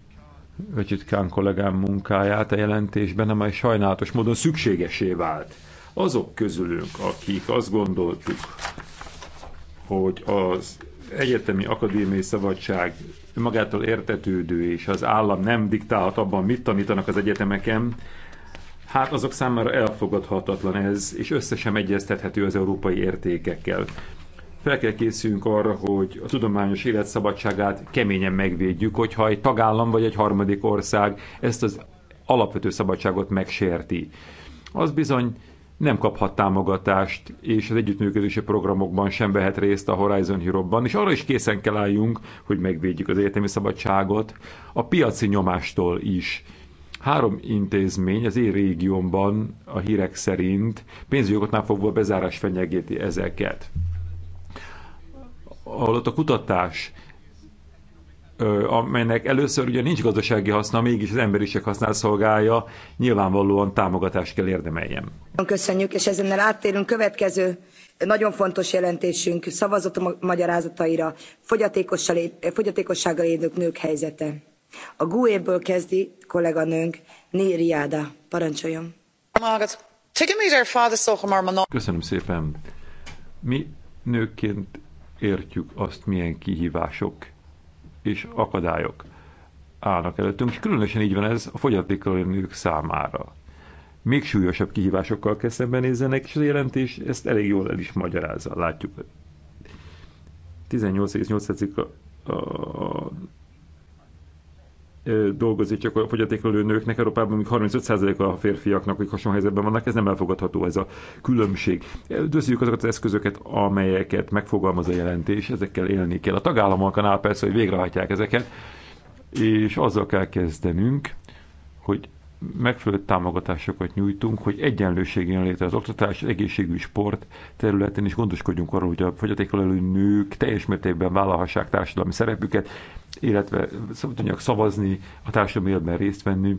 Öcsit Kán kollégám munkáját a jelentésben, amely sajnálatos módon szükségesé vált. Azok közülünk, akik azt gondoltuk, hogy az egyetemi akadémiai szabadság magától értetődő, és az állam nem diktálhat abban, mit tanítanak az egyetemeken, hát azok számára elfogadhatatlan ez, és összesen egyeztethető az európai értékekkel. Fel kell készüljünk arra, hogy a tudományos élet szabadságát keményen megvédjük, hogyha egy tagállam vagy egy harmadik ország ezt az alapvető szabadságot megsérti. Az bizony nem kaphat támogatást, és az együttműködési programokban sem vehet részt a Horizon Europe-ban, és arra is készen kell álljunk, hogy megvédjük az egyetemi szabadságot a piaci nyomástól is. Három intézmény az én régiómban a hírek szerint pénzügyokatnál fogva bezárás fenyegeti ezeket. Ahol ott a kutatás amelynek először ugye nincs gazdasági haszna, mégis az emberiség használ szolgálja, nyilvánvalóan támogatást kell érdemeljem. Köszönjük, és ezennel áttérünk következő nagyon fontos jelentésünk szavazott magyarázataira, fogyatékossággal élők nők helyzete. A GUE-ből kezdi kolléganőnk Nériáda. Parancsoljon. Köszönöm szépen. Mi nőként értjük azt, milyen kihívások és akadályok állnak előttünk, és különösen így van ez a fogyatékkal nők számára. Még súlyosabb kihívásokkal kell szembenézzenek, és a jelentés ezt elég jól el is magyarázza, látjuk. 18,8 a, a dolgozik csak a fogyatékelő nőknek, Európában még 35%-a a férfiaknak, akik hasonló helyzetben vannak, ez nem elfogadható ez a különbség. Döszüljük azokat az eszközöket, amelyeket megfogalmaz a jelentés, ezekkel élni kell. A tagállamokon áll persze, hogy végrehajtják ezeket, és azzal kell kezdenünk, hogy megfelelő támogatásokat nyújtunk, hogy egyenlőség jön létre az oktatás, egészségügyi sport területén, és gondoskodjunk arról, hogy a fogyatékkal elő nők teljes mértékben vállalhassák társadalmi szerepüket, illetve tudjanak szavazni, a társadalmi életben részt venni.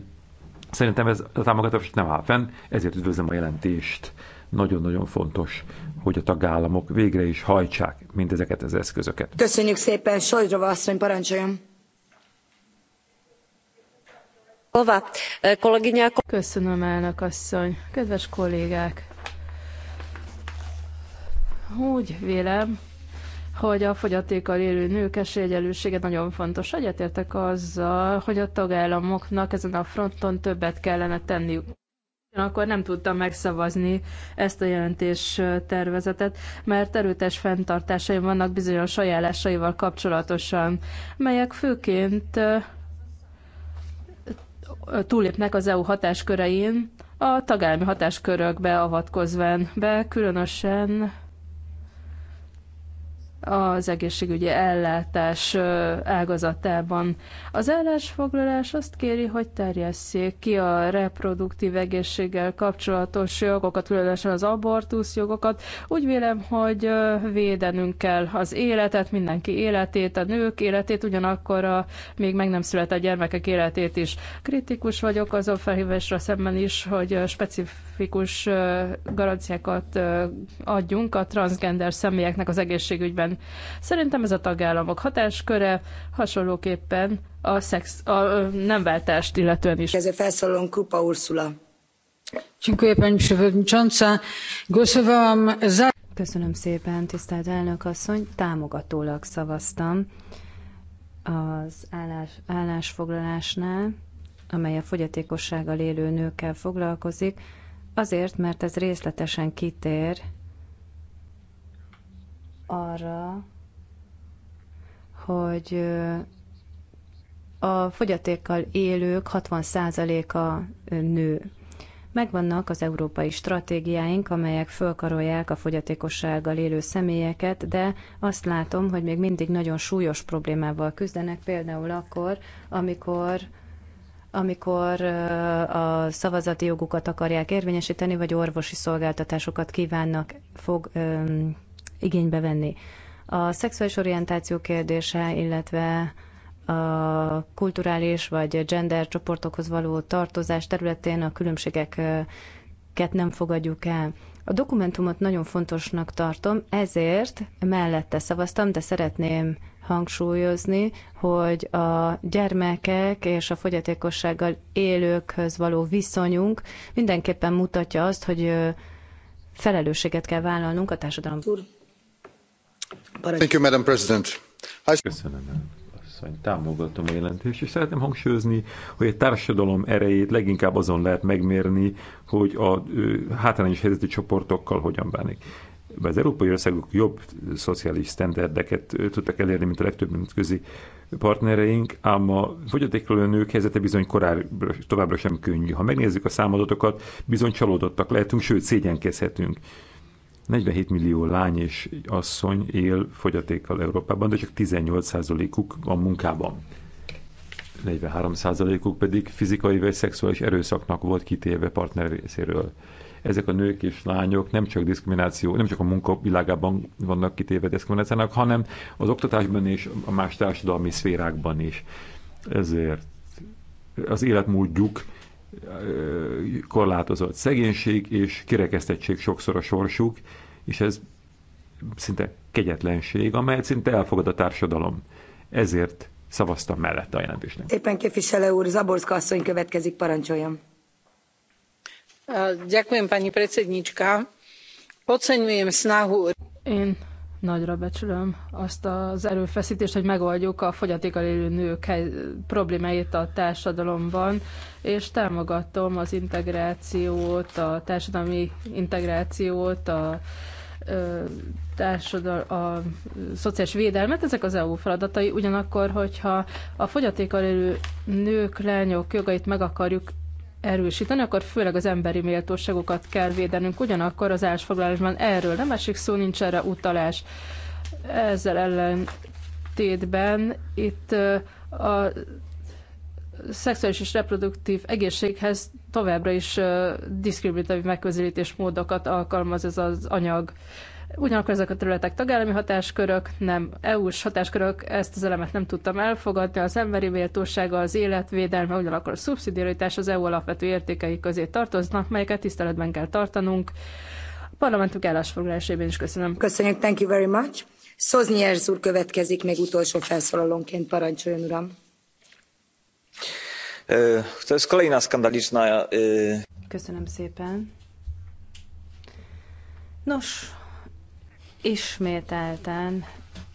Szerintem ez a támogatás nem áll fenn, ezért üdvözlöm a jelentést. Nagyon-nagyon fontos, hogy a tagállamok végre is hajtsák mindezeket az eszközöket. Köszönjük szépen, Sajdrova asszony, parancsoljon! Szóval, e, Köszönöm, elnök asszony. Kedves kollégák! Úgy vélem, hogy a fogyatékkal élő nők esélyegyelősége nagyon fontos. Egyetértek azzal, hogy a tagállamoknak ezen a fronton többet kellene tenniük. Akkor nem tudtam megszavazni ezt a jelentés e, tervezetet, mert erőtes fenntartásaim vannak bizonyos ajánlásaival kapcsolatosan, melyek főként e, túllépnek az EU hatáskörein, a tagállami hatáskörökbe avatkozván be, különösen az egészségügyi ellátás ágazatában. Az állásfoglalás azt kéri, hogy terjesszék ki a reproduktív egészséggel kapcsolatos jogokat, különösen az abortusz jogokat. Úgy vélem, hogy védenünk kell az életet, mindenki életét, a nők életét, ugyanakkor a még meg nem született gyermekek életét is. Kritikus vagyok azon felhívásra szemben is, hogy specifikus specifikus garanciákat adjunk a transgender személyeknek az egészségügyben. Szerintem ez a tagállamok hatásköre, hasonlóképpen a, szex, a, a nemváltást illetően is. Ez a felszólalón Krupa Ursula. Köszönöm szépen, tisztelt elnök asszony. Támogatólag szavaztam az állás, állásfoglalásnál, amely a fogyatékossággal élő nőkkel foglalkozik. Azért, mert ez részletesen kitér arra, hogy a fogyatékkal élők 60%-a nő. Megvannak az európai stratégiáink, amelyek fölkarolják a fogyatékossággal élő személyeket, de azt látom, hogy még mindig nagyon súlyos problémával küzdenek, például akkor, amikor amikor a szavazati jogukat akarják érvényesíteni, vagy orvosi szolgáltatásokat kívánnak fog, öm, igénybe venni. A szexuális orientáció kérdése, illetve a kulturális vagy gender csoportokhoz való tartozás területén a különbségeket nem fogadjuk el. A dokumentumot nagyon fontosnak tartom, ezért mellette szavaztam, de szeretném hangsúlyozni, hogy a gyermekek és a fogyatékossággal élőkhöz való viszonyunk mindenképpen mutatja azt, hogy felelősséget kell vállalnunk a társadalomban. Thank you, Madam President. I... Köszönöm asszony, támogatom a jelentést, és szeretném hangsúlyozni, hogy a társadalom erejét leginkább azon lehet megmérni, hogy a hátrányos helyzetű csoportokkal hogyan bánik. Bár az európai országok jobb szociális standardeket tudtak elérni, mint a legtöbb nemzetközi partnereink, ám a fogyatékkal nők helyzete bizony korábbra, továbbra sem könnyű. Ha megnézzük a számadatokat, bizony csalódottak lehetünk, sőt szégyenkezhetünk. 47 millió lány és asszony él fogyatékkal Európában, de csak 18%-uk van munkában. 43%-uk pedig fizikai vagy szexuális erőszaknak volt kitéve partner részéről. Ezek a nők és lányok nem csak diszkrimináció, nem csak a munka világában vannak kitéve diszkriminációnak, hanem az oktatásban és a más társadalmi szférákban is. Ezért az életmódjuk korlátozott szegénység és kirekesztettség sokszor a sorsuk, és ez szinte kegyetlenség, amelyet szinte elfogad a társadalom. Ezért szavaztam mellette a jelentésnek. Éppen képviselő úr, Zaborszka asszony következik, parancsoljam. Köszönöm, pani predsednička. Oceňujem snahu. Én Nagyra becsülöm azt az erőfeszítést, hogy megoldjuk a fogyatékkal élő nők problémáit a társadalomban, és támogatom az integrációt, a társadalmi integrációt, a társadal, a szociális védelmet, ezek az EU feladatai, ugyanakkor, hogyha a fogyatékkal élő nők, lányok jogait meg akarjuk erősíteni, akkor főleg az emberi méltóságokat kell védenünk. Ugyanakkor az állásfoglalásban erről nem esik szó, nincs erre utalás. Ezzel ellentétben itt a szexuális és reproduktív egészséghez továbbra is diszkriminatív módokat alkalmaz ez az anyag. Ugyanakkor ezek a területek tagállami hatáskörök, nem EU-s hatáskörök, ezt az elemet nem tudtam elfogadni, az emberi méltósága, az életvédelme, ugyanakkor a szubszidiaritás az EU alapvető értékei közé tartoznak, melyeket tiszteletben kell tartanunk. A parlamentünk állásfoglalásében is köszönöm. Köszönjük, thank you very much. Szoznyers úr következik még utolsó felszólalónként, parancsoljon uram. To jest kolejna skandaliczna... E, köszönöm szépen. Nos, ismételten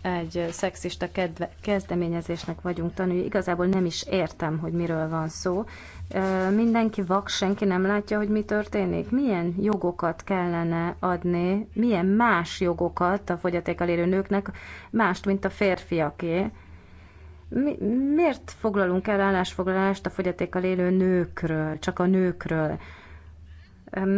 egy szexista kedve, kezdeményezésnek vagyunk tanulni. Igazából nem is értem, hogy miről van szó. Mindenki vak, senki nem látja, hogy mi történik. Milyen jogokat kellene adni, milyen más jogokat a fogyatékkal élő nőknek, mást, mint a férfiaké. Mi, miért foglalunk el állásfoglalást a fogyatékkal élő nőkről, csak a nőkről?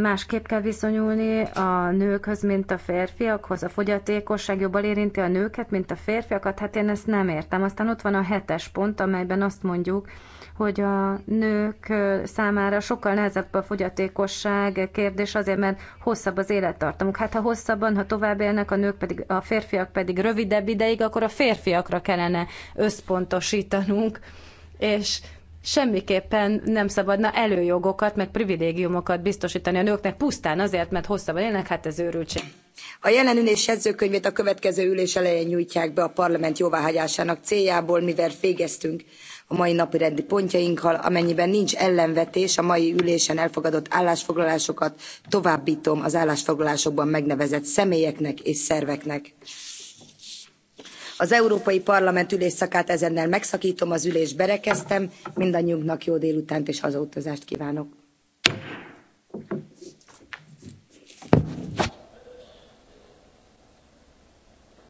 Másképp kell viszonyulni a nőkhöz, mint a férfiakhoz. A fogyatékosság jobban érinti a nőket, mint a férfiakat. Hát én ezt nem értem. Aztán ott van a hetes pont, amelyben azt mondjuk, hogy a nők számára sokkal nehezebb a fogyatékosság kérdés azért, mert hosszabb az élettartamuk. Hát ha hosszabban, ha tovább élnek, a nők pedig, a férfiak pedig rövidebb ideig, akkor a férfiakra kellene összpontosítanunk, és semmiképpen nem szabadna előjogokat, meg privilégiumokat biztosítani a nőknek pusztán azért, mert hosszabban élnek, hát ez őrültség. A jelen ülés jegyzőkönyvét a következő ülés elején nyújtják be a parlament jóváhagyásának céljából, mivel végeztünk a mai napi rendi pontjainkkal, amennyiben nincs ellenvetés a mai ülésen elfogadott állásfoglalásokat továbbítom az állásfoglalásokban megnevezett személyeknek és szerveknek az európai parlament ülésszakát ezennel megszaktom az ülést berekeztem mindannyiunknak jó délutánt és hazautazást kvánok.